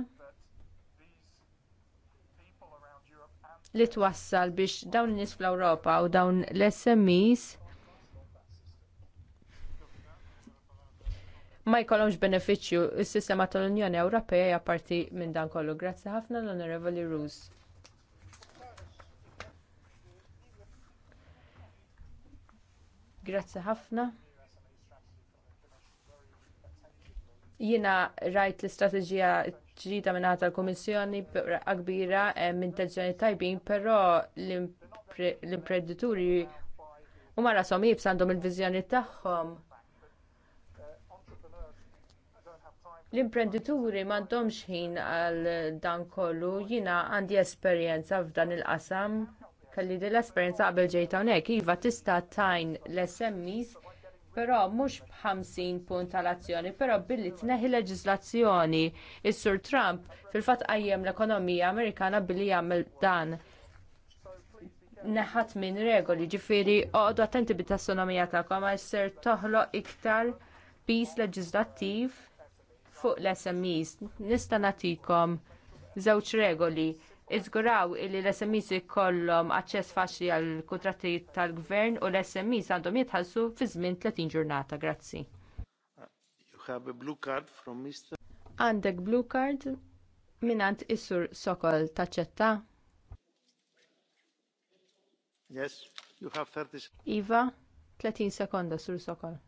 li twassal biex dawn in-nies fl-Ewropa u dawn l-SMEs ma jkollhomx benefiċċju s-sistema tal-Unjoni Ewropea hija parti minn dan kollu. Grazzi ħafna l-Onorevoli Rus. Grazzi ħafna. Jiena rajt l-istrateġija ġdida minna tal-Komissjoni raqqa kbira hemm eh, intenzjoni tajbin, però l-imprenditori huma rashom jibs għandhom il-viżjoni tagħhom. L-imprenditori m'għandhomx ħin għal dan kollu, jiena għandi esperjenza f'dan il-qasam, kelli din l-esperjenza qabel ġejta hawnhekk, iva tista' tajn l-SMEs però mhux b'50 punt tal-azzjoni, però billi tneħi leġiżlazzjoni. Is-Sur Trump fil-fatt għajjem l-ekonomija Amerikana billi jagħmel dan neħat minn regoli, ġifiri oqdu attenti bit tassonomija tagħkom għal ser toħloq iktar pis leġislattiv fuq l-SMEs. Nista' nagħtikom żewġ regoli iżguraw li l-SMEs jkollhom aċċess faċli għal kontratti tal-gvern u l-SMEs għandhom jitħallsu fi żmien 30 ġurnata. Grazzi. You have a blue card from Mr. Għandek blue card Sokol taċċetta? Yes, you have 30 Iva, 30 sekonda Sur Sokol.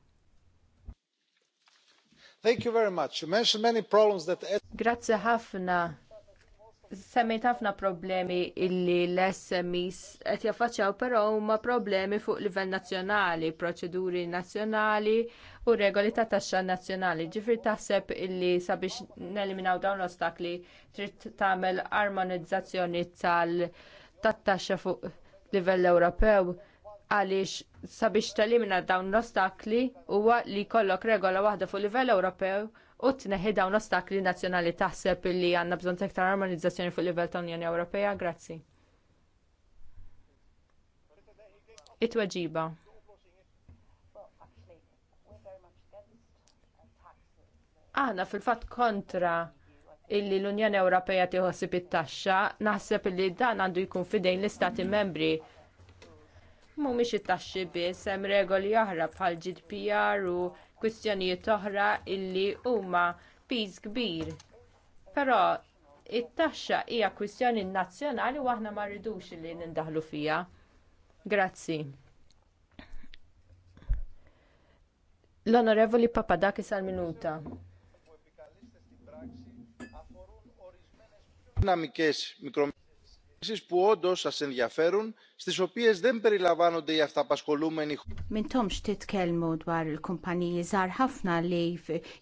Thank you very much. You mentioned many problems that Grazie ħafna semmejt ħafna problemi illi l-SMEs qed jaffaċċjaw però huma problemi fuq livell nazzjonali, proċeduri nazzjonali u regoli ta' taxxa nazzjonali. Ġifir taħseb illi sabiex neliminaw dawn l-ostakli trid tagħmel armonizzazzjoni tal tat-taxxa fuq livell Ewropew għaliex sabiex telimina dawn l-ostakli huwa li jkollok regola waħda fuq livell Ewropew u tneħi dawn ostakli nazzjonali taħseb li għandna bżonn tektar armonizzazzjoni fuq livell ta' Unjoni Ewropea? Grazzi. It-tweġiba. Aħna fil fat kontra illi l-Unjoni Ewropea tiħossib it-taxxa, naħseb illi dan għandu jkun fidejn l-Istati membri. Mhumiex it-taxxi biss hemm regoli oħra bħal GDPR u kwistjonijiet oħra illi huma piż kbir. Però it-taxxa hija kwistjoni nazzjonali u aħna ma rridux li nindaħlu fiha. Grazzi. L-Onorevoli Papadakis għal minuta. Dinamikes mikromikrofisi που όντω σα ενδιαφέρουν στις οποίες δεν περιλαμβάνονται οι αυταπασχολούμενοι. Μην τόμx titkellmu dwar il-kumpaniji żgħar ħafna li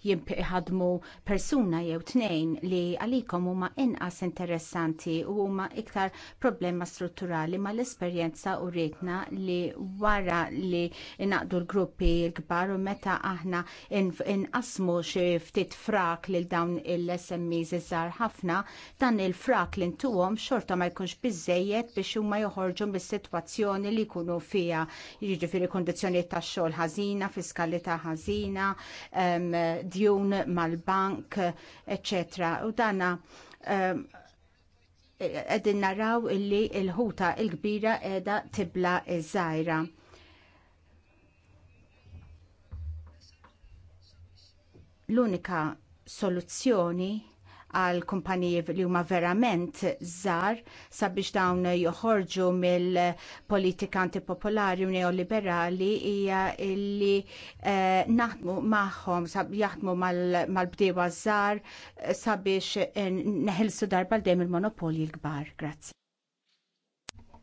jimħadmu persuna jew tnejn li għalikom huma inqas interessanti u huma iktar problema strutturali ma l-esperjenza u rritna li wara li inaqdu l-gruppi l-kbar u meta aħna inqasmu xi ftit frak lil dawn il-SMEs iż ħafna dan il-frak li ntuhom xorta ma jkunx biżejjed biex huma joħorġu mis is-sitwazzjoni li jkunu fiha jiġifieri kundizzjonijiet tax-xogħol ħażina, fiskalità ħażina, djun mal-bank, eċċetera. U dana qegħdin naraw illi l-ħuta il l-kbira qiegħda tibla iż-żgħira. L-unika soluzzjoni għal kumpaniji li huma verament żgħar sabiex dawn joħorġu mill-politika antipopolari u neoliberali hija li eh, naħdmu magħhom jaħdmu mal-bdewa mal żgħar sabiex eh, neħilsu darba l-dejjem il-monopolji l-kbar. Grazzi.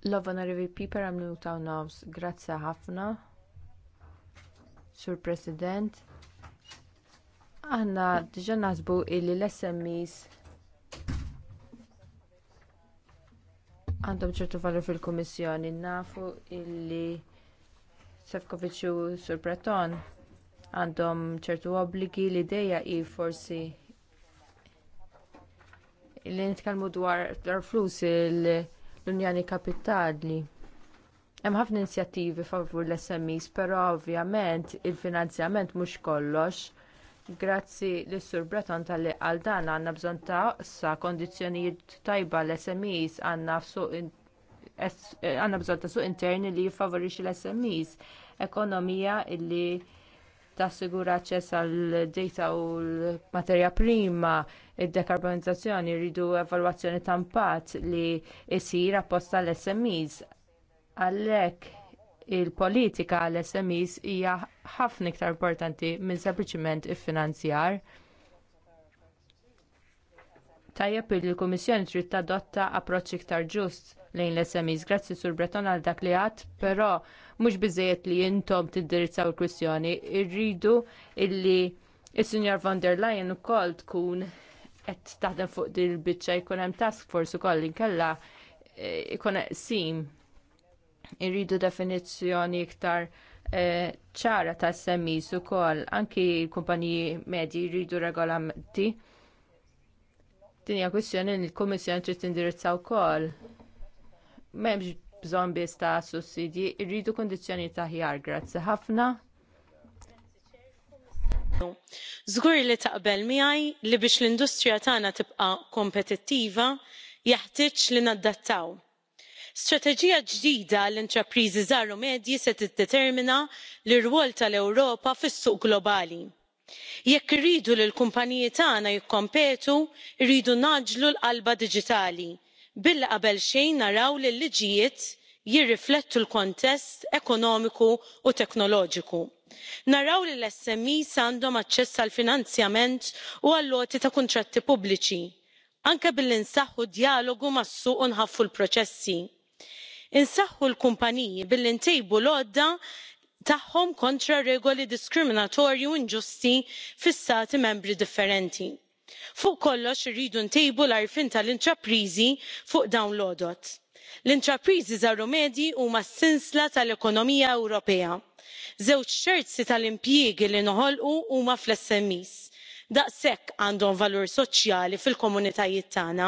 L-Honorary Piper għamlu ta' nofs, grazzi ħafna. Sur President, Aħna diġà naħsbu li l-SMEs għandhom ċertu valur fil-Kummissjoni nafu illi Sefkoviċu Sur Breton għandhom ċertu obbligi li dejja i forsi li nitkellmu dwar flus l-Unjani Kapitali. Hemm ħafna inizjattivi favur l-SMEs, però ovvjament il-finanzjament mhux kollox. Grazzi lis sur Breton tal-li għal dan għandna bżonn ta' sa' kondizjonijiet tajba l-SMEs għandna eh, għanna bżon ta' suq interni li jiffavorixxi l-SMEs. Ekonomija li tassigura aċċess għal data u l-materja prima, id-dekarbonizzazzjoni, rridu evalwazzjoni ta' impatt li jsir apposta l-SMEs. Għalhekk il-politika għall smis hija ħafna iktar importanti minn sempliċement iffinanzjar. Tajjeb li l-Kummissjoni trid tadotta approċċ iktar ġust lejn l sms Grazzi sur Breton għal dak li għat, però mhux biżejjed li intom tiddirizzaw il-kwistjoni, irridu illi il-Sinjor von der Leyen ukoll tkun qed taħdem fuq din il-biċċa jkun hemm task force ukoll inkella eh, ikun sim irridu definizzjoni iktar eh, ċara ta' semmi su kol, anki kumpaniji medji jridu regolamenti. Dinja kwistjoni li l-Komissjoni trid tindirizza wkoll. M'hemmx bżonn biss ta' sussidji, irridu kundizzjoni ta' ħjar, grazzi ħafna. Żgur li taqbel miegħi li biex l-industrija tagħna tibqa' kompetittiva jeħtieġ li naddattaw strateġija ġdida għall intrapriżi żgħar u medji se tiddetermina l-irwol tal-ewropa fis-suq globali. jekk irridu li l-kumpaniji tagħna jikkompetu rridu naġlu l-qalba diġitali billi qabel xejn naraw li l-liġijiet jirriflettu l kontest ekonomiku u teknoloġiku. naraw li l smi għandhom aċċess għal finanzjament u għall loti ta' kuntratti pubbliċi anke billi nsaħħu d mas-suq u nħaffu l-proċessi insaħħu l-kumpaniji billi ntejbu l-għodda tagħhom kontra regoli diskriminatorji u inġusti fis stati membri differenti. fuq kollox irridu ntejbu l-għarfien tal-intrapriżi fuq dawn l għodot l-intrapriżi żaru medji huma s-sinsla tal-ekonomija ewropea żewġ terzi tal-impjiegi li noħolqu huma fl-smes daqshekk għandhom valur soċjali fil-komunitajiet tagħna.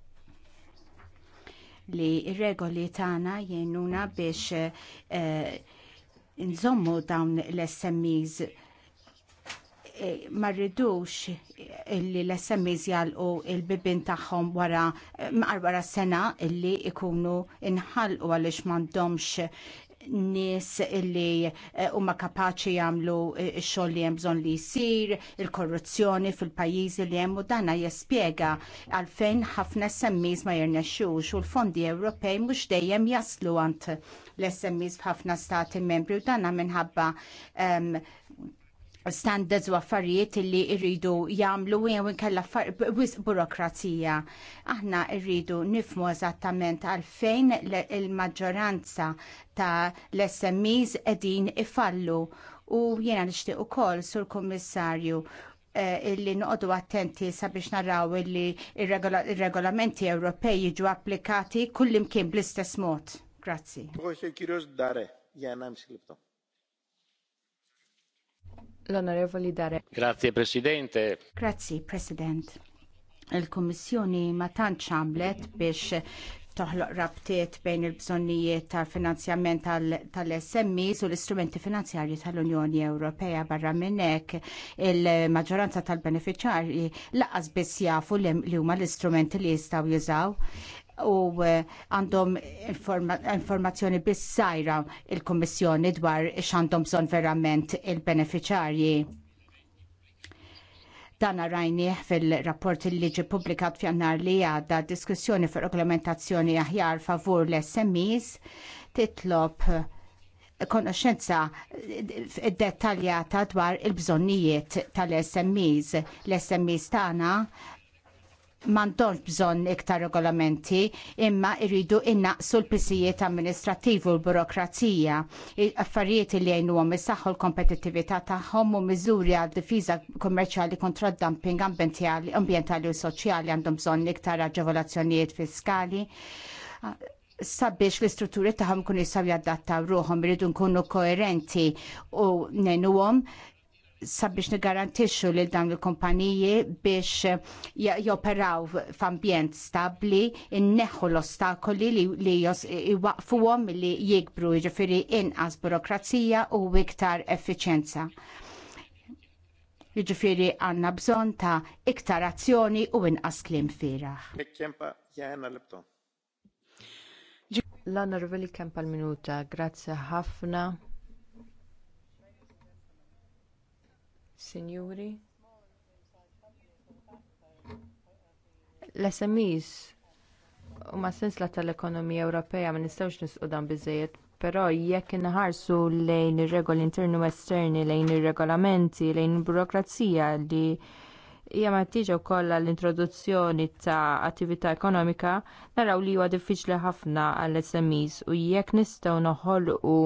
li regoli tagħna jgħinuna biex eh, nżommu dawn l-SMEs eh, ma rridux illi l-SMEs jalqu il-bibin tagħhom wara eh, wara sena illi ikunu inħallqu għaliex m'għandhomx nies illi eh, huma kapaċi jagħmlu eh, x-xogħol li hemm bżonn li jsir, il-korruzzjoni fil-pajjiżi li hemm u dana jespjega għalfejn ħafna SMEs ma jirnexxux u l-fondi Ewropej mhux dejjem jaslu għand l-SMEs f'ħafna stati membri u dana minħabba um, standards u affarijiet li irridu jagħmlu jew inkella wisq burokrazija. Aħna rridu nifmu eżattament għalfejn il-maġġoranza ta' l-SMEs qegħdin ifallu u jiena nixtieq ukoll sur kummissarju eh, illi noqdu attenti sabiex naraw illi ir-regolamenti Ewropej jiġu applikati kullimkien bl-istess mod. Grazzi l-Onorevoli Dare. Grazie Presidente. Grazie President. Il-Kommissjoni ma tantx għamlet biex toħloq rabtiet bejn il-bżonnijiet tal-finanzjament tal smi u l-istrumenti finanzjarji tal-Unjoni Ewropea barra minn hekk il-maġġoranza tal-beneficjarji laqas biss jafu li huma l-istrumenti li jistgħu jużaw u eh, għandhom informazzjoni bissajra sajra il-Kommissjoni dwar x'għandhom bżonn verament il-beneficjarji. Dan rajnieh fil-rapport li ġi publikat f'jannar li għadda diskussjoni fil reglamentazzjoni aħjar favur l-SMEs titlob konoxenza dettaljata dwar il bżonnijiet tal-SMEs. L-SMEs tagħna m'għandhomx bżonn iktar regolamenti imma jridu innaqsu l-pisijiet amministrativi u l-burokrazija. Affarijiet li jgħinuhom jisaxħu l-kompetittività tagħhom u miżuri għad difiża kummerċjali kontra d-dumping ambjentali u soċjali għandhom bżonn iktar aġevolazzjonijiet fiskali sabiex l-istrutturi taħħom kun jistgħu jaddattaw ruhom iridu nkunu koerenti u ngħinuhom sabiex nigarantixxu lil dawn il-kumpaniji biex joperaw f'ambjent stabbli inneħħu l-ostakoli li jwaqfuhom li jikbru jiġifieri inqas burokrazija u iktar effiċjenza. Jiġifieri għandna bżonn ta' iktar azzjoni u inqas kliem firaħ. L-Onorevoli Kempa l-Minuta, grazzi ħafna. Sinjuri. L-SMEs huma sensla tal-ekonomija Ewropea ma nistgħux nisqu dan biżżejjed, però jekk inħarsu lejn ir-regoli interni u esterni, lejn ir-regolamenti, lejn il-burokrazija li hija mattiġa wkoll l-introduzzjoni ta' attività ekonomika, naraw li huwa diffiċli ħafna għall smes u jekk nistgħu noħolqu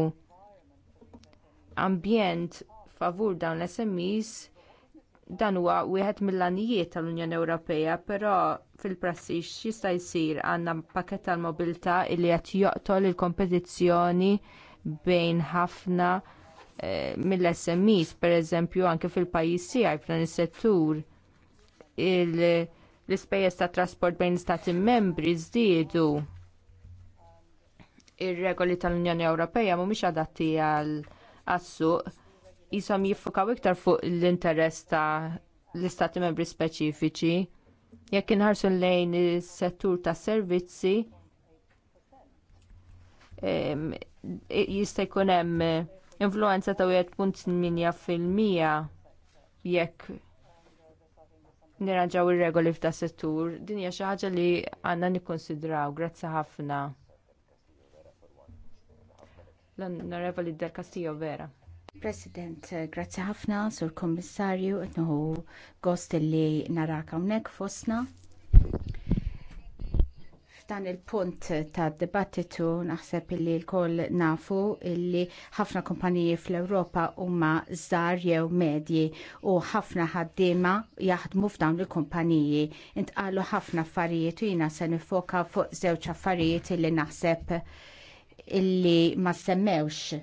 ambjent favur dawn l-SMEs dan huwa wieħed mill-għanijiet tal-Unjoni Ewropea, però fil-prassi x'jista' jsir għandna pakkett tal-mobilità li qed joqtol il-kompetizzjoni bejn ħafna eh, mill-SMEs, pereżempju anke fil-pajjiż tiegħi f'dan is-settur l-ispejjeż tat trasport bejn stati membri żdiedu ir-regoli tal-Unjoni Ewropea mhumiex adatti għal għas jisom jiffukaw iktar fuq l-interess ta' l-istati membri speċifiċi. Jekk inħarsu lejn is-settur tas servizzi, jista' jkun hemm influenza ta' wieħed 1.8 fil-mija jekk nirraġaw ir-regoli f'da settur, din hija xi ħaġa li għandna nikkonsidraw. Grazzi ħafna. L-Onorevoli Del Castillo Vera. President, eh, grazzi ħafna, sur kommissarju, etnuħu gost li narak hawnhekk fosna. F'dan il-punt ta' dibattitu naħseb li l-koll nafu illi ħafna kumpaniji fl-Ewropa huma żar jew medji u ħafna ħaddiema jaħdmu f'dawn il-kumpaniji. Intqalu ħafna affarijiet u jiena se nifoka fuq żewġ affarijiet li naħseb illi ma semmewx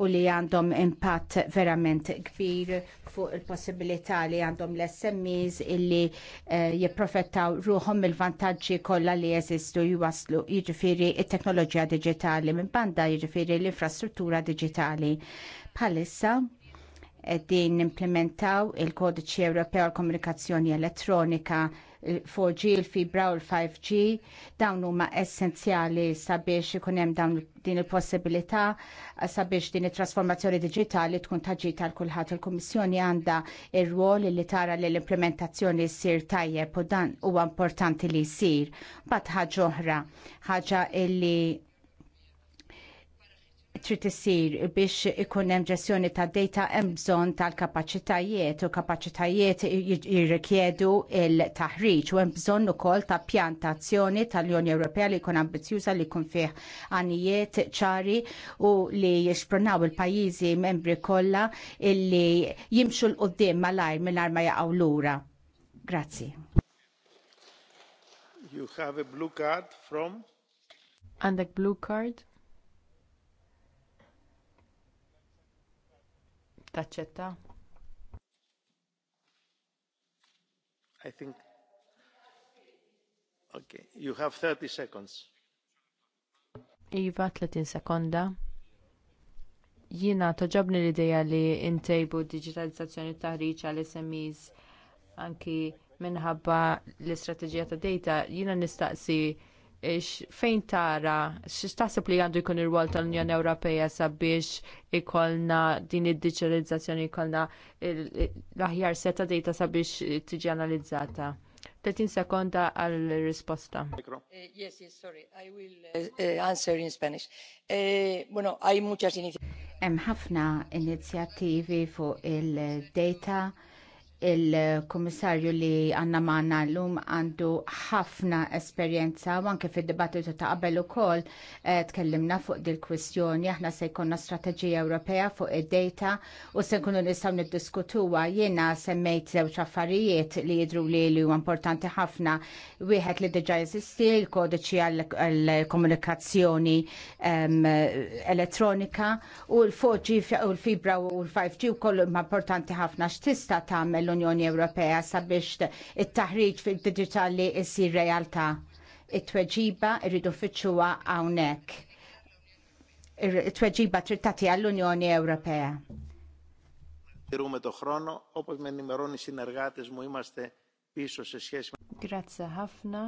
u li għandhom impatt verament kbir fuq il-possibilità li għandhom l-SMEs illi uh, jipprofettaw ruħom il-vantaġġi kollha li jeżistu jwaslu jiġifieri it-teknoloġija diġitali minn banda jiġifieri l-infrastruttura diġitali. Bħalissa din implementaw il-Kodiċi Ewropew għal Komunikazzjoni Elettronika il-4G, il-fibra u l-5G, dawn huma essenzjali sabiex ikun hemm dawn din il-possibilità sabiex din it-trasformazzjoni digitali tkun taġi tal kulħadd il-Kummissjoni għandha ir-rwol li tara li l-implementazzjoni ssir tajjeb u dan huwa importanti li jsir. Bat ħaġa oħra, ħaġa illi trid isir biex ikun hemm ġestjoni ta' data hemm bżonn tal-kapaċitajiet u kapaċitajiet jirrikjedu il-taħriġ u hemm bżonn ukoll ta' pjantazzjoni tal-Unjoni Ewropea li jkun ambizjuża li jkun fih għanijiet ċari u li jispronaw il-pajjiżi membri kollha illi jimxu l-qudiem malajr mingħajr ma jaqgħu lura. Grazzi. You have a blue card from? Għandek blue card? taċċetta? I think Okay, you have 30 seconds. Iva, 30 sekonda. Jina, toġobni l-ideja li intejbu digitalizzazzjoni taħriċ għal SMEs anki minħabba l-istrateġija ta' data, jina nistaqsi fejn tara taħseb li għandu jkun ir-rwol tal-Unjoni Ewropea sabiex ikollna din id digitalizzazzjoni ikollna l-aħjar seta' data sabiex tiġi analizzata. 30 sekonda għal risposta. Eh, yes, yes, sorry. I will eh, eh, answer in Spanish. Bueno, hay muchas iniciativas. Hemm ħafna inizjattivi fuq il-data il-komissarju li għanna maħna l-lum għandu ħafna esperienza u anke fil-dibattitu ta' qabel u kol eh, tkellimna fuq dil-kwistjoni aħna se jkonna strategija Ewropea fuq id-data u se nkunu nistaw niddiskutuwa jiena semmejt żewġ affarijiet li jidru li li huwa importanti ħafna wieħed li diġa' jeżisti l-kodiċi għall-komunikazzjoni elettronika u l-4G u l-fibra u l-5G u kollu importanti ħafna x'tista' tagħmel l unjoni Ewropea sabiex it-taħriġ fil-digitali issir realtà. It-tweġiba irridu fiċċuha hawnhekk. It-tweġiba trid għall unjoni Ewropea. Tirumi Grazie ħafna.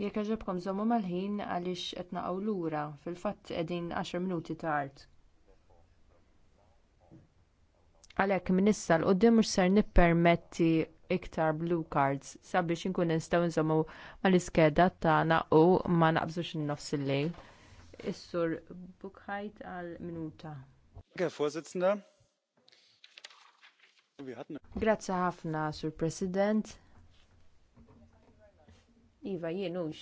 Jekk ġobkom żommu mal-ħin għaliex qed naqgħu lura, fil-fatt qegħdin 10 minuti tard. Għalhekk minissa issa l qudiem mhux ser nippermetti iktar blue cards sabiex inkun nistgħu nżommu mal-iskeda tagħna u ma naqbżux in-nofs il-lejl. Is-sur Bukhajt għal minuta. Grazzi ħafna, Sur President. Iva, jienux.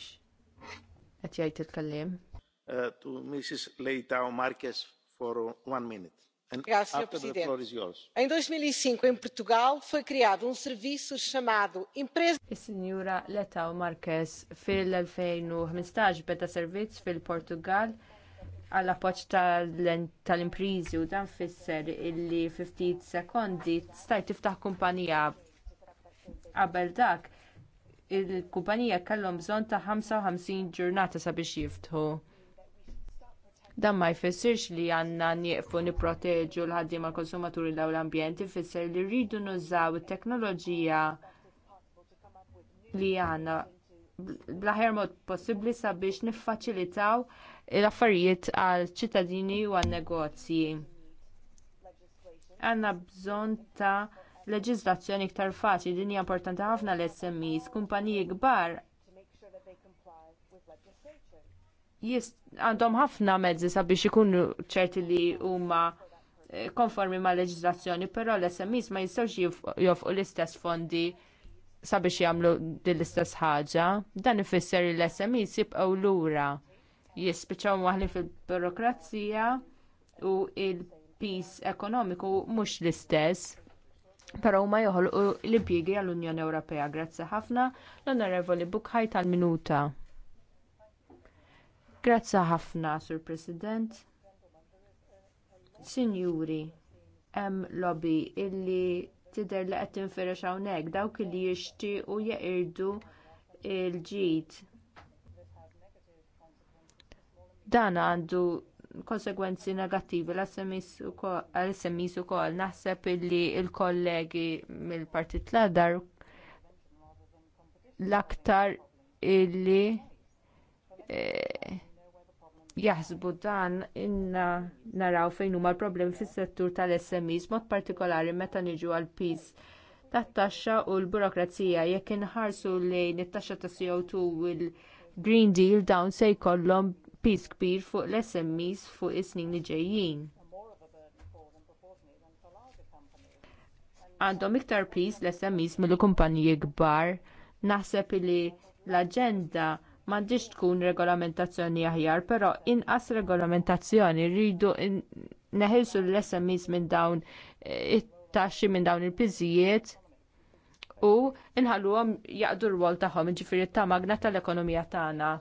Qed jgħid il-kallim. Uh, eh, to Mrs. Leitao Marquez for one minute. E um e, senhora portugal is-sinjura Letaw Marquez fil-2015 e beda servizz fil-Portugal għall appoġġ tal-imprizi u dan fisser illi fi ftit sekondi staj tiftaħ kumpanija qabel dak il-kumpanija kellhom bżonn ta' 55 ġurnata sabiex jiftħu Dan ma jfissirx li għandna nieqfu nipproteġu l-ħaddiema konsumaturi dawn l-ambjent, ifisser li rridu nużaw it-teknoloġija li għandna bl-aħjar mod possibbli sabiex niffaċilitaw l-affarijiet għal ċittadini u għan negozji. Għanna bżon ta' leġizlazzjoni iktar faċli din hija importanti ħafna l-SMEs, kumpaniji kbar Jist għandhom ħafna mezzi sabiex ikunu ċerti li huma eh, konformi ma' leġislazzjoni, però l-SMIs ma jistgħux jofqu l-istess fondi sabiex jagħmlu din l-istess ħaġa. Dan ifisser li l-SMIs jibqgħu lura jispiċaw waħli fil-burokrazija u il-pis ekonomiku mhux l-istess. Però huma joħolqu l-impjiegi għall-Unjoni Ewropea. Grazzi ħafna l-Onorevoli Bukħaj tal-Minuta. Grazza ħafna, Sur President. Sinjuri, hemm lobby illi tidher li qed tinferex hawnhekk dawk li jixtiequ jeqirdu l-ġid. Dan għandu konsegwenzi negattivi l smis u kol. Naħseb illi l kollegi mill-partit l-adar l-aktar illi eh, jaħsbu dan inna naraw fejn huma l-problemi fis-settur tal-SMEs mod partikolari meta niġu għal pis tat-taxxa u l-burokrazija jekk inħarsu lejn it-taxxa ta' CO2 u l-Green Deal dawn se jkollhom pis kbir fuq l-SMEs fuq is-snin li ġejjin. Għandhom iktar pis l-SMEs mill-kumpaniji kbar naħseb li l-aġenda m'għandix tkun regolamentazzjoni aħjar, però inqas regolamentazzjoni rridu neħilsu l-SMEs minn dawn eh, it-taxxi minn dawn il-piżijiet u nħalluhom jaqdu r wol tagħhom, ġifieri ta' magna tal-ekonomija tagħna.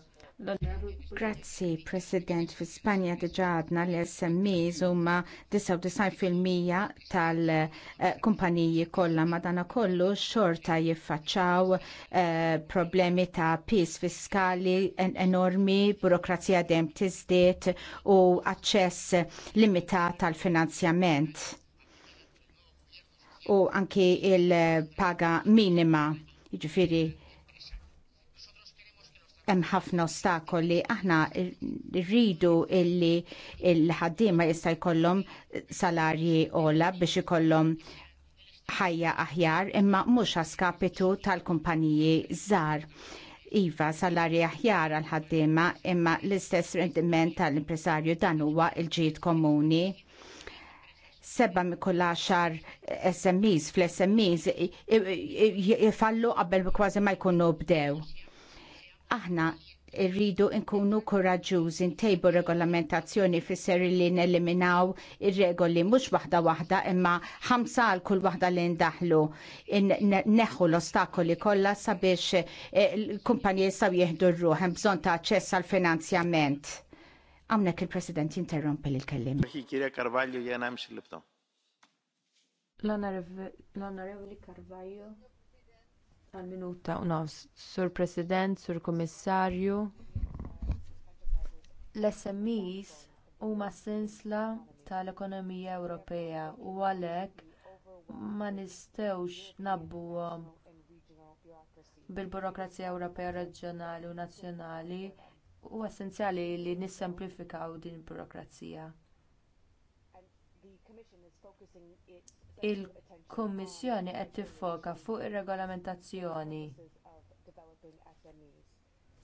Grazzi, President. Fi Spanja diġa għadna l-SMEs huma 99% tal-kumpaniji kollha madana kollu xorta jiffaċċaw eh, problemi ta' pis fiskali enormi, burokrazija dem tiżdiet u aċċess limitat tal-finanzjament u anki il-paga minima. Jiġifieri hemm ħafna ostakoli aħna rridu illi l ħaddiema jista' jkollhom salarji ola biex ikollhom ħajja aħjar imma mhux għaskapitu tal-kumpaniji żgħar. Iva, salarji aħjar għal ħaddiema imma l-istess rendiment tal-impresarju dan huwa l-ġid komuni seba mi kull għaxar SMEs fl-SMEs jifallu qabel kważi ma jkunu bdew. Aħna irridu nkunu koraġuż intejbu regolamentazzjoni fisser li neliminaw ir-regoli mhux waħda waħda imma ħamsa għal kull waħda li ndaħlu neħu l-ostakoli kollha sabiex eh, l-kumpanji jistgħu jieħdu r-ruħ hemm bżonn ta' aċċess għal finanzjament. Għamnek il-President jinterrompi l-kellim. jena mx l-libtom. L-Onorevoli Carvalho għal minuta Sur President, Sur Komissarju, l-SMEs huma sinsla tal-ekonomija Ewropea u għalhekk ma nistgħux nabbuhom bil-burokrazija Ewropea reġjonali u nazzjonali huwa essenzjali li nissemplifikaw din il-burokrazija il-Kummissjoni qed tiffoka fuq ir-regolamentazzjoni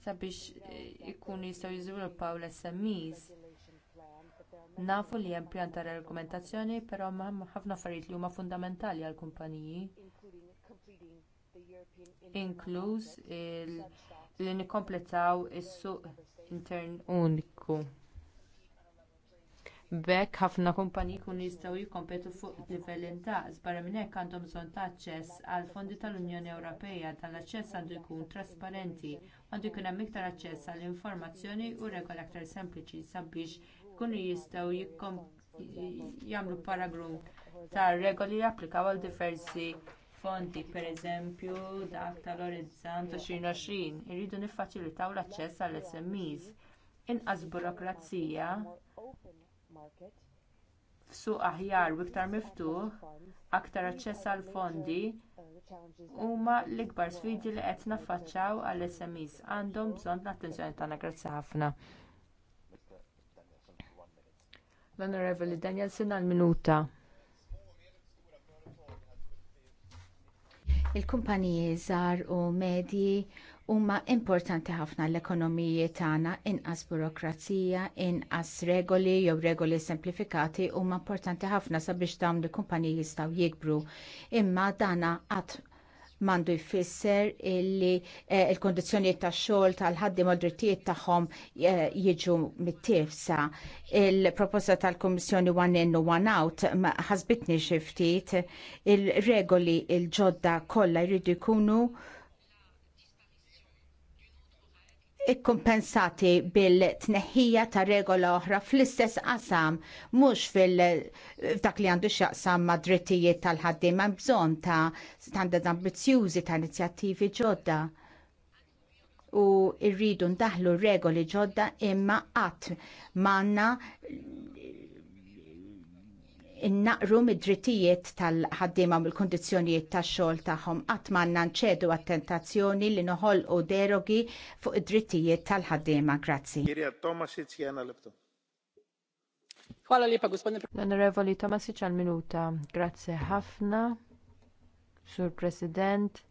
sabiex eh, ikunu jistgħu jiżviluppaw l-SMEs. Nafu li hemm pjan ta' argumentazzjoni, però hemm ħafna affarijiet li huma fundamentali għall kumpaniji inkluż li nikkompletaw is-suq intern uniku. B'hekk ħafna kumpaniji kun jistgħu jikkompetu fuq livell indaqs barra minn hekk għandhom bżonn ta' aċċess għal fondi tal-Unjoni Ewropea dan l-aċċess għandu jkun trasparenti, għandu jkun hemm iktar aċċess għall informazzjoni u regoli aktar sempliċi sabiex ikunu jistgħu jagħmlu paragrum ta' regoli japplikaw għal diversi fondi, pereżempju dak tal-Orizzant 2020, irridu niffaċilitaw l-aċċess għall SMEs. Inqas burokrazija f'suq aħjar u iktar miftuħ, aktar aċċess għal fondi huma l-ikbar sfidi li qed naffaċċjaw għall SMEs għandhom bżonn attenzjoni tagħna grazzi ħafna. L-Onorevoli Daniel Sinna minuta Il-kumpaniji żgħar u medji huma importanti ħafna l-ekonomiji tagħna inqas burokrazija, inqas regoli jew regoli semplifikati huma importanti ħafna sabiex dawn il-kumpaniji jistgħu jikbru. Imma dana qatt m'għandu jfisser illi eh, il-kondizjoni tax-xogħol tal-ħaddim u drittijiet tagħhom eh, jiġu jiġu mittifsa. Il-proposta tal-Kummissjoni One In u One Out ħasbitni xi ftit il-regoli il-ġodda kollha jridu jkunu ikkumpensati bil-tneħħija ta' regola oħra fl-istess qasam mhux fil dak li għandu x'jaqsam ma' drittijiet tal ħaddiema hemm bżonn ta' standards ambizzjużi ta' inizjattivi ġodda u rridu ndaħlu regoli ġodda imma qatt manna innaqru mid-drittijiet tal-ħaddiema mill kundizzjonijiet tax-xogħol tagħhom qatt m'għandna nċedu għat-tentazzjoni li noħolqu derogi fuq id-drittijiet tal-ħaddiema. Grazzi. Hvala lijepa, gospodine Onorevoli Tomasic, għal minuta. Grazie ħafna, Sur President.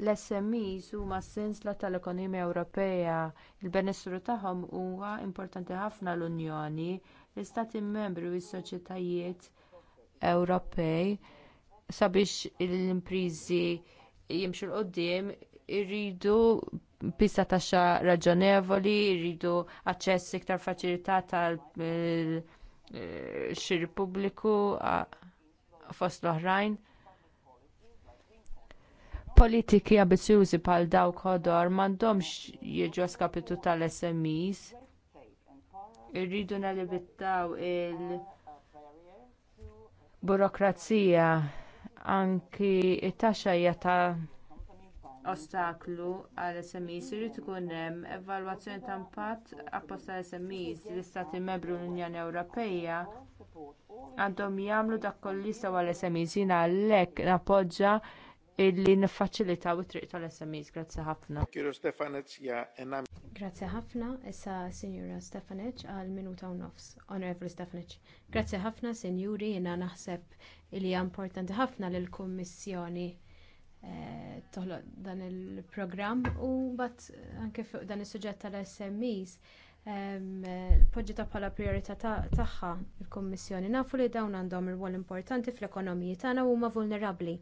L-SMEs huma s-sinsla tal-ekonomija Ewropea. Il-benessru tagħhom huwa importanti ħafna l-Unjoni l-istati membri u s-soċjetajiet Ewropej sabiex l-imprizi jimxu l-qoddim irridu pista taxxa raġonevoli, irridu aċċess iktar faċilità tal-xir pubbliku fost l-oħrajn. Politiki ambizjużi bħal dawk ħodor m'għandhomx jiġu skapitu tal-SMEs. Irridu nalibittaw il- burokrazija anki it-taxxa hija ta' ostaklu għal SMEs irid ikun hemm evalwazzjoni ta' impatt apposta għal SMEs l-Istati Membri l-Unjoni Ewropea għandhom jagħmlu dak kollu jistgħu għal SMEs jiena għalhekk nappoġġa illi niffaċilitaw it-triq tal-SMEs. Grazzi ħafna. Kiro Stefanec, ja enam. Grazzi ħafna, issa Signora Stefanec għal minuta u nofs. Honorable Stefanec. Grazzi ħafna, Signori, jena naħseb illi importanti ħafna l-Kommissjoni eh, toħloq dan il-programm u bat anke fuq dan is-suġġett tal-SMEs poġġita bħala priorità tagħha il-Kummissjoni nafu li dawn għandhom ir-rwol importanti fl-ekonomiji tagħna huma vulnerabbli.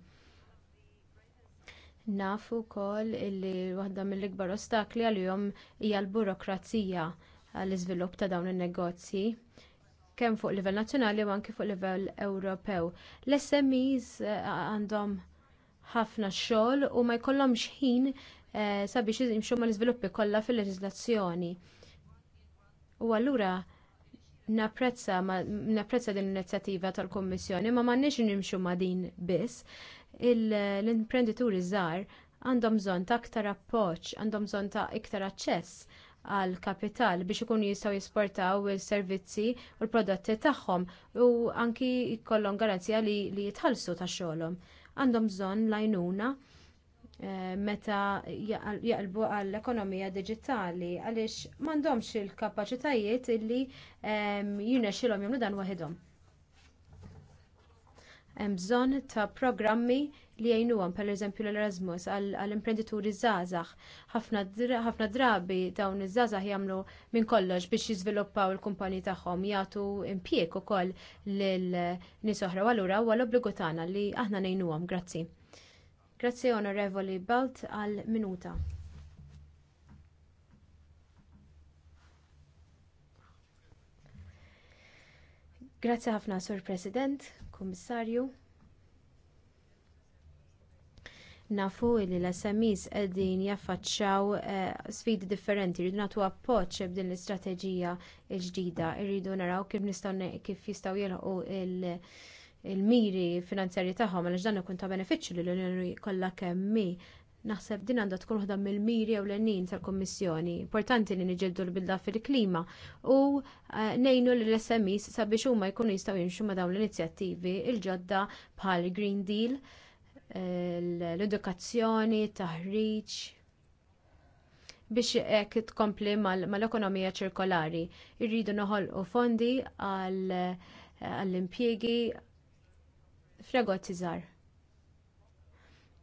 Nafu wkoll illi waħda mill-ikbar ostakli għal-jom hija l-burokrazija għall-iżvilupp ta' dawn in-negozji kemm fuq livell nazzjonali u anke fuq livell Ewropew. L-SMEs eh, għandhom ħafna xogħol u ma jkollhomx ħin eh, sabiex jimxu mal iżviluppi kollha fil-leġiżlazzjoni. U allura napprezza din l-inizjattiva tal kummissjoni ma m'għandniex nimxu ma din biss l-imprenditur iżgħar għandhom bżonn ta' aktar appoġġ, għandhom bżonn ta' iktar aċċess għal kapital biex ikunu jistgħu jisportaw is-servizzi u l-prodotti tagħhom u anki jkollhom garanzija li, li jitħallsu tax xogħolhom. Għandhom bżonn lajnuna għajnuna eh, meta jaqlbu għall ekonomija diġitali għaliex m'għandhomx il-kapaċitajiet illi eh, jagħmlu dan waħedhom. Hemm bżonn ta' programmi li jgħinuhom pereżempju l-Erasmus għall iż żgħażagħ. Ħafna drabi dawn iż-żgħażagħ jagħmlu minn kollox biex jiżviluppaw il-kumpaniji tagħhom jagħtu impjieg ukoll lil nies oħra allura huwa l-obbligu tagħna li aħna ngħinuhom. Grazzi. Grazzi Onorevoli Balt għal minuta. Grazzi ħafna, Sur President, Kummissarju. Nafu li l-SMEs qegħdin jaffaċċaw eh, sfidi differenti, rridu nagħtu appoġġ b'din l-istrateġija l-ġdida, irridu naraw kif nistgħu kif jistgħu jilħqu il- miri finanzjarji tagħhom għaliex dan ikun ta' benefiċċju lill unjoni kollha kemm mi Naħseb din għandha tkun waħda mill-miri u l-nin tal-Kommissjoni. Importanti li niġildu l-bidla fil-klima u nejnu l smis sabiex huma jkunu jistgħu jinxu ma dawn l-inizjattivi il-ġodda bħal Green Deal, eh, l-edukazzjoni, taħriġ biex hekk tkompli mal-ekonomija ċirkolari. Irridu u fondi eh, għall-impjiegi f'regozzi żgħar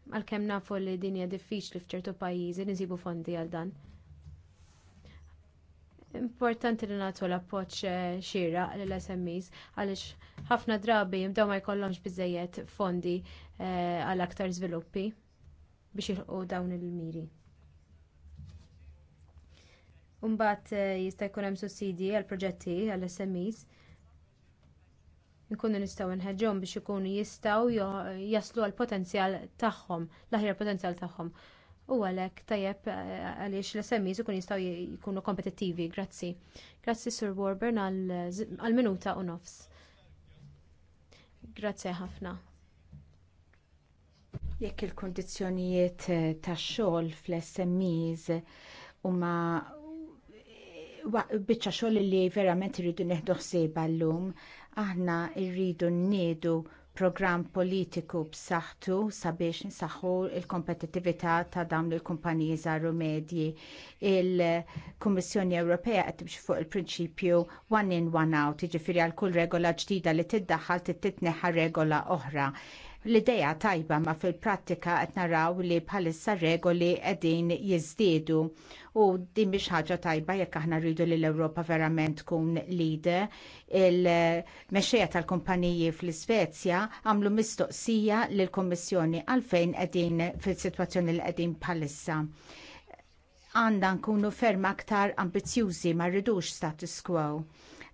għalkemm nafu li din hija diffiċli f'ċertu pajjiżi nisibu fondi għal dan. Importanti li nagħtu l-appoġġ eh, xira lill smes għaliex ħafna drabi bdew ma jkollhomx biżejjed fondi eh, għal aktar żviluppi biex jilħqu dawn il-miri. Umbat eh, jista' jkun hemm sussidji għal proġetti għall smes nkunu nistgħu nħeġġhom biex ikunu jistgħu jaslu għal potenzjal tagħhom, l-aħjar potenzjal tagħhom. U għalhekk tajjeb eh, għaliex l-SMEs ikun jistgħu jkunu kompetittivi, grazzi. Grazzi Sur Warburn għall minuta u nofs. Grazzi ħafna. Jekk il kundizzjonijiet eh, tax xogħol fl-SMEs huma biċċa xogħol li verament irridu neħdu ħsieba llum. Aħna rridu nniedu programm politiku b'saħħtu sabiex nsaħħu l kompetitività ta' dawn il-kumpaniji żaru medji. Il-Kummissjoni Ewropea qed timxi fuq il-prinċipju one in one out, jiġifieri għal kull regola ġdida li tiddaħħal titneħħa regola oħra. L-ideja tajba ma fil-prattika qed naraw li bħalissa regoli qegħdin jiżdiedu u din biex ħaġa tajba jekk aħna rridu li l-Ewropa verament tkun leader. Il-mexxejja tal-kumpaniji fl-Svezja għamlu mistoqsija lill-Kummissjoni għalfejn qegħdin fis-sitwazzjoni li qegħdin bħalissa. Għandna nkunu ferm aktar ambizzjużi ma rridux status quo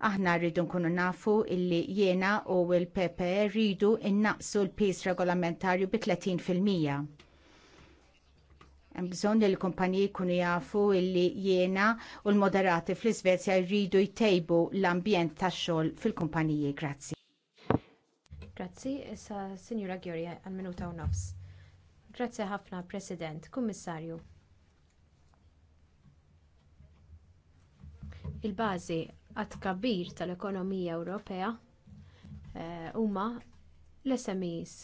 aħna rridu nkunu nafu illi jiena u l-PP e rridu innaqsu l-pis regolamentarju bi 30%. Hemm bżonn li l-kumpaniji jkunu jafu illi jiena u l-moderati fl-Iżvezja jridu jtejbu l-ambjent tax-xogħol fil-kumpaniji. Grazzi. Grazzi, issa Sinjura Gjorja għal minuta u nofs. Grazzi ħafna, President, Kummissarju. Il-bażi għat kabir tal-ekonomija Ewropea eh, huma l-SMEs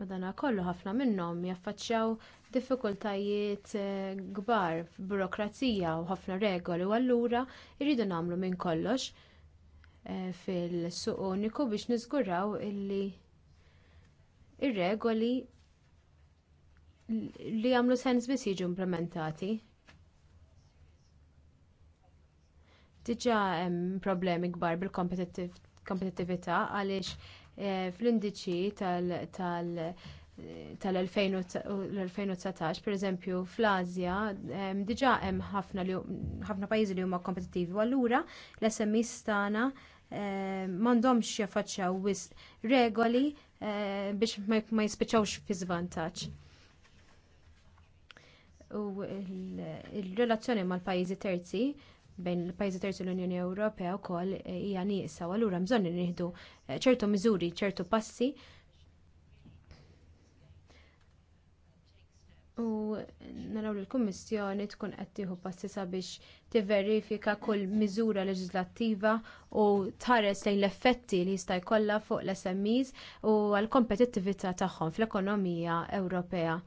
Madana kollu ħafna minnhom jaffaċċjaw diffikultajiet eh, kbar f'burokrazija u ħafna regoli u allura jridu nagħmlu minn kollox eh, fil-suq uniku biex niżguraw illi ir-regoli li jagħmlu sens biss jiġu implementati. Diġà hemm problemi kbar bil kompetitività għaliex Eh, fl-indiċi tal- tal-2019, eh, per eżempju, fl-Azja, diġa hemm ħafna pajjiżi li huma kompetittivi, u allura l-SMIs tagħna m'għandhomx jaffaċċjaw wis regoli eh, biex ma jispiċċawx fi żvantaġġ. U l-relazzjoni mal-pajjiżi terzi bejn il-pajjiżi terzi l-Unjoni Ewropea wkoll eh, hija nieqsa u allura bżonn nieħdu eh, ċertu miżuri, ċertu passi. U naraw li l-Kummissjoni tkun qed tieħu passi sabiex tiverifika kull miżura leġislattiva u tħares lejn l-effetti li jista' jkollha fuq l-SMEs u għall kompetittività tagħhom fl-ekonomija Ewropea.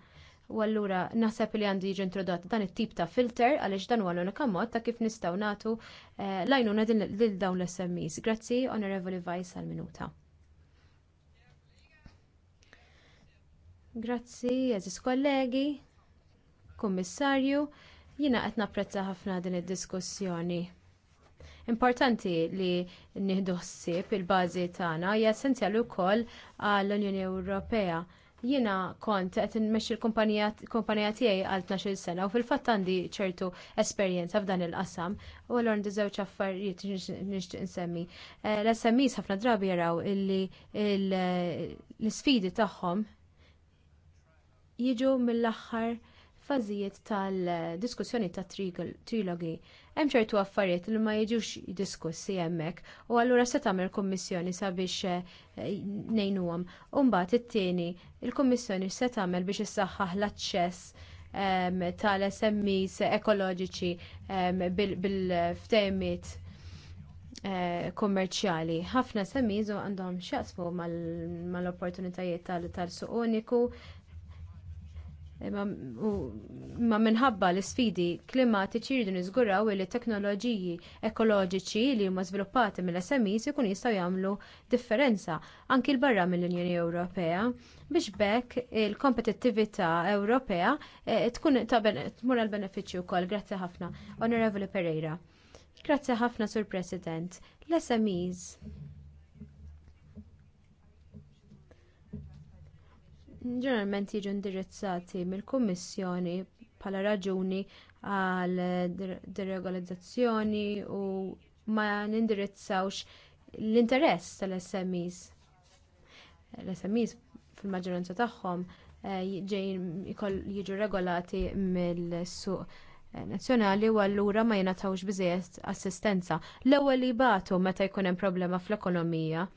U allura naħseb li għandi jiġi introdotta dan it-tip ta' filter għaliex dan huwa l-unika mod ta' kif nistgħu nagħtu eh, lajnuna lil dawn l-SMEs. Grazzi, Onorevoli Vice għal minuta. Grazzi, jazis kollegi, kummissarju, jina qed napprezza ħafna din id-diskussjoni. Importanti li nieħdu ħsieb il-bażi tagħna hija essenzjali wkoll għall-Unjoni Ewropea Jiena kont qed nmexxi l-kumpanija tiegħi għal 12 sena u fil-fatt għandi ċertu esperjenza f'dan il-qasam u allura għandi żewġ affarijiet nixtieq insemmi. Eh, l s ħafna drabi jaraw illi l-isfidi tagħhom jiġu mill-aħħar fażijiet tal-diskussjoni ta' trilogi hemm ċertu affarijiet li ma jiġux diskussi hemmhekk u allura se tagħmel kummissjoni sabiex eh, ngħinuhom. U mbagħad it-tieni il-kummissjoni se tagħmel biex issaħħaħ l-aċċess ehm, tal-SMEs ekoloġiċi ehm, bil-ftehimiet eh, kummerċjali. Ħafna semmiżu għandhom xaqsmu mal-opportunitajiet tal-suq uniku, ma minħabba l isfidi klimatiċi jridu niżguraw li t teknoloġiji ekoloġiċi li huma żviluppati mill-SMEs ikun jistgħu jagħmlu differenza anki l barra mill-Unjoni Ewropea biex bekk il-kompetittività Ewropea eh, tkun tmur għall benefiċċju wkoll. Grazzi ħafna. Onorevoli Pereira. Grazzi ħafna Sur President. L-SMEs ġeneralment jiġu indirizzati mill-Kummissjoni bħala raġuni għal deregolizzazzjoni u ma nindirizzawx l-interess tal-SMEs. L-SMEs fil-maġġoranza tagħhom eh, jiġu regolati mill-suq eh, nazzjonali u allura ma jingħatawx biżejjed assistenza. L-ewwel li jibatu meta jkun hemm problema fl-ekonomija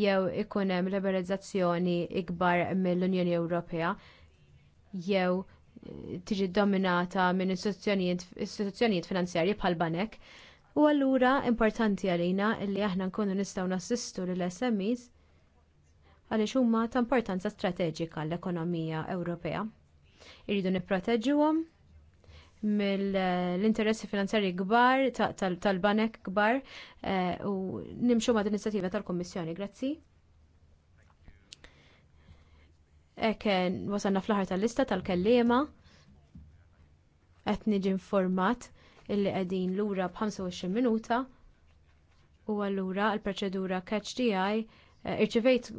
jew ikun hemm liberalizzazzjoni ikbar mill-Unjoni Ewropea jew eh, tiġi dominata minn istituzzjonijiet finanzjarji bħal banek. U allura importanti għalina li aħna nkunu nistgħu nassistu lill SMEs għaliex huma ta' importanza strateġika l-ekonomija Ewropea. Irridu nipproteġuhom mill-interessi finanzjarji kbar tal-banek kbar eh, u nimxu ma' l inizjativa tal-Kommissjoni. Grazzi. Eken, wasanna fl-ħar tal-lista tal-kellima. Qed niġi format illi qegħdin lura b'25 minuta u allura l-proċedura catch DI eh, irċivejt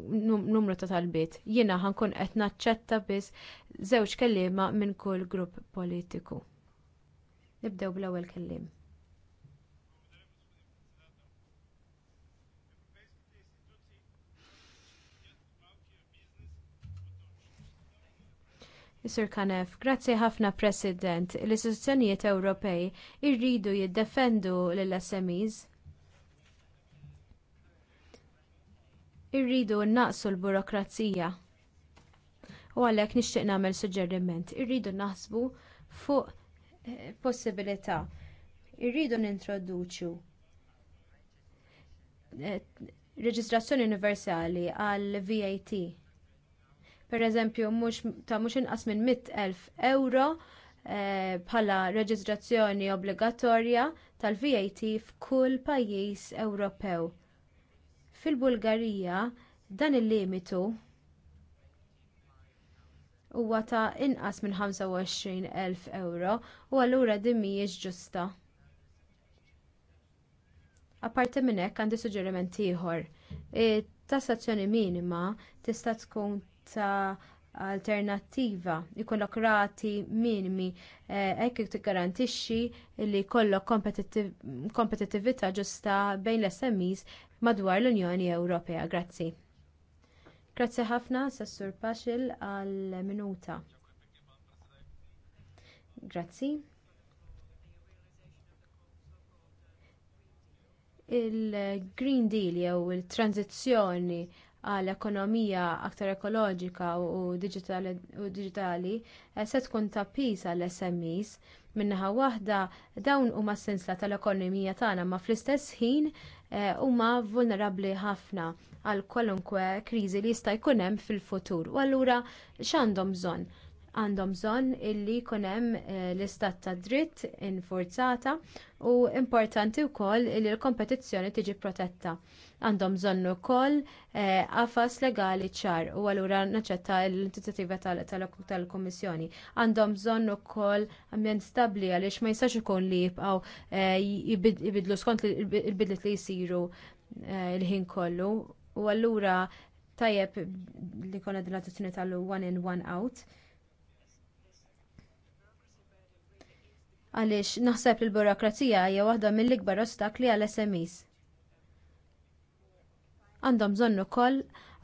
numru ta' talbiet. Jiena ħankun qed naċċetta biss żewġ kelliema minn kull grupp politiku. Nibdew bl-ewwel kelliem. Sir Kanef, grazzi ħafna President, l-istituzzjonijiet Ewropej irridu jiddefendu l-SMEs. Irridu naqsu l-burokrazija. U għalhekk nixtieq nagħmel suġġeriment, irridu naħsbu fuq possibilità. Irridu nintroduċu eh, reġistrazzjoni universali għal VAT. Pereżempju mhux ta' mhux inqas minn 100,000 euro eh, bħala reġistrazzjoni obbligatorja tal-VAT f'kull pajjiż Ewropew. Fil-Bulgarija dan il-limitu huwa ta' inqas minn 25,000 euro u allura din mhijiex ġusta. Apparti minn hekk għandi suġġeriment ieħor. Tassazzjoni minima tista' tkun ta' alternattiva ikollok rati minimi eh, hekk tiggarantixxi li jkollok kompetittività ġusta bejn l-SMEs madwar l-Unjoni Ewropea. Grazzi. Grazzi ħafna, Sassur Paxil, għal minuta. Grazzi. Il-Green Deal jew il-tranzizzjoni għal ekonomija aktar ekoloġika u digitali eh, se tkun ta' pis għall SMEs minnaħa waħda dawn huma s sensla tal-ekonomija tagħna ma fl-istess ħin Eh, huma vulnerabbli ħafna għal kwalunkwe kriżi li jista' jkun hemm fil-futur. U allura x'għandhom bżonn? għandhom bżonn illi jkun hemm eh, l-istat ta' dritt infurzata u importanti wkoll li l-kompetizzjoni tiġi protetta. Għandhom bżonn ukoll eh, qafas legali ċar u allura naċċetta l-intizjattiva tal kummissjoni Għandhom bżonn ukoll ambjent stabbli għaliex ma jistax ikun li jibqgħu eh, jibidlu skont il-bidlet li jsiru l-ħin kollu. U allura tajjeb li konna din l-attenzjoni tal-one in, one out għaliex naħseb li l-burokrazija hija waħda mill-ikbar ostakli għal SMEs. Għandhom bżonn ukoll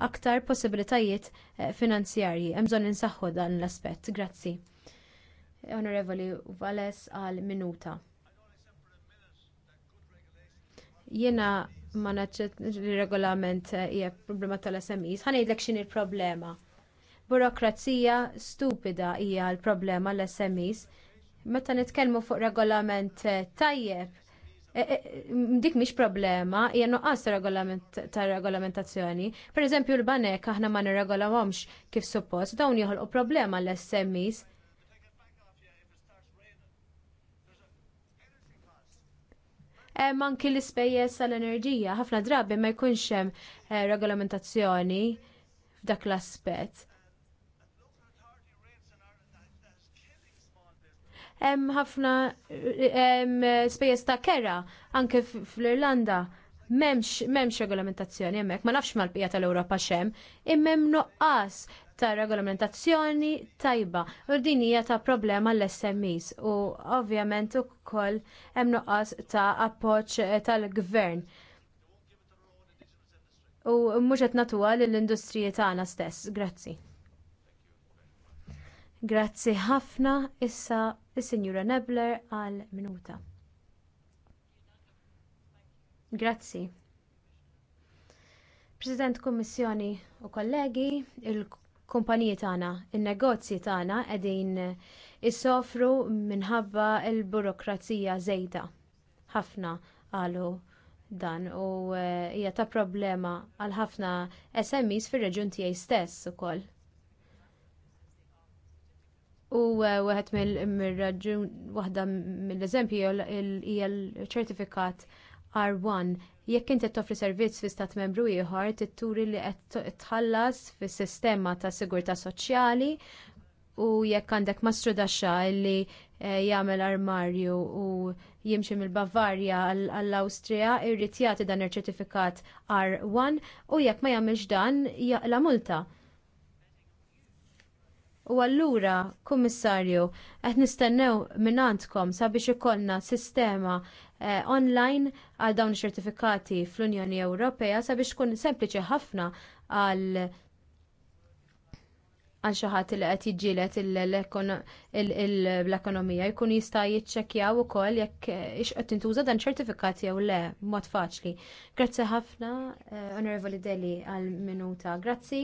aktar possibilitajiet eh, finanzjarji, hemm bżonn insaħħu dan l-aspett. Grazzi. Onorevoli Vales għal minuta. Jiena ma naċċet il-regolament eh, hija problema tal-SMEs. ngħidlek x'in il-problema. Burokrazija stupida hija l-problema l-SMEs Meta nitkellmu fuq regolament eh, tajjeb, eh, eh, mm, dik mhix problema, hija nuqqas regolament ta' regolamentazzjoni. Per eżempju l-banek aħna ma nirregolawhomx kif suppost, dawn joħolqu problema l smis Hemm anki l-ispejjeż tal-enerġija ħafna drabi ma jkunx hemm regolamentazzjoni f'dak l-aspett hemm ħafna spejjeż ta' kera anke fl-Irlanda. M'hemmx m'hemmx regolamentazzjoni hemmhekk, ma nafx mal-bqija tal-Ewropa xem, imma hemm noqqas ta' regolamentazzjoni tajba. U din hija ta' problema l-SMEs u ovvjament ukoll hemm noqqas ta' appoġġ tal-gvern u mhux qed nagħtuha lill-industriji tagħna stess. Grazzi. Grazzi ħafna issa is-Sinjura Nebler għal minuta. Grazzi. President Kummissjoni u kollegi, il-kumpaniji tagħna, in-negozji tagħna qegħdin issofru minħabba l-burokrazija żejda. Ħafna għalu dan u eh, hija ta' problema għal ħafna SMEs fir-reġjun tiegħi stess ukoll. U uh, waħed mill-raġun, waħda mill-eżempju il l-ċertifikat R1. Jekk inti toffri servizz fi stat membru ieħor, titturi li qed tħallas fis-sistema ta' sigurtà soċjali u jekk għandek mastru daxxa li eh, jagħmel armarju u jimxi mill-Bavarja għall-Awstrija irrid jagħti dan ir ċertifikat R1 u jekk ma jagħmilx dan jaqla multa. U allura, kummissarju, qed nistennew minn għandkom sabiex ikollna sistema eh, online għal dawn ċertifikati fl-Unjoni Ewropea sabiex tkun sempliċi ħafna għal għal xi ħadd li qed jiġġieled l-ekonomija jkun jista' jiċċekkjaw ukoll jekk eh, x'qed tintuża dan ċertifikati jew le mod faċli. Grazzi ħafna, eh, Onorevoli Deli għal minuta. Grazzi,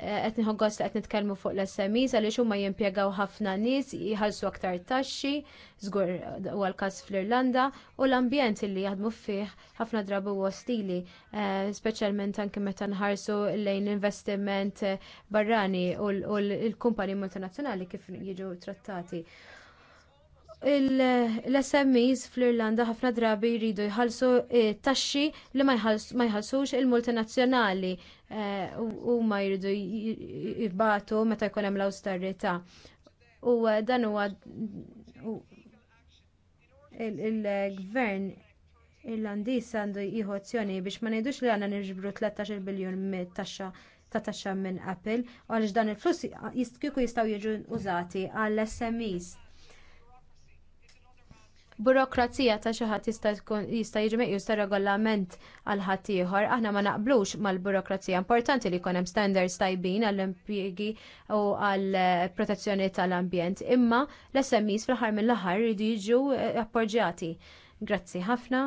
qed nieħu għetni qed nitkellmu fuq l-SMEs għaliex huma jimpjegaw ħafna nies jħallsu aktar taxxi, żgur u l-każ fl-Irlanda, u l-ambjent li jaħdmu fih ħafna drabu u ostili, eh, speċjalment anke meta nħarsu lejn investiment barrani u l-kumpani multinazzjonali kif jiġu trattati l-SMEs fl-Irlanda ħafna drabi jridu jħallsu eh, taxxi li ma jħallsux il-multinazzjonali eh, u ma jridu jibbatu meta jkun hemm l-awsterità. U eh, dan huwa il-gvern Irlandiż għandu jieħu azzjoni biex ma ngħidux li għandna nirġbru 13 biljun mit-taxxa ta' taxxa minn Apple għaliex dan il-flus jistkiku jistgħu jiġu użati għall-SMEs burokrazija ta' xi ħadd jista' jiġi meqjus ta' regolament għal ħadd ieħor. Aħna ma naqblux mal-burokrazija. Importanti li jkun hemm standards tajbin għall-impjiegi u għall eh, protezzjoni tal-ambjent. Imma l-SMEs fl-aħħar mill-aħħar jridu jiġu eh, appoġġjati. Grazzi ħafna.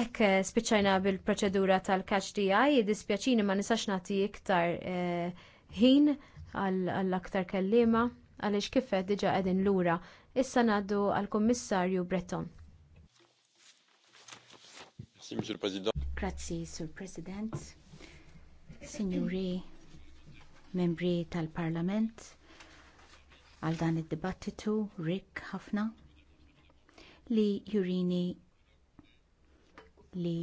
Ek eh, spiċċajna bil-proċedura tal-kaċ DI, dispjaċini ma nisax nagħti iktar ħin għall-aktar kelliema għaliex kif qed diġà qegħdin lura Issa ngħaddu għall kummissarju Breton. Grazzi, Sur President. Signori, membri tal-Parlament, għal dan id-dibattitu rik ħafna li jurini li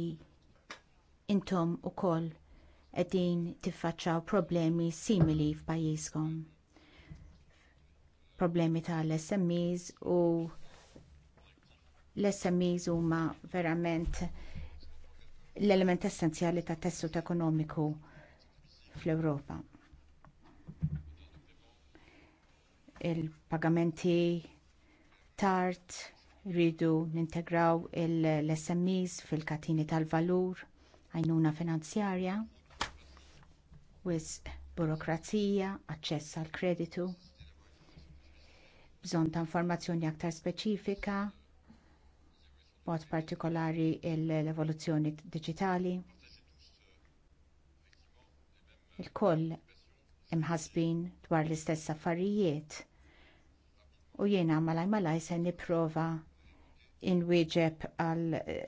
intom ukoll qegħdin tiffaċċjaw problemi simili f'pajjiżkom problemi tal-SMEs u l-SMEs huma verament l-element essenzjali tat tessut ekonomiku fl-Ewropa. Il-pagamenti tard rridu nintegraw l-SMEs fil-katini tal-valur, għajnuna finanzjarja, wis burokrazija, aċċess għal kreditu bżonn ta' informazzjoni aktar speċifika, mod partikolari l-evoluzzjoni diġitali. Il-koll imħasbin dwar l-istess affarijiet u jiena malaj malaj se nipprova inwieġeb għal eh,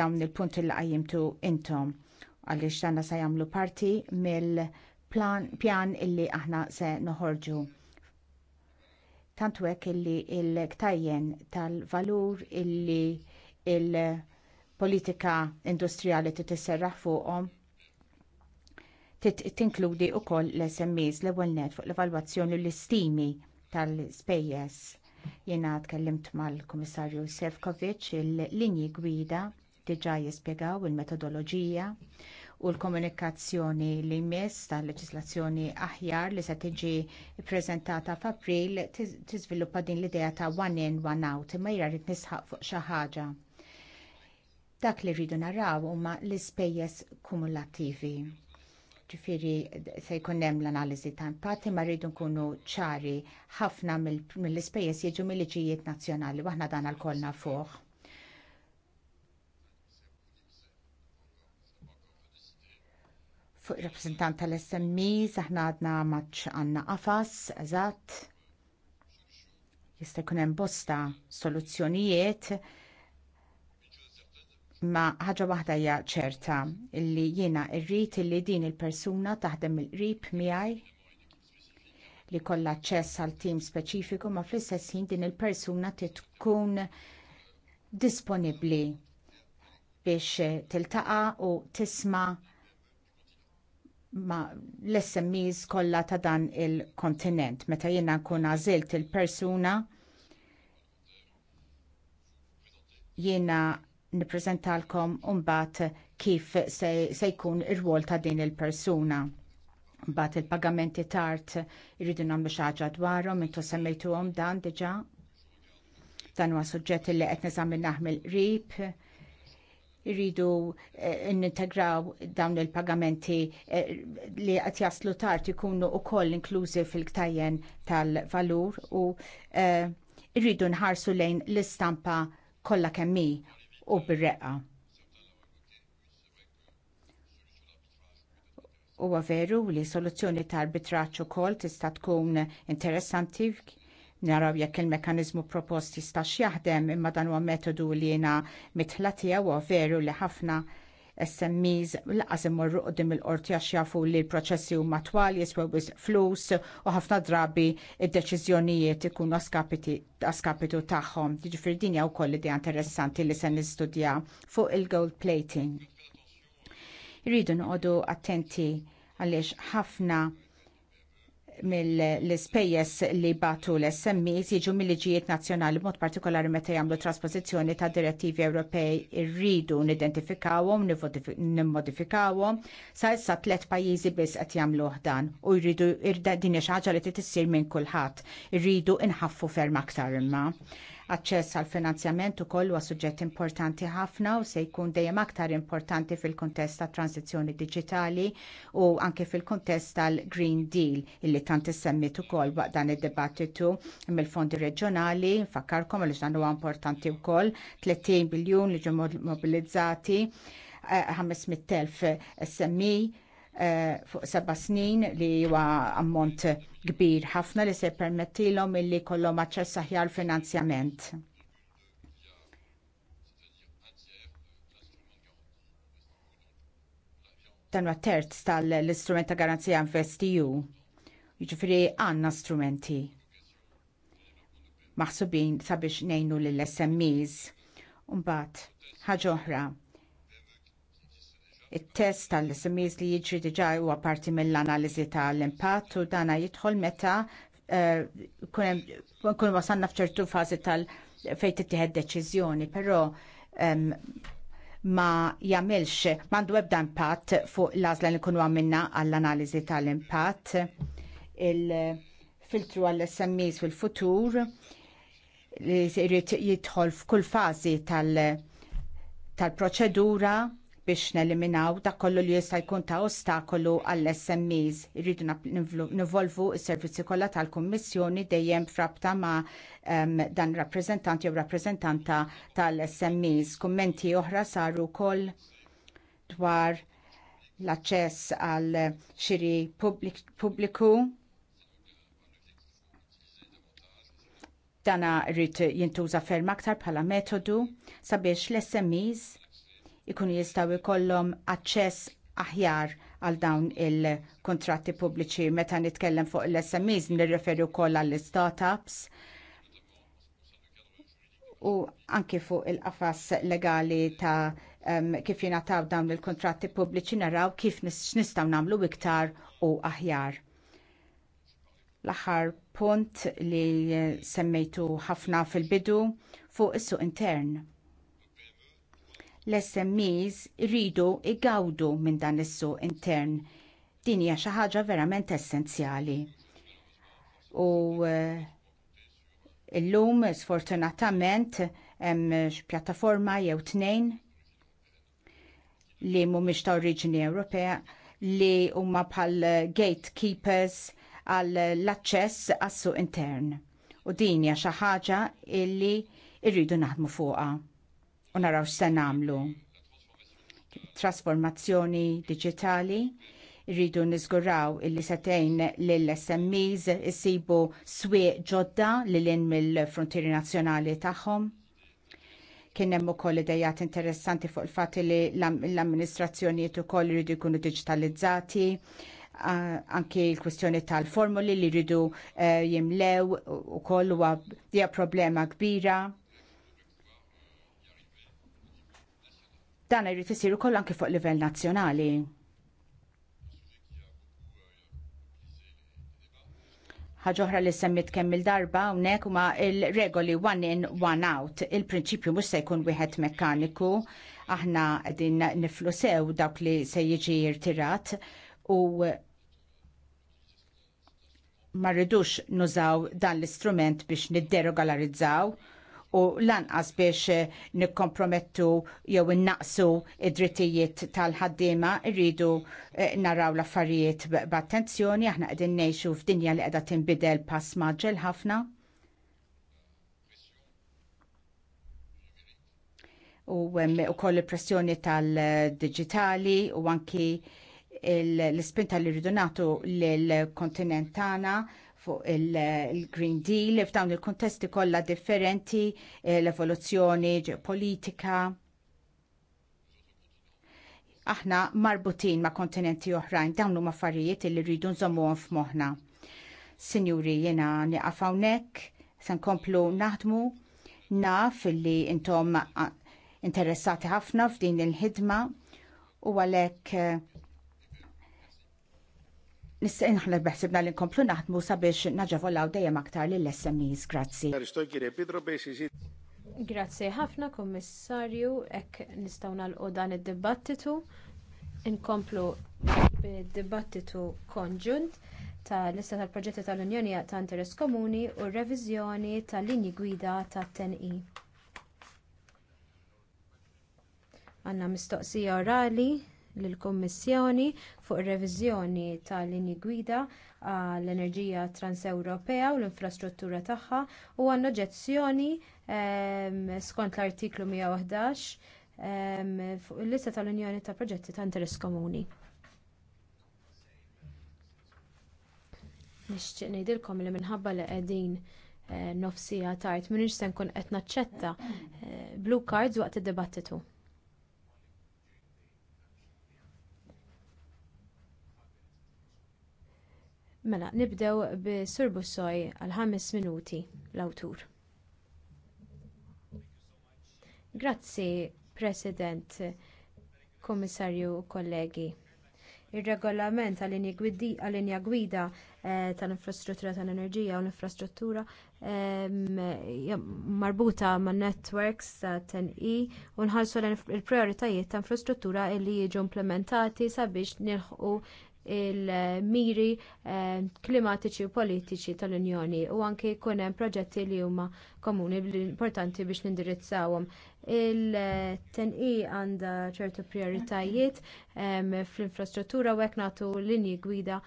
dawn il-punti il qajjimtu intom għaliex danna se jagħmlu parti mill-pjan illi aħna se noħorġu tantu hekk illi l-ktajjen tal-valur illi il-politika industrijali titisserraħ fuqhom tinkludi wkoll l-SMEs l-ewwel net fuq l-evalwazzjoni l-istimi tal-spejjeż. Jiena tkellimt mal-Kummissarju Sefkovic il-linji gwida diġa' jispjegaw il-metodoloġija u l-komunikazzjoni li jmiss tal leġislazzjoni aħjar li se tiġi ppreżentata f'April tiżviluppa din l-idea ta' one in one out imma jra rrid nisħaq fuq xi ħaġa. Dak li rridu naraw huma l-ispejjeż kumulattivi. Ġifieri se jkun hemm l-analiżi ta' impatti ma rridu nkunu ċari ħafna mill-ispejjeż jiġu mill-liġijiet nazzjonali waħna dan għal fuq. fuq rappresentant tal-SMI, saħna għadna maċ għanna qafas, eżatt, jista' jkun hemm bosta soluzzjonijiet ma ħaġa waħda hija ċerta illi jiena rrid illi din il-persuna taħdem il-qrib miegħi li kollha aċċess għal tim speċifiku ma fl-istess ħin din il-persuna tkun disponibbli biex tiltaqa' u tisma' ma l-SMEs kollha ta' dan il-kontinent. Meta jiena nkun għażilt il-persuna jiena nippreżentalkom mbagħad kif se jkun ir-rwol ta' din il-persuna. Mbagħad il-pagamenti tard irridu nagħmlu xi ħaġa dwarhom intu semmejtuhom dan diġà. Dan huwa suġġett li qed neżamin naħmel qrib irridu eh, n-integraw dawn il-pagamenti eh, li qed jaslu tard ikunu wkoll inklużi fil-ktajjen tal-valur u eh, irridu nħarsu lejn l-istampa kollha kemm u bir-reqqa. Huwa veru li soluzzjoni tal bitraċu ukoll tista' tkun interessanti naraw jekk il-mekanizmu propost jistax jaħdem imma dan huwa metodu li jiena mitħla tiegħu veru li ħafna SMEs laqas imorru qudiem il-qorti għax jafu li l-proċessi huma twal jiswew flus u ħafna drabi id-deċiżjonijiet ikunu askapitu tagħhom. Jiġifieri din hija wkoll idea interessanti li se nistudja fuq il-gold plating. Irridu noqogħdu attenti għaliex ħafna mill-spejjes li batu l-SMEs jiġu mill-liġijiet nazzjonali mod partikolari meta jagħmlu trasposizzjoni ta' direttivi Ewropej irridu nidentifikawhom, nimmodifikawhom sa issa tliet pajjiżi biss qed jagħmlu dan u jridu din xi ħaġa li issir minn kulħadd. Irridu inħaffu ferm aktar imma. Aċċess għal finanzjament ukoll huwa suġġett importanti ħafna u se jkun dejjem aktar importanti fil-kuntest tat transizzjoni diġitali u anke fil-kuntest tal-Green Deal illi tant issemmit ukoll waqt dan id-dibattitu mill-fondi reġjonali, fakkarkom għaliex dan huwa importanti wkoll 30 biljun li ġew mobilizzati 500.000 eh, SMI eh, fuq seba' snin li huwa ammont kbir ħafna li se permettilhom illi jkollhom aċċess aħjar finanzjament. Dan huwa terz tal-istrument ta' garanzija investiju. Jiġifieri għandna strumenti maħsubin sabiex ngħinu lill smes Mbagħad ħaġa oħra Il-test tal-SMEs li jiġri diġa huwa parti mill-analiżi tal-impatt u dana jidħol meta eh, kun wasanna f'ċertu fażi tal- fejn tiħed deċiżjoni, però ma jagħmilx m'għandu ebda impatt fuq l-għażla li kunu għamilna għall-analiżi tal-impatt il-filtru għall-SMEs fil-futur li jrid jidħol f'kull fażi tal-proċedura tal proċedura biex neliminaw dak kollu li jista' jkun ta' ostakolu għall-SMEs. Irridu nivolvu s-servizzi kollha tal-Kummissjoni dejjem frabta ma' um, dan rappreżentanti jew rappreżentanta tal-SMEs. Kummenti oħra saru wkoll dwar l-aċċess għal xiri pubbliku dana rrit jintuża ferm aktar bħala metodu sabiex l-SMEs ikunu jistaw ikollom aċċess aħjar għal dawn il-kontratti pubbliċi meta nitkellem fuq l-SMEs nirreferu wkoll għall startups u anki fuq il-qafas legali ta' um, kif jingħataw dawn il-kontratti pubbliċi naraw kif nistgħu nagħmlu iktar u aħjar. L-aħħar punt li semmejtu ħafna fil-bidu fuq is-suq intern l-SMEs rridu igawdu minn dan is-suq intern. Din hija xi ħaġa verament essenzjali. U eh, illum sfortunatament hemm pjattaforma jew tnejn li mhumiex ta' oriġini Ewropea li huma bħal gatekeepers għal l-aċċess għas-suq intern. U din hija xi ħaġa illi rridu naħdmu fuqha u naraw se nagħmlu. Trasformazzjoni diġitali rridu niżguraw illi setejn lill-SMEs isibu swieq ġodda l in mill-frontieri nazzjonali tagħhom. Kien hemm ukoll idejat interessanti fuq il fat li l-amministrazzjonijiet ukoll rridu jkunu diġitalizzati, anki l-kwistjoni tal-formuli li rridu eh, jimlew ukoll huwa problema kbira Dan irrid isir ukoll anke fuq livell nazzjonali. oħra li semmit kemm il-darba hawnhekk huma il-regoli one in, one out. Il-prinċipju mhux se jkun wieħed mekkaniku, aħna qegħdin niflu sew dawk li se jiġi irtirat u ma rridux nużaw dan l-istrument biex nidderogalarizzaw u lanqas biex eh, nikkompromettu jew innaqsu id-drittijiet tal-ħaddiema irridu eh, naraw l-affarijiet b'attenzjoni aħna qegħdin ngħixu f'dinja li qiegħda tinbidel pass maġġel ħafna. U hemm ukoll il-pressjoni tal-diġitali u anki l-ispinta li rridu nagħtu lill kontinent tagħna fuq il-Green il eh, Deal f'dawn il-kontesti kollha differenti, eh, l-evoluzzjoni politika. Aħna marbutin ma' kontinenti oħrajn dawn huma affarijiet li rridu nżommuhom f'moħħna. Sinjuri, jena nieqaf hawnhekk, se nkomplu naħdmu, naf li intom interessati ħafna f'din il-ħidma u għalhekk eh, Nissa inħna beħsibna li nkomplu naħdmu sabiex naġavolaw dejjem aktar lill smes grazzi. Grazzi ħafna kommissarju, ek nistawna l dan id-dibattitu. Inkomplu bid-dibattitu konġunt ta' lista tal-proġetti tal-Unjoni ta' interess komuni u r-reviżjoni tal-linji gwida ta' TNI. Għanna mistoqsija orali lill kummissjoni fuq ir-reviżjoni tal-linji gwida għall-enerġija transewropea u l-infrastruttura tagħha u għan oġġezzjoni ehm, skont l-artiklu 111 ehm, fuq il-lista tal-Unjoni ta' proġetti ta' interess komuni. Nixtieq ngħidilkom li minħabba li qegħdin eh, nofsija tard m'iniex se nkun qed naċċetta eh, blue cards waqt id-dibattitu. Mela, nibdew bi Sur Bussoj għal ħames minuti l-awtur. Grazzi, President, Komissarju, kollegi. Ir-regolament għal-linja gwida eh, tal-infrastruttura tal-enerġija u l-infrastruttura marbuta man networks ta' TNI u nħallsu l-prioritajiet ta' infrastruttura li jiġu implementati sabiex nilħqu il-miri eh, klimatiċi u politiċi tal-Unjoni u anke jkun hemm proġetti li huma komuni importanti biex nindirizzawhom. il tni għandha ċertu prioritajiet fl-infrastruttura u hekk nagħtu linji gwida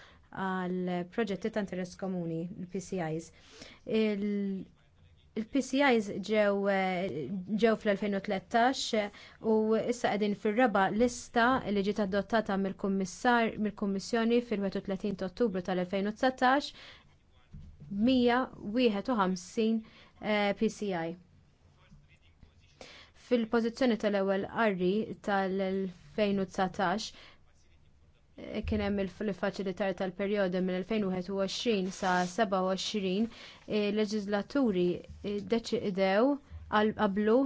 għal proġetti ta' interess komuni, l-PCIs. Il-PCIs ġew eh, ġew fl-2013 eh, u issa qegħdin fir-raba lista li ġiet adottata mill mill-Kummissjoni fil-31 Ottubru tal-2019 151 eh, PCI. Fil-pożizzjoni tal-ewwel qarri tal-2019 kien hemm il-faċilitar tal-perjodu minn 2021 sa 27 il-leġislaturi e, e, deċidew qablu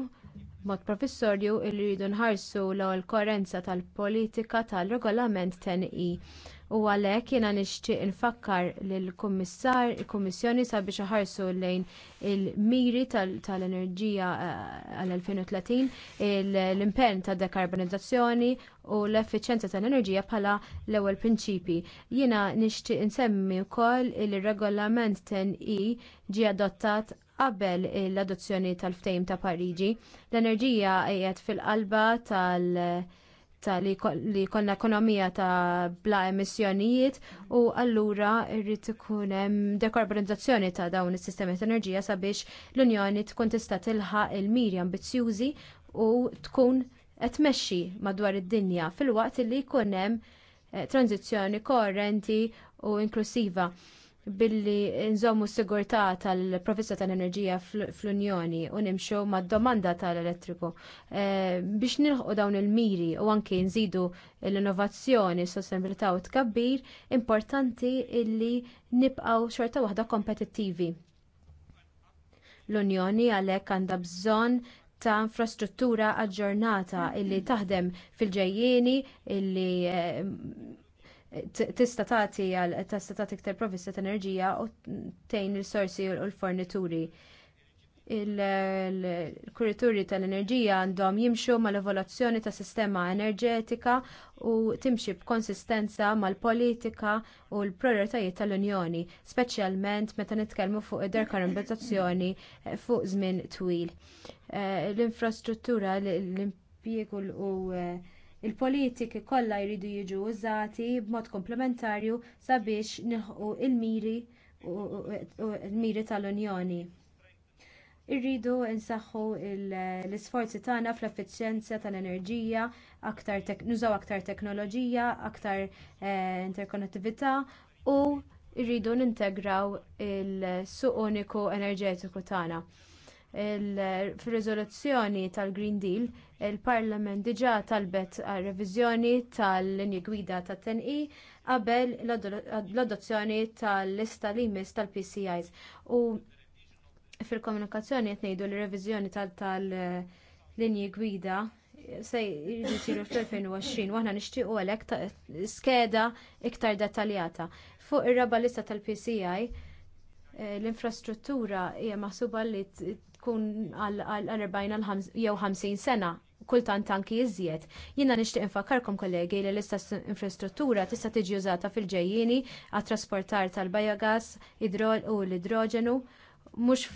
mod professorju li jridu nħarsu l koerenza tal-politika tal-regolament TNI. U għalhekk jiena nixtieq infakkar lill-Kummissar, il-Kummissjoni sabiex iħarsu lejn il-miri tal-enerġija eh, għal-2030, l-impenn ta' dekarbonizzazzjoni u l efficienza tal-enerġija bħala l-ewwel prinċipi. Jiena nixtieq insemmi wkoll il-regolament 10 i ġie adottat qabel l-adozzjoni tal-ftejm ta' Pariġi. L-enerġija qiegħed fil-qalba tal- ta' li, jkollna ekonomija ta' bla emissjonijiet u allura irrid ikun hemm dekarbonizzazzjoni ta' dawn is-sistemi ta' enerġija sabiex l-Unjoni tkun tista' tilħaq il-miri ambizzjużi u tkun qed tmexxi madwar id-dinja fil-waqt li jkun hemm eh, tranzizzjoni korrenti u inklusiva billi nżommu s-sigurtà tal-provista tal-enerġija fl-Unjoni u nimxu mad-domanda tal-elettriku eh, biex nilħu dawn il-miri u anki nżidu l-innovazzjoni, s-sostenibilità u tkabbir importanti illi nibqaw xorta waħda kompetittivi. L-Unjoni għalhekk għandha bżonn ta' infrastruttura aġġornata illi taħdem fil ġejjeni illi eh, tista tagħti għal tista tagħti iktar provvista ta' enerġija u tgħin il-sorsi u l-fornituri. Il-kurituri tal-enerġija għandhom jimxu mal-evoluzzjoni ta' sistema enerġetika u timxi b'konsistenza mal-politika u l-prioritajiet tal-Unjoni, speċjalment meta nitkellmu fuq id-dekarbonizzazzjoni eh, fuq żmien twil. Eh, l-infrastruttura, l-impjiegu u eh, Il-politiki kollha jridu jiġu użati b'mod komplementarju sabiex nilħqu il-miri il-miri tal-Unjoni. Irridu nsaħħu l-isforzi tagħna fl-effiċjenza tal-enerġija, aktar nużaw aktar teknoloġija, aktar eh, interkonnettività u rridu nintegraw il-suq uniku enerġetiku tagħna. Fir-riżoluzzjoni tal-Green Deal il-Parlament diġà talbet reviżjoni tal-linji gwida tat TNI qabel l-adozzjoni tal-lista li jmiss tal-PCIs. U fil-komunikazzjoni qed ngħidu li reviżjoni tal-linji gwida se jisiru fl-2020 aħna nixtiequ għalhekk skeda iktar dettaljata. Fuq ir-raba lista tal-PCI eh, l-infrastruttura hija maħsuba li tkun għal 40 jew 50 sena kultant anki iżjed. Jiena nixtieq infakarkom kollegi li l-istess infrastruttura tista' tiġi użata fil ġejjini għat trasportar tal-bajagas, idrol u l-idroġenu mhux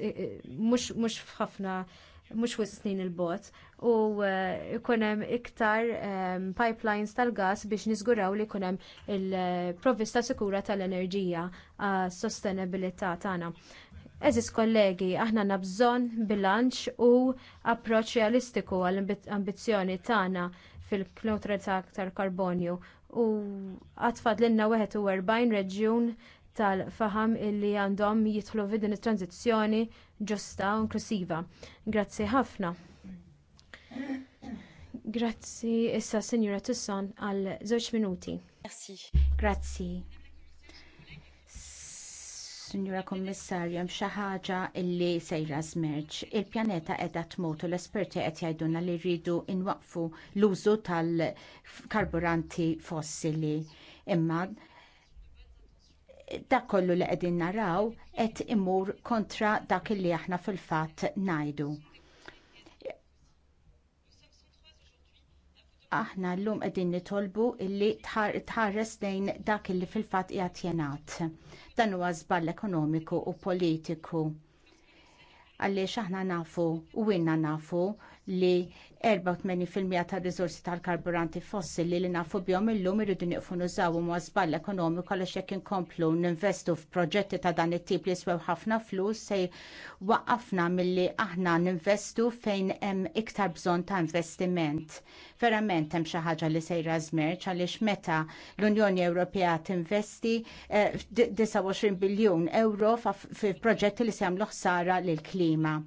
eh, eh, f'ħafna mux wis snin il-bot u eh, ikunem iktar ehm, pipelines tal-gas biex nizguraw li kunem il-provvista sikura tal-enerġija sostenibilità tagħna. Eżis kollegi, aħna nabżon bżonn bilanċ u approċċ realistiku għall-ambizzjoni tagħna fil-neutralità aktar karbonju u għatfad l-inna 41 reġjun tal-faham illi għandhom jidħlu vidin it-tranzizzjoni ġusta u inklusiva. Grazzi ħafna. Grazzi issa Sinjura Tusson għal żewġ minuti. Grazzi. Grazzi. Sinjura Kommissarju, hemm xi ħaġa li sejra żmerġ. Il-pjaneta qiegħda tmut u l-esperti qed jgħidulna li rridu nwaqqfu l-użu tal-karburanti fossili. Imma dak kollu li qegħdin naraw qed imur kontra dak li aħna fil-fatt ngħidu aħna llum qegħdin nitolbu illi tħares lejn dak illi fil fatt qiegħed Dan huwa żball ekonomiku u politiku. Għaliex aħna nafu u inna nafu li 84% tar rizorsi tal-karburanti fossili li nafu il illum irridu niqfu nużaw ma żball ekonomiku għaliex jekk inkomplu ninvestu f'proġetti ta' dan it-tip li jiswew ħafna flus se waqafna milli aħna ninvestu fejn hemm iktar bżonn ta' investiment. Verament hemm xi ħaġa li sejra żmerġ għaliex meta l-Unjoni Ewropea tinvesti 29 eh, biljun euro f'proġetti proġetti li se jagħmlu ħsara lill-klima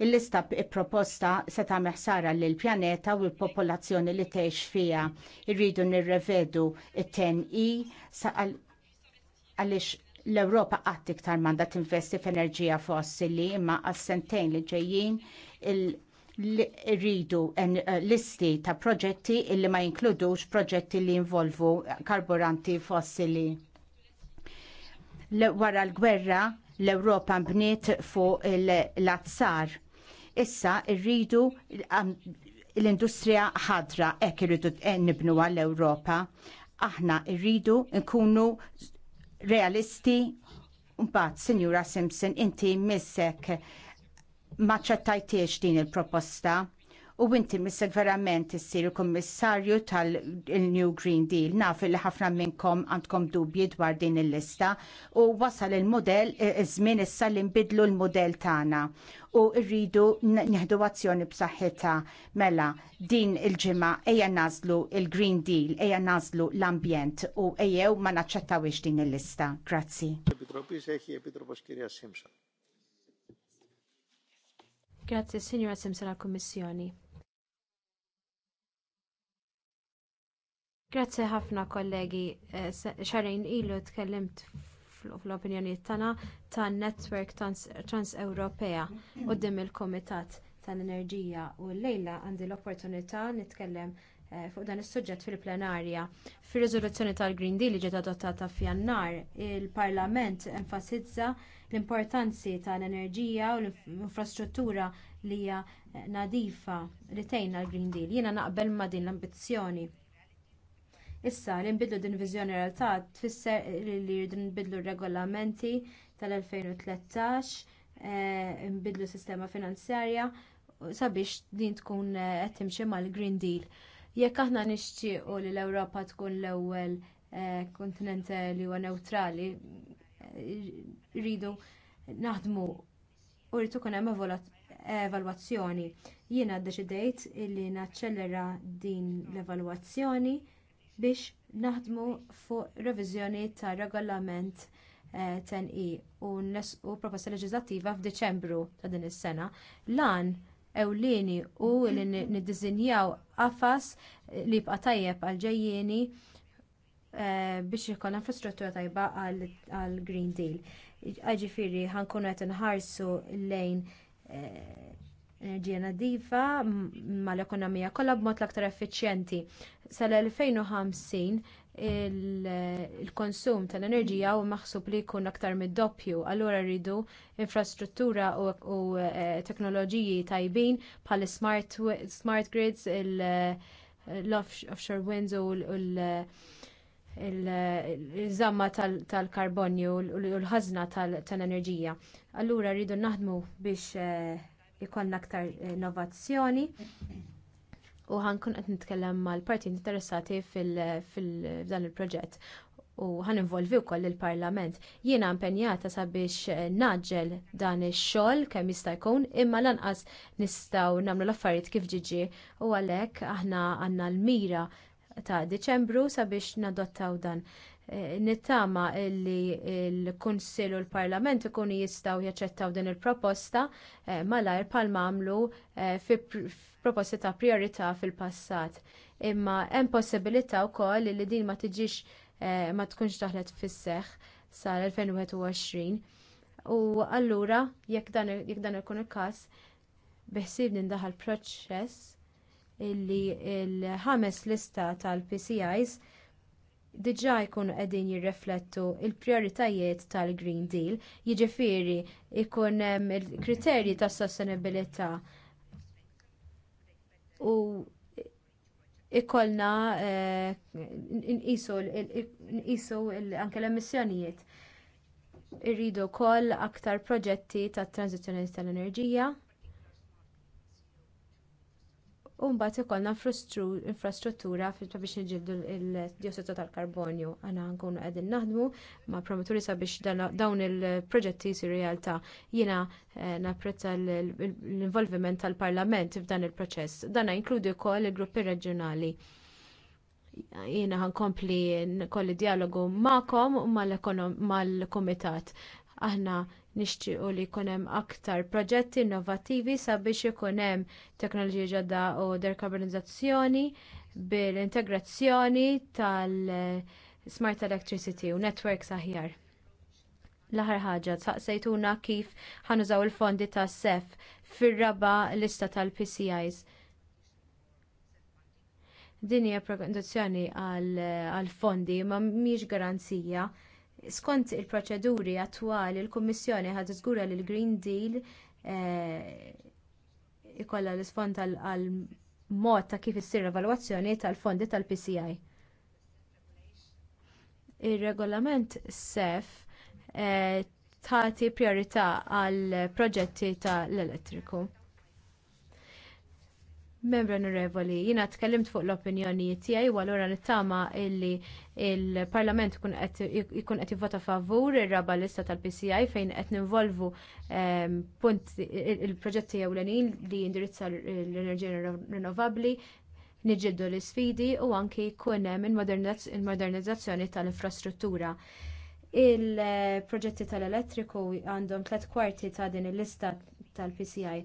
Il-lista proposta se ta' ħsara lill pjaneta u l-popolazzjoni li tgħix fiha. Irridu nirrevedu it-10E għaliex l-Ewropa qatt iktar manda tinvesti f'enerġija fossili imma għas-sentejn li ġejjin rridu eh, listi ta' proġetti illi ma jinkludux proġetti li jinvolvu karburanti fossili. Wara l-gwerra l-Ewropa mbniet fuq l-azzar Issa rridu l-industrija ħadra hekk irridu eh, nibnu għall-Ewropa. Aħna rridu nkunu realisti Mbagħad, Sinjura Simpson, inti missek ma din il-proposta u inti missek verament issir il-Kummissarju tal-New Green Deal. Naf li ħafna minnkom għandkom dubji dwar din il-lista u wasal il-modell eh, iż-żmien issa li nbidlu l-modell tagħna u rridu nieħdu azzjoni b'saħħitha mela din il-ġimgħa ejja nażlu il-Green Deal, ejja nażlu l-ambjent u ejjew ma naċċettawiex din il-lista. Grazzi. Grazie, signora la Commissione. Grazzi ħafna kollegi, Xarin eh, ilu tkellimt fl-opinjoni tagħna ta' netwerk trans u quddiem il-Komitat tal-Enerġija u llejla għandi l-opportunità nitkellem eh, fuq dan is-suġġett fil-plenarja. Fir-riżoluzzjoni tal-Green Deal li ġiet adottata f'Jannar, il-Parlament enfasizza l-importanzi tal-enerġija u l-infrastruttura li hija eh, nadifa li tgħinna l-Green Deal. Jiena naqbel ma' din l-ambizzjoni Issa li nbidlu din viżjoni realtà tfisser li rridu nbidlu r-regolamenti tal-2013, eh, nbidlu s sistema finanzjarja sabiex din tkun eh, qed timxi mal-Green Deal. Jekk aħna nixtiequ li l-Ewropa tkun l-ewwel eh, kontinent li huwa neutrali, rridu naħdmu u rridu kun hemm evalwazzjoni. Jiena ddeċidejt illi naċċellera din l-evalwazzjoni biex naħdmu fuq reviżjoni tar regolament eh, i u nesqu proposta leġislattiva f'Diċembru ta' din is-sena. Lan ewlieni u li niddiżinjaw qafas eh, li jibqa' tajjeb għal ġejjieni eh, biex ikollna infrastruttura tajba għal Green Deal. Ġifieri ħankunu qed inħarsu lejn enerġija nadifa mal-ekonomija kollha b'mod l-aktar effiċjenti. Sal-2050 il-konsum tal-enerġija u maħsub li jkun aktar mid-doppju, allura rridu infrastruttura u eh, teknoloġiji tajbin bħal smart grids, l-offshore eh, winds u eh, l-żamma tal-karbonju u l-ħazna tal-enerġija. Allura rridu naħdmu biex jkollna aktar eh, innovazzjoni u ħankun qed nitkellem mal-parti interessati fil-dan il-proġett u ħan involvi wkoll il-Parlament. Jiena impenjata sabiex eh, naġġel dan ix-xogħol kemm jista' jkun, imma lanqas nistgħu nagħmlu l-affarijiet kif ġiġi u għalhekk aħna għandna l-mira ta' Diċembru sabiex nadottaw dan Eh, nittama li l-Kunsill u l-Parlament ikunu jistgħu jaċċettaw din il-proposta eh, malajr bħalma għamlu eh, fi proposti ta' priorità fil-passat. Imma hemm possibilità wkoll li din ma tiġix ma tkunx daħlet fis-seħħ sal-2021. U allura jekk dan ikun il-każ biħsib daħal proċess illi l-ħames lista tal-PCIs diġà jkunu qegħdin jirreflettu l prijoritajiet tal-Green Deal, jiġifieri jkun hemm il-kriterji tas sostenibilità u ikollna nqisu anke l-emissjonijiet. Irridu wkoll aktar proġetti tat tranzizzjoni tal-enerġija u mbagħad ikollna infrastruttura biex niġildu l-diossidu tal-karbonju. Għana nkunu qegħdin naħdmu ma' promoturi sabiex dawn il-proġetti si realtà. Jiena eh, napprezza l-involviment tal-Parlament f'dan il-proċess. Dana inkludi wkoll il-gruppi reġjonali. Jiena ħankompli kolli dialogu ma'kom u mal-Kumitat Aħna nixtiequ li jkun hemm aktar proġetti innovattivi sabiex ikun hemm teknoloġija ġodda u dekarbonizzazzjoni bil-integrazzjoni tal-smart electricity u networks aħjar. L-aħħar ħaġa saqsejtuna kif ħanużaw il-fondi ta' sef fir-raba lista tal-PCIs din hija għal fondi ma mhix garanzija Skont il-proċeduri attwali, il-Kummissjoni ħad iżgura li l-Green Deal eh, ikolla l-isfond għal mod ta' kif issir evalwazzjoni tal-fondi tal-PCI. Ir-regolament SEF eh, tagħti priorità għal proġetti tal-elettriku. Membra onorevoli, jiena tkellimt fuq l-opinjonijiet tiegħi u allura nittama illi il-Parlament ikun qed jivvota favur ir-raba lista tal-PCI fejn qed ninvolvu ehm, punt il-proġetti ewlenin li jindirizza l-enerġija rinnovabbli, niġġieldu l isfidi u anki jkun hemm il-modernizzazzjoni tal-infrastruttura. Il-proġetti tal-elettriku għandhom tliet kwarti ta' din il-lista tal-PCI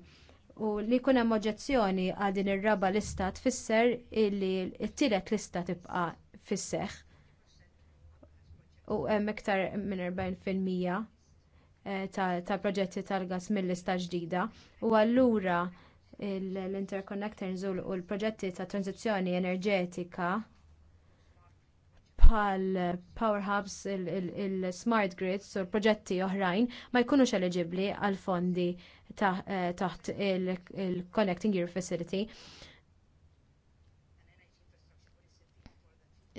u li jkun hemm oġġezzjoni għal din ir-raba lista tfisser illi t-tielet lista tibqa' fis-seħħ u hemm iktar minn 40% fil-mija eh, tal-proġetti tal-gas mill-lista ġdida u allura l-interconnectors u l-proġetti ta' tranzizzjoni enerġetika pal power hubs, il-smart grids u l-proġetti oħrajn ma jkunux eligibbli għal fondi eh, taħt il-Connecting Europe Facility.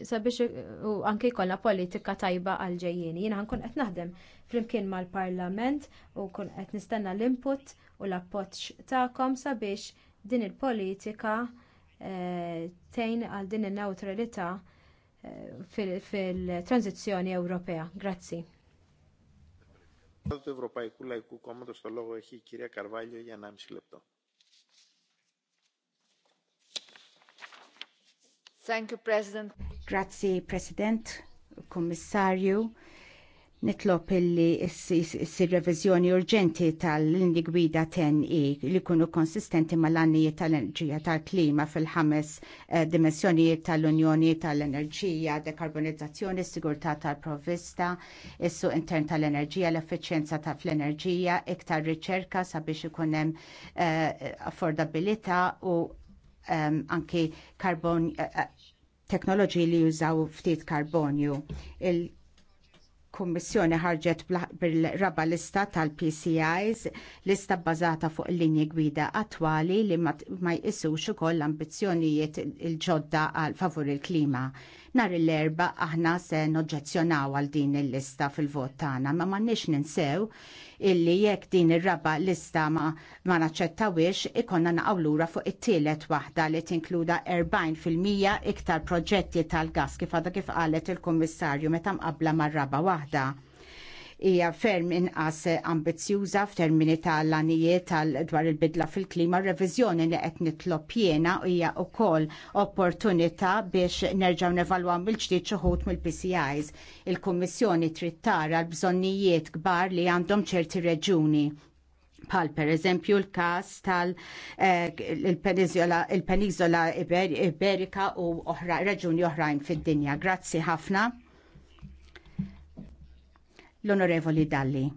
sabiex u anke jkollna politika tajba għal ġejjieni. Jiena nkun qed naħdem flimkien mal-Parlament u kun qed nistenna l-input u l-appoġġ tagħkom sabiex din il-politika eh, tejn għal din il newtralità eh, fil-tranzizzjoni Ewropea. Grazzi. Του Ευρωπαϊκού Λαϊκού Κόμματος το λόγο έχει η κυρία Καρβάλιο για 1,5 λεπτό. Thank you, President. Grazzi, President, Kommissarju. Nitlob illi sir reviżjoni urġenti tal-linji gwida 10i li kunu konsistenti mal-annijiet tal-enerġija tal-klima fil-ħames eh, dimensjonijiet tal-Unjoni tal-Enerġija, dekarbonizzazzjoni, sigurtà tal-provvista, issu intern tal-enerġija, l-effiċjenza tal-enerġija, iktar riċerka sabiex ikun hemm eh, affordabilità u ehm, anki karbon eh, teknoloġi li jużaw ftit karbonju. Il-Kummissjoni ħarġet bil-raba lista tal-PCIs, lista bbażata fuq linji gwida attwali li ma jqisux ukoll l-ambizzjonijiet il-ġodda għal favur il-klima. il klima Nar l-erba aħna se noġġezzjonaw għal din il-lista fil-vot tagħna, ma m'għandniex ninsew illi jekk din ir-raba lista ma, ma naċċettawiex ikonna naqgħu lura fuq it-tielet waħda li tinkluda 40% iktar proġetti tal-gas kif għadha kif qalet il-Kummissarju meta mqabbla mar-raba waħda hija ferm inqas ambizzjuża f'termini tal-lanijiet tal-dwar il-bidla fil-klima, reviżjoni li qed nitlob jiena hija wkoll opportunità biex nerġgħu nevalwaw mill-ġdid xi mill-PCIs. Il-Kummissjoni trid tara l-bżonnijiet kbar li għandhom ċerti reġuni bħal per eżempju l-kas tal-Penizola eh, Iberika u oħra, reġuni oħrajn fid-dinja. Grazzi ħafna l-Onorevoli Dalli.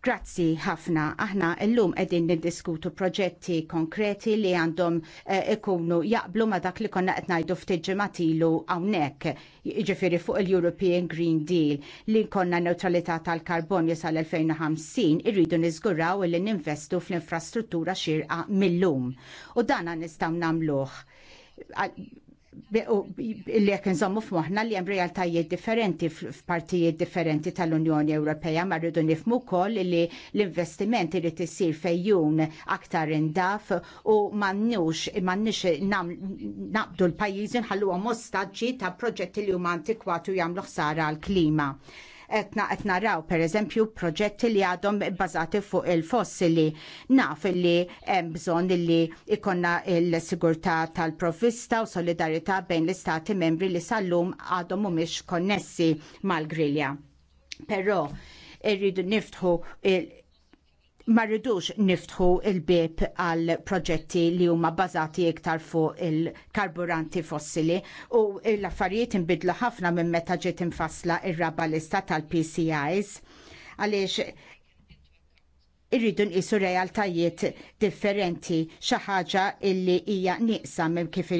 Grazzi ħafna. Aħna l-lum edin niddiskutu proġetti konkreti li għandhom eh, ikunu e jaqblu ma dak li konna qed ngħidu ftit ġematilu hawnhekk, jiġifieri fuq il-European Green Deal li konna neutralità tal-karbonju sal-2050 irridu niżguraw li ninvestu fl-infrastruttura xirqa mill-lum. U dan nistgħu nagħmluh li jek nżommu f-muħna li hemm realtajiet differenti f'partijiet differenti tal-Unjoni Ewropea ma rridu nifmu wkoll li l-investiment irid isir fejjun aktar indaf u mannux m'għandniex naqbdu l-pajjiżi nħalluhom ostaġġi ta' proġetti li huma antikwatu jagħmlu ħsara għall-klima etna etna raw per eżempju proġetti li għadhom bazati fuq il-fossili. Naf li hemm bżonn li ikonna il sigurtà tal-provvista u solidarità bejn l-istati membri li sal-lum għadhom mhumiex konnessi mal-grilja. Però irridu niftħu il- ma rridux niftħu il-bib għal proġetti li huma bazati iktar fuq il-karburanti fossili u l-affarijiet inbidlu ħafna minn meta ġiet infassla ir-raba lista tal-PCIs għaliex irridu nqisu realtajiet differenti xi ħaġa illi hija nieqsa minn kif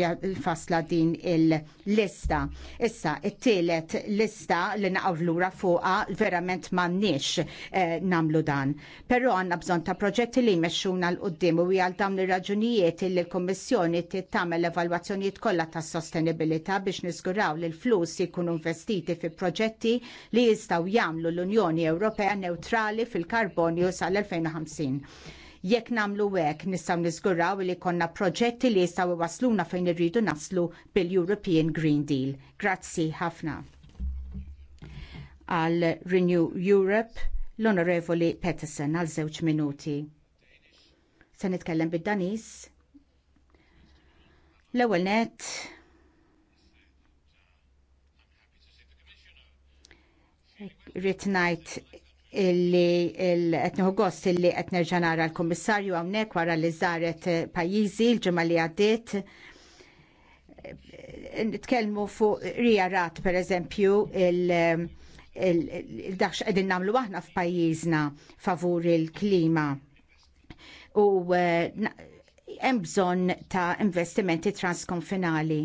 fasla din il-lista. Issa it-tielet lista li naqgħu lura fuqha verament m'għandniex eh, nagħmlu dan. Però għandna bżonn ta' proġetti li jmexxuna l qudiem u għal dawn ir-raġunijiet illi l-Kummissjoni tagħmel evalwazzjonijiet kollha tas sostenibilità biex niżguraw li l-flus jkunu investiti fi proġetti li jistgħu jagħmlu l-Unjoni Ewropea neutrali fil-karbonju sal-2020 2050 Jekk namlu hekk nistgħu niżguraw li konna proġetti li jistgħu wasluna fejn irridu naslu bil-European Green Deal. Grazzi ħafna. Għal Renew Europe, l-Onorevoli Peterson għal żewġ minuti. Se nitkellem bid-Danis. L-ewwel net rrit illi l-etniħu gost illi etnerġanara nara l-Komissarju għawnek wara li zaret pajizi l-ġemma li għaddit. Nitkelmu fuq Rija Rat, per eżempju, il daħx għedin namlu aħna f'pajjiżna favur il-klima. U eh, hemm bżonn ta' investimenti transkonfinali.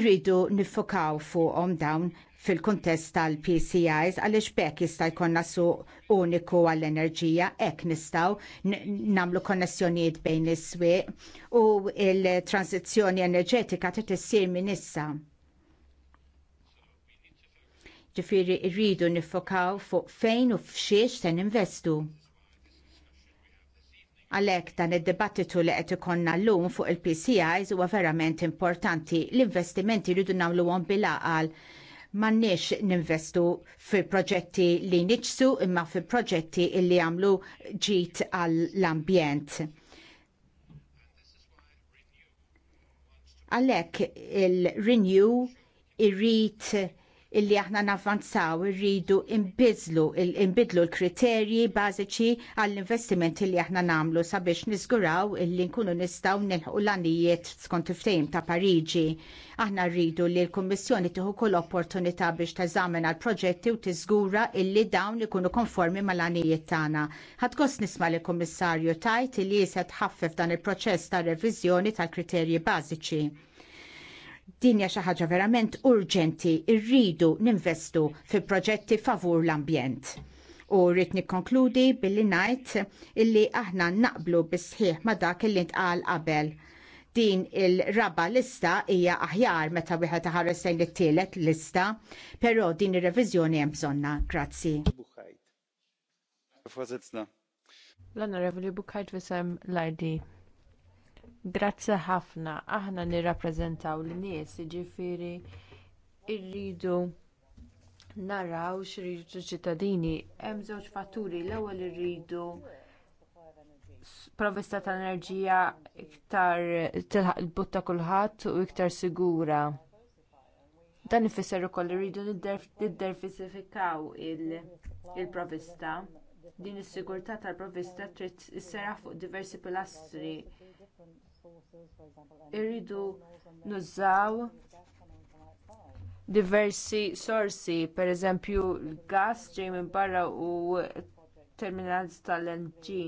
Irridu nifokaw fuqhom dawn fil-kuntest tal-PCIs għaliex bekk jista' jkollna suq uniku għall-enerġija hekk nistgħu nagħmlu konnessjonijiet bejn is-swieq u l-transizzjoni enerġetika trid issir minn issa. Ġifieri rridu niffokaw fuq fejn u f'xiex se ninvestu għalek dan id-dibattitu li qed ikonna llum fuq il-PCIs huwa verament importanti. L-investimenti rridu nagħmluhom bilaqal M'għandniex ninvestu fi proġetti li niġsu imma fi proġetti li għamlu ġit għall-ambjent. Għalhekk il-renew irrit illi aħna navvanzaw irridu imbidlu imbidlu l-kriterji bażiċi għall-investiment illi aħna namlu sabiex niżguraw illi nkunu nistgħu nilħu l-għanijiet skont iftejm ta' Pariġi. Aħna rridu li l-Kummissjoni tieħu kull opportunità biex teżamina l-proġetti u tiżgura illi dawn ikunu konformi mal-għanijiet tagħna. Ħadgost nisma' lill kummissarju tajt illi se tħaffef dan il-proċess ta' reviżjoni tal-kriterji bażiċi Din hija xi ħaġa verament urġenti rridu ninvestu fi proġetti favur l-ambjent. U rrid nikkonkludi billi ngħid illi aħna naqblu bis-sħiħ ma' dak illi ntqal qabel din il-raba lista hija aħjar meta wieħed iħares lejn it-tielet lista, però din ir-reviżjoni hemm bżonna. Grazzi. L-Onorevoli Bukhajt visem l-ID. Grazzi ħafna, aħna nirrappreżentaw l-nies, ġifiri irridu naraw x'iridu ċittadini. Hemm żewġ fatturi, l-ewwel irridu provista ta' enerġija iktar tilħaq il-butta kulħadd u iktar sigura. Dan ifisser ukoll irridu niddiversifikaw il provista Din is-sigurtà tal provista trid issera fuq diversi pilastri Irridu nużaw diversi sorsi, pereżempju gas ġej minn barra u terminals tal-LNG.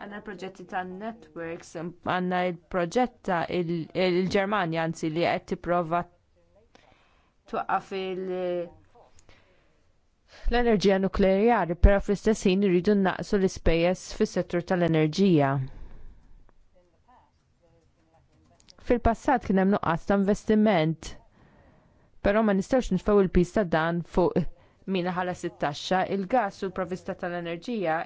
Għanna proġetti ta' networks, għanna il-proġetta il-Germania, il anzi, li għed tiprofa twaqqaf il-, -il l-enerġija nukleari, però fl-istess ħin irridu naqsu l-ispejjeż fis-settur tal-enerġija. Fil-passat kien hemm nuqqas ta' investiment, però ma nistgħux nitfgħu il piż ta' dan fuq min ħala sittaxxa, il-gas u l-provista tal-enerġija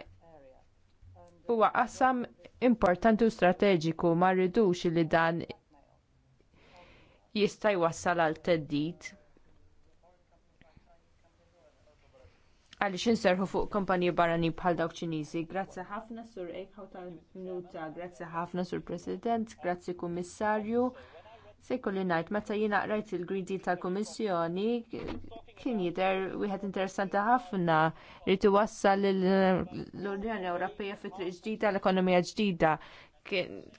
huwa qasam importanti u strateġiku ma rridux li dan jista' jwassal għal teddid. għaliex inserħu fuq kompanji barani bħal dawk Ċiniżi. Grazzi ħafna sur Eikħaw tal-minuta, grazzi ħafna sur President, grazzi Kummissarju. Se jkolli ngħid meta jiena rajt il-Green Deal tal-Kummissjoni kien jidher wieħed interessanti ħafna li wassal l-Unjoni Ewropea fi triq ġdida l-ekonomija ġdida.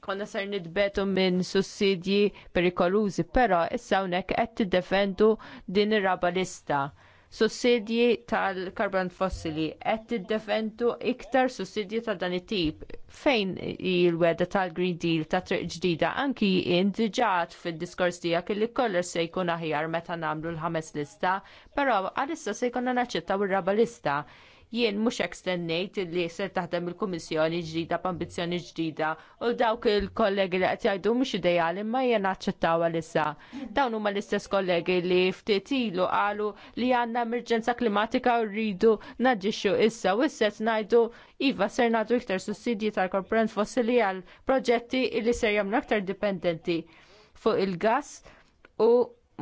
Konna ser nidbetu minn sussidji perikolużi, però issa hawnhekk qed tiddefendu din ir rabalista sussidji tal-karbon fossili. Qed tiddefendu iktar sussidji ta' dan it-tip. Fejn il-weda tal-Green Deal ta' triq ġdida anki indiġat fil-diskors tiegħek li kollox se jkun aħjar meta nagħmlu l-ħames lista, però għalissa se jkollna naċċettaw ir-raba lista jien mhux hekk stennejt li se taħdem il-Kummissjoni ġdida b'ambizzjoni ġdida u dawk il-kollegi li qed jgħidu mhux ideali imma jien naċċettawha issa. Dawn huma l-istess kollegi li ftit ilu qalu li għandna emerġenza klimatika u rridu naġixxu issa u issa ngħidu iva ser nagħtu iktar sussidji tal-korporant fossili għal proġetti li ser jagħmlu aktar dipendenti fuq il-gas u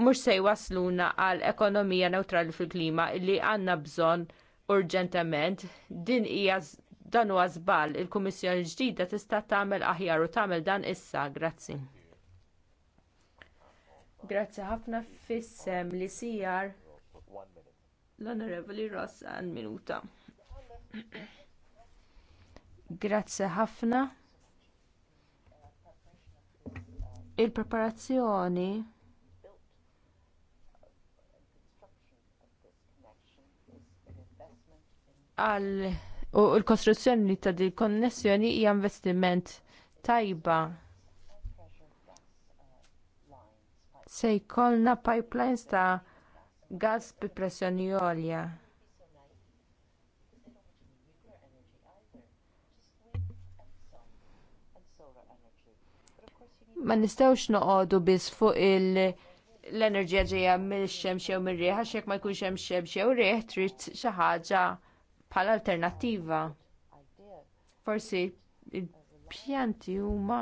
mhux se jwasluna għal ekonomija neutrali fil-klima li għandna bżonn Urġentament, din hija dan huwa żball il-Kummissjoni ġdida tista' tagħmel aħjar u tagħmel dan issa, grazzi. Grazzi ħafna fissem li sijar l-Onorevoli Ross għal minuta. Grazzi ħafna. Il-preparazzjoni għal u l-kostruzzjoni ta' di konnessjoni hija investiment tajba. Se jkollna pipelines ta' gas bi pressjoni għolja. Ma nistgħux noqogħdu biss fuq il- l-enerġija ġejja mill-xemx jew mir-rieħ għax jekk ma jkunx hemm xemx jew rieħ trid xi ħaġa bħala alternattiva. Forsi il-pjanti huma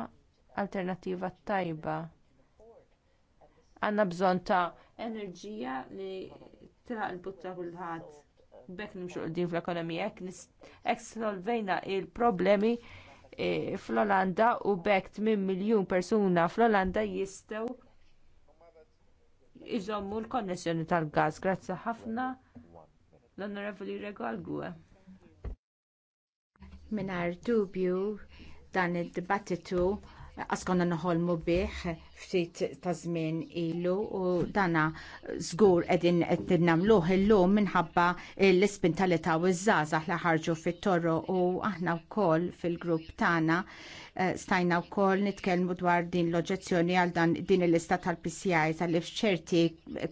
alternattiva tajba. Għanna bżon ta' enerġija li traqlbu ta' kulħadd. Bekk nimxu din fl-ekonomija, hekk solvejna il-problemi e, fl-Olanda u bekk 8 miljun persuna fl-Olanda jistgħu iżommu l-konnessjoni tal gaz Grazzi ħafna l-Onorevoli Regal Gwe. Minar dubju dan id-dibattitu għaskonna nħolmu bih ftit ta' żmien ilu u dana żgur qegħdin qed nagħmluh illum minħabba l-ispin tal-età u ż-żgħażagħ li ħarġu fit-torro u aħna wkoll fil-grupp tagħna eh, stajna wkoll nitkellmu dwar din l-oġezzjoni għal dan din il-lista tal-PCI tal f'ċerti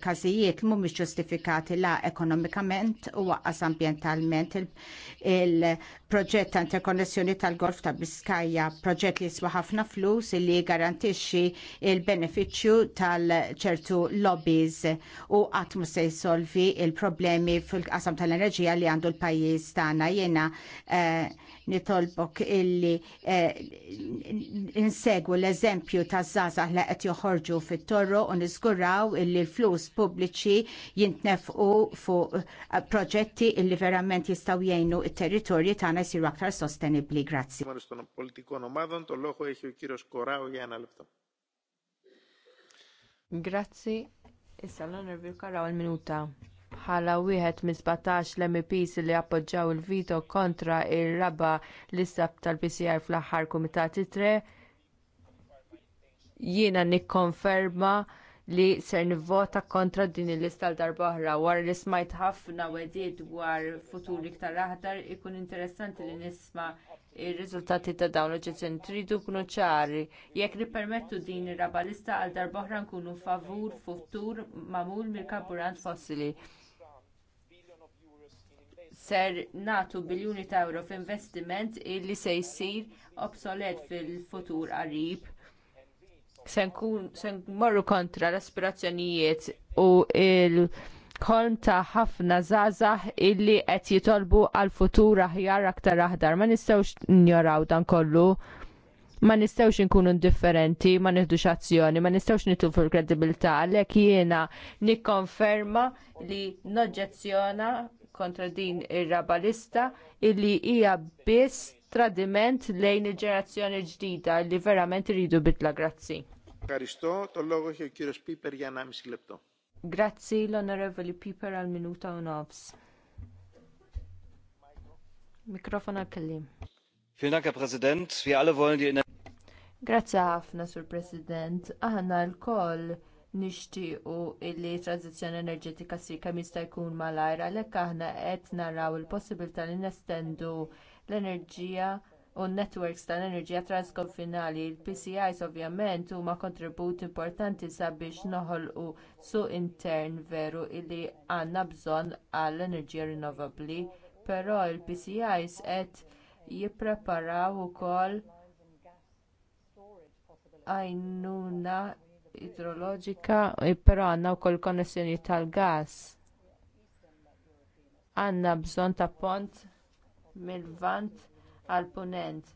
każijiet mhumiex ġustifikati la ekonomikament u waqqas ambjentalment il-proġett ta' interkonnessjoni tal-Golf ta' Biskajja, proġett li jiswa ħafna flus li garantixxi il-beneficju tal-ċertu lobbies u qatt mhux se jsolvi il-problemi fil-qasam tal-enerġija li għandu l-pajjiż tagħna jiena eh, nitolbok illi eh, insegwu l-eżempju ta' żgħażagħ li qed joħorġu fit-torro u niżguraw illi l-flus pubbliċi jintnefqu fuq eh, proġetti illi verament jistgħu jgħinu t-territorji tagħna jsiru aktar sostenibbli. Grazzi. Grazzi. Issa l-onorbil karaw il-minuta. Bħala wieħed minn 17 l-MPs li appoġġjaw il-vito kontra r raba l-istab tal-PCR fl-aħħar kumitat itre, jiena nikkonferma li ser nivvota kontra din il-lista l-darba oħra wara li smajt ħafna wedid dwar futur iktar aħdar ikun interessanti li nisma ir-riżultati ta' dawn l-oġġezzjoni tridu kunu ċari. Jekk nippermettu din ir-raba lista għal darba oħra nkunu favur futur magħmul mill-karburant fossili. Ser natu biljuni ta' euro f'investiment illi se jsir obsolet fil-futur qarib se marru kontra l-aspirazzjonijiet u il- kolm ta' ħafna zazah illi qed jitolbu għal futur aħjar aktar aħdar. Ma nistgħux njoraw dan kollu. Ma nistgħux inkunu indifferenti, ma nieħdux azzjoni, ma nistgħux nitu fuq kredibilità għalhekk jiena nikkonferma li noġġezzjona kontra din ir-rabalista illi hija biss tradiment lejn il-ġerazzjoni ġdida li verament iridu bidla grazzi. Karisto, tollogu xie kiros Piper jana mislibto. Grazzi l-Onorevoli Piper għal minuta u nofs. Mikrofon għal-kellim. Vielen Dank, Herr Präsident. Wir alle wollen die Energie. Grazzi ħafna, Sur President. Aħna l-koll nixtiequ illi tranzizjoni enerġetika si jista' jkun l għalhekk aħna qed naraw il-possibilità li nestendu l-enerġija u n-netwerks tal-enerġija transkonfinali, il-PCIs ovvjament huma kontribut importanti sabiex noħolqu suq intern veru li għandna bżonn għall enerġija rinnovabbli, però l pcis qed jippreparaw ukoll għajnuna idroloġika, però għandna wkoll konnessjoni tal-gas. Għandna bżonn ta' pont mill-vant għal punent.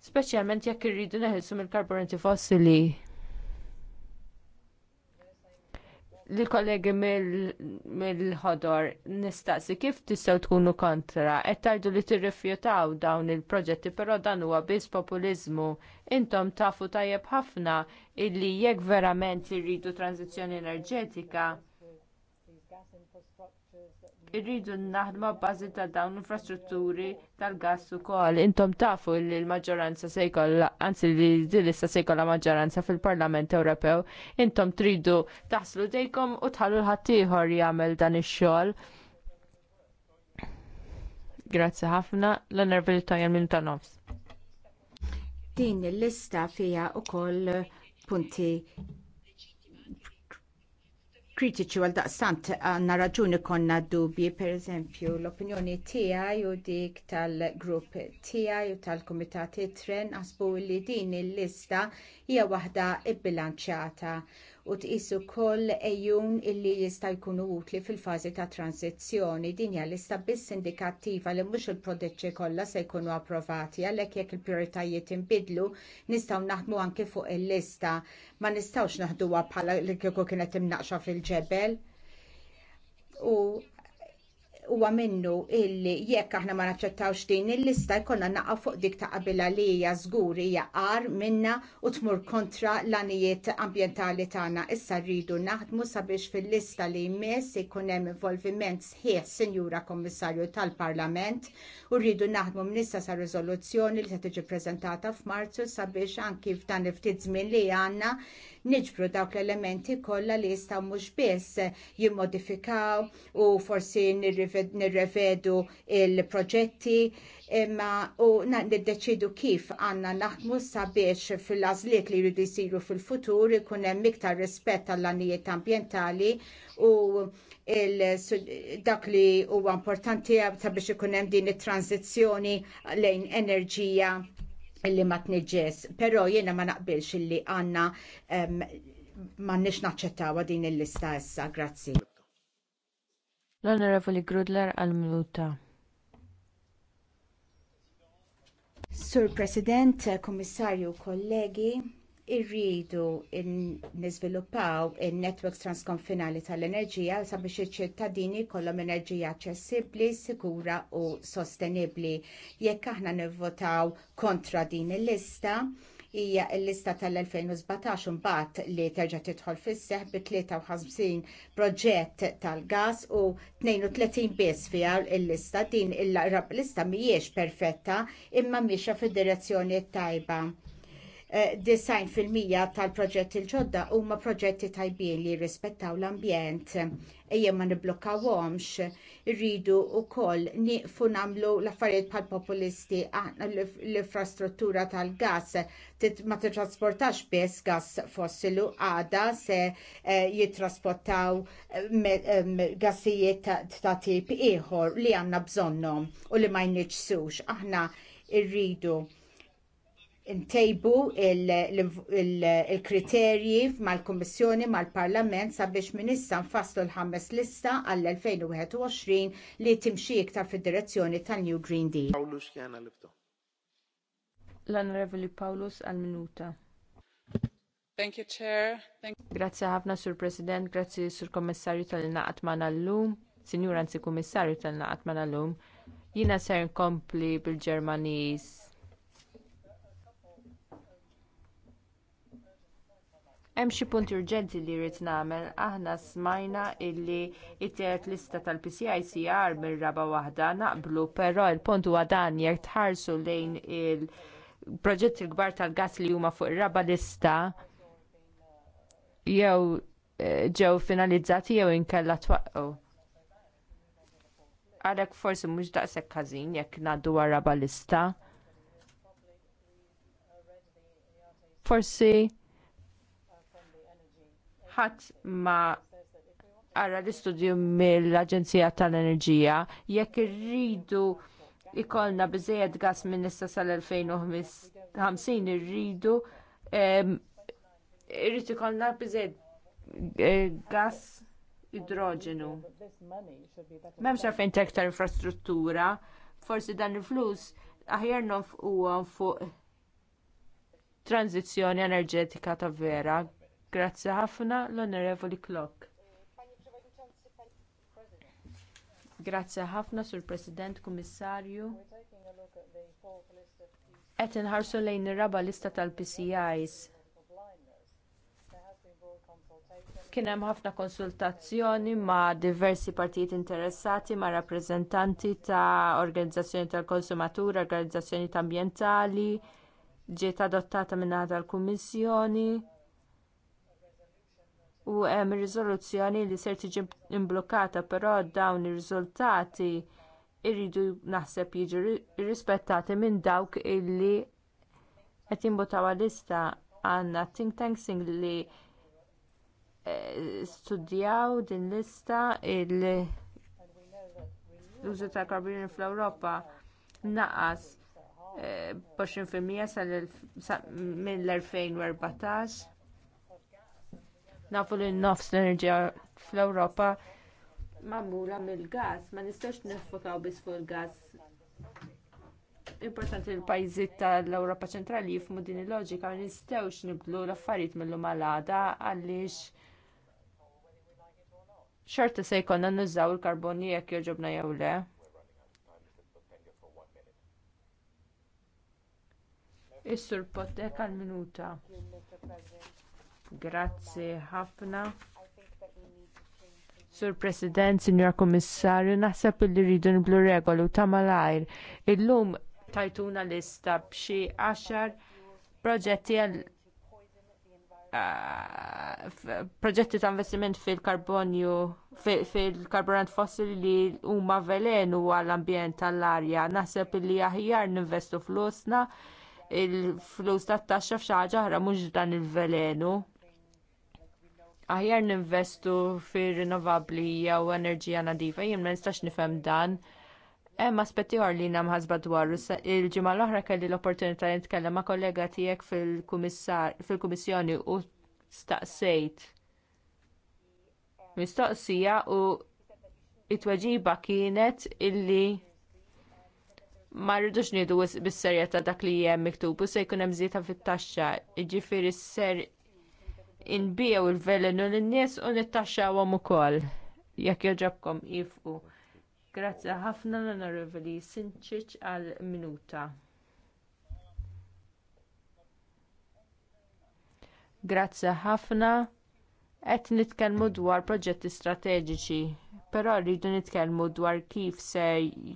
Speċjalment jekk irridu neħilsu mill-karburanti fossili. Li kollegi mill-ħodor nistaqsi kif tistgħu tkunu kontra qed tardu li tirrifjutaw dawn il-proġetti però dan huwa biss populiżmu. Intom tafu tajjeb ħafna illi jekk verament irridu tranzizzjoni enerġetika irridu naħdmu b'bażi ta' dawn l-infrastrutturi tal-gass ukoll. Intom tafu li l-maġġoranza se jkollha, anzi li din issa se jkollha maġġoranza fil-Parlament Ewropew, intom tridu taħslu dejkom u tħallu l-ħadd ieħor jagħmel dan ix-xogħol. Grazzi ħafna, l-nervil tajja minn ta' nofs. Din il-lista fija u koll punti kritiċi għal daqstant għanna raġuni konna dubji, per eżempju, l-opinjoni tiegħi u dik tal-grupp tiegħi u tal-komitati tren għasbu li din il-lista hija waħda bilanċjata u tqisu koll ejjun illi jista' jkunu utli fil-fażi ta' transizzjoni. Din hija lista biss indikattiva li mhux il-prodotti kollha se jkunu approvati għalhekk jekk il-prijoritajiet inbidlu nistgħu naħdmu anke fuq il-lista. Ma nistgħux naħduha bħala li kieku kienet imnaqxa fil-ġebel. U huwa minnu illi jekk aħna ma naċċettawx din il-lista jkollna naqgħu fuq dik ta' qabilha li hija żgur hija qar minna u tmur kontra l-anijiet ambjentali tagħna. Issa rridu naħdmu sabiex fil-lista li jmiss ikun hemm involviment sħiħ Sinjura Kommissarju tal-Parlament u rridu naħdmu minissa sa' riżoluzzjoni li se tiġi preżentata f'Marzu sabiex anki f'dan il-ftit żmien li għandna niġbru dawk l-elementi kollha li jistgħu mhux biss jimmodifikaw u forsi nirrevedu il-proġetti imma u niddeċidu kif għandna naħdmu sabiex fil-għażliet li jridu jsiru fil-futur ikun hemm iktar rispett għall-anijiet ambjentali u dak li huwa importanti sabiex biex ikun hemm din it-tranzizzjoni lejn enerġija illi ma tniġġes, però jiena ma naqbilx illi għandna um, ma nix naċċettaw din il-lista issa, grazzi. L-Onorevoli Grudler għal-minuta. Sur President, Komissarju, kollegi, irridu nizviluppaw in-netwerks transkonfinali tal-enerġija sabiex iċ-ċittadini jkollhom enerġija aċċessibbli, sigura u sostenibbli. Jekk aħna nivvotaw kontra din il-lista, hija l-lista tal-2017 mbagħad li terġa' tidħol fis-seħħ bi 53 proġett tal-gas u 32 biss fiha l-lista din il-lista mhijiex perfetta imma mhixha fid-direzzjoni tajba Eh, design fil-mija tal-proġetti l-ġodda huma proġetti tajbin li jirrispettaw l-ambjent. Ejja ma niblokkawhomx, irridu wkoll nieqfu nagħmlu l-affarijiet pal populisti l-infrastruttura tal-gas ma titrasportax biss gas fossilu għada se eh, jitrasportaw eh, gassijiet ta' tip ieħor li għandna bżonnhom u li ma jniċsux Aħna rridu ntejbu il-kriterji mal-Kommissjoni mal-Parlament sabiex minn issa nfasslu l-ħames lista għall-2021 li timxi iktar fid-direzzjoni tal-New Green Deal. Paulus jana libto. L-Onorevoli Paulus għal-minuta. Thank you, Chair. Thank Grazie ħafna, Sur President. Grazie, Sur Kommissarju tal-naqat ma' l anzi, Kommissarju tal-naqat ma' l-lum. Jina ser nkompli bil-Ġermanis Hemm xi punti urġenti li rrid nagħmel. Aħna smajna illi t tiegħed lista tal-PCICR mir-raba waħda naqblu, però l-punt huwa dan jekk tħarsu lejn il-proġetti l-kbar tal gass li huma fuq ir-raba lista jew eh, ġew finalizzati jew inkella twaqqgħu Għalhekk forsi mhux daqshekk każin jekk ngħaddu raba lista. Forsi ħadd ma ara l-istudju mill-Aġenzija tal-Enerġija jekk irridu ikollna biżejjed gas minn issa sal-2050 irridu irrid ikollna biżejjed eh, gas idroġenu. M'hemmx għalfejn tektar infrastruttura, forsi dan il-flus aħjar nofquhom fuq tranzizzjoni enerġetika ta' vera. Grazzi ħafna l-Onorevoli Klok. Grazzi ħafna sur President Kummissarju. Qed inħarsu lejn ir-raba lista tal-PCIs. Kien hemm ħafna konsultazzjoni ma' diversi partijiet interessati, ma' rappreżentanti ta' organizzazzjoni tal-konsumatur, organizzazzjoni ambjentali, ġiet adottata minn tal-Kummissjoni u hemm riżoluzzjoni li ser tiġi imblukkata, però dawn ir-riżultati irridu naħseb jiġu rispettati minn dawk illi qed jinbutaw għalista għandna think tanks li eh, studjaw din lista l-użu ta' karbini fl-Ewropa naqas eh, b'20% mill-2014 Nafu li nofs l-enerġija fl-Ewropa mamura mill-gas, ma nistax nifokaw biss fuq il-gas. Importanti l pajzi tal-Ewropa ċentrali jifmu din il-loġika ma nistgħux nibdlu l-affarijiet mill-lum għalada għaliex xorta se jkollna nużaw il-karboni jekk joġobna jew le. Is-sur pot minuta. Grazzi ħafna. Sur President, Sinjor Kommissarju, naħseb li rridu nblu regolu ta' malajr. Illum tajtuna lista b'xi għaxar proġetti għal proġetti ta' investiment fil-karbonju fil-karburant fossili li huma velenu għall-ambjent tal-arja. Naħseb li aħjar ninvestu flusna il-flus tat-taxxa f'xi ħaġa oħra mhux dan il-velenu aħjar ninvestu fir rinnovabli jew enerġija nadifa, jien ma nistax nifhem dan. Hemm aspetti oħra li jiena mħasba dwaru. Il-ġimgħa l-oħra kelli l-opportunità li nitkellem ma' kollega tiegħek fil-kummissjoni u staqsejt mistoqsija u it-tweġiba kienet illi ma rridux nidu bis-serjetà dak li hemm miktub u se jkun hemm żieta fit-taxxa, jiġifieri ser inbijaw il-velenu l-nies u nittaxxawhom ukoll. Jekk joġobkom ifqu. Grazzi ħafna l-onorevoli Sinċiċ għal minuta. Grazzi ħafna qed nitkellmu dwar proġetti strateġiċi, però rridu nitkellmu dwar kif se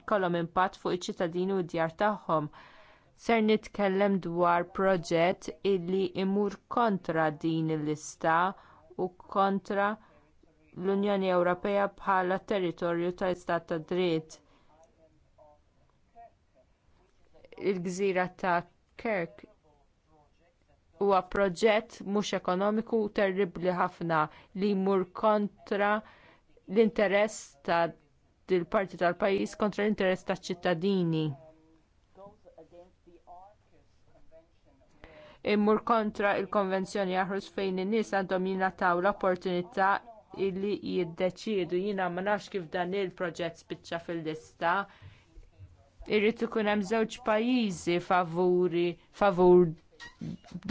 jkollhom impatt fuq iċ-ċittadini u d-djar tagħhom ser nitkellem dwar proġett illi imur kontra din il-lista u kontra l-Unjoni Ewropea bħala territorju tal-Istat ta' dritt. Il-gżira ta' Kirk huwa proġett mhux ekonomiku terribbli ħafna li jmur kontra l-interess ta' dil-parti tal-pajjiż kontra l-interess taċ ċittadini. Immur kontra l konvenzjoni aħrus fejn in-nies għandhom jingħataw l-opportunità illi jiddeċiedu jiena ma nafx kif dan il-proġett spiċċa fil-lista. Irrid ikun hemm żewġ pajjiżi favuri favur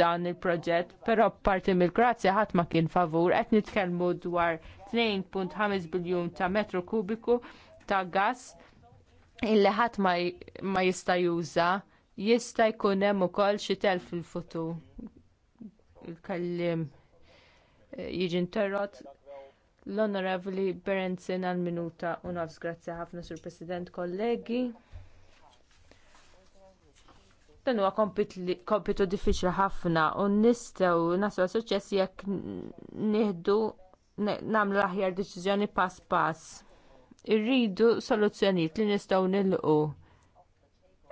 dan il-proġett, però parti mill-Grazja ħadd ma kien favur qed nitkellmu dwar 2.5 biljun ta' metru kubiku ta' gass illi ħadd ma jista' juża jista' jkun hemm ukoll xi telf fil-futur. Il-kallim eh, jiġi interrot l-Onorevoli Berenzin għal minuta u nofs grazzi ħafna sur President kollegi. Dan huwa kompitu diffiċli ħafna u nistgħu naslu suċċess jekk nieħdu nagħmlu l-aħjar deċiżjoni pass pass. Irridu soluzzjonijiet li nistgħu nilqu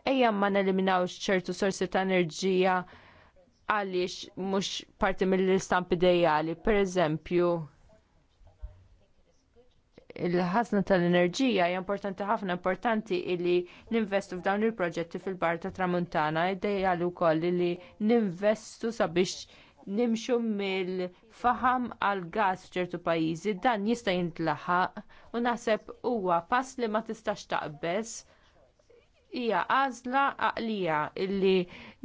ejja ma neliminawx ċertu sorsi ta' enerġija għaliex mhux parti mill-istamp ideali. pereżempju il-ħazna tal-enerġija hija importanti ħafna importanti li ninvestu f'dawn il-proġetti fil-bar ta' tramuntana ideali wkoll li ninvestu sabiex nimxu mill-faham għal gas f'ċertu pajjiżi dan jista' jintlaħaq u naħseb huwa pass li ma tistax taqbeż hija għażla għaqlija illi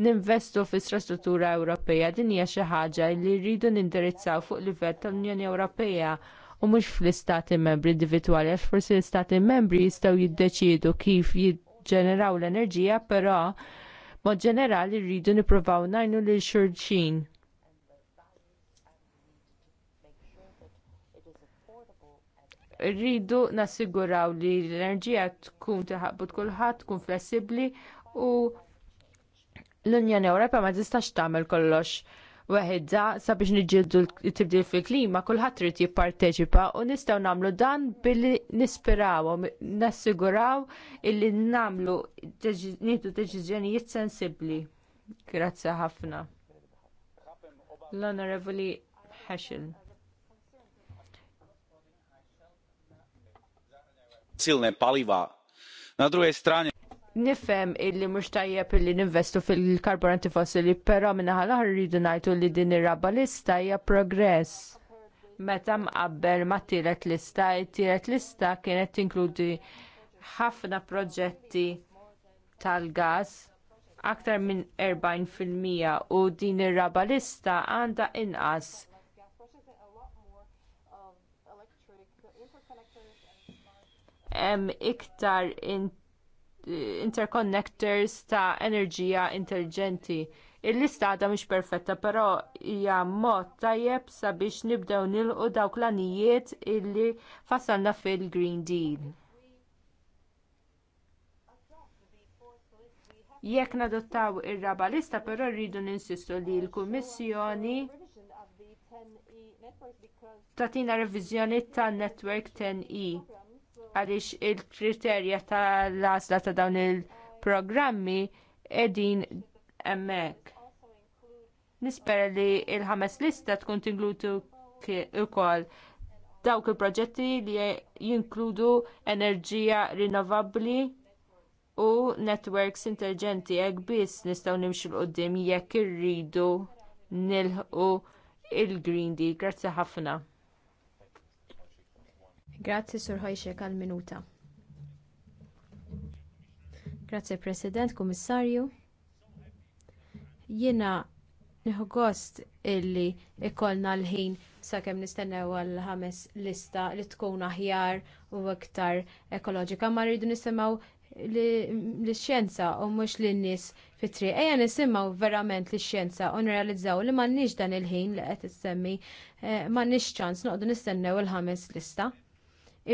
ninvestu fi strastruttura Ewropea din hija xi ħaġa li rridu nindirizzaw fuq livell tal-Unjoni Ewropea u mhux fl-istati membri individwali għax forsi l-istati membri jistgħu jiddeċiedu kif jiġġeneraw l-enerġija, però mod ġenerali rridu nippruvaw ngħinu lil xulxin rridu nassiguraw li l-enerġija tkun taħabut kulħadd, tkun flessibbli u l-Unjoni Ewropea ma tistax tagħmel kollox weħedza sabiex niġġieldu t-tibdil fil-klima, kulħadd trid jipparteċipa u nistgħu nagħmlu dan billi nispirawhom, nassiguraw illi nagħmlu nieħdu deċiżjonijiet sensibbli. Grazzi ħafna. L-Onorevoli Heschel. silne paliva. Na druhej strane nifhem illi mhux tajjeb illi ninvestu fil-karburanti fossili, però minna ħal rridu najtu li din ir-raba lista hija progress. Meta mqabbel ma' tiret lista, it lista kienet tinkludi ħafna proġetti tal-gas aktar minn 40% u din ir-raba lista għandha inqas hemm iktar in interconnectors ta' enerġija intelligenti. Il-lista għadha mhix perfetta, però hija mod tajjeb sabiex nibdew nilqu dawk l-anijiet illi fassalna fil-Green Deal. Jekk nadottaw ir-raba lista, però rridu ninsistu li l-Kummissjoni tatina reviżjoni tan netwerk 10E għaliex il-kriterja tal-għażla ta' dawn il-programmi qegħdin hemmhekk. Nispera li l ħames lista tkun tinglutu ukoll dawk il-proġetti li jinkludu enerġija rinnovabbli u networks intelligenti hekk biss nistgħu nimxu l-qoddim jekk irridu nilħqu il-Green Deal. Grazzi ħafna. Grazzi Sur Hojxek għal minuta. Grazzi President, Kummissarju. Jiena nieħu gost illi ikollna l-ħin sakemm nistennew għal ħames lista li tkun aħjar u iktar ekoloġika ma rridu nisimaw li xjenza u mhux lin-nies fitri. Ejja nisimaw verament li xjenza u nrealizzaw li m'għandniex dan il-ħin li qed ma eh, m'għandniex ċans noqdu nistennew il-ħames lista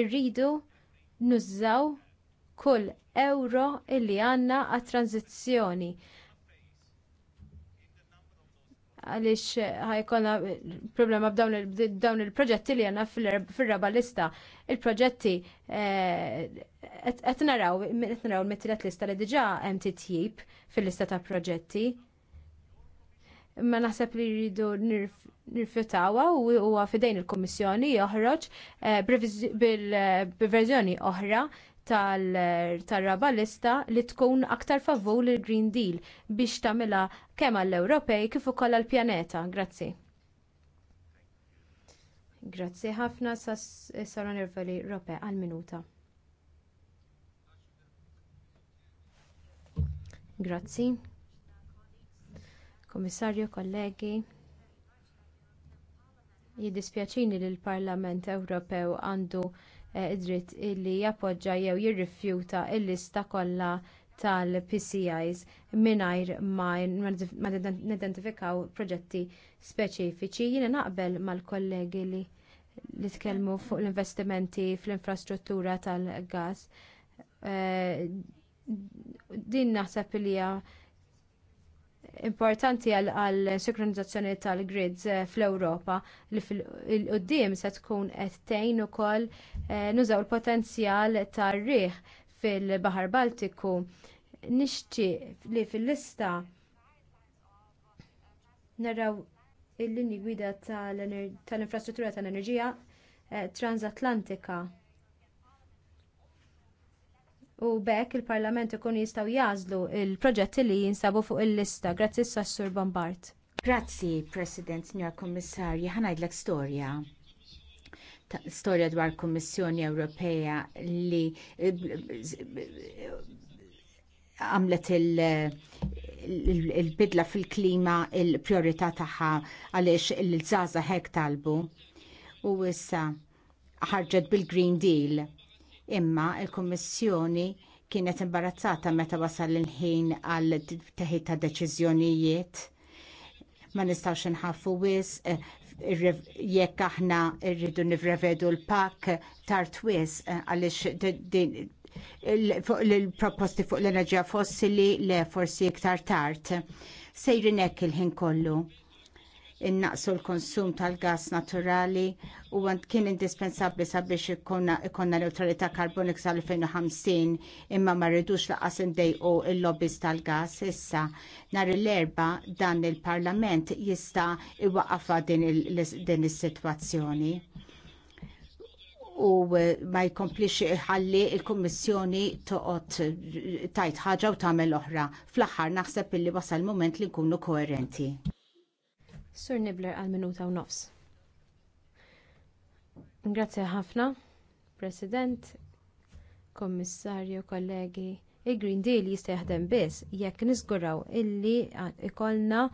irridu nużaw kull euro illi għandna għat tranzizzjoni għaliex ħajkonna problema b'dawn il-proġetti li għanna fil-raba lista. Il-proġetti qed eh, naraw qed naraw il-mittilet lista li diġà hemm titjib fil-lista ta' proġetti Ma naħseb li jridu nirfjutawa u huwa fidejn il-Kummissjoni joħroġ eh, bil-verżjoni eh, oħra eh, tal-raba lista li tkun aktar favur il green Deal biex tagħmilha kemm għall-Ewropej kif ukoll għall-pjaneta. Grazzi. Grazzi ħafna sas-Sara Nirveli Rope għal-minuta. Grazzi. Komissarju, kollegi, jiddispjaċini li l-Parlament Ewropew għandu eh, id-dritt illi jappoġġa jew jirrifjuta l lista kollha tal-PCIs mingħajr ma nidentifikaw proġetti speċifiċi. Jiena naqbel mal-kollegi li li tkellmu fuq l-investimenti fl-infrastruttura tal-gas. Eh, din naħseb li hija importanti għal sinkronizzazzjoni tal-grids eh, fl-Ewropa li fil-qoddim se tkun qed tgħin ukoll eh, nużaw il-potenzjal tar-riħ fil-Baħar Baltiku. Nixti li fil-lista naraw il-linji gwida tal-infrastruttura tal-enerġija eh, transatlantika u bekk il-Parlament ikun jistgħu jazlu l proġetti li jinsabu fuq il-lista. Grazzi s-Sassur Bombard. Grazzi, President, Signor Kommissarju, ħanajdlek storja storja dwar Kummissjoni Ewropea li eh, għamlet il-bidla fil-klima il-priorità tagħha għaliex il-żaza hekk talbu u issa ħarġet bil-Green Deal imma il-Kummissjoni kienet imbarazzata meta wasal il-ħin għal teħid ta' deċiżjonijiet ma nistawx nħaffu wis eh, jekk aħna rridu nivrevedu l-pak tard wis eh, għaliex il-proposti fuq l-enerġija fossili le forsi iktar tard. sejrinek il-ħin kollu innaqsu l-konsum tal-gas naturali u għand kien indispensabli sabiex ikonna neutralità karbonik sal-2050 imma ma rridux laqas indejqu il-lobbies tal-gas issa nhar l-erba dan il-parlament jista' iwaqqafa din is-sitwazzjoni u eh, ma jkomplix ħalli il-Kommissjoni toqgħod tajt ħaġa u tagħmel oħra. Fl-aħħar naħseb illi wasal il-moment li nkunu koerenti. Sur Nibler għal minuta u nofs. Grazie ħafna, President, Kommissarju, kollegi. Il-Green Deal jista' jaħdem biss jekk niżguraw illi ikollna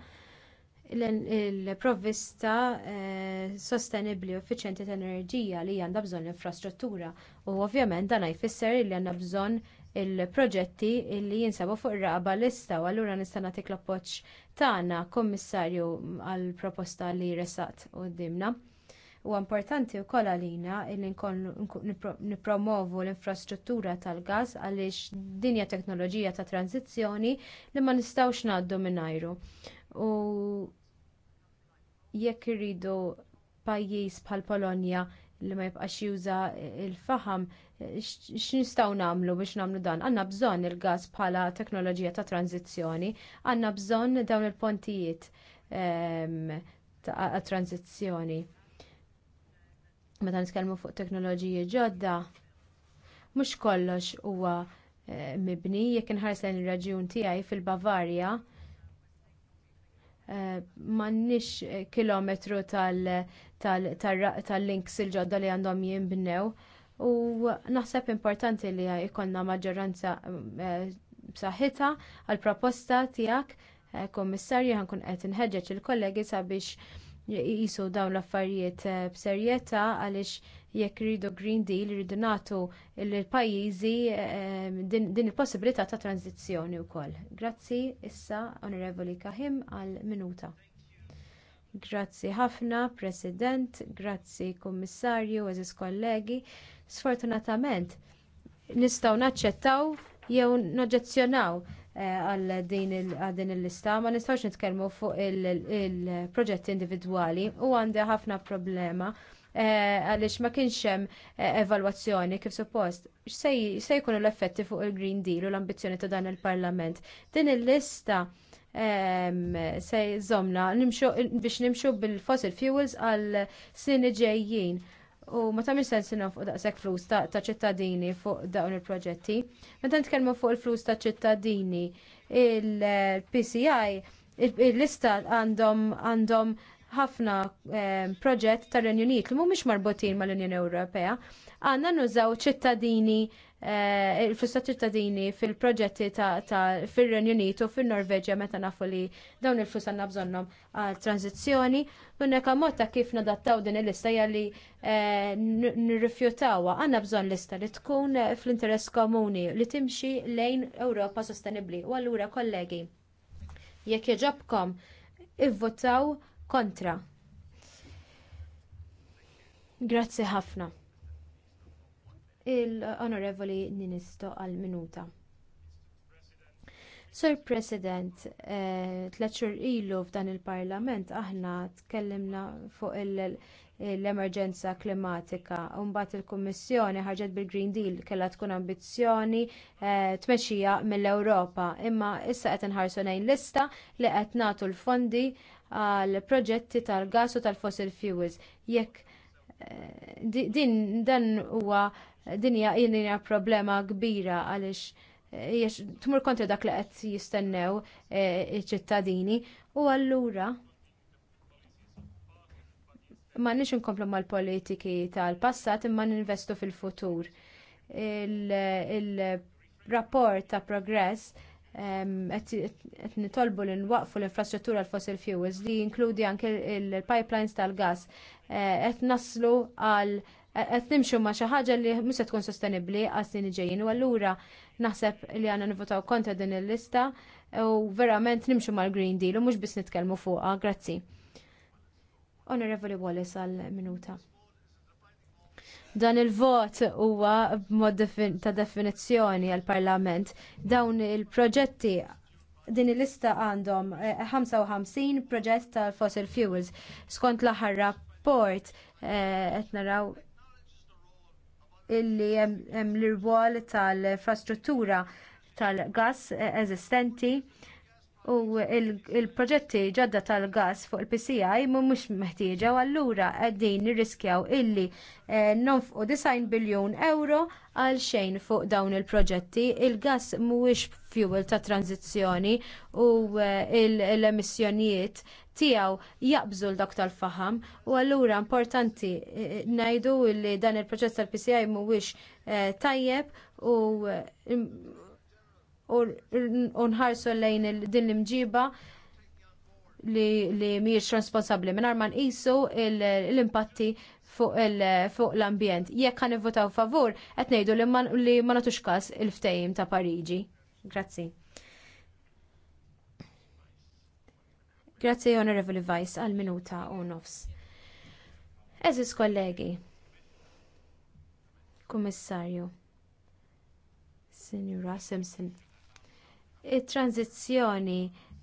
il-provvista eh, sostenibbli u effiċenti ta' enerġija li għandha bżonn l-infrastruttura u ovvjament dan jfisser li għandna bżonn il-proġetti li jinsabu fuq ir-raqba l-istaw, allura nista' nagħtik l-appoġġ tagħna Kummissarju għall proposta li resaqt quddiemna Huwa importanti wkoll għalina li nippromovu l-infrastruttura tal gass għaliex din hija teknoloġija ta' transizzjoni li ma nistgħux ngħaddu mingħajru. U jekk irridu pajjiż bħal Polonja li ma jibqax juża l faħam x'nistgħu nagħmlu biex nagħmlu dan? Għandna bżonn il-gas bħala teknoloġija ta' tranzizzjoni, għandna bżonn dawn il-pontijiet ehm, ta' tranzizzjoni. Meta nitkellmu fuq teknoloġiji ġodda, mhux kollox huwa eh, mibni jekk inħares lejn ir raġun tiegħi fil-Bavarja eh, m'għandniex eh, kilometru tal-links il-ġodda li għandhom jinbnew u naħseb importanti li jkollna maġġoranza eh, b'saħħitha għall proposta tiegħek eh, kummissarju ħankun qed inħeġġeġ il-kollegi sabiex jisu dawn l-affarijiet eh, b'serjetà għaliex jekk rridu Green Deal rridu nagħtu lill pajjiżi din, din il-possibilità ta' tranzizzjoni wkoll. Grazzi issa Onorevoli Kahim għal minuta. Grazzi ħafna, President, grazzi Kummissarju, eżis kollegi. Sfortunatament, nistgħu naċċettaw jew noġezzjonaw eh, għal din il-lista, ma nistawx nitkellmu fuq il-proġetti individwali u għandi ħafna problema eh, għaliex ma kienx hemm eh, evalwazzjoni kif suppost. Se jkunu l-effetti fuq il-Green Deal u l-ambizzjoni ta' dan il-Parlament. Din il-lista il lista se jżomna biex nimxu bil-fossil fuels għal sini ġejjin. U ma tamil sens fuq daqshekk flus ta' ċittadini fuq dawn il-proġetti. Meta nitkellmu fuq il-flus ta' ċittadini, il-PCI, il-lista għandhom għandhom ħafna proġett tar renju li mhumiex marbutin mal-Unjoni Ewropea, għandna nużaw ċittadini Eh, il fustat ċittadini fil-proġetti ta' fil-Renju Unitu, fil-Norveġja, meta nafu li dawn il fustat nabżonnom għal-tranzizjoni. Unneka mod ta' kif nadattaw din il-lista jalli eh, nirrifjutawa. Għanna bżon lista li tkun fl-interess komuni li timxi lejn Ewropa sostenibli. U allura kollegi, jekk jġobkom, ivvotaw kontra. Grazzi ħafna il-Onorevoli Ninisto għal-minuta. Sir President, eh, tlaċur ilu f'dan il-Parlament aħna tkellimna fuq l-emerġenza klimatika. Umbat il-Kommissjoni ħarġet bil-Green Deal kellha tkun ambizzjoni eh, tmexxija mill-Ewropa. Imma issa qed inħarsu ngħin lista li qed nagħtu l-fondi għal proġetti tal-gas u tal-fossil fuels. Jekk eh, din dan huwa dinja jinina problema kbira għaliex eh, tmur kontra dak li qed jistennew eh, iċ-ċittadini u allura ma nix nkomplu mal-politiki tal-passat imma ninvestu fil-futur. Il-rapport ta' progress qed nitolbu li nwaqfu l-infrastruttura l-fossil fuels li jinkludi anke il-pipelines tal-gas eh, qed naslu għal qed nimxu ma' xi ħaġa li mhux se tkun sostenibbli għas-snin ġejjin u allura naħseb li għandna nivvotaw kontra din il-lista u verament nimxu mal-Green Deal u mhux biss nitkellmu fuqha. Grazzi. Onorevoli Wallace għal minuta. Dan il-vot huwa b'mod ta' definizzjoni għall parlament dawn il-proġetti din il-lista għandhom 55 eh, proġett tal fossil fuels skont l-aħħar rapport eh, qed naraw illi hemm l-irwol tal-infrastruttura tal-gas eh, eżistenti u il-proġetti ġodda tal gass fuq il-PCI mhumiex meħtieġa u allura qegħdin nirriskjaw illi eh, nonfqu 90 biljun euro għal xejn fuq dawn il-proġetti. il gass mhuwiex fuel ta' tranzizzjoni u eh, l-emissjonijiet tiegħu jaqbżu l-dak tal-faham u allura importanti eh, ngħidu li dan il-proċess tal-PCI mhuwiex tajjeb u u nħarsu lejn din l-imġiba li, li miex responsabli minn arman isu l-impatti fuq l-ambjent. Jekk għan votaw favur, qed ngħidu li ma nagħtux każ il-ftejim ta' Pariġi. Grazzi. Grazzi Honorable Vice għal minuta u nofs. Eżis kollegi, Kummissarju, Signora Simpson, It-tranzizzjoni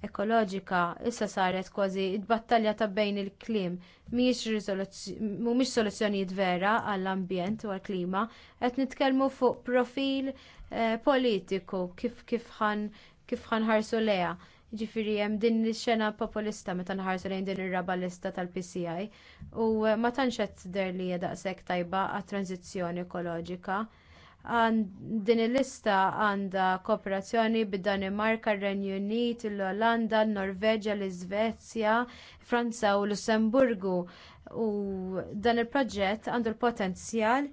ekoloġika issa saret kważi t-battalja ta' bejn il-klim mhumiex soluzzjonijiet vera għall-ambjent u għall-klima qed nitkellmu fuq profil eh, politiku kif kif ħan kif ħanħarsu leha. Ġifieri hemm din ix-xena populista meta nħarsu lejn din ir-rabalista tal-PCI u eh, ma tantx qed tidher li hija daqshekk tajba għat-tranzizzjoni ekoloġika din il-lista għandha kooperazzjoni bid-Danimarka, Renju Unit, l-Olanda, l-Norveġa, l-Iżvezja, Franza u Lussemburgu. U dan il-proġett għandu l-potenzjal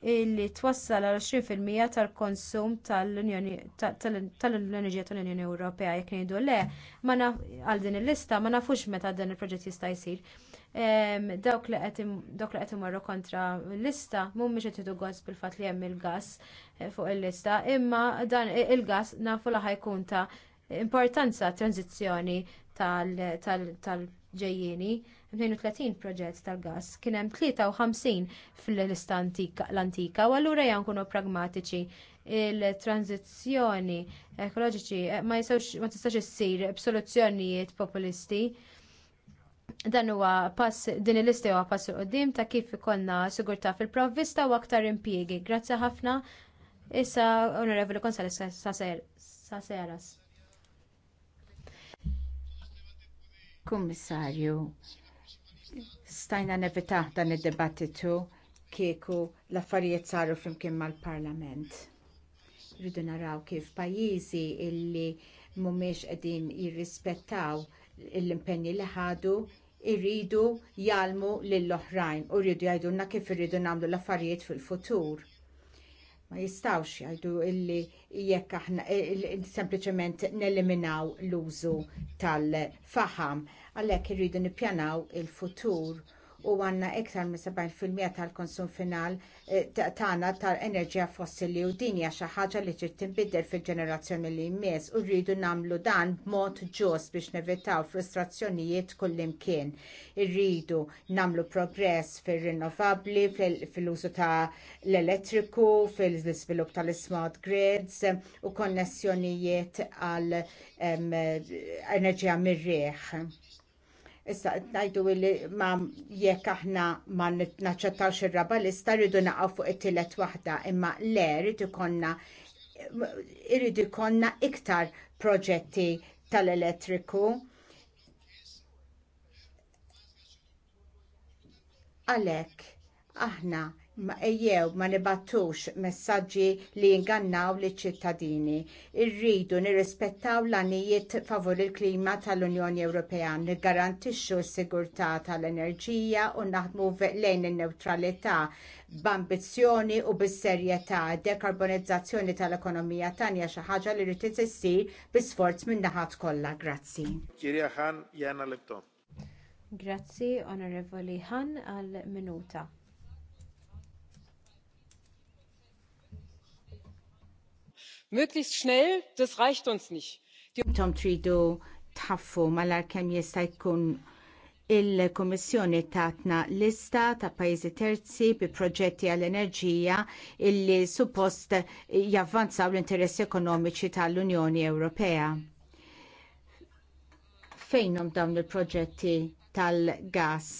li twassal għal 20% tal-konsum tal-Unjoni tal-Enerġija tal-Unjoni Ewropea jekk ngħidu le, għal din il-lista ma nafux meta dan il-proġett jista' jsir dawk li qed imorru kontra l-lista mhumiex qed jieħdu gost bil-fatt li hemm il gass eh, fuq il-lista, imma dan il gass nafu li ħajkun ta' importanza tranzizzjoni tal-ġejjini. 32 proġett tal-gas kien hemm 53 fil-lista l-antika u allura jankunu nkunu pragmatiċi il-tranzizzjoni ekoloġiċi eh, ma jistax issir b'soluzzjonijiet populisti dan huwa pass din il-lista huwa pass qudiem ta' kif ikollna sigurtà fil-provvista u aktar impjiegi. Grazzi ħafna. Issa Onorevoli Gonzales Saseras. Kummissarju, stajna nevitaħ dan id-dibattitu kieku l-affarijiet saru flimkien mal-Parlament. Rridu naraw kif pajjiżi illi mhumiex qegħdin jirrispettaw l-impenni li ħadu irridu jalmu lill-oħrajn u rridu jgħidulna kif irridu nagħmlu l-affarijiet fil-futur ma jistawx jgħidu illi jekk aħna sempliċement neliminaw l-użu tal-faħam għalhekk irridu nippjanaw il-futur u għandna iktar minn 70% tal-konsum final eh, tagħna tal-enerġija fossili u din hija xi ħaġa li trid tinbidel fil-ġenerazzjoni li jmiss u rridu nagħmlu dan b'mod ġust biex nevitaw frustrazzjonijiet kullimkien. Irridu nagħmlu progress fir-rinnovabbli, fil-użu ta' l-elettriku, fil-iżvilupp tal-smart grids u konnessjonijiet għal eh, enerġija mir-rieħ Issa najdu li ma jekk aħna ma naċċettawx ir-raba sta rridu naqgħu fuq it-tielet waħda imma le rridu ikonna irridu ikonna iktar proġetti tal-elettriku. Għalhekk aħna ma ejjew ma nibattux messaġġi li jingannaw li ċittadini. Irridu nirrispettaw l-għanijiet favur il-klima tal-Unjoni Ewropea, nirgarantixxu s-sigurtà tal-enerġija u naħdmu lejn in-neutralità b'ambizzjoni u bis-serjetà. Dekarbonizzazzjoni tal-ekonomija tanja xi ħaġa li rrid issir bi sforz minn naħat kollha. Grazzi. Kirja Ħan, jana Grazzi, Onorevoli Han, għal minuta. Möglichst schnell, das reicht uns nicht. Tom tħaffu malar kem jista' jkun il-Kommissjoni tatna lista ta' pajjiżi terzi bi proġetti għall-enerġija illi suppost javvanzaw l-interessi ekonomiċi tal-Unjoni Ewropea. Fejnhom dawn il-proġetti tal-gas?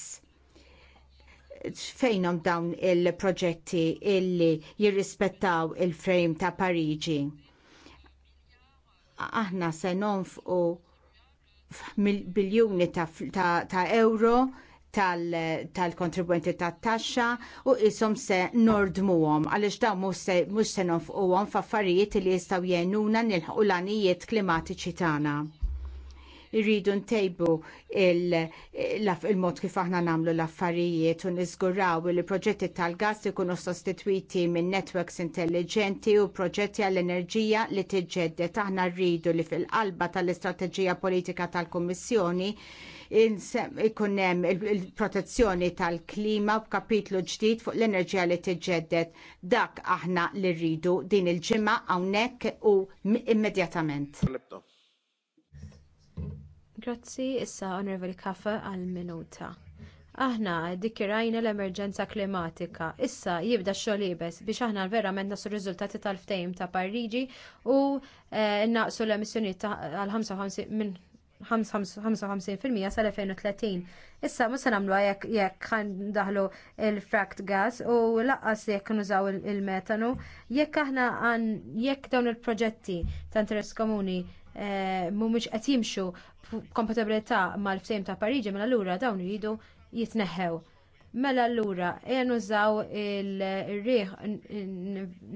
fejnhom dawn il-proġetti illi jirrispettaw il-frame ta' Pariġi. Aħna se nonfqu biljuni ta, ta, ta euro tal-kontribwenti tal tat-taxxa u isom se nordmuhom għaliex dawn mhux se nonfquhom f'affarijiet li jistgħu jgħinuna nilħqu l-għanijiet klimatiċi tagħna irridu ntejbu il-mod kif aħna nagħmlu l-affarijiet u niżguraw li proġetti tal-gas ikunu sostitwiti minn netwerks intelligenti u proġetti għall-enerġija li tiġeddet. aħna rridu li fil-qalba tal-istrateġija politika tal-Kummissjoni ikun hemm il-protezzjoni tal-klima b'kapitlu ġdid fuq l-enerġija li tiġġeddet Dak aħna li rridu din il-ġimgħa hawnhekk u immedjatament. Grazzi issa Onorevoli Kafa għal minuta. Aħna dikirajna l-emerġenza klimatika. Issa jibda xolibes biex aħna men nasu riżultati tal-ftejm ta' Parigi u eh, naqsu l-emissjoni għal 55% sal-2030. Issa ma se nagħmlu jekk jekk daħlu il-fract gas u laqqas jekk nużaw il-metanu jekk aħna jekk dawn il-proġetti ta' interess komuni Eh, mhumiex qed jimxu kompatibilità mal-ftehim ta' Pariġi mela allura dawn jridu jitneħħew. Mela allura, ejja użaw il-riħ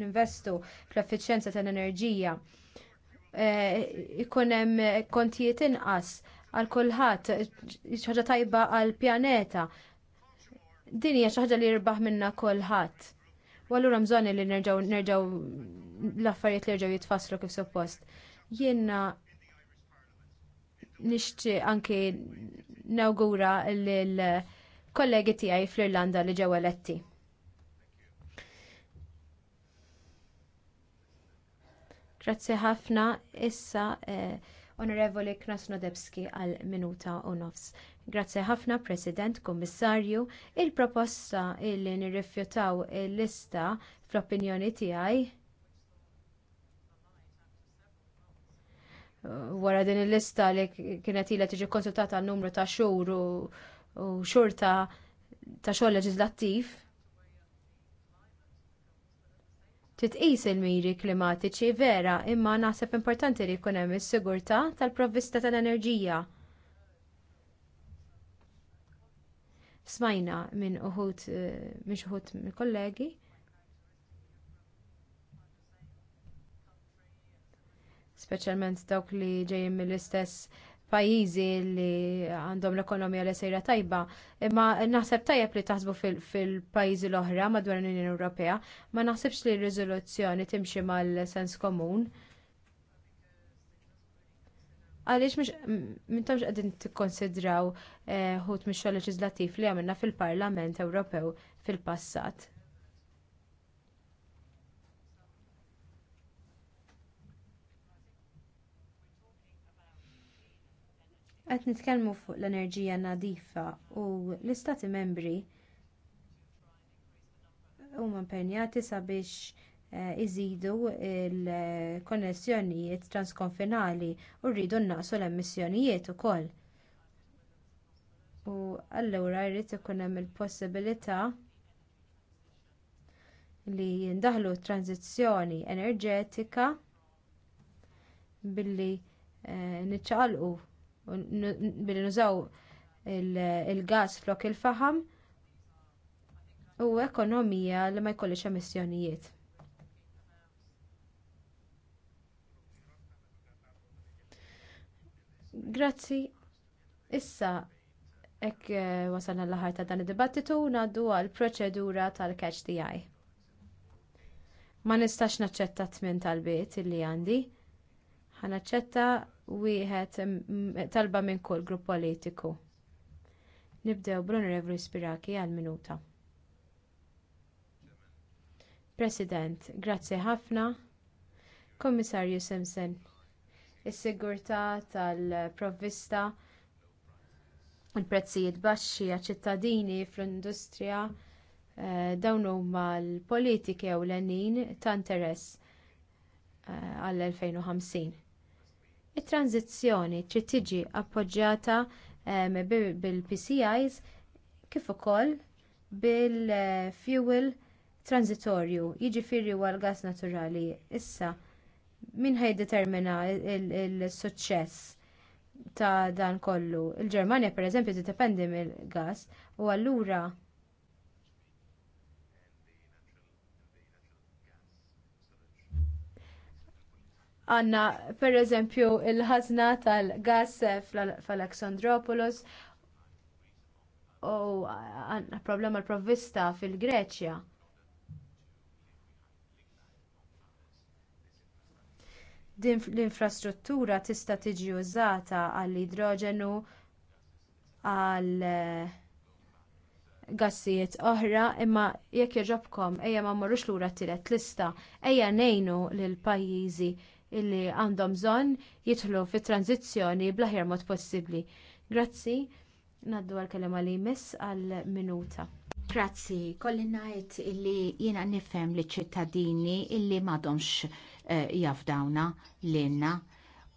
ninvestu fl-effiċjenza tal-enerġija. Eh, ikun hemm kontijiet inqas għal kulħadd, ħaġa tajba għal pjaneta. Din hija xi ħaġa li jirbaħ minna kulħadd. U allura mżonni li nerġaw l-affarijiet li jerġgħu jitfasslu kif suppost jenna nishti anki nawgura l-kollegi tiegħi fl-Irlanda li ġew eletti. Grazzi ħafna issa eh, Onorevoli Krasnodebski għal minuta u nofs. Grazzi ħafna, President, Kommissarju. Il-proposta li nirrifjutaw il-lista fl-opinjoni tiegħi wara din il-lista li kienet ilha tiġi konsultata għal numru ta' xhur u xorta ta' xogħol leġislattiv. Titqis il-miri klimatiċi vera imma naħseb importanti li jkun hemm is-sigurtà tal-provvista tal-enerġija. Smajna minn uħut eh, minn uħut mill-kollegi speċjalment dawk li ġejjin mill-istess pajjiżi li għandhom l-ekonomija li sejra tajba, imma naħseb tajjeb li taħsbu fil-pajjiżi l-oħra madwar l-Unjoni Ewropea, ma naħsibx li r-riżoluzzjoni timxi mal-sens komun. Għaliex mintomx qegħdin tikkonsidraw eh, ħut mix-xogħol leġislattiv li għamilna fil-Parlament Ewropew fil-passat. Qed nitkellmu fuq l-enerġija nadifa u l-istati membri huma impenjati sabiex eh, iżidu l konnessjonijiet transkonfinali u rridu nnaqsu l-emissjonijiet ukoll. U allura jrid ikun hemm il-possibilità li jindaħlu t tranzizzjoni enerġetika billi eh, niċċaqalqu bil nużaw il-gas flok il-faham u ekonomija li ma jkollix emissjonijiet. Grazzi. Issa ek eh, wasalna l-ħar ta' dan id-dibattitu ngħaddu għal proċedura tal-catch the eye. Ma nistax naċċetta tmien tal-bit illi għandi. Ħanaċċetta wieħed talba minn kull grupp politiku. Nibdew bl-Onorevoli Spiraki għal minuta. President, grazzi ħafna. Kommissarju Simpson, is-sigurtà tal-provvista il-prezzijiet baxxi għaċ-ċittadini fl-industrija eh, dawn huma l-politiki ewlenin ta' interess eh, għall-2050 It-tranzizzjoni trid tiġi appoġġjata ehm, bil-PCIs kif ukoll bil-fuel transitorju, jiġifieri huwa l-gas naturali. Issa min determina il-suċċess ta' dan kollu? Il-Ġermanja pereżempju tiddependi mill-gas u allura Għanna, per eżempju, il-ħazna tal-gas fl-Alexandropolis u għanna problema l-provvista fil-Greċja. din l-infrastruttura tista' tiġi użata għall-idroġenu għal gassijiet oħra imma jekk jogħġobkom ejja ma mmorrux lura t-tielet lista ejja ngħinu lill pajjiżi illi għandhom bżonn jidħlu fit tranzizzjoni bl-aħjar mod possibbli. Grazzi, naddu għal-kelema li jmiss għal-minuta. Grazzi, kolli ngħid illi jiena nifhem li ċittadini illi m'għadhomx eh, jafdawna l-inna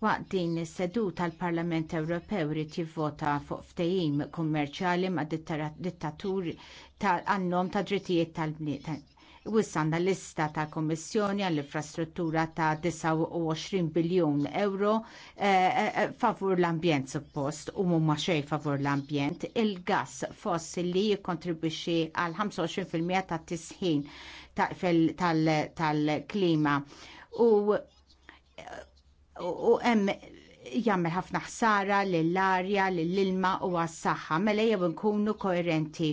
Waqt din is-seduta l-Parlament Ewropew irid jivvota fuq ftehim kummerċjali mad dittatur ta' għannhom ta' drittijiet tal-bniedem U għanna lista ta' kommissjoni għall-infrastruttura ta' 29 biljon euro eh, eh, eh, favur l-ambjent suppost u mumma xej favur l-ambjent. Il-gas fossili jikontribwixi għal 25% ta' tisħin tal-klima. U hemm jagħmel ħafna ħsara lill-arja, lill-ilma u għas-saħħa, mela jew nkunu koerenti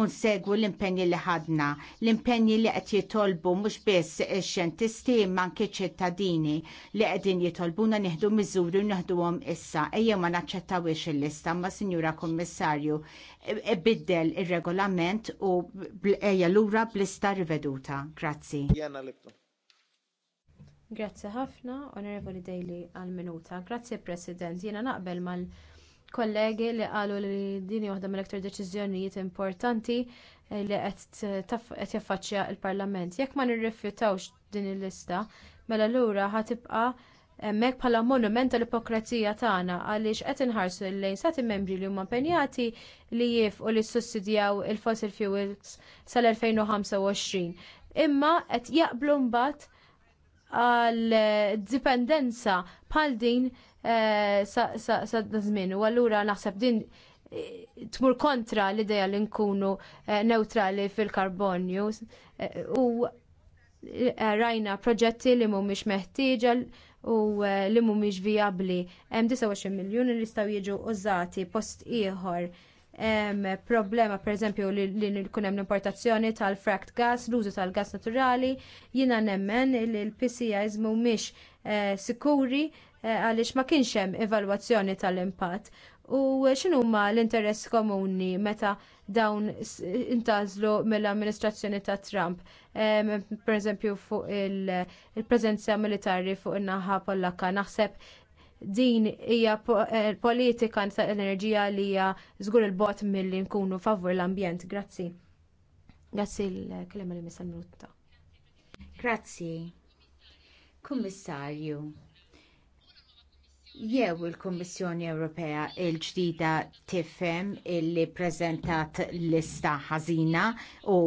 unsegwu l-impenji li ħadna, l-impenji li qed jitolbu mhux biss xentisti xjentisti imma anke ċittadini li qegħdin jitolbuna nieħdu miżuri u għom issa. Ejja ma naċċettawiex il-lista ma Sinjura Kommissarju e- biddel ir-regolament u ejja lura blista riveduta. Grazzi. Grazzi ħafna, Onorevoli Dejli għal-minuta. Grazzi President, jiena naqbel mal- kollegi li qalu li dini waħda mill-aktar deċiżjonijiet importanti eh, li qed jaffaċċja l parlament Jekk ma nirrifjutawx din il-lista, mela lura ħatibqa' hemmhekk bħala monument tal-ipokrazija tagħna għaliex qed inħarsu lejn sati membri li huma impenjati li jifqu li sussidjaw il-fossil fuels sal-2025. Imma qed jaqblu mbagħad għal dipendenza bħal din Eh, sa żmien. U allura naħseb din eh, tmur kontra l-ideja li nkunu eh, neutrali fil-karbonju. U rajna proġetti li mhumiex meħtieġa u li mhumiex vijabbli. Hemm 29 miljun li jistgħu jiġu użati post ieħor. problema pereżempju li nkun hemm l-importazzjoni tal-fract gas, l-użu tal-gas naturali, jiena nemmen li l-PCIs mhumiex sikuri Eh, għaliex ma kienx hemm evalwazzjoni tal-impatt. U x'inhu huma l-interess komuni meta dawn intażlu mill-amministrazzjoni ta' Trump, pereżempju fuq il-preżenza militari fuq in-naħa Pollakka. Naħseb din hija eh, politika ta' enerġija li hija żgur il-bot milli nkunu favur l-ambjent. Grazzi. Grazzi l-kelma li missa minuta. Grazzi. Kummissarju jew il-Kummissjoni Ewropea il-ġdida tifhem illi preżentat lista ħażina u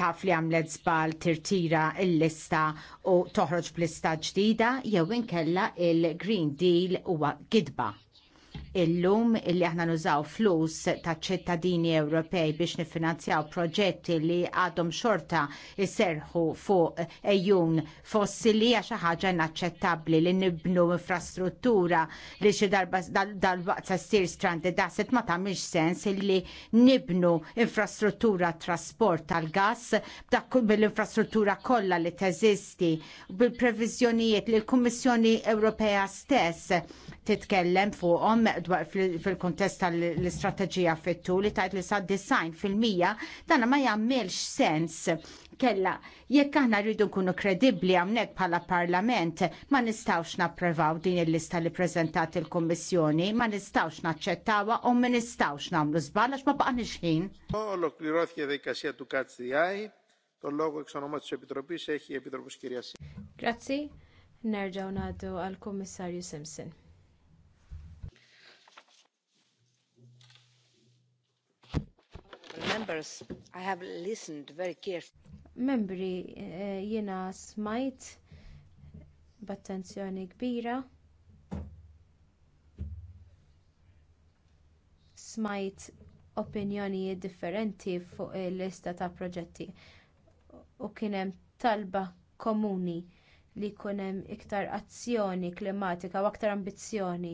taf li għamlet żball tirtira l lista u toħroġ b'lista ġdida jew inkella il-Green Deal huwa gidba illum illi aħna nużaw flus ta' ċittadini Ewropej biex nifinanzjaw proġetti li għadhom xorta jserħu fuq ejjun fossili għax ħaġa inaċċettabbli li nibnu infrastruttura li xi darba dal-waqt sa ssir stranded asset ma tagħmilx sens illi nibnu infrastruttura trasport tal-gass bil-infrastruttura kollha li teżisti bil-previżjonijiet li l-Kummissjoni Ewropea stess titkellem fuqhom fil-kontest tal-istrateġija fittu li tajt li sa' design fil-mija dan ma jammilx sens kella jekk aħna rridu nkunu kredibbli hawnhekk bħala parlament ma nistgħux napprevaw din il-lista li preżentat il-Kummissjoni, ma nistgħux naċċettawha u ma nistgħux nagħmlu żball għax ma baqgħniex ħin. Ολοκληρώθηκε η dejkasija του ΚΑΤΣΔΙ. Το λόγο εξ ονόματο τη Επιτροπή έχει η Επιτροπή κυρία Σίμψον. Grazie. Nerġaw naddu għal-Kummissarju Simpson. Members, I have listened very carefully. Membri, eh, jiena smajt b'attenzjoni kbira. Smajt opinjonijiet differenti fuq il-lista ta' proġetti u kien hemm talba komuni li jkun hemm iktar azzjoni klimatika u aktar ambizzjoni.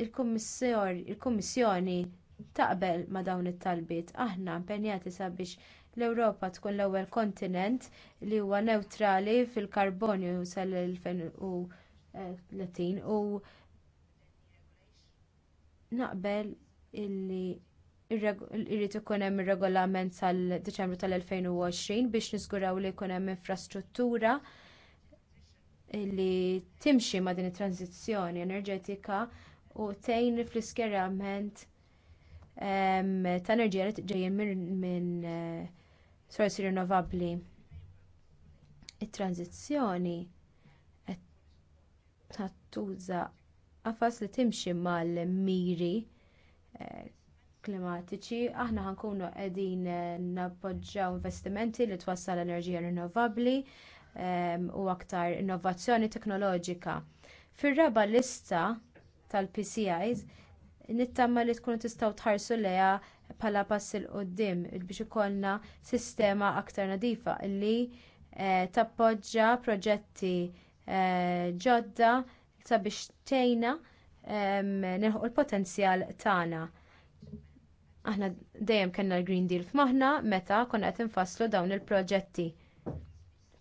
Il-Kummissjoni taqbel ma' dawn it-talbiet. Aħna impenjati sabiex l-Ewropa tkun l-ewwel kontinent li huwa newtrali fil-karbonju sal-2030 u naqbel illi irrid ikun hemm ir-regolament sal-Diċembru tal-2020 biex niżguraw li jkun hemm infrastruttura li timxi ma' din it-tranzizzjoni enerġetika u tgħin fl-iskerjament ta' enerġija li ġejjin minn eh, sorsi rinnovabbli. It-tranzizzjoni qed tuża għafas li timxi mal-miri eh, klimatiċi, aħna ħankunu qegħdin eh, nappoġġjaw investimenti li twassal enerġija rinnovabbli u aktar innovazzjoni teknoloġika. Fir-raba lista tal-PCIs nittama li tkunu tistgħu tħarsu lejha bħala pass il qoddim biex ikollna sistema aktar nadifa li eh, tappoġġa proġetti eh, ġodda sabiex tgħinna ehm, nilħu l-potenzjal tagħna. Aħna dejjem kellna l-Green Deal f'maħna meta konna qed infasslu dawn il-proġetti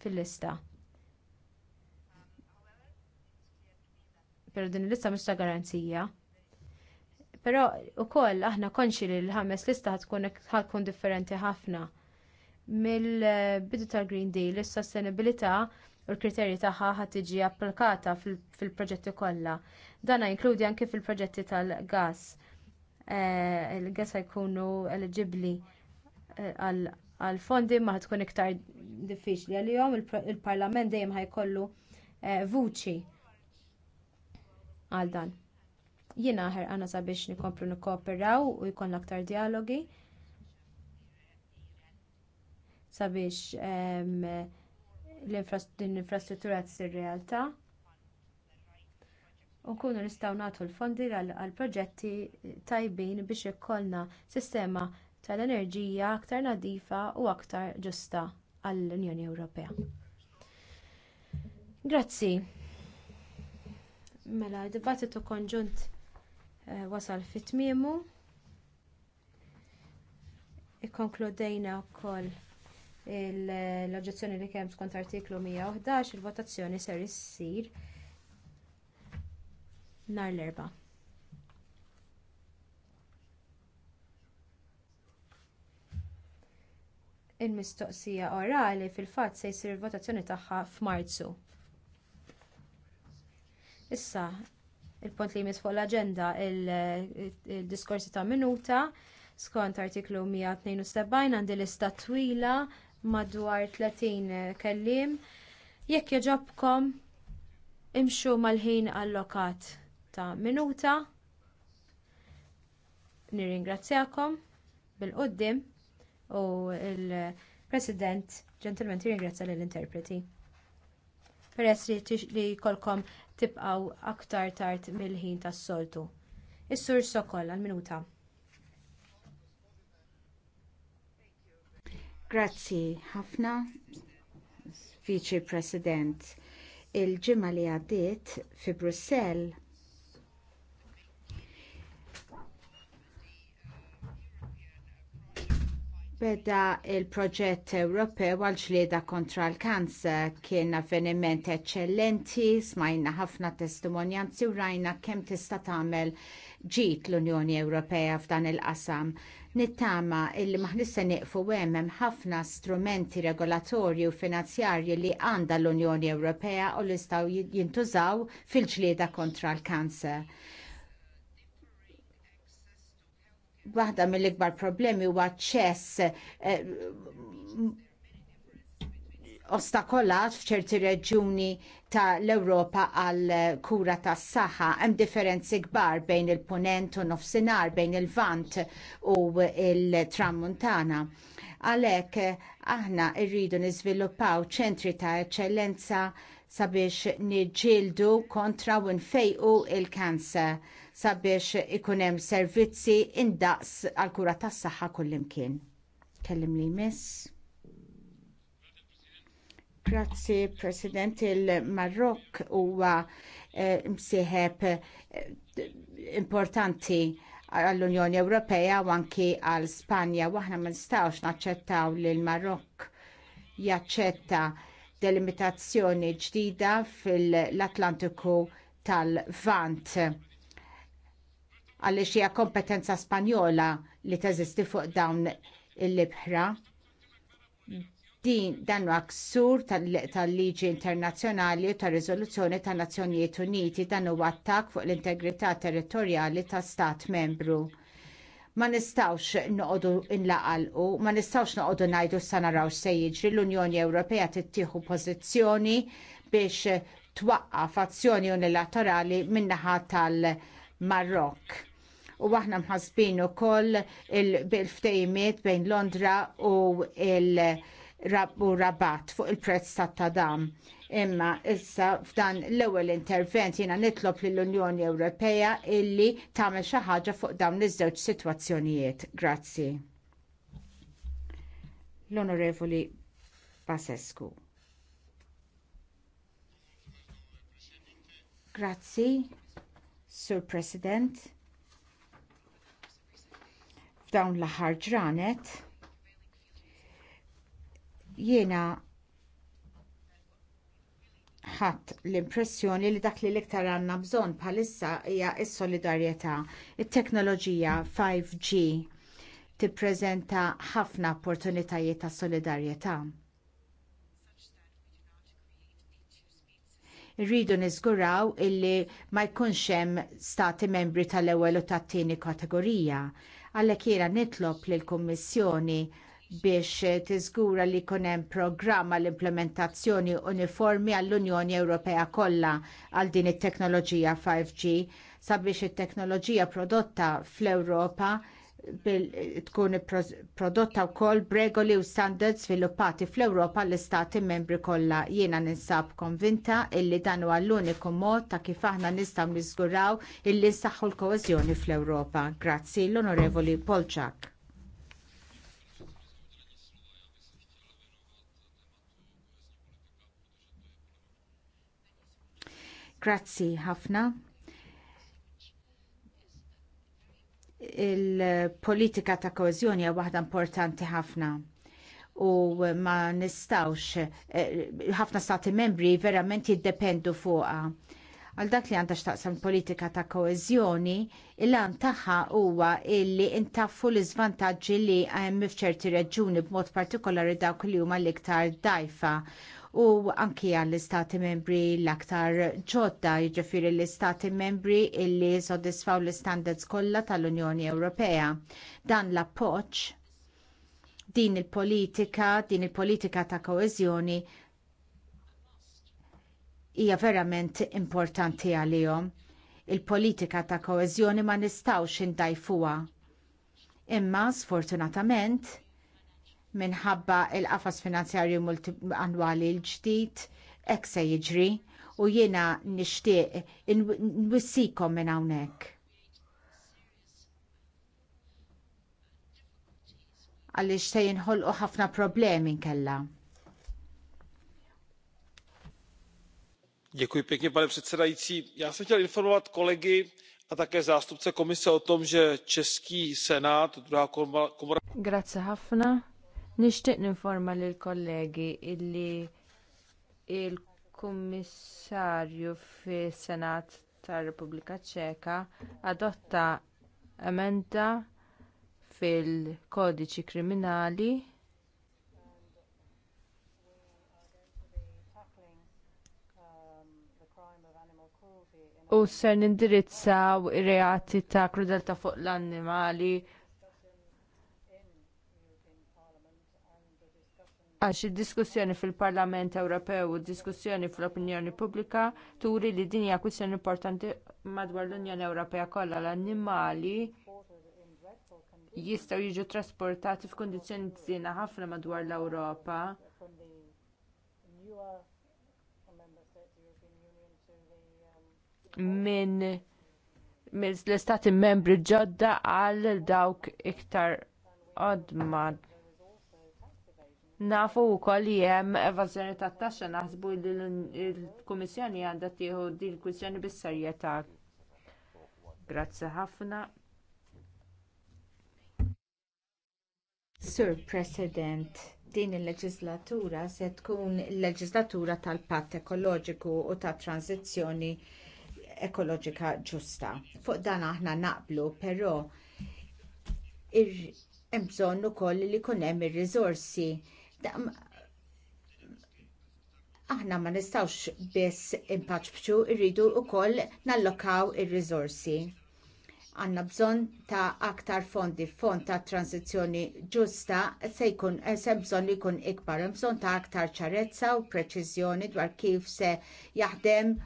fil-lista. Però din il-lista mhix ta' garanzija. Però koll, aħna konxi li l-ħames lista ħatkun ħatkun differenti ħafna. Mill-bidu tal-Green Deal, is-sostenibilità u l-kriterji tagħha ħad tiġi applikata fil-proġetti kollha. Dana jinkludi anke fil-proġetti tal-gas. Eh, il-gas jkunu eligibbli eh, għal fondi ma tkun iktar diffiċli għalihom il-Parlament dejjem ħajkollu eh, vuċi għal dan ħer għana sabiex nikomplu nikkooperaw u jkollna aktar dialogi sabiex l-infrastruttura tsir realtà u kunu nistgħu nagħtu l-fondi għal proġetti tajbin biex ikollna sistema tal-enerġija aktar nadifa u aktar ġusta għall-Unjoni Ewropea. Grazzi. Mela, dibattitu konġunt Eh, wasal fit-tmiemu. Ikkonkludejna wkoll eh, l-oġġezzjoni li kemm skont artiklu 111 il-votazzjoni ser issir nhar l-erba'. il-mistoqsija orali fil-fatt se jsir il-votazzjoni tagħha f'Marzu. Issa, il-punt li jmiss fuq l aġenda il-diskorsi ta' minuta skont artiklu 172 għandi lista twila madwar 30 kellim. Jekk joġobkom imxu mal-ħin allokat ta' minuta. Niringrazzjakom bil-qoddim u l president ġentilment jirringrazzja lill interpreti Peress li kolkom Tibqaw aktar tard mill-ħin tas-soltu. Is-sur Sokol għal-minuta. Grazzi ħafna, Vice President. il ġimgħa li għaddiet fi Brussell Beda il-proġett Ewropew għal ġlieda kontra l-kanser kien avveniment eċċellenti, smajna ħafna testimonjanzi u rajna kemm tista' tagħmel ġid l-Unjoni Ewropea f'dan il-qasam. Nittama illi maħnissa niqfu hemm ħafna strumenti regolatorji u finanzjarji li għandha l-Unjoni Ewropea u li jistgħu jintużaw fil-ġlieda kontra l-kanser waħda mill-ikbar problemi huwa ċess eh, ostakolat f'ċerti reġjuni ta' l-Europa għal kura tas saħħa hemm differenzi kbar bejn il-punent u nofsinhar bejn il-vant u il-tramuntana. Għalhekk eh, aħna rridu niżviluppaw ċentri ta' eċċellenza sabiex niġġieldu kontra u nfejqu il-kanser sabiex ikun hemm servizzi indaqs għall kura tas-saħħa kullimkien. Kellim li miss. Grazzi, President il marrok huwa eh, msieħeb eh, importanti għall-Unjoni Ewropea u anki għall Spanja u ma nistgħux naċċettaw li l-Marokk jaċċetta delimitazzjoni ġdida fil-Atlantiku tal-Vant għaliex hija kompetenza Spanjola li teżisti fuq dawn il-libħra. Din dan huwa ksur tal-liġi internazzjonali u tar rizoluzzjoni tan-Nazzjonijiet Uniti dan huwa attak fuq l-integrità territorjali ta' stat membru. Ma nistawx noqogħdu inlaqalqu, ma nistawx noqogħdu ngħidu sa naraw se jiġri l-Unjoni Ewropea tittieħu pożizzjoni biex twaqqaf azzjoni unilaterali min-naħa tal-Marokk u aħna mħasbin ukoll il-ftejmiet bejn Londra u il-rabat fuq il-prezz tat-tadam. Imma issa f'dan l-ewwel intervent jiena nitlob lill-Unjoni Ewropea illi tagħmel xi ħaġa fuq dawn iż-żewġ sitwazzjonijiet. Grazzi l-Onorevoli Basescu. Grazzi, Sur President f'dawn l-aħħar ġranet jiena ħadd l-impressjoni li dak li l-iktar għandna bżonn bħalissa hija s-solidarjetà. It-teknoloġija 5G tippreżenta ħafna opportunitajiet ta' solidarjetà. Irridu niżguraw illi ma jkunx hemm stati membri tal-ewwel u tat-tieni kategorija Għalhekk jiena nitlob lill-Kummissjoni biex tiżgura li jkun hemm programma l-implementazzjoni uniformi għall-Unjoni Ewropea kollha għal din it-teknoloġija 5G sabiex it-teknoloġija prodotta fl-Ewropa tkun prodotta wkoll b'regoli u standards sviluppati fl-Ewropa l-istati membri kollha. Jiena ninsab konvinta illi dan huwa l-uniku mod ta' kif aħna nistgħu niżguraw illi nsaħħu l-koeżjoni fl-Ewropa. Grazzi l-Onorevoli Polczak. Grazzi ħafna. il-politika ta' koezjoni hija waħda importanti ħafna u ma nistawx eh, ħafna stati membri verament jiddependu fuqha. Għal dak li għandha xtaqsam politika ta' koezjoni, il-għan taħħa huwa illi intaffu l-iżvantaġġi li hemm f'ċerti reġuni b'mod partikolari dawk li huma l-iktar dajfa u anki għall-istati membri l-aktar ġodda jiġifieri l-istati membri illi sodisfaw l istandards kollha tal-Unjoni Ewropea. Dan l-appoġġ din il-politika, din il-politika ta' koeżjoni hija verament importanti għalihom. Il-politika ta' koeżjoni ma nistgħux indajfuha. Imma sfortunatament minħabba l qafas finanzjarju annwali l-ġdid, hekk se jiġri u jiena nixtieq nwissikom minn hawnhekk. Għaliex se jinħolqu ħafna problemi nkella. pane předsedající já jsem chtěl informovat kolegy a také zástupce komise o tom že český senát druhá komora Nixtieq ninforma lill kollegi illi il-Kummissarju fis-Senat tar-Repubblika Ċeka adotta emenda fil-kodiċi kriminali u ser nindirizzaw ir-reati ta' krudelta fuq l-annimali għax id-diskussjoni fil-Parlament Ewropew u d diskussjoni fl-opinjoni pubblika turi li din hija kwistjoni importanti madwar l-Unjoni Ewropea kollha l-annimali jistgħu jiġu trasportati f'kundizzjoni żiena ħafna madwar l-Ewropa. Minn min l-istati membri ġodda għal dawk iktar odmad Nafu wkoll li hemm evazjoni tat-taxxa naħsbu li l-Kummissjoni għandha tieħu din il-kwistjoni bis-serjetà. Grazzi ħafna. Sur President, din il-leġislatura se tkun il-leġislatura tal-patt ekoloġiku u tat-tranzizzjoni ekoloġika ġusta. Fuq dan aħna naqblu, però hemm bżonn ukoll li jkun hemm ir-riżorsi Aħna ma nistawx biss impaċċu, irridu wkoll nallokaw ir rizorsi għanna bżonn ta' aktar fondi, fond ta' transizjoni ġusta se jkun se bżonn li jkun ikbar, bżonn ta' aktar ċarezza u preċiżjoni dwar kif se jaħdem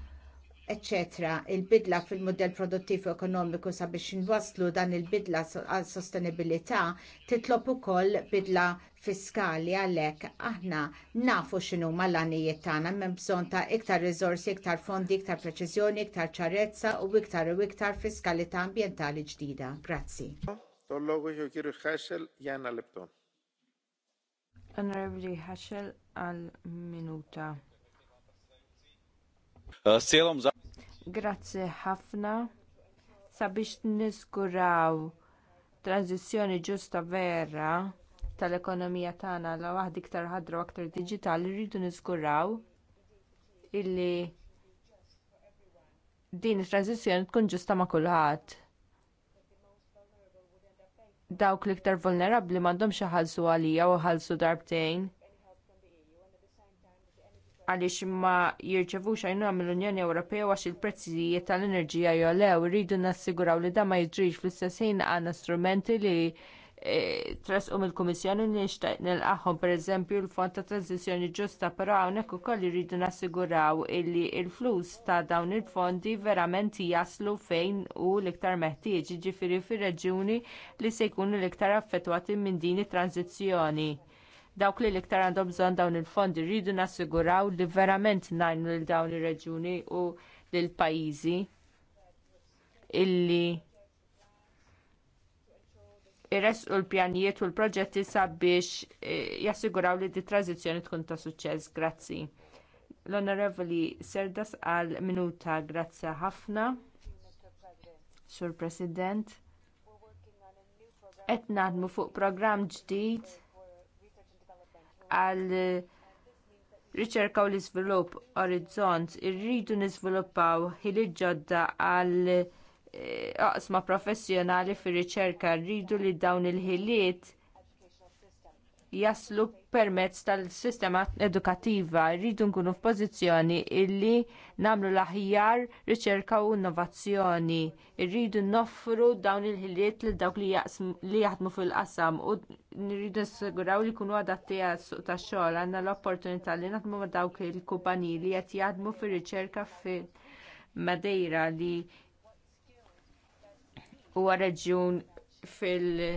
eccetera, il-bidla fil-modell produttiv ekonomiku sabiex jinwasslu dan il-bidla għal sostenibilità titlob ukoll bidla fiskali għalhekk aħna nafu x'inhu mal-għanijiet tagħna hemm bżonn ta' iktar riżorsi, iktar fondi, iktar preċiżjoni, iktar ċarezza u iktar u iktar fiskalità ambjentali ġdida. Grazzi. Honorably Hashel, al minuta. Uh, Silom Grazzi ħafna sabiex niskuraw tranzizjoni ġusta vera tal-ekonomija tagħna la waħda iktar ħadra aktar diġitali rridu niskuraw illi din it-tranzizzjoni tkun ġusta ma' kulħadd. Dawk l-iktar vulnerabbli m'għandhomx iħallsu għalija u ħallsu darbtejn għaliex ma jirċevux għajnuna mill-Unjoni Ewropea għax il-prezzijiet tal-enerġija jolew rridu nassiguraw li dan ma jidrix fl istessin ħin strumenti li e, trasqum il-Kummissjoni li nixtieq nilqahom pereżempju l-Fond ta' Transizzjoni Ġusta, però hawnhekk ukoll irridu nassiguraw illi l-flus ta' dawn il-fondi verament jaslu fejn hu l-iktar meħtieġ, jiġifieri fir-reġjuni li se jkunu l-iktar affettwati minn din it-tranzizzjoni dawk li liktar għandhom bżonn dawn il-fondi rridu nassiguraw li verament najnu lil dawn ir-reġuni u l pajjiżi illi irresqu l-pjanijiet u l-proġetti sabiex eh, jassiguraw li di tranzizjoni tkun ta' suċċess. Grazzi. L-Onorevoli Serdas għal minuta grazzi ħafna. Sur President. Qed fuq programm ġdid għal riċerka u l-iżvilupp orizzont irridu niżviluppaw ħiliet ġodda għal eh, oqsma professjonali fir riċerka rridu li dawn il-ħiliet jaslu permezz tal-sistema edukattiva. Rridu nkunu f'pożizzjoni illi nagħmlu l-aħjar riċerka u innovazzjoni. Rridu noffru dawn il-ħiliet lil dawk li jaħdmu fil-qasam u nridu nissiguraw li jkunu adatti għas-suq tax-xogħol għandna l-opportunità li naħdmu ma' dawk il-kumpaniji li qed jaħdmu fir-riċerka fil-Madeira li huwa reġjun fil-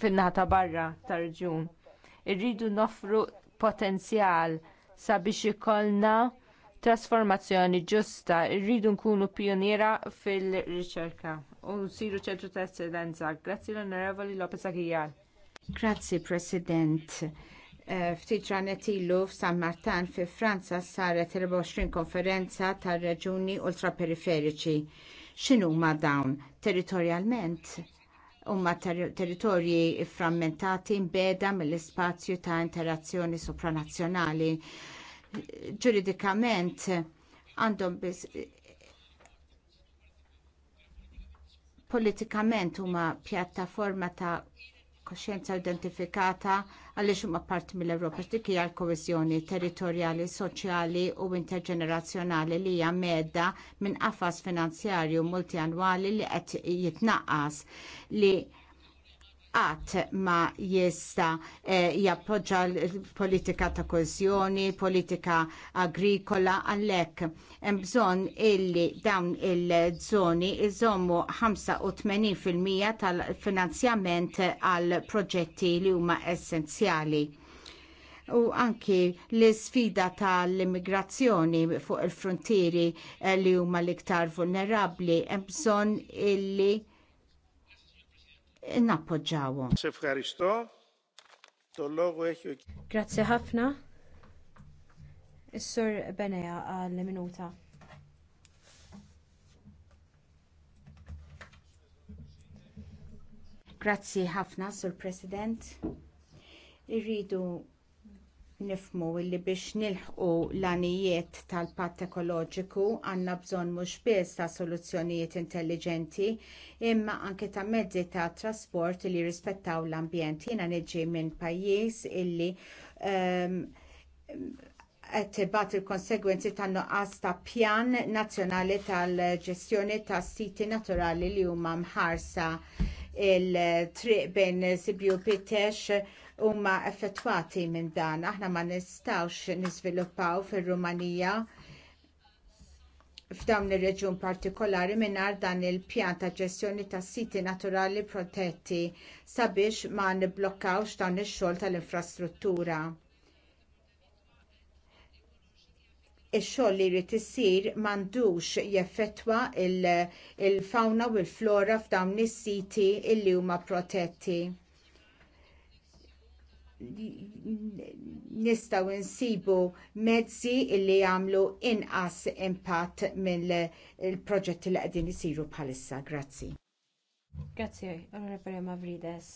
fin-nata barra tar-reġjun. Irridu noffru potenzjal sabiex ikollna trasformazzjoni ġusta, irridu nkunu pioniera fil-riċerka u nsiru ċentru ta' eccellenza. Grazzi l-Onorevoli Lopez Aguilar. Grazzi, President eh, ftit ranet ilu f'San Martan fi Franza saret 24 konferenza tar reġuni ultraperiferiċi. X'inhuma dawn Territorialment? umma territorji frammentati mbeda mill-ispazju ta' interazzjoni supranazzjonali. Ġuridikament għandhom politikament huma pjattaforma ta' koxjenza identifikata għaliex huma parti mill-Ewropa dik hija l-koeżjoni territorjali, soċjali u interġenerazzjonali li hija medda minn qafas finanzjarju multjanwali li qed jitnaqqas li għat ma jista eh, jappoġġa politika ta' kozjoni, politika agrikola għallek. Bżon illi dawn il-żoni iżommu 85% tal-finanzjament għal proġetti li huma essenzjali. U anki l-sfida tal-immigrazzjoni fuq il-frontieri eh, li huma l-iktar vulnerabli, bżon illi nappoġġawhom. Grazzi ħafna. Is-Sur Benea għal minuta. Grazzi ħafna, Sur President. Irridu nifmu illi biex nilħqu l-anijiet tal-patt ekoloġiku għandna bżonn mhux biss ta' soluzzjonijiet intelligenti imma anke ta' mezzi ta' trasport li jirrispettaw l-ambjent. Jiena niġi minn pajjiż illi ehm, qed tibgħat il-konsegwenzi tan nuqqas ta' pjan nazzjonali tal-ġestjoni tas siti naturali li huma mħarsa il-triq bejn Sibju Pitex huma effettwati minn dan. Aħna ma nistawx niżviluppaw fir-Rumanija f'dawn ir-reġjun partikolari mingħajr dan il-pjan ta' ġestjoni tas siti naturali protetti sabiex ma nibblokkawx dawn ix-xogħol tal-infrastruttura. ix-xogħol li jrid isir m'għandux jeffettwa il-fawna u l-flora f'dawn is-siti illi huma protetti. Nistgħu insibu mezzi illi jagħmlu inqas impatt mill-proġetti li qegħdin isiru bħalissa. Grazzi. Grazzi, Onorevole Mavrides.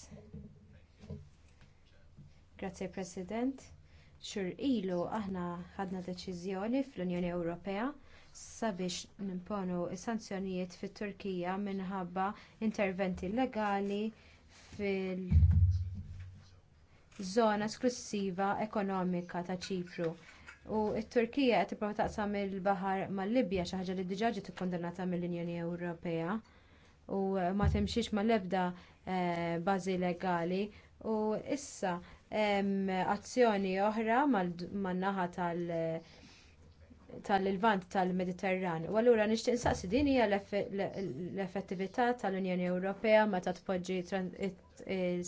Grazie President xur ilu aħna ħadna deċiżjoni fl-Unjoni Ewropea sabiex nimponu sanzjonijiet fit turkija minħabba interventi illegali fil- żona esklusiva ekonomika ta' ċipru. U t turkija qed tipprova taqsam il-baħar mal-Libja xi ħaġa li diġà ġiet ikkondannata mill-Unjoni Ewropea u ma timxiex mal-ebda eh, bażi legali u issa azzjoni oħra man-naħa tal- tal tal-Mediterran. U allura nishtin insaqsi din hija l-effettività tal-Unjoni Ewropea meta tpoġġi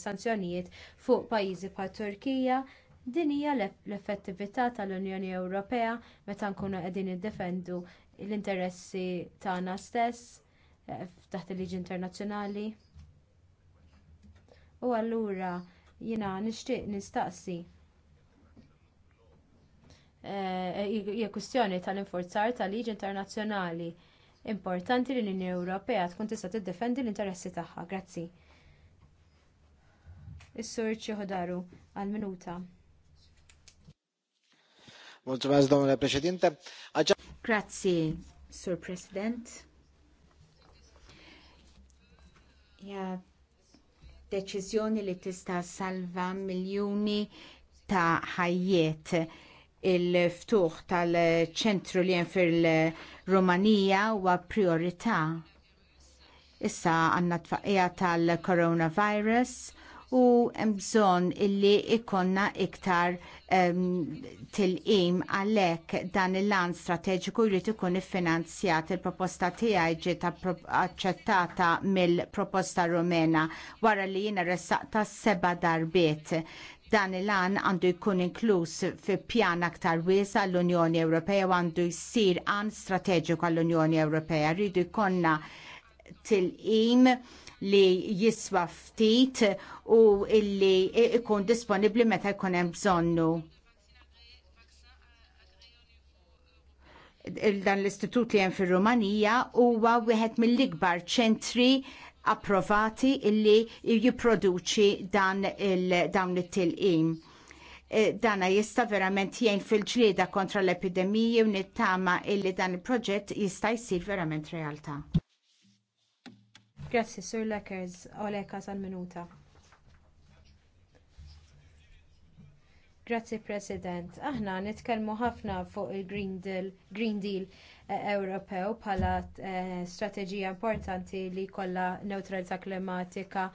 sanzjonijiet fuq pajjiżi pa' Turkija. Din hija l-effettività tal-Unjoni Ewropea meta nkunu qegħdin iddefendu l-interessi tagħna stess eh, taħt il-liġi internazzjonali. U allura Jiena nixtieq nistaqsi. Hija eh, kwistjoni tal-infurzar tal-liġi internazzjonali. Importanti li l-Unjoni Ewropea tkun tista' tiddefendi l-interessi tagħha. Grazzi. Is-Sur Ċiħodaru għal-minuta. Mulțumesc, domnule președinte. Grazie, Sur President. Yeah deċiżjoni li tista' salva miljuni ta' ħajjiet il-ftuħ tal-ċentru li jen fil-Romanija huwa priorità. Issa għandna tfaqija tal-coronavirus u hemm bżonn illi ikonna iktar um, til-im għalhekk dan il-lan strateġiku jrid ikun iffinanzjat il-proposta tiegħi ġiet aċċettata mill-proposta rumena wara li jiena ressaqta seba' darbiet dan il lan għandu jkun inkluż fi pjan aktar wiesa l-Unjoni Ewropea u għandu jsir għan strateġiku għall-Unjoni Ewropea. Rridu jkollna tilqim li jiswa ftit u illi ikun disponibbli meta jkun hemm bżonnu. dan l-istitut li hemm fir-Rumanija huwa wieħed mill-ikbar ċentri approvati illi jipproduċi dan il dawn it-tilqim. E, dana jista verament jgħin fil-ġlieda kontra l-epidemiji u nittama illi dan il-proġett jista' jsir verament realtà. Grazzi, Sur Leckers, Oleka sal-minuta. Grazzi President. Aħna nitkellmu ħafna fuq il-Green Deal, Green Deal eh, Ewropew bħala eh, strateġija importanti li jkollha neutralità klimatika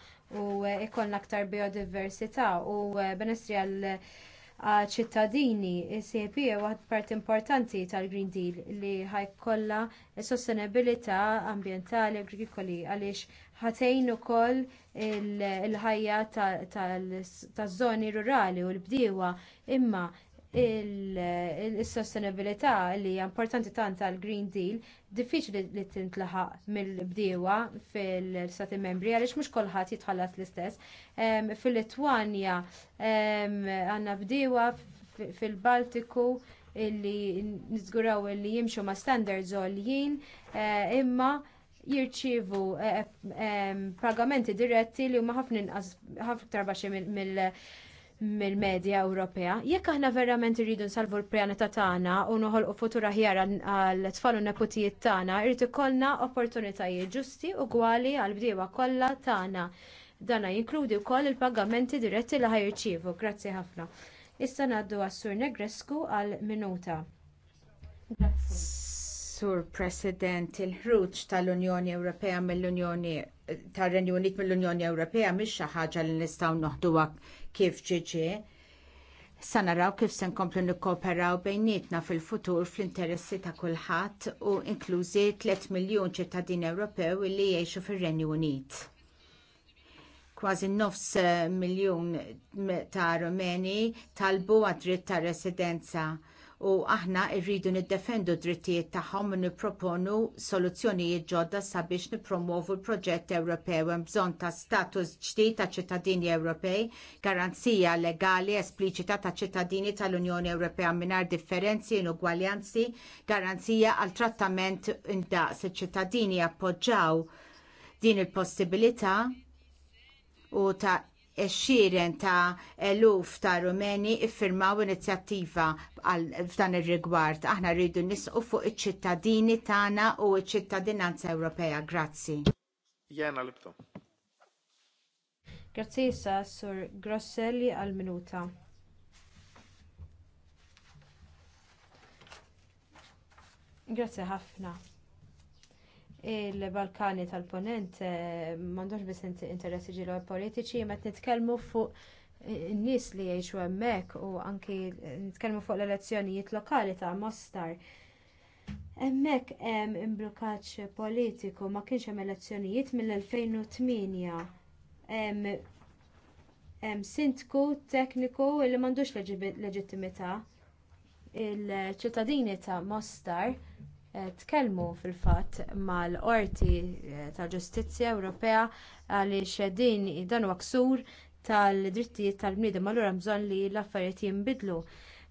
u eh, ikollna aktar biodiversità u benestri għal ċittadini, il-CEP għad part importanti tal-Green Deal li s sostenibilità ambjentali agrikoli għaliex ħatejn ukoll il-ħajja taż-żoni rurali u l-bdiewa imma il-sostenibilità li hija importanti tant għal Green Deal diffiċli li tintlaħaq mill-bdiewa fil-Stati membri għaliex mhux kulħadd jitħallat l-istess. Fil-Litwanja għandna bdiewa fil-Baltiku illi nizguraw illi jimxu ma' standards għoljien eh, imma jirċievu eh, pagamenti diretti li huma ħafna inqas ħafna tarbaxi mill mill-medja Ewropea. Jekk aħna verament irridu nsalvu l-pjaneta tagħna u noħolqu futura ħjar għall-tfal u nepotijiet tagħna, irid ikollna opportunitajiet ġusti u gwali għall-bdiewa kollha tagħna. Dana jinkludi wkoll il-pagamenti diretti li ħajrċievu. Grazzi ħafna. Issa ngħaddu għas-Sur Negrescu għal minuta. Sur President, il-ħruġ tal-Unjoni Ewropea mill-Unjoni tar-Renju Unit mill-Unjoni Ewropea mhix xi ħaġa li nistgħu noħduha kif ġiġi. Sa naraw kif se nkomplu nikkooperaw bejnietna fil-futur fl-interessi ta' kulħadd u inklużi 3 miljun ċittadin Ewropew li jgħixu fir-Renju Unit. Kważi nofs eh, miljun ta' Rumeni talbu għad-dritt ta' residenza u aħna rridu niddefendu drittijiet tagħhom u nipproponu soluzzjonijiet ġodda sabiex nippromovu l-proġett Ewropew hemm bżonn ta' status ġdid ta' ċittadini Ewropej, garanzija legali espliċita ta' ċittadini tal-Unjoni Ewropea mingħajr differenzi inugwaljanzi, garanzija għal trattament indaqs iċ-ċittadini appoġġaw din il-possibilità u ta' xiren ta' eluf ta' Rumeni iffirmaw inizjattiva f'dan ir-rigward. Aħna rridu nisqu fuq iċ-ċittadini tagħna u ċ-ċittadinanza Ewropea. Grazzi. Jena libto. Grazzi issa sur Grosselli għal minuta. Grazzi ħafna il-Balkani tal-Ponent eh, mandux bis interessi ġilo politiċi, ma nitkellmu fuq n-nies li jgħixu hemmhekk u anki nitkellmu fuq l-elezzjonijiet lokali ta' Mostar. Hemmhekk hemm imblukaġġ politiku ma kienx hemm elezzjonijiet mill-2008. Hemm sindku tekniku li m'għandux leġittimità il-ċittadini ta' Mostar Eh, tkellmu fil-fatt mal-Qorti eh, tal-Ġustizzja Ewropea għaliex din dan ksur tal-drittijiet tal-bniedem allura bżonn li l-affarijiet jinbidlu.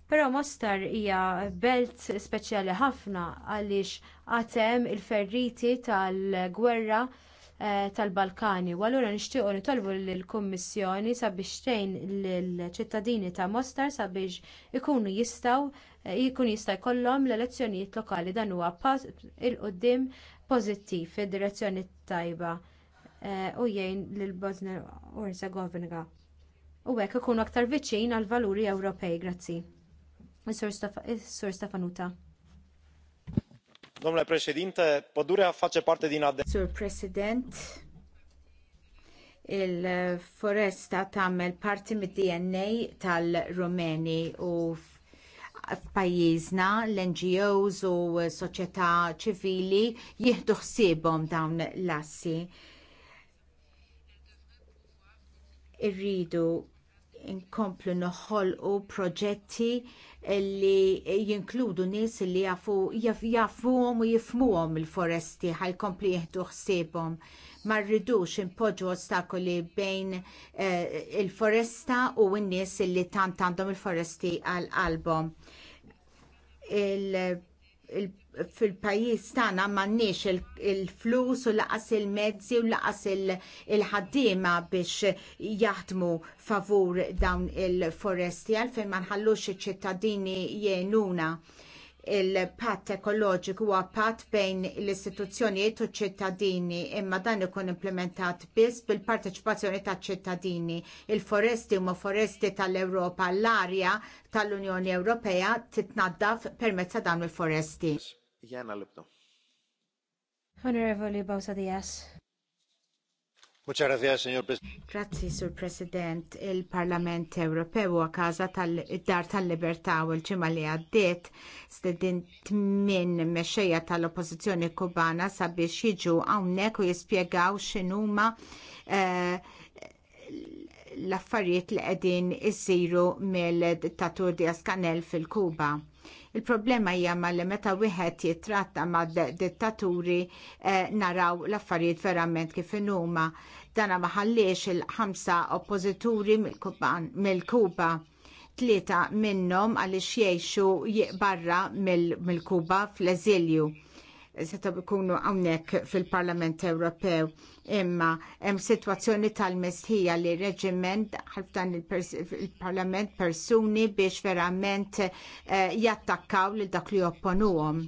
Però Mostar hija belt speċjali ħafna għaliex għad hemm il-ferriti tal-gwerra eh, tal-Balkani. U allura nixtiequ nitolbu lill-Kummissjoni sabiex tgħin lill-ċittadini ta' Mostar sabiex ikunu jistgħu Eh, jikun jista' jkollhom l-elezzjonijiet lokali dan huwa pass il qudiem pożittiv fid-direzzjoni tajba eh, u jgħin lil Bosnia u Herzegovina. U hekk ikunu aktar viċin għall valuri Ewropej, grazzi. sur Stefanuta. Domnule președinte, pădurea face parte din ADN. Sur President, il-foresta tagħmel parti mid-DNA tal-Rumeni u f'pajjiżna l-NGOs u soċjetà ċivili jieħdu ħsiebhom dawn l-assi. Irridu nkomplu noħolqu proġetti li jinkludu nies li jafu jafuhom u jifmuhom il-foresti ħajkomplu jieħdu ħsiebhom. Ma rridux inpoġġu ostakoli bejn eh, il-foresta u n-nies li tant għandhom il-foresti għal qalbhom fil-pajis tagħna m'għandniex il-flus u laqas il-mezzi u laqas il-ħaddiema biex jaħdmu favur dawn il-foresti għalfejn ma nħallux iċ-ċittadini jenuna il-patt ekoloġiku huwa patt bejn l-istituzzjonijiet u ċ ċittadini imma dan ikun implementat biss bil-parteċipazzjoni taċ ċittadini. Il-foresti huma foresti tal-Ewropa l-arja tal-Unjoni Ewropea titnaddaf permezz ta' dawn il-foresti. Jana libda. Onorevoli Bawsa Dias. Grazzi, Sur President. Il-Parlament Ewropew a kaza tal-dar tal-libertà u l-ġimma li għaddiet stedin minn mexxejja tal-oppozizjoni kubana sabiex jiġu hawnhekk u jispjegaw x'inhuma eh, l-affarijiet li qegħdin isiru mill-dittatur Diaz Canel fil-Kuba. Il-problema hija ma li meta wieħed jitratta ma' dittaturi eh, naraw l-affarijiet verament kif inhuma. huma Dana ma il-ħamsa oppożituri mill-Kuba tlieta minnhom għaliex jgħixu barra mill-Kuba fl-eżilju seta ikunu hawnhekk fil-Parlament Ewropew imma hemm sitwazzjoni tal-mestħija li reġiment ħalftan il-Parlament persuni biex verament eh, jattakkaw lil dak li opponuhom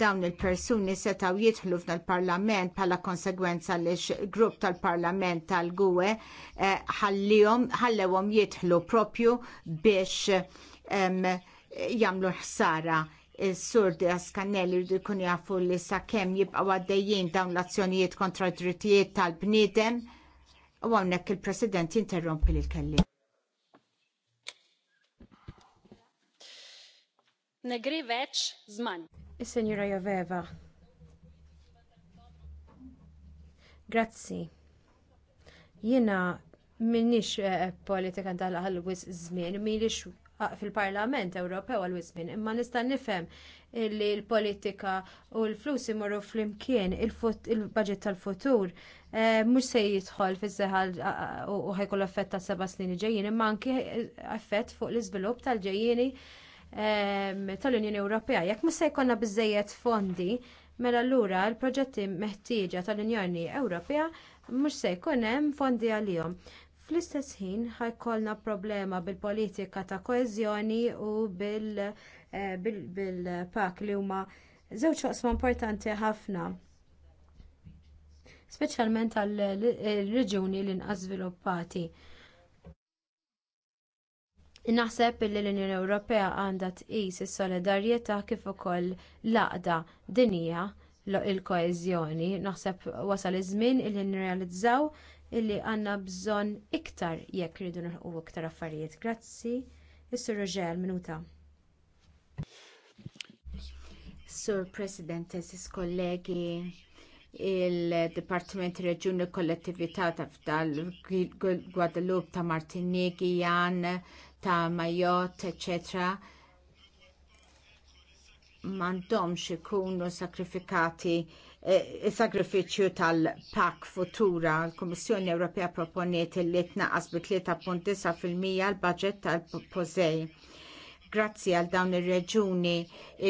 dawn il-persuni setaw jidħlu f'dal-parlament bħala konsegwenza li grupp tal-parlament tal-gwe eh, ħallewhom jidħlu propju biex jagħmlu ħsara il-sur di Askanelli rridu jkun jafu li sakemm jibqgħu għaddejjin dawn l-azzjonijiet kontra d-drittijiet tal-bniedem u hawnhekk il-President jinterrompi lil kelli. Negri veċ zman. Is-Senjura Joveva. Grazzi. Jiena minnix eh, politika tal-ħalwis żmien, minnix fil-Parlament Ewropew għal żmien, imma nista' nifhem li l-politika u l-flus imorru flimkien il-budget tal-futur eh, mhux se jidħol fiż-żeħal u ħajkollu effett ta' seba' snin ġejjin, imma anke effett fuq l-iżvilupp tal ġejjini tal-Unjoni Ewropea. Jekk ma se jkollna biżżejjed fondi, mela allura l-proġetti meħtieġa tal-Unjoni Ewropea mhux se jkun hemm fondi għalihom. Fl-istess ħin ħajkollna problema bil-politika ta' koeżjoni u eh, bil-pak li huma żewġ oqsma importanti ħafna speċjalment għall reġjuni l-inqas sviluppati. Naħseb li l-Unjoni Ewropea għandha tqis is-solidarjetà kif ukoll l-għaqda dinija il-koeżjoni. Naħseb wasal iż-żmien illi nirrealizzaw illi għandna bżonn iktar jekk ridu nilħu iktar affarijiet. Grazzi. Is-Sur Roġel minuta. Sur President, eżis kollegi, il-Departiment Reġjuni Kollettività ta' fdal Guadalupe ta' Martiniki Jan ta' majot, eccetera, mandomx ikunu sakrifikati il-sagrifiċju eh, tal-pak futura. l komissjoni Ewropea proponiet li tnaqqas bi 3.9% l-budget tal-POSEJ. Grazzi għal dawn ir-reġuni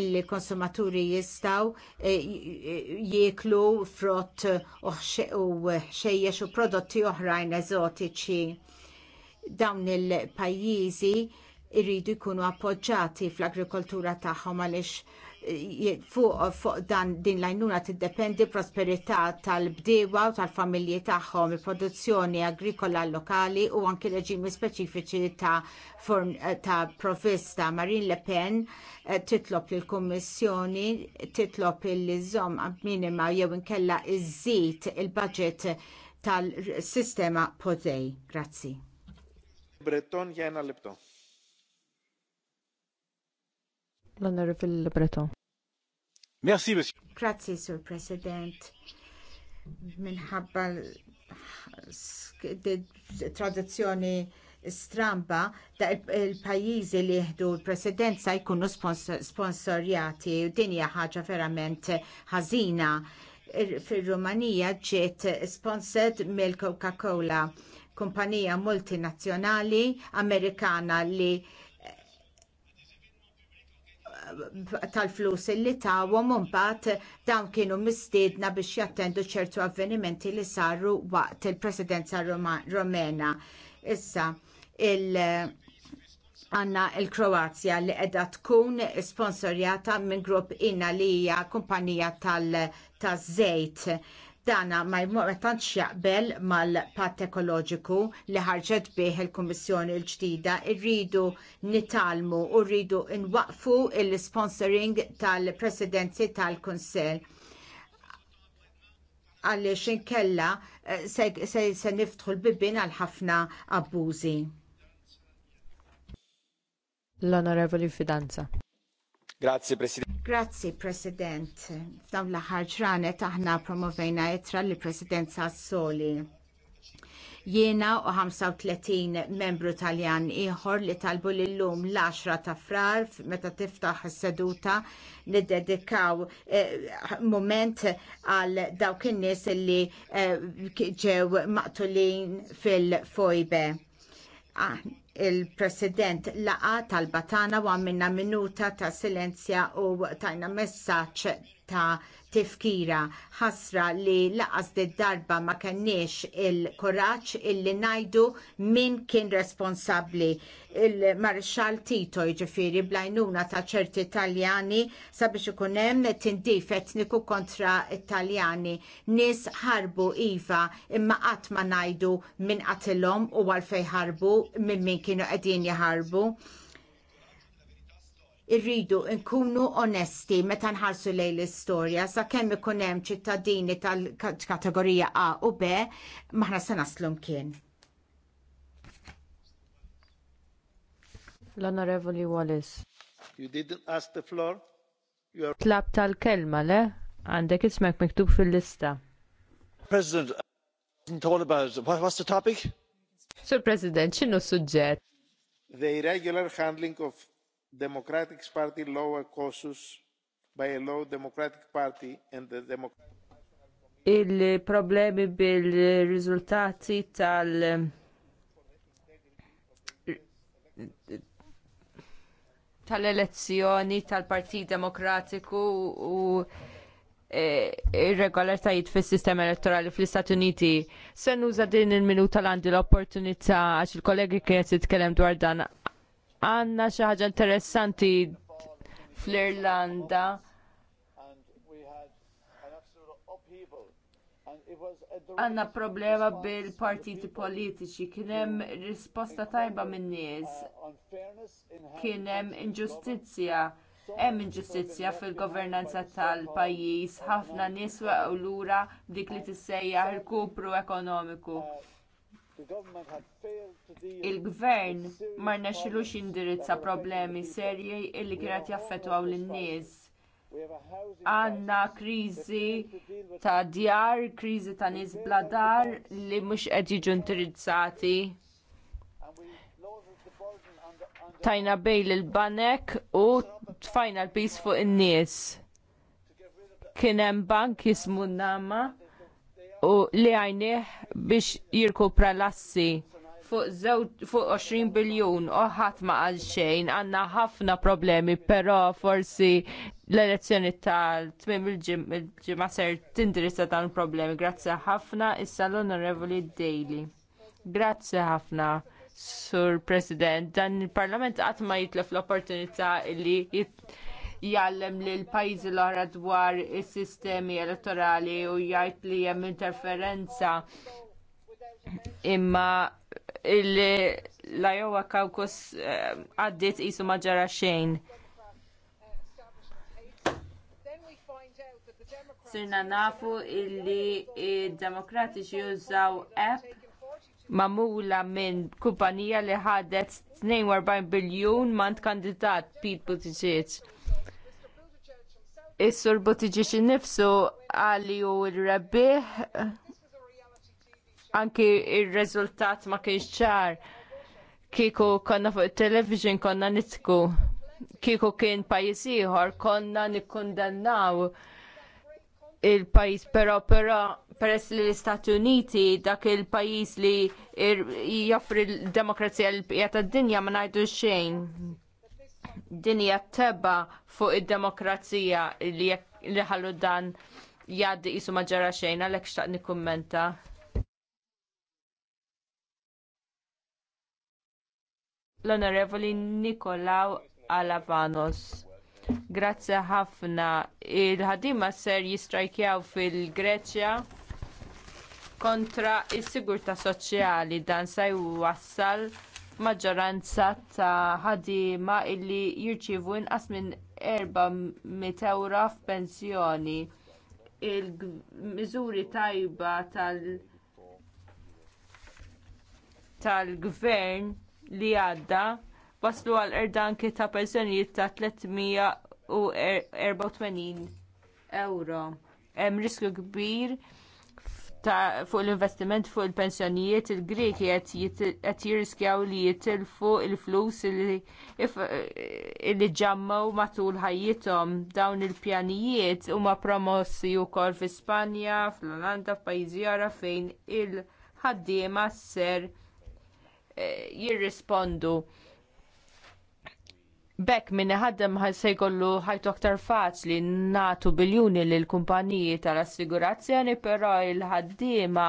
il konsumaturi jistaw e, jieklu frott u xejjex u prodotti oħrajn eżotiċi dawn il-pajjiżi irridu jkunu appoġġjati fl-agrikoltura tagħhom għaliex eh, fuq fuq dan din l-għajnuna tiddependi prosperità tal-bdewa u tal-familji tagħhom, il-produzzjoni agrikola lokali u anki reġimi speċifiċi ta' form, eh, ta' provista. Marine Le Pen eh, titlob lill kummissjoni titlob il liżom minima jew inkella iż-żid il-budget tal-sistema Podej. Grazzi. Breton jena libto. L-Onorevole Breton. Merci, Monsieur. Grazie, Sur President. Minħabba traduzzjoni stramba da il-pajjiżi li jieħdu l-presidenza jkunu sponsorjati u dinja ħaġa verament ħażina fir-Rumanija ġiet sponsored mill-Coca-Cola kumpanija multinazzjonali Amerikana li eh, tal-flus li tawhom mbagħad dawn kienu mistiedna biex jattendu ċertu avvenimenti li saru waqt il-presidenza Rumena. Issa il- għanna il-Kroazja li edha tkun sponsorjata minn grupp inna li hija kumpanija tal-żejt. Tal Dana ma jmortantx jaqbel mal pat ekoloġiku li ħarġet bih il-Kummissjoni l-ġdida irridu nitalmu u rridu nwaqfu il-sponsoring tal-presidenzi tal-Kunsell għaliex inkella eh, se, se, se niftħu l-bibin għal ħafna abbużi. L-Onorevoli Fidanza. Grazie, Presidente. Grazzi, President. F'dawn l-aħħar ġranet aħna promovejna etra li President Sassoli. Jiena u 35 membru Taljan ieħor li talbu lillum l-10 ta' frar meta tiftaħ is-seduta li dedikaw eh, moment għal dawk in-nies li eh, ġew maqtulin fil-fojbe ah, il-President laqa tal-batana u għamminna minuta ta' silenzja u tajna messaċ ta' tifkira ħasra li laqas darba ma kenniex il-koraċ illi najdu min kien responsabli il-marxal Tito iġifiri blajnuna ta' ċerti italjani sabiex ikunem tindif etniku kontra italjani nis ħarbu iva imma qatt ma najdu min qatilhom u għalfej ħarbu minn min kienu qegħdin jaħarbu irridu nkunu onesti meta nħarsu lejn l-istorja sa kemm ikun hemm ċittadini tal-kategorija A u B maħna se naslu mkien. L-Onorevoli Wallis. You didn't ask the floor? Tlab tal-kelma le? Għandek ismek miktub fil-lista. President, told about what, what's the topic? Sir President, xinu suġġet? The irregular handling of Democratic Party lower costs by a low Democratic Party and the Democratic il-problemi bil-riżultati tal- tal-elezzjoni tal-Partit Demokratiku u ir e, irregolartajiet fis sistema elettorali fl-Istati Uniti. Se nuża din il-minuta l-għandi l-opportunità għax il-kollegi kienet jitkellem dwar dan għanna xi ħaġa interessanti fl-Irlanda. Għanna problema bil-partiti politiċi, kienem risposta tajba minn nies, kienem inġustizja, hemm inġustizja fil-governanza tal-pajjiż, ħafna nies waqgħu lura dik li tissejjaħ il-kupru ekonomiku. Il-gvern ma rnexxilux indirizza problemi serji illi kienet jaffettwaw lin-nies. Għandna kriżi ta' djar, kriżi ta' nies bla dar li mhux qed jiġu indirizzati. Tajna bejl il-banek u tfajna l-pis fuq in-nies. Kien hemm bank jismu Nama u li għajnieh biex jirkupra lassi fuq fuq 20 biljun u ħadd ma qal xejn għandna ħafna problemi, però forsi l-elezzjoni tal-tmim il-ġimgħa ser tindirizza dan il-problemi. Grazzi ħafna issa l-Onorevoli Daily. Grazzi ħafna. Sur President, dan il-Parlament qatt ma jitlef l-opportunità li jit jgħallem l pajjiżi l-oħra dwar is-sistemi elettorali u jgħid li hemm interferenza imma l-Iowa Caucus eh, għaddit qisu ma ġara xejn. Sirna nafu illi il demokratiċi jużaw app mamula minn kumpanija li ħadet 42 biljun mant kandidat Pete Buttigieg Is-sur Botiġiċi nifsu għalli u r rabbiħ anki il-rezultat ma kienx ċar. Kiku konna fuq television konna nitku. Kiku kien pajis ieħor konna nikkundannaw il-pajis però però peress li l-Istati Uniti dak il-pajis li joffri l-demokrazija l-bqija tad-dinja ma najdu xejn dinja teba fuq id-demokrazija li ħallu dan jgħaddi jisu maġġara xejn għalhekk x'taq nikkumenta. L-Onorevoli Nikolaw Alavanos. Grazzi ħafna. Il-ħadima ser jistrajkjaw fil-Greċja kontra is-sigurtà soċjali dan se jwassal maġġoranza ta' ħaddiema illi jirċievu inqas minn 400 euro f'pensjoni. Il-miżuri tajba tal-gvern tal li għadda waslu għal erdanki ta' pensjonijiet ta' 384 er- euro. Hemm riskju kbir ta' fuq l-investiment fuq il-pensjonijiet il-Greki qed jirriskjaw li jitilfu il-flus li ġammaw matul ħajjithom dawn il-pjanijiet huma promossi wkoll fi Spanja, fl-Olanda, f'pajjiżi fejn il-ħaddiema ser eh, jirrispondu. Bekk minn ħaddem se jkollu ħajtu aktar faċli natu biljuni l kumpaniji tal-assigurazzjoni, però il-ħaddiema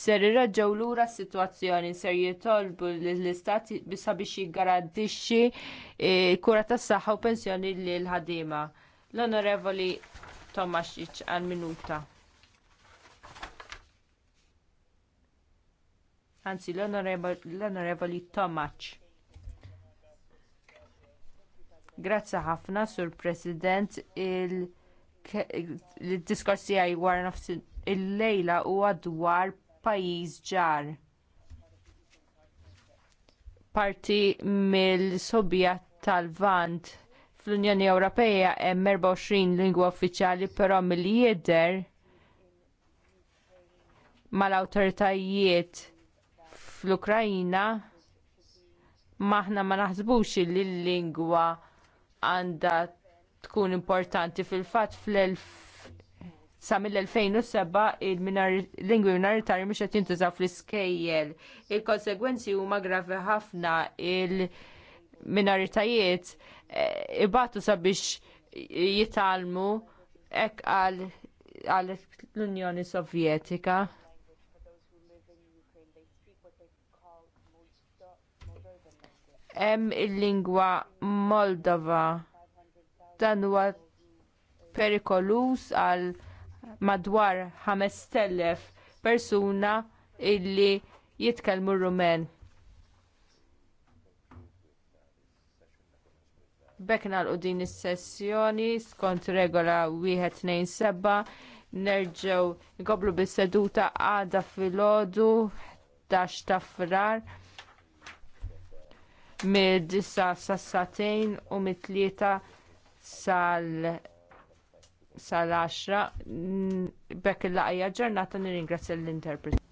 ser irraġaw lura s-sitwazzjoni ser jitolbu l-istat sabiex jiggarantixxi e, kura tas-saħħa u pensjoni l ħaddiema. L-Onorevoli Tomasic għal minuta. Anzi, l-Onorevoli Tomac. Grazzi ħafna sur President il-diskorsi għaj war il-lejla huwa dwar pajjiż ġar. Parti mill-sobja tal-vant fl-Unjoni Ewropea hemm 24 lingwa uffiċjali però mill-jieder mal-awtoritajiet fl-Ukrajna maħna ma naħsbux li l-lingwa għandha tkun importanti fil-fatt fl sa mill-2007 il-lingwi minoritarji mux qed jintużaw fl-iskejjel. Il-konsegwenzi huma gravi ħafna il-minoritajiet eh, ibatu sabiex jitalmu hekk għal l-Unjoni Sovjetika. hemm il-lingwa Moldova. Dan huwa perikolus għal madwar 5000 persuna illi jitkellmu rumen. Bekna l din is-sessjoni skont regola 127 nerġew nkomplu bis-seduta għada filgħodu 11 ta' frar mid issa sassatejn u mit-tlieta sal sal-10 bekk il laqgħa ġurnata nirringrazzja l-interpreti.